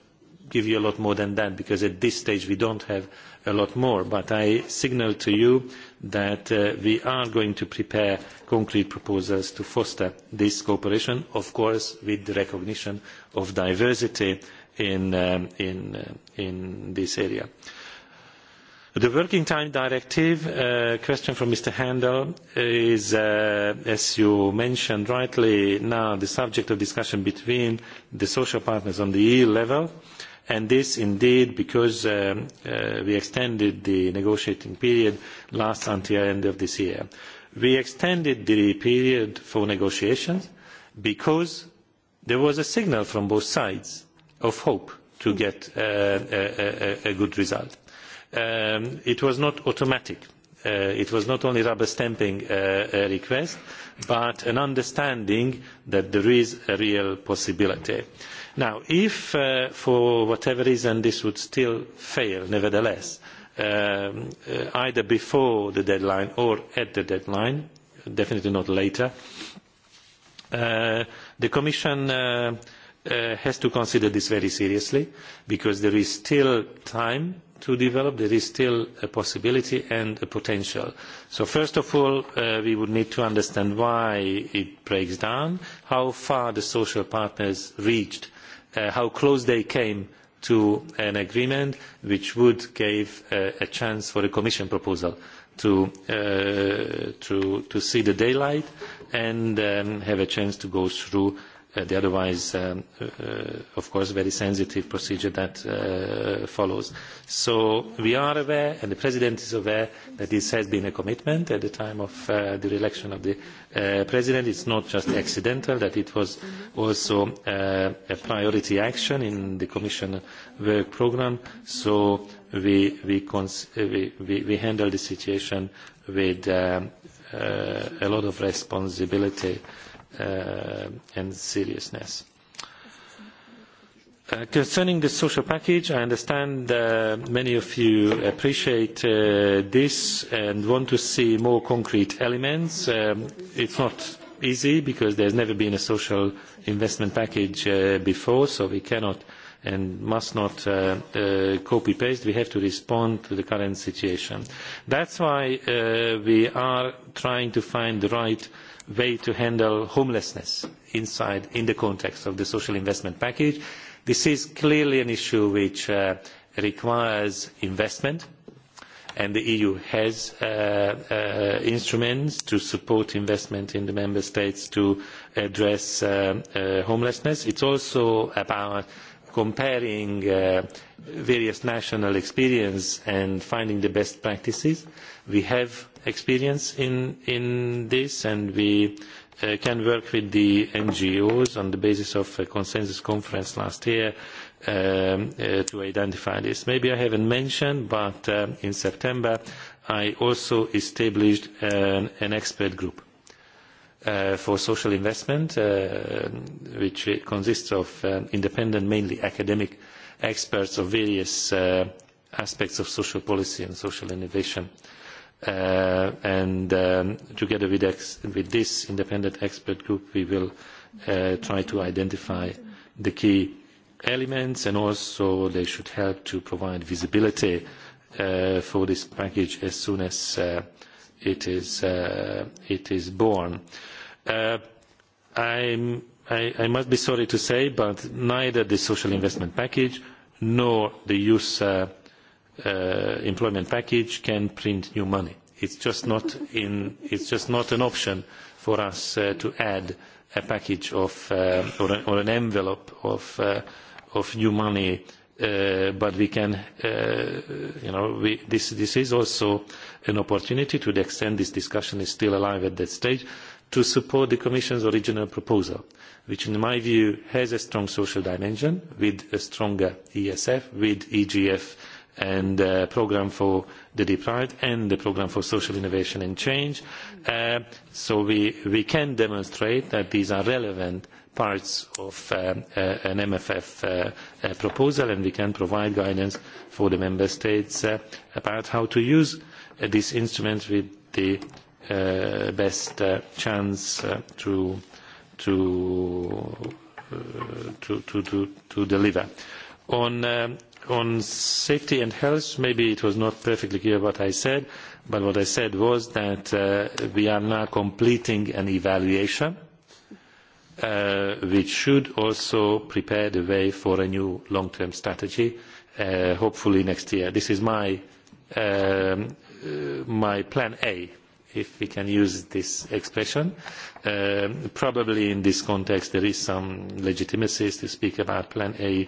D: give you a lot more than that because at this stage we do not have a lot more but i signalled to you that uh, we are going to prepare concrete proposals to foster this cooperation of course with the recognition of diversity in, um, in, uh, in this area. The Working Time Directive, uh, question from Mr. Handel, is, uh, as you mentioned rightly now, the subject of discussion between the social partners on the EU level, and this indeed because um, uh, we extended the negotiating period last until the end of this year. We extended the period for negotiations because there was a signal from both sides of hope to hmm. get uh, a, a, a good result. Um, it was not automatic. Uh, it was not only rubber stamping uh, a request, but an understanding that there is a real possibility. Now, if uh, for whatever reason this would still fail, nevertheless, um, uh, either before the deadline or at the deadline, definitely not later, uh, the Commission uh, uh, has to consider this very seriously because there is still time to develop there is still a possibility and a potential. so first of all uh, we would need to understand why it breaks down how far the social partners reached uh, how close they came to an agreement which would give uh, a chance for a commission proposal to, uh, to, to see the daylight and um, have a chance to go through uh, the otherwise, um, uh, of course, very sensitive procedure that uh, follows. So we are aware, and the President is aware, that this has been a commitment at the time of uh, the election of the uh, President. It's not just accidental, that it was also uh, a priority action in the Commission work programme. So we, we, cons we, we, we handle the situation with um, uh, a lot of responsibility. Uh, uh, and seriousness. Uh, concerning the social package, I understand uh, many of you appreciate uh, this and want to see more concrete elements. Um, it's not easy because there's never been a social investment package uh, before, so we cannot and must not uh, uh, copy paste we have to respond to the current situation. that is why uh, we are trying to find the right way to handle homelessness inside in the context of the social investment package. this is clearly an issue which uh, requires investment and the eu has uh, uh, instruments to support investment in the member states to address uh, uh, homelessness. it is also about comparing uh, various national experiences and finding the best practices. we have experience in, in this and we uh, can work with the ngos on the basis of a consensus conference last year um, uh, to identify this. maybe i have not mentioned but uh, in september i also established an, an expert group uh, for social investment uh, which consists of uh, independent mainly academic experts of various aspects of social policy and social innovation. Uh, Uh, and um, together with, with this independent expert group we will uh, try to identify the key elements and also they should help to provide visibility uh, for this package as soon as uh, it is, uh, it is born. Uh, I, i must be sorry to say but neither the social investment package nor the youth uh, employment package can print new money. It's just not, in, it's just not an option for us uh, to add a package of, uh, or, an, or an envelope of, uh, of new money, uh, but we can, uh, you know, we, this, this is also an opportunity to the extent this discussion is still alive at that stage to support the Commission's original proposal, which in my view has a strong social dimension with a stronger ESF, with EGF uh, Uh, and the uh, programme for the deprived and the programme for social innovation and change. Uh, so we, we can demonstrate that these are relevant parts of um, uh, an MFF uh, uh, proposal and we can provide guidance for the member states uh, about how to use uh, this instrument with the uh, best uh, chance uh, to, to, uh, to, to, to, to deliver. On um, on safety and health, maybe it was not perfectly clear what I said, but what I said was that uh, we are now completing an evaluation, uh, which should also prepare the way for a new long-term strategy, uh, hopefully next year. This is my, um, uh, my plan A, if we can use this expression. Uh, probably in this context there is some legitimacy to speak about plan A uh,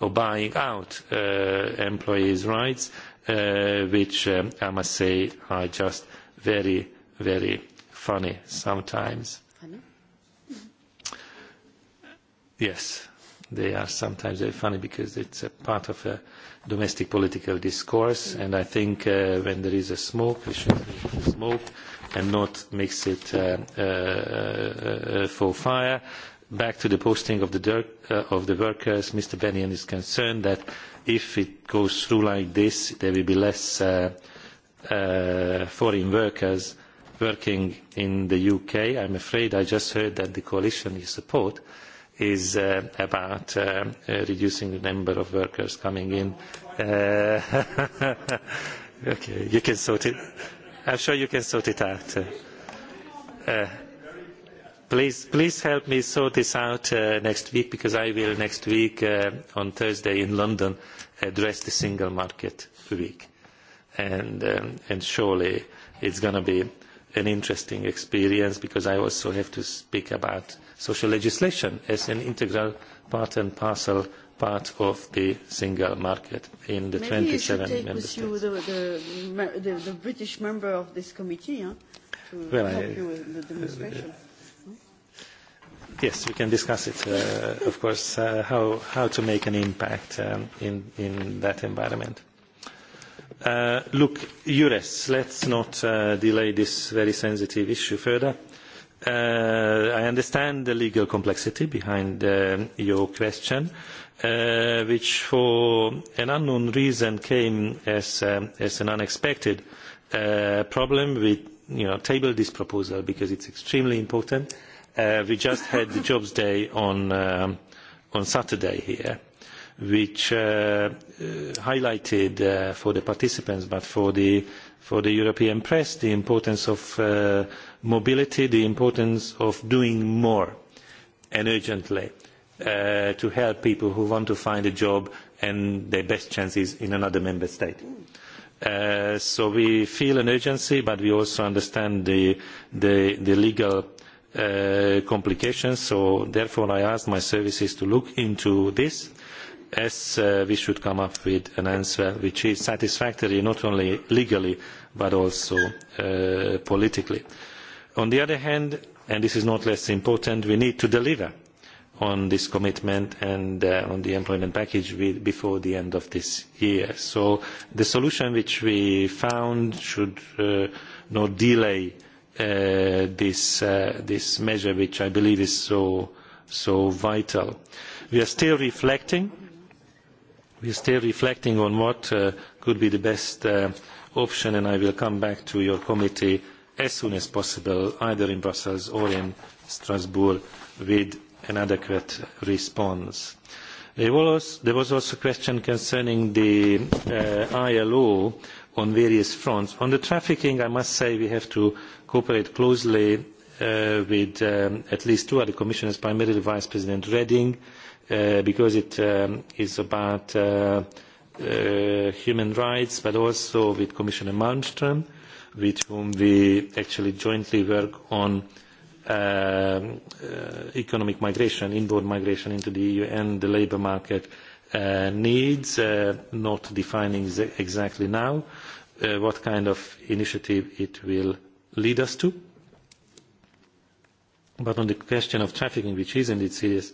D: or buying out uh, employees' rights, uh, which um, I must say are just very, very funny sometimes. Funny? Mm-hmm. Yes, they are sometimes very funny because it's a part of a domestic political discourse, mm. and I think uh, when there is a smoke, we should smoke and not mix it uh, uh, uh, uh for fire. Uh, back to the posting of the, dirk, uh, of the workers, Mr. Bennion is concerned that if it goes through like this, there will be less uh, uh, foreign workers working in the UK. I'm afraid I just heard that the coalition you support is uh, about uh, uh, reducing the number of workers coming in. Uh, <laughs> okay, you can sort it. I'm sure you can sort it out. Uh, uh Please, please help me sort this out uh, next week because I will next week uh, on Thursday in London address the single market week. And, um, and surely it's going to be an interesting experience because I also have to speak about social legislation as an integral part and parcel part of the single market in the Maybe 27 you should take member with states. You
G: the, the, the, the British member of this committee huh, to well,
D: help I, you
B: with the demonstration. Uh,
D: Yes, we can discuss it, uh, of course, uh, how, how to make an impact um, in, in that environment. Uh, look, EURES, let's not uh, delay this very sensitive issue further. Uh, I understand the legal complexity behind uh, your question, uh, which for an unknown reason came as, um, as an unexpected uh, problem. We you know, tabled this proposal because it's extremely important Uh, we just had the jobs day on, um, on Saturday here, which uh, uh, highlighted uh, for the participants, but for the, for the European press, the importance of uh, mobility, the importance of doing more and urgently uh, to help people who want to find a job and their best chances in another member state. Uh, so we feel an urgency, but we also understand the, the, the legal uh, complications. So therefore, I asked my services to look into this as uh, we should come up with an answer which is satisfactory not only legally but also uh, politically. On the other hand, and this is not less important, we need to deliver on this commitment and uh, on the employment package with, before the end of this year. So the solution which we found should uh, not delay uh, uh, this, uh, this measure, which I believe is so, so vital. We are still reflecting. We are still reflecting on what uh, could be the best uh, option, and I will come back to your committee as soon as possible, either in Brussels or in Strasbourg, with an adequate response. There was, there was also a question concerning the uh, ILO on various fronts. on the trafficking i must say we have to cooperate closely uh, with um, at least two other commissioners primarily vice president reding uh, because it um, is about uh, uh human rights but also with commissioner malmstrm with whom we actually jointly work on um, uh, economic migration inward migration into the eu and the labour market uh, needs, uh, not defining exactly now uh, what kind of initiative it will lead us to. But on the question of trafficking, which is indeed serious,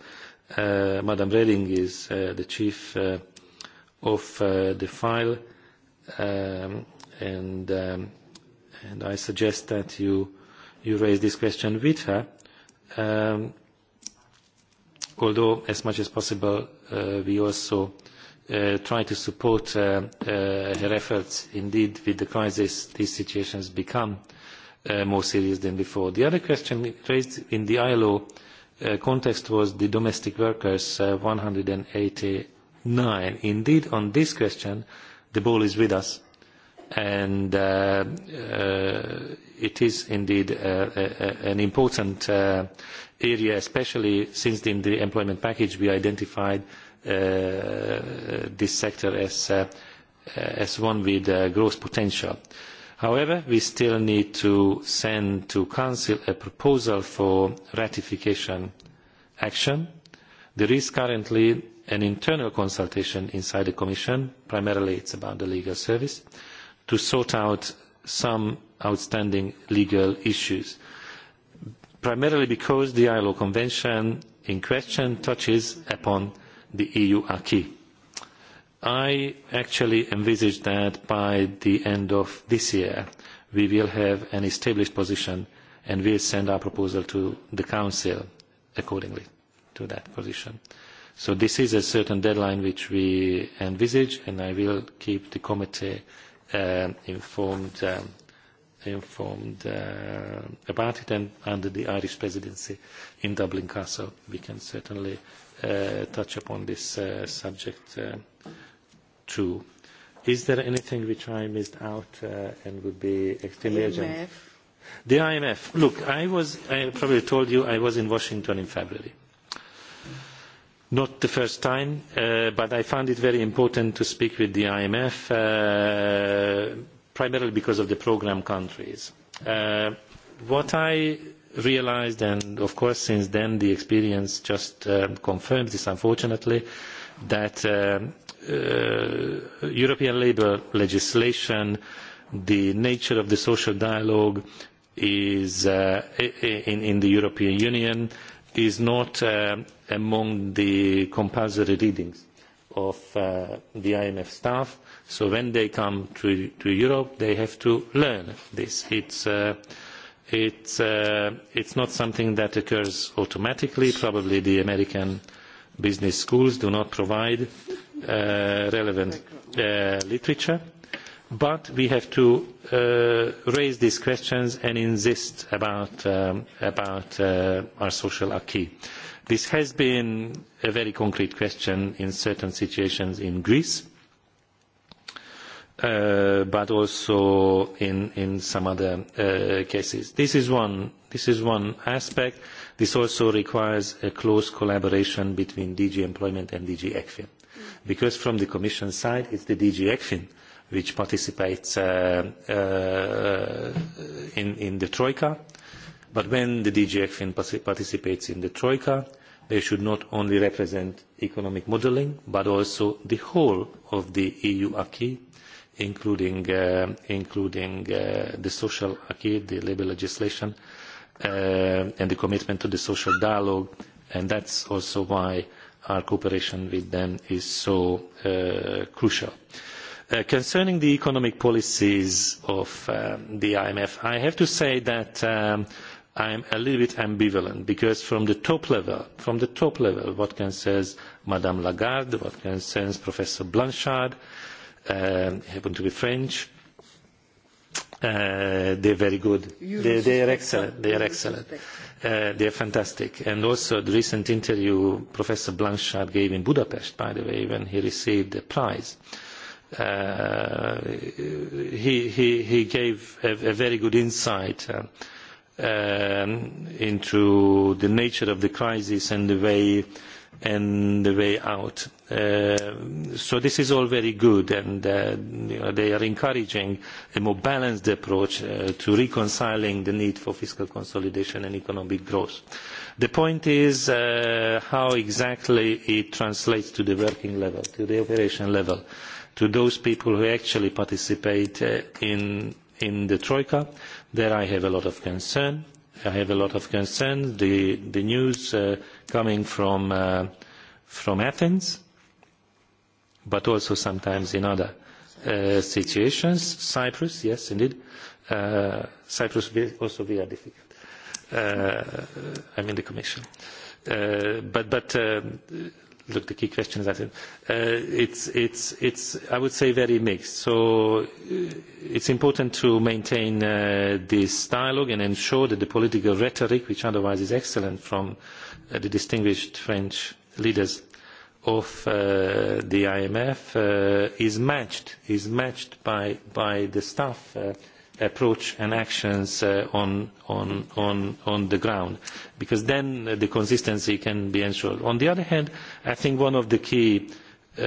D: uh, Madam Reding is uh, the chief uh, of uh, the file, um, and, um, and I suggest that you, you raise this question with her. Um, although as much as possible uh, we also uh, try to support uh, uh her efforts. indeed with the crisis these situations become uh, more serious than before. the other question raised in the ilo uh, context was the domestic workers one hundred and eighty nine indeed on this question the ball is with us and it is indeed an important area especially since in the employment package we identified uh, this sector as, uh, uh, as one with uh, growth potential. However, we still need to send to Council a proposal for ratification action. There is currently an internal consultation inside the Commission, primarily it's about the legal service, to sort out some outstanding legal issues primarily because the ilo convention in question touches upon the eu acquis. i actually envisage that by the end of this year we will have an established position and will send our proposal to the council accordingly to that position. so this is a certain deadline which we envisage and i will keep the committee uh, informed um, informed uh, about it and under the Irish presidency in Dublin Castle we can certainly uh, touch upon this uh, subject uh, too. Is there anything which I missed out uh, and would be extremely urgent? IMF. The IMF. Look, I was, I probably told you I was in Washington in February. Not the first time, uh, but I found it very important to speak with the IMF. Uh, primarily because of the programme countries. Uh, what i realised and of course since then the experience just um, confirms this unfortunately that um, uh, european labour legislation the nature of the social dialogue is, uh, in, in the european union is not um, among the compulsory readings of uh, the IMF staff. So when they come to, to Europe, they have to learn this. It's, uh, it's, uh, it's not something that occurs automatically. Probably the American business schools do not provide uh, relevant uh, literature. But we have to uh, raise these questions and insist about, um, about uh, our social acquis this has been a very concrete question in certain situations in greece uh, but also in, in some other uh, cases. This is, one, this is one aspect. This also requires a close collaboration between DG Employment and DG ECFIN. Mm. Because from the Commission side, it's the DG ECFIN which participates uh, uh, in, in the Troika. But when the DG ECFIN participates in the Troika, uh, they should not only represent economic modelling but also the whole of the eu acquis including, uh, including uh, the social acquis the labour legislation uh, and the commitment to the social dialogue and that is also why our cooperation with them is so uh, crucial. Uh, concerning the economic policies of um, the imf i have to say that um, i am a little bit ambivalent because from the top level from the top level what can say madame lagarde what can say professor blanchard um, happen to be french uh, they're very good. You they, they are excellent. They are excellent. Uh, they are fantastic. And also the recent interview Professor Blanchard gave in Budapest, by the way, when he received the prize, uh, he, he, he gave a, a very good insight uh, um, into the nature of the crisis and the way and the way out. Uh, so this is all very good and uh, you know, they are encouraging a more balanced approach uh, to reconciling the need for fiscal consolidation and economic growth. The point is uh, how exactly it translates to the working level, to the operation level, to those people who actually participate uh, in, in the Troika, uh, There I have a lot of concern. I have a lot of concern. The, the news uh, coming from, uh, from Athens, but also sometimes in other uh, situations. Cyprus, yes, indeed. Uh, Cyprus also very difficult. Uh, I mean the Commission. Uh, but but uh, look the key question is I think uh, it's it's it's I would say very mixed. So uh, it's important to maintain uh, this dialogue and ensure that the political rhetoric, which otherwise is excellent from uh, the distinguished French leaders of uh, the IMF, uh, is matched is matched by by the staff. Uh, approach and actions uh, on, on, on, on the ground, because then the consistency can be ensured. On the other hand, I think one of the key uh,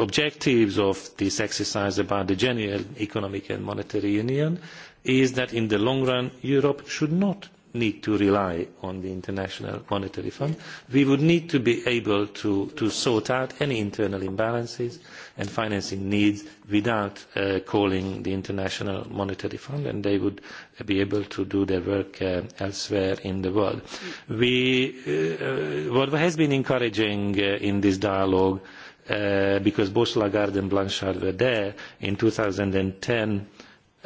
D: objectives of this exercise about the general economic and monetary union is that in the long run, Europe should not need to rely on the International Monetary Fund. We would need to be able to, to sort out any internal imbalances and financing needs without uh, calling the International Monetary Fund, and they would uh, be able to do their work uh, elsewhere in the world. We, uh, uh, what has been encouraging uh, in this dialogue, uh, because both Lagarde and Blanchard were there in 2010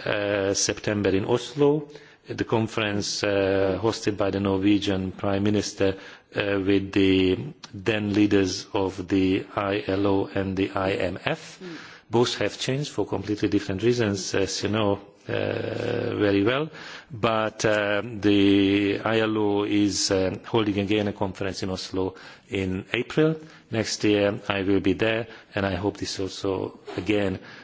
D: uh, September in Oslo, uh, the conference uh, hosted by the Norwegian Prime Minister uh, with the then leaders of the ILO and the IMF. Mm. Both have changed for completely different reasons, hmm. as you know uh, very well. But uh, the ILO is uh, holding again a conference in Oslo in April next year. I will be there, and I hope this also again uh,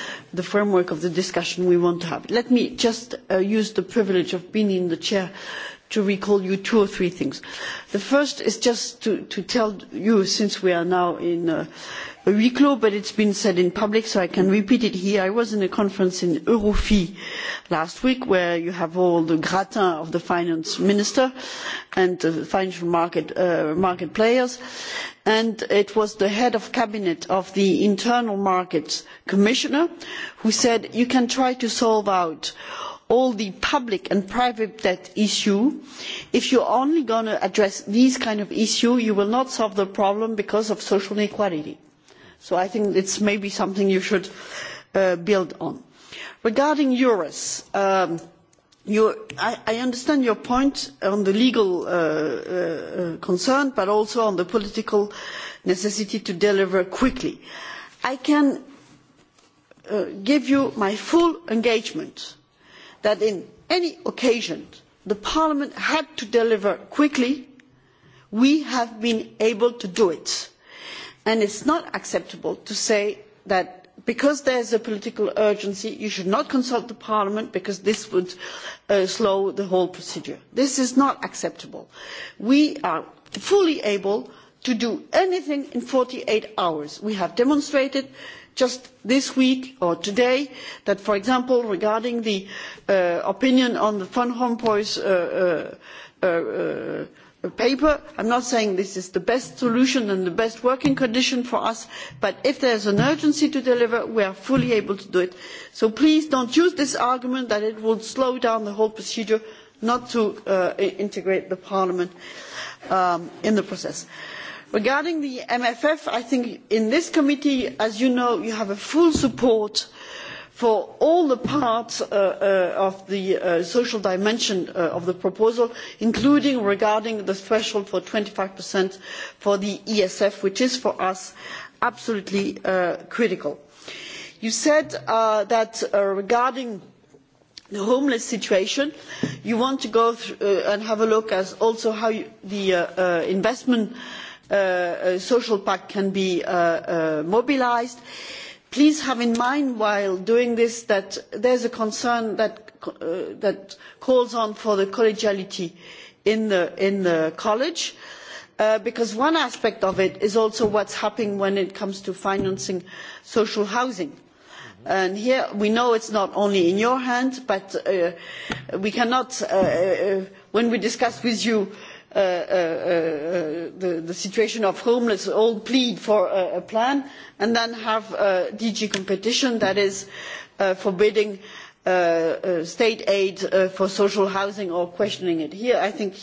G: the framework of the discussion we want to have. Let me just uh, use the privilege of being in the chair uh, to recall you two or three things. The first is just to, to tell you, since we are now in uh, a huis clos, but it's been said in public, so I can repeat it here. I was in a conference in Eurofi last week, where you have all the gratin of the finance minister and the financial market, uh, market players, and it was the head of cabinet of the internal markets commissioner who said, you can try to solve out all the public and private debt issue if you are only going to address these kinds of issues you will not solve the problem because of social inequality. so i think it is maybe something you should uh, build on. regarding eures um, I, i understand your point on the legal uh, uh, uh, concern but also on the political necessity to deliver quickly. i can uh, give you my full engagement that on any occasion parliament had to deliver quickly we have been able to do it and it is not acceptable to say that because there is a political urgency you should not consult parliament because this would uh, slow the whole procedure. this is not acceptable. we are fully able to do anything in forty eight hours. we have demonstrated just this week or today that for example regarding the uh, opinion on the van rompuy's uh, uh, uh, uh paper i am not saying this is the best solution and the best working condition for us but if there is an urgency to deliver we are fully able to do it. so please do not use this argument that it will slow down the whole procedure not to uh, integrate parliament um, in the process regarding the mff i think in this committee as you know you have full support for all the parts uh, uh, of the uh, social dimension uh, of the proposal including regarding the threshold for twenty five for the esf which is for us absolutely uh, critical. you said uh, that regarding the homeless situation you want to go and have a look at also how you, the investment Uh, uh, social pact can be uh, mobilised. please have in mind while doing this that there is a concern that, that calls on for the collegiality in the, in the college uh, because one aspect of it is also what is happening when it comes to financing social housing. And here we know it is not only in your hands but uh, we cannot uh, when we discuss with you Uh, uh, uh, the, the situation of homeless all plead for a, a plan and then have uh, dg competition that is forbidding state aid for social housing or questioning it. here i think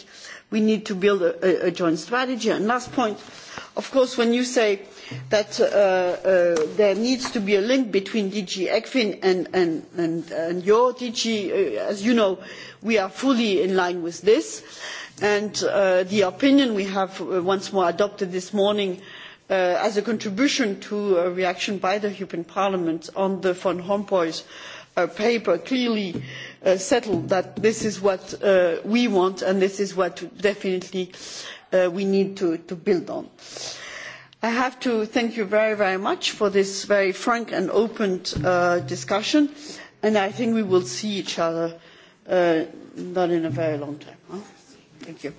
G: we need to build a, a joint strategy. And last point of course when you say that uh, uh, there needs to be a link between dg ecfin and, and, and, and your dg uh, as you know we are fully in line with this and uh, the opinion we have uh, once more adopted this morning uh, as a contribution to a reaction by the european parliament on the van rompuy's uh, paper clearly uh, settled that this is what uh, we want and this is what definitely we need to, to build on. i have to thank you very very much for this very frank and open discussion and i think we will see each other not in a very long time.
B: Thank you.